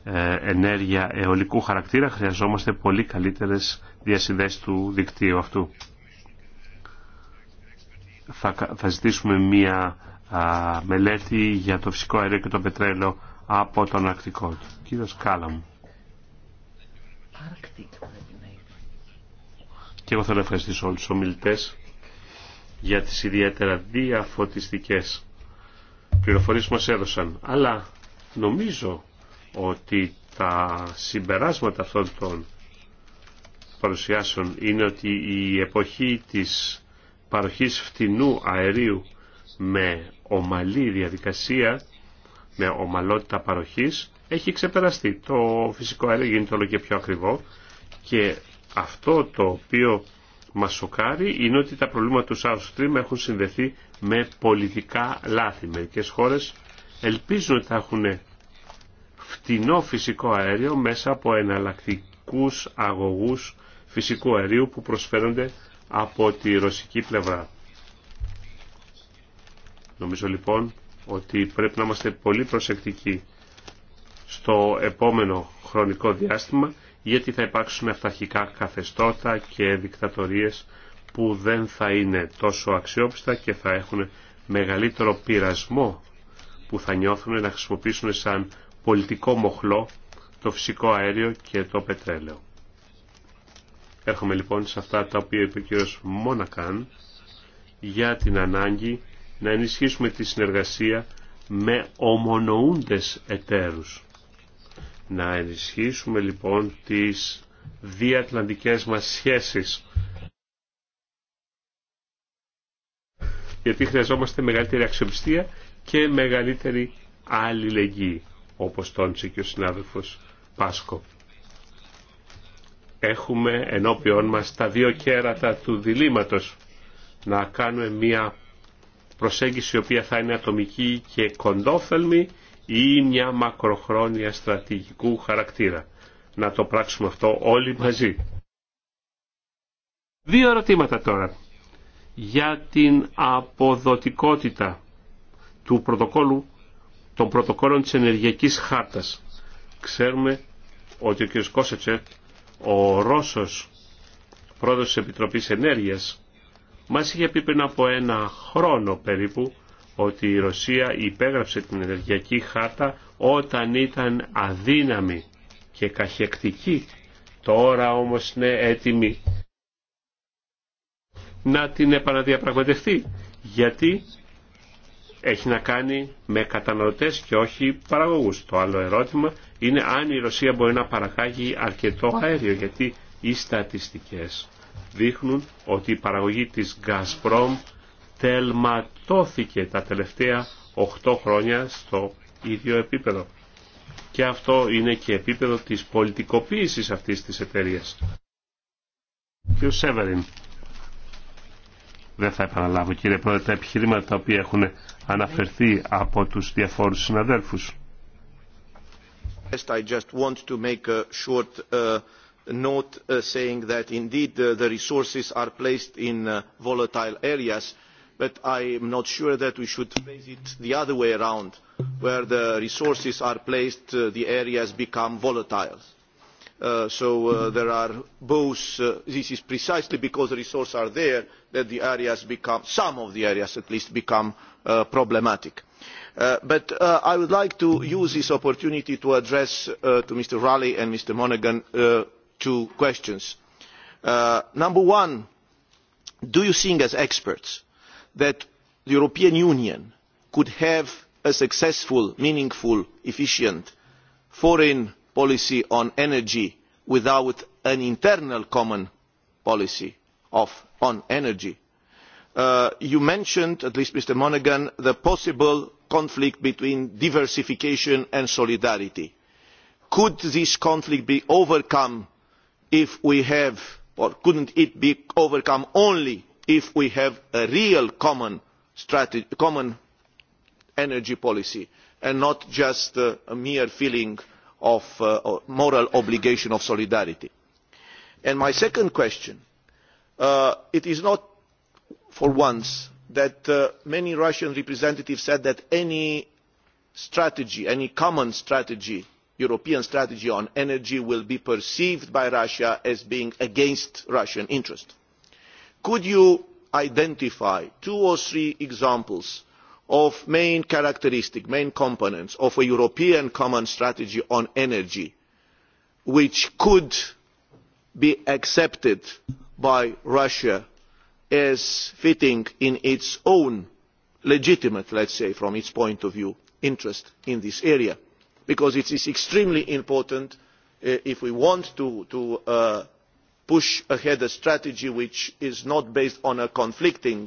ε, ενέργεια αιωλικού χαρακτήρα, χρειαζόμαστε πολύ καλύτερες διασυνδέσεις του δικτύου αυτού. Θα, θα ζητήσουμε μία μελέτη για το φυσικό αέριο και το πετρέλαιο από τον Αρκτικό. Κύριος Κάλαμ και εγώ θέλω να ευχαριστήσω όλους τους ομιλητές για τις ιδιαίτερα διαφωτιστικές πληροφορίες που μας έδωσαν. Αλλά νομίζω ότι τα συμπεράσματα αυτών των παρουσιάσεων είναι ότι η εποχή της παροχής φτηνού αερίου με ομαλή διαδικασία, με ομαλότητα παροχής, έχει ξεπεραστεί. Το φυσικό αέριο γίνεται όλο και πιο ακριβό και αυτό το οποίο μας σοκάρει είναι ότι τα προβλήματα του South Stream έχουν συνδεθεί με πολιτικά λάθη. Μερικές χώρες ελπίζουν ότι θα έχουν φτηνό φυσικό αέριο μέσα από εναλλακτικού αγωγούς φυσικού αερίου που προσφέρονται από τη ρωσική πλευρά. Νομίζω λοιπόν ότι πρέπει να είμαστε πολύ προσεκτικοί στο επόμενο χρονικό διάστημα γιατί θα υπάρξουν αυταρχικά καθεστώτα και δικτατορίες που δεν θα είναι τόσο αξιόπιστα και θα έχουν μεγαλύτερο πειρασμό που θα νιώθουν να χρησιμοποιήσουν σαν πολιτικό μοχλό το φυσικό αέριο και το πετρέλαιο. Έρχομαι λοιπόν σε αυτά τα οποία είπε ο κ. Μόνακαν για την ανάγκη να ενισχύσουμε τη συνεργασία με ομονοούντες εταίρους. Να ενισχύσουμε λοιπόν τις διατλαντικές μας σχέσεις. Γιατί χρειαζόμαστε μεγαλύτερη αξιοπιστία και μεγαλύτερη αλληλεγγύη, όπως τόνισε και ο συνάδελφος Πάσκο. Έχουμε ενώπιον μας τα δύο κέρατα του διλήμματος να κάνουμε μία προσέγγιση η οποία θα είναι ατομική και κοντόφελμη ή μια μακροχρόνια στρατηγικού χαρακτήρα. Να το πράξουμε αυτό όλοι μαζί. Δύο ερωτήματα τώρα για την αποδοτικότητα του πρωτοκόλου, των πρωτοκόλων της ενεργειακής χάρτας. Ξέρουμε ότι ο κ. Κόσετσε, ο Ρώσος πρόεδρος της Επιτροπής Ενέργειας, μας είχε πει πριν από ένα χρόνο περίπου ότι η Ρωσία υπέγραψε την ενεργειακή χάρτα όταν ήταν αδύναμη και καχεκτική. Τώρα όμως είναι έτοιμη να την επαναδιαπραγματευτεί. Γιατί έχει να κάνει με καταναλωτές και όχι παραγωγούς. Το άλλο ερώτημα είναι αν η Ρωσία μπορεί να παραγάγει αρκετό αέριο, γιατί οι στατιστικές δείχνουν ότι η παραγωγή της Gazprom τελματώθηκε τα τελευταία 8 χρόνια στο ίδιο επίπεδο. Και αυτό είναι και επίπεδο της πολιτικοποίησης αυτής της εταιρείας. Κύριε Σέβεριν, δεν θα επαναλάβω κύριε Πρόεδρε τα επιχειρήματα τα οποία έχουν αναφερθεί από τους διαφόρους συναδέλφους.
I just want to make a short uh, note uh, saying that indeed uh, the resources are placed in volatile areas but I am not sure that we should face it the other way around, where the resources are placed, the areas become volatile. So are This is precisely because the resources are there that the areas become, some of the areas at least, become problematic. But I would like to use this opportunity to address to Mr. Raleigh and Mr. Monaghan two questions. Number one, do you think as experts? that the European Union could have a successful, meaningful, efficient foreign policy on energy without an internal common policy on energy. You mentioned, at least Mr Monaghan, the possible conflict between diversification and solidarity. Could this conflict be overcome if we have or could it be overcome only if we have a real common energy policy and not just a mere feeling of moral obligation of solidarity. my second question it is not for once that many Russian representatives said that any strategy, any common strategy, European strategy on energy will be perceived by Russia as being against Russian interests. Could you identify two or three examples of main characteristics, main components of a European common strategy on energy which could be accepted by Russia as fitting in its own legitimate, let's say, from its point of view, interest in this area? Because it is extremely important if we want to push ahead a strategy which is not based on a conflicting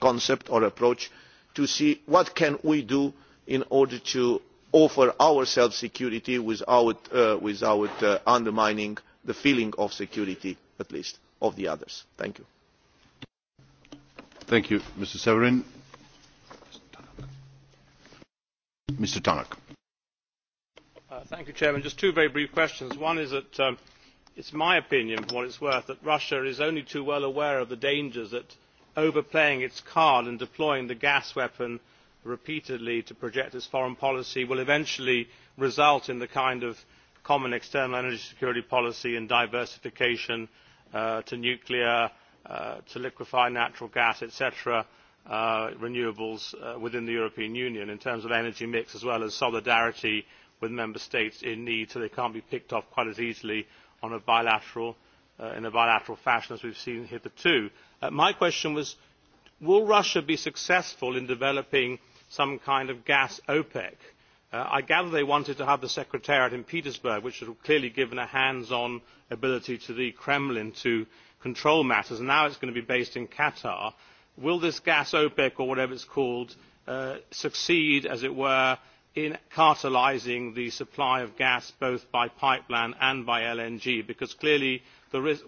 concept or approach to see what can we do in order to offer ourselves security without undermining the feeling of security at least of the others. Thank you.
Thank you, Mr. Severin. Mr. Tanak.
Thank you, Chairman. Just two very brief questions. One is that it is my opinion for what it is worth that russia is only too well aware of the dangers that overplaying its card and deploying the gas weapon repeatedly to project its foreign policy will eventually result in the kind of common external energy security policy and diversification to nuclear to liquefied natural gas etc renewables within the european union in terms of energy mix as well as solidarity with member states in need so they cannot be picked off quite as easily on a bilateral in a bilateral fashion as we've seen hitherto. my question was will russia be successful in developing some kind of gas opec? i gather they wanted to have the secretariat in petersburg which would clearly given a hands on ability to the kremlin to control matters and now it's going to be based in qatar. will this gas opec or whatever it's is called succeed as it were in cartelising the supply of gas both by pipeline and by LNG because clearly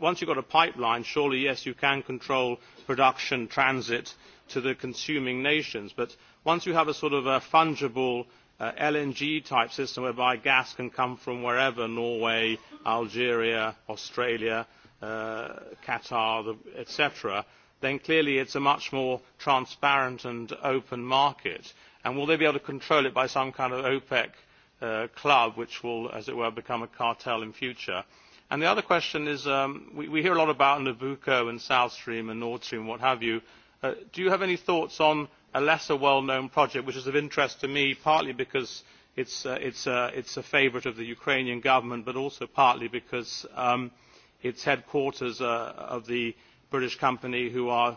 once you've got a pipeline surely yes you can control production transit to the consuming nations but once you have a sort of a fungible LNG type system whereby gas can come from wherever Norway, Algeria, Australia, Qatar, etc., then clearly it is a much more transparent and open market and will they be able to control it by some kind of opec club which will as it were become a cartel in future? and the other question is we hear a lot about nabucco and south stream and nord stream and what have you. do you have any thoughts on a lesser well known project which is of interest to me partly because it is a favourite of the ukrainian government but also partly because its headquarters of the british company who are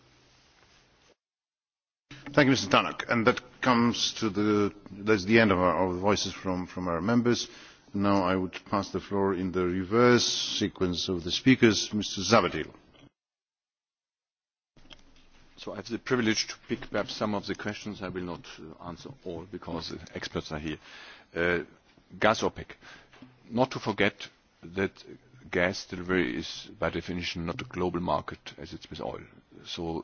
Thank you, Mr. Tannock. And that comes to the, is the end of our voices from, from our members. Now I would pass the floor in the reverse sequence of the speakers, Mr. Zavadil. So I have
the privilege to pick up some of the questions. I will not answer all because the experts are here. Uh, gas OPEC. Not to forget that gas delivery is by definition not a global market as it's with oil. So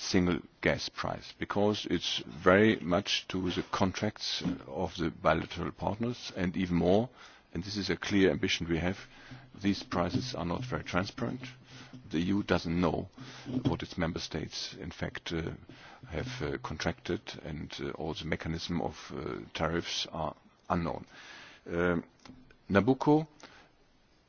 single gas price because it's very much to the contracts of the bilateral partners and even more, and this is a clear ambition we have, these prices are not very transparent. The EU doesn't know what its member states in fact have contracted and all the mechanism of tariffs are unknown. Nabucco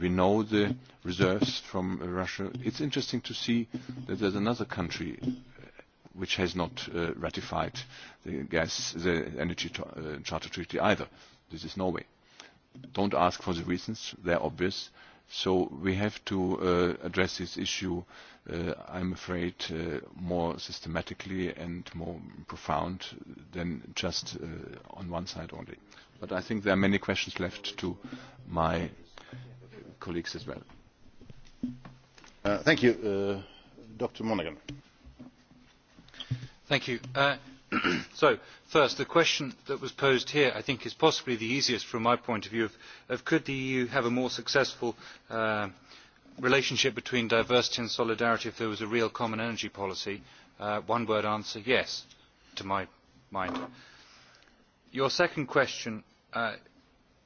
We know the reserves from Russia. It's interesting to see that there's another country which has not ratified the gas, the energy charter treaty either. This is Norway. Don't ask for the reasons; they're obvious. So we have to address this issue, I'm afraid, more systematically and more profound than just on one side only. But I think there are many questions left
to my colleagues as well. Thank you. Dr. Monaghan.
Thank you. So, first, the question that was posed here, I think, is possibly the easiest from my point of view of could the EU have a more successful relationship between diversity and solidarity if there was a real common energy policy? One word answer, yes, to my mind. Your second question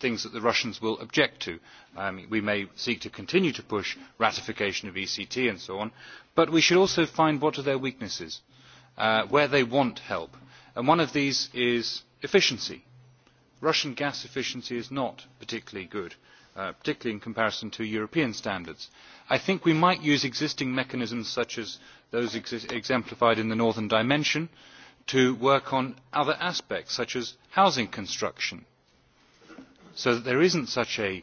things that the Russians will object to. We may seek to continue to push ratification of ECT and so on, but we should also find what are their weaknesses, where they want help. And one of these is efficiency. Russian gas efficiency is not particularly good, particularly in comparison to European standards. I think we might use existing mechanisms such as those exemplified in the Northern Dimension to work on other aspects, such as housing construction so that there isn't such a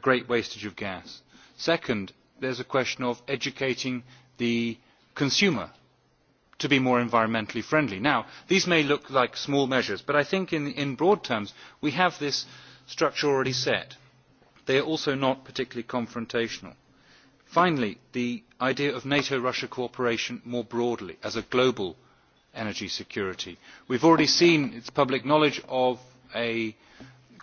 great wastage of gas. Second, there's a question of educating the consumer to be more environmentally friendly. Now, these may look like small measures, but I think in broad terms we have this structure already set. They are also not particularly confrontational. Finally, the idea of NATO-Russia cooperation more broadly as a global energy security. We've already seen, it's public knowledge, of a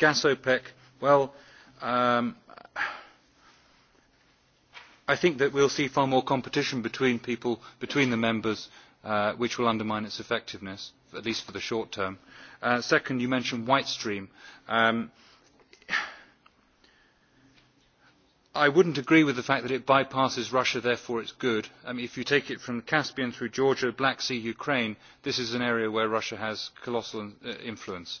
Gas OPEC, well, I think that we will see far more competition between people, between the members, which will undermine its effectiveness, at least for the short term. Second, you mentioned White Stream. I wouldn't agree with the fact that it bypasses Russia, therefore it's good. If you take it from the Caspian through Georgia, Black Sea, Ukraine, this is an area where Russia has colossal influence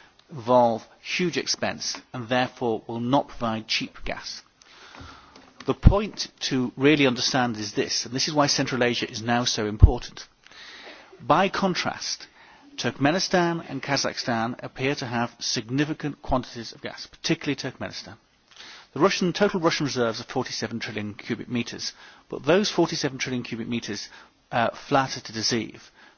involve huge expense and therefore will not provide cheap gas. The point to really understand is this, and this is why Central Asia is now so important. By contrast, Turkmenistan and Kazakhstan appear to have significant quantities of gas, particularly Turkmenistan. The total Russian reserves are 47 trillion cubic metres, but those 47 trillion cubic metres flatter to deceive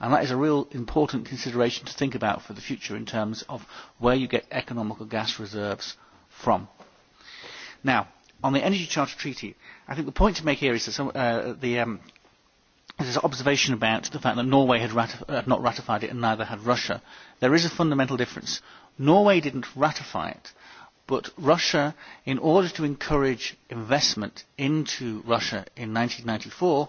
And that is a real important consideration to think about for the future in terms of where you get economical gas reserves from. Now, on the Energy Charter Treaty, I think the point to make here is that the this observation about the fact that Norway had not ratified it and neither had Russia. There is a fundamental difference. Norway didn't ratify it, but Russia, in order to encourage investment into Russia in 1994,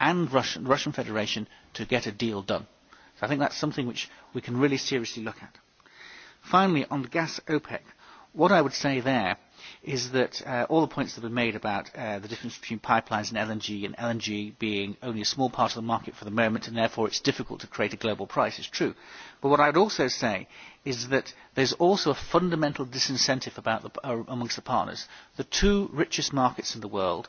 and the Russian Federation to get a deal done. So I think that's something which we can really seriously look at. Finally, on the gas OPEC, what I would say there is that all the points that have been made about the difference between pipelines and LNG, and LNG being only a small part of the market for the moment, and therefore it's difficult to create a global price, is true. But what I would also say is that there's also a fundamental disincentive amongst the partners. The two richest markets in the world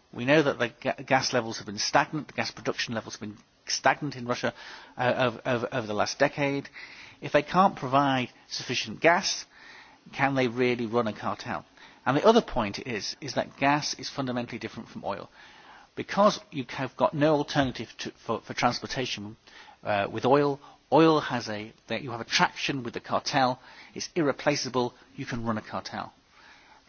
We know that the gas levels have been stagnant, the gas production levels have been stagnant in Russia over the last decade. If they can't provide sufficient gas, can they really run a cartel? And the other point is is that gas is fundamentally different from oil. Because you have got no alternative for transportation with oil, oil has a, you have a traction with the cartel, it's irreplaceable, you can run a cartel.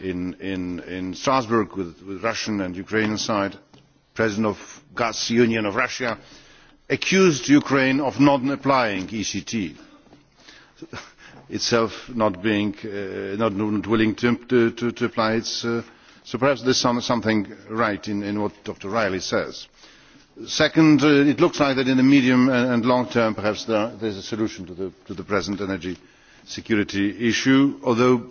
in Strasbourg with Russian and Ukrainian side, President of Gas Union of Russia, accused Ukraine of not applying ECT, itself not being not willing to apply it. So perhaps there is something right in what Dr. Riley says. Second, it looks like that in the medium and long term, perhaps there is a solution to the present energy security issue, although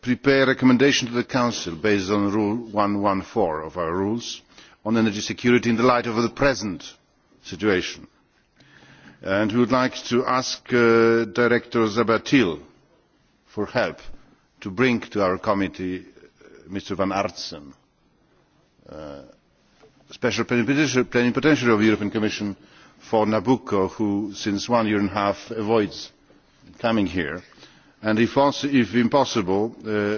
prepare a recommendation to the council based on rule one hundred and of our rules on energy security in the light of the present situation and we would like to ask director Zabatil for help to bring to our committee mr van artsen special plenipotentiary of the european commission for nabucco who since one year and a half avoids coming here and if possible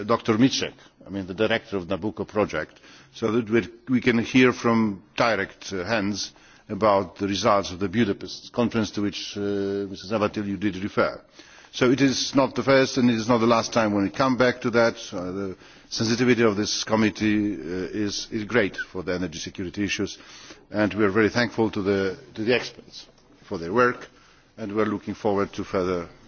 dr micek the director of the nabucco project so that we can hear from direct hands about the results of the budapest conference to which Mr zavatil you did refer. so it is not the first and it is not the last time when we come back to that. the sensitivity of this committee is great for the energy security issues and we are very thankful to the experts for their work and we are looking forward to further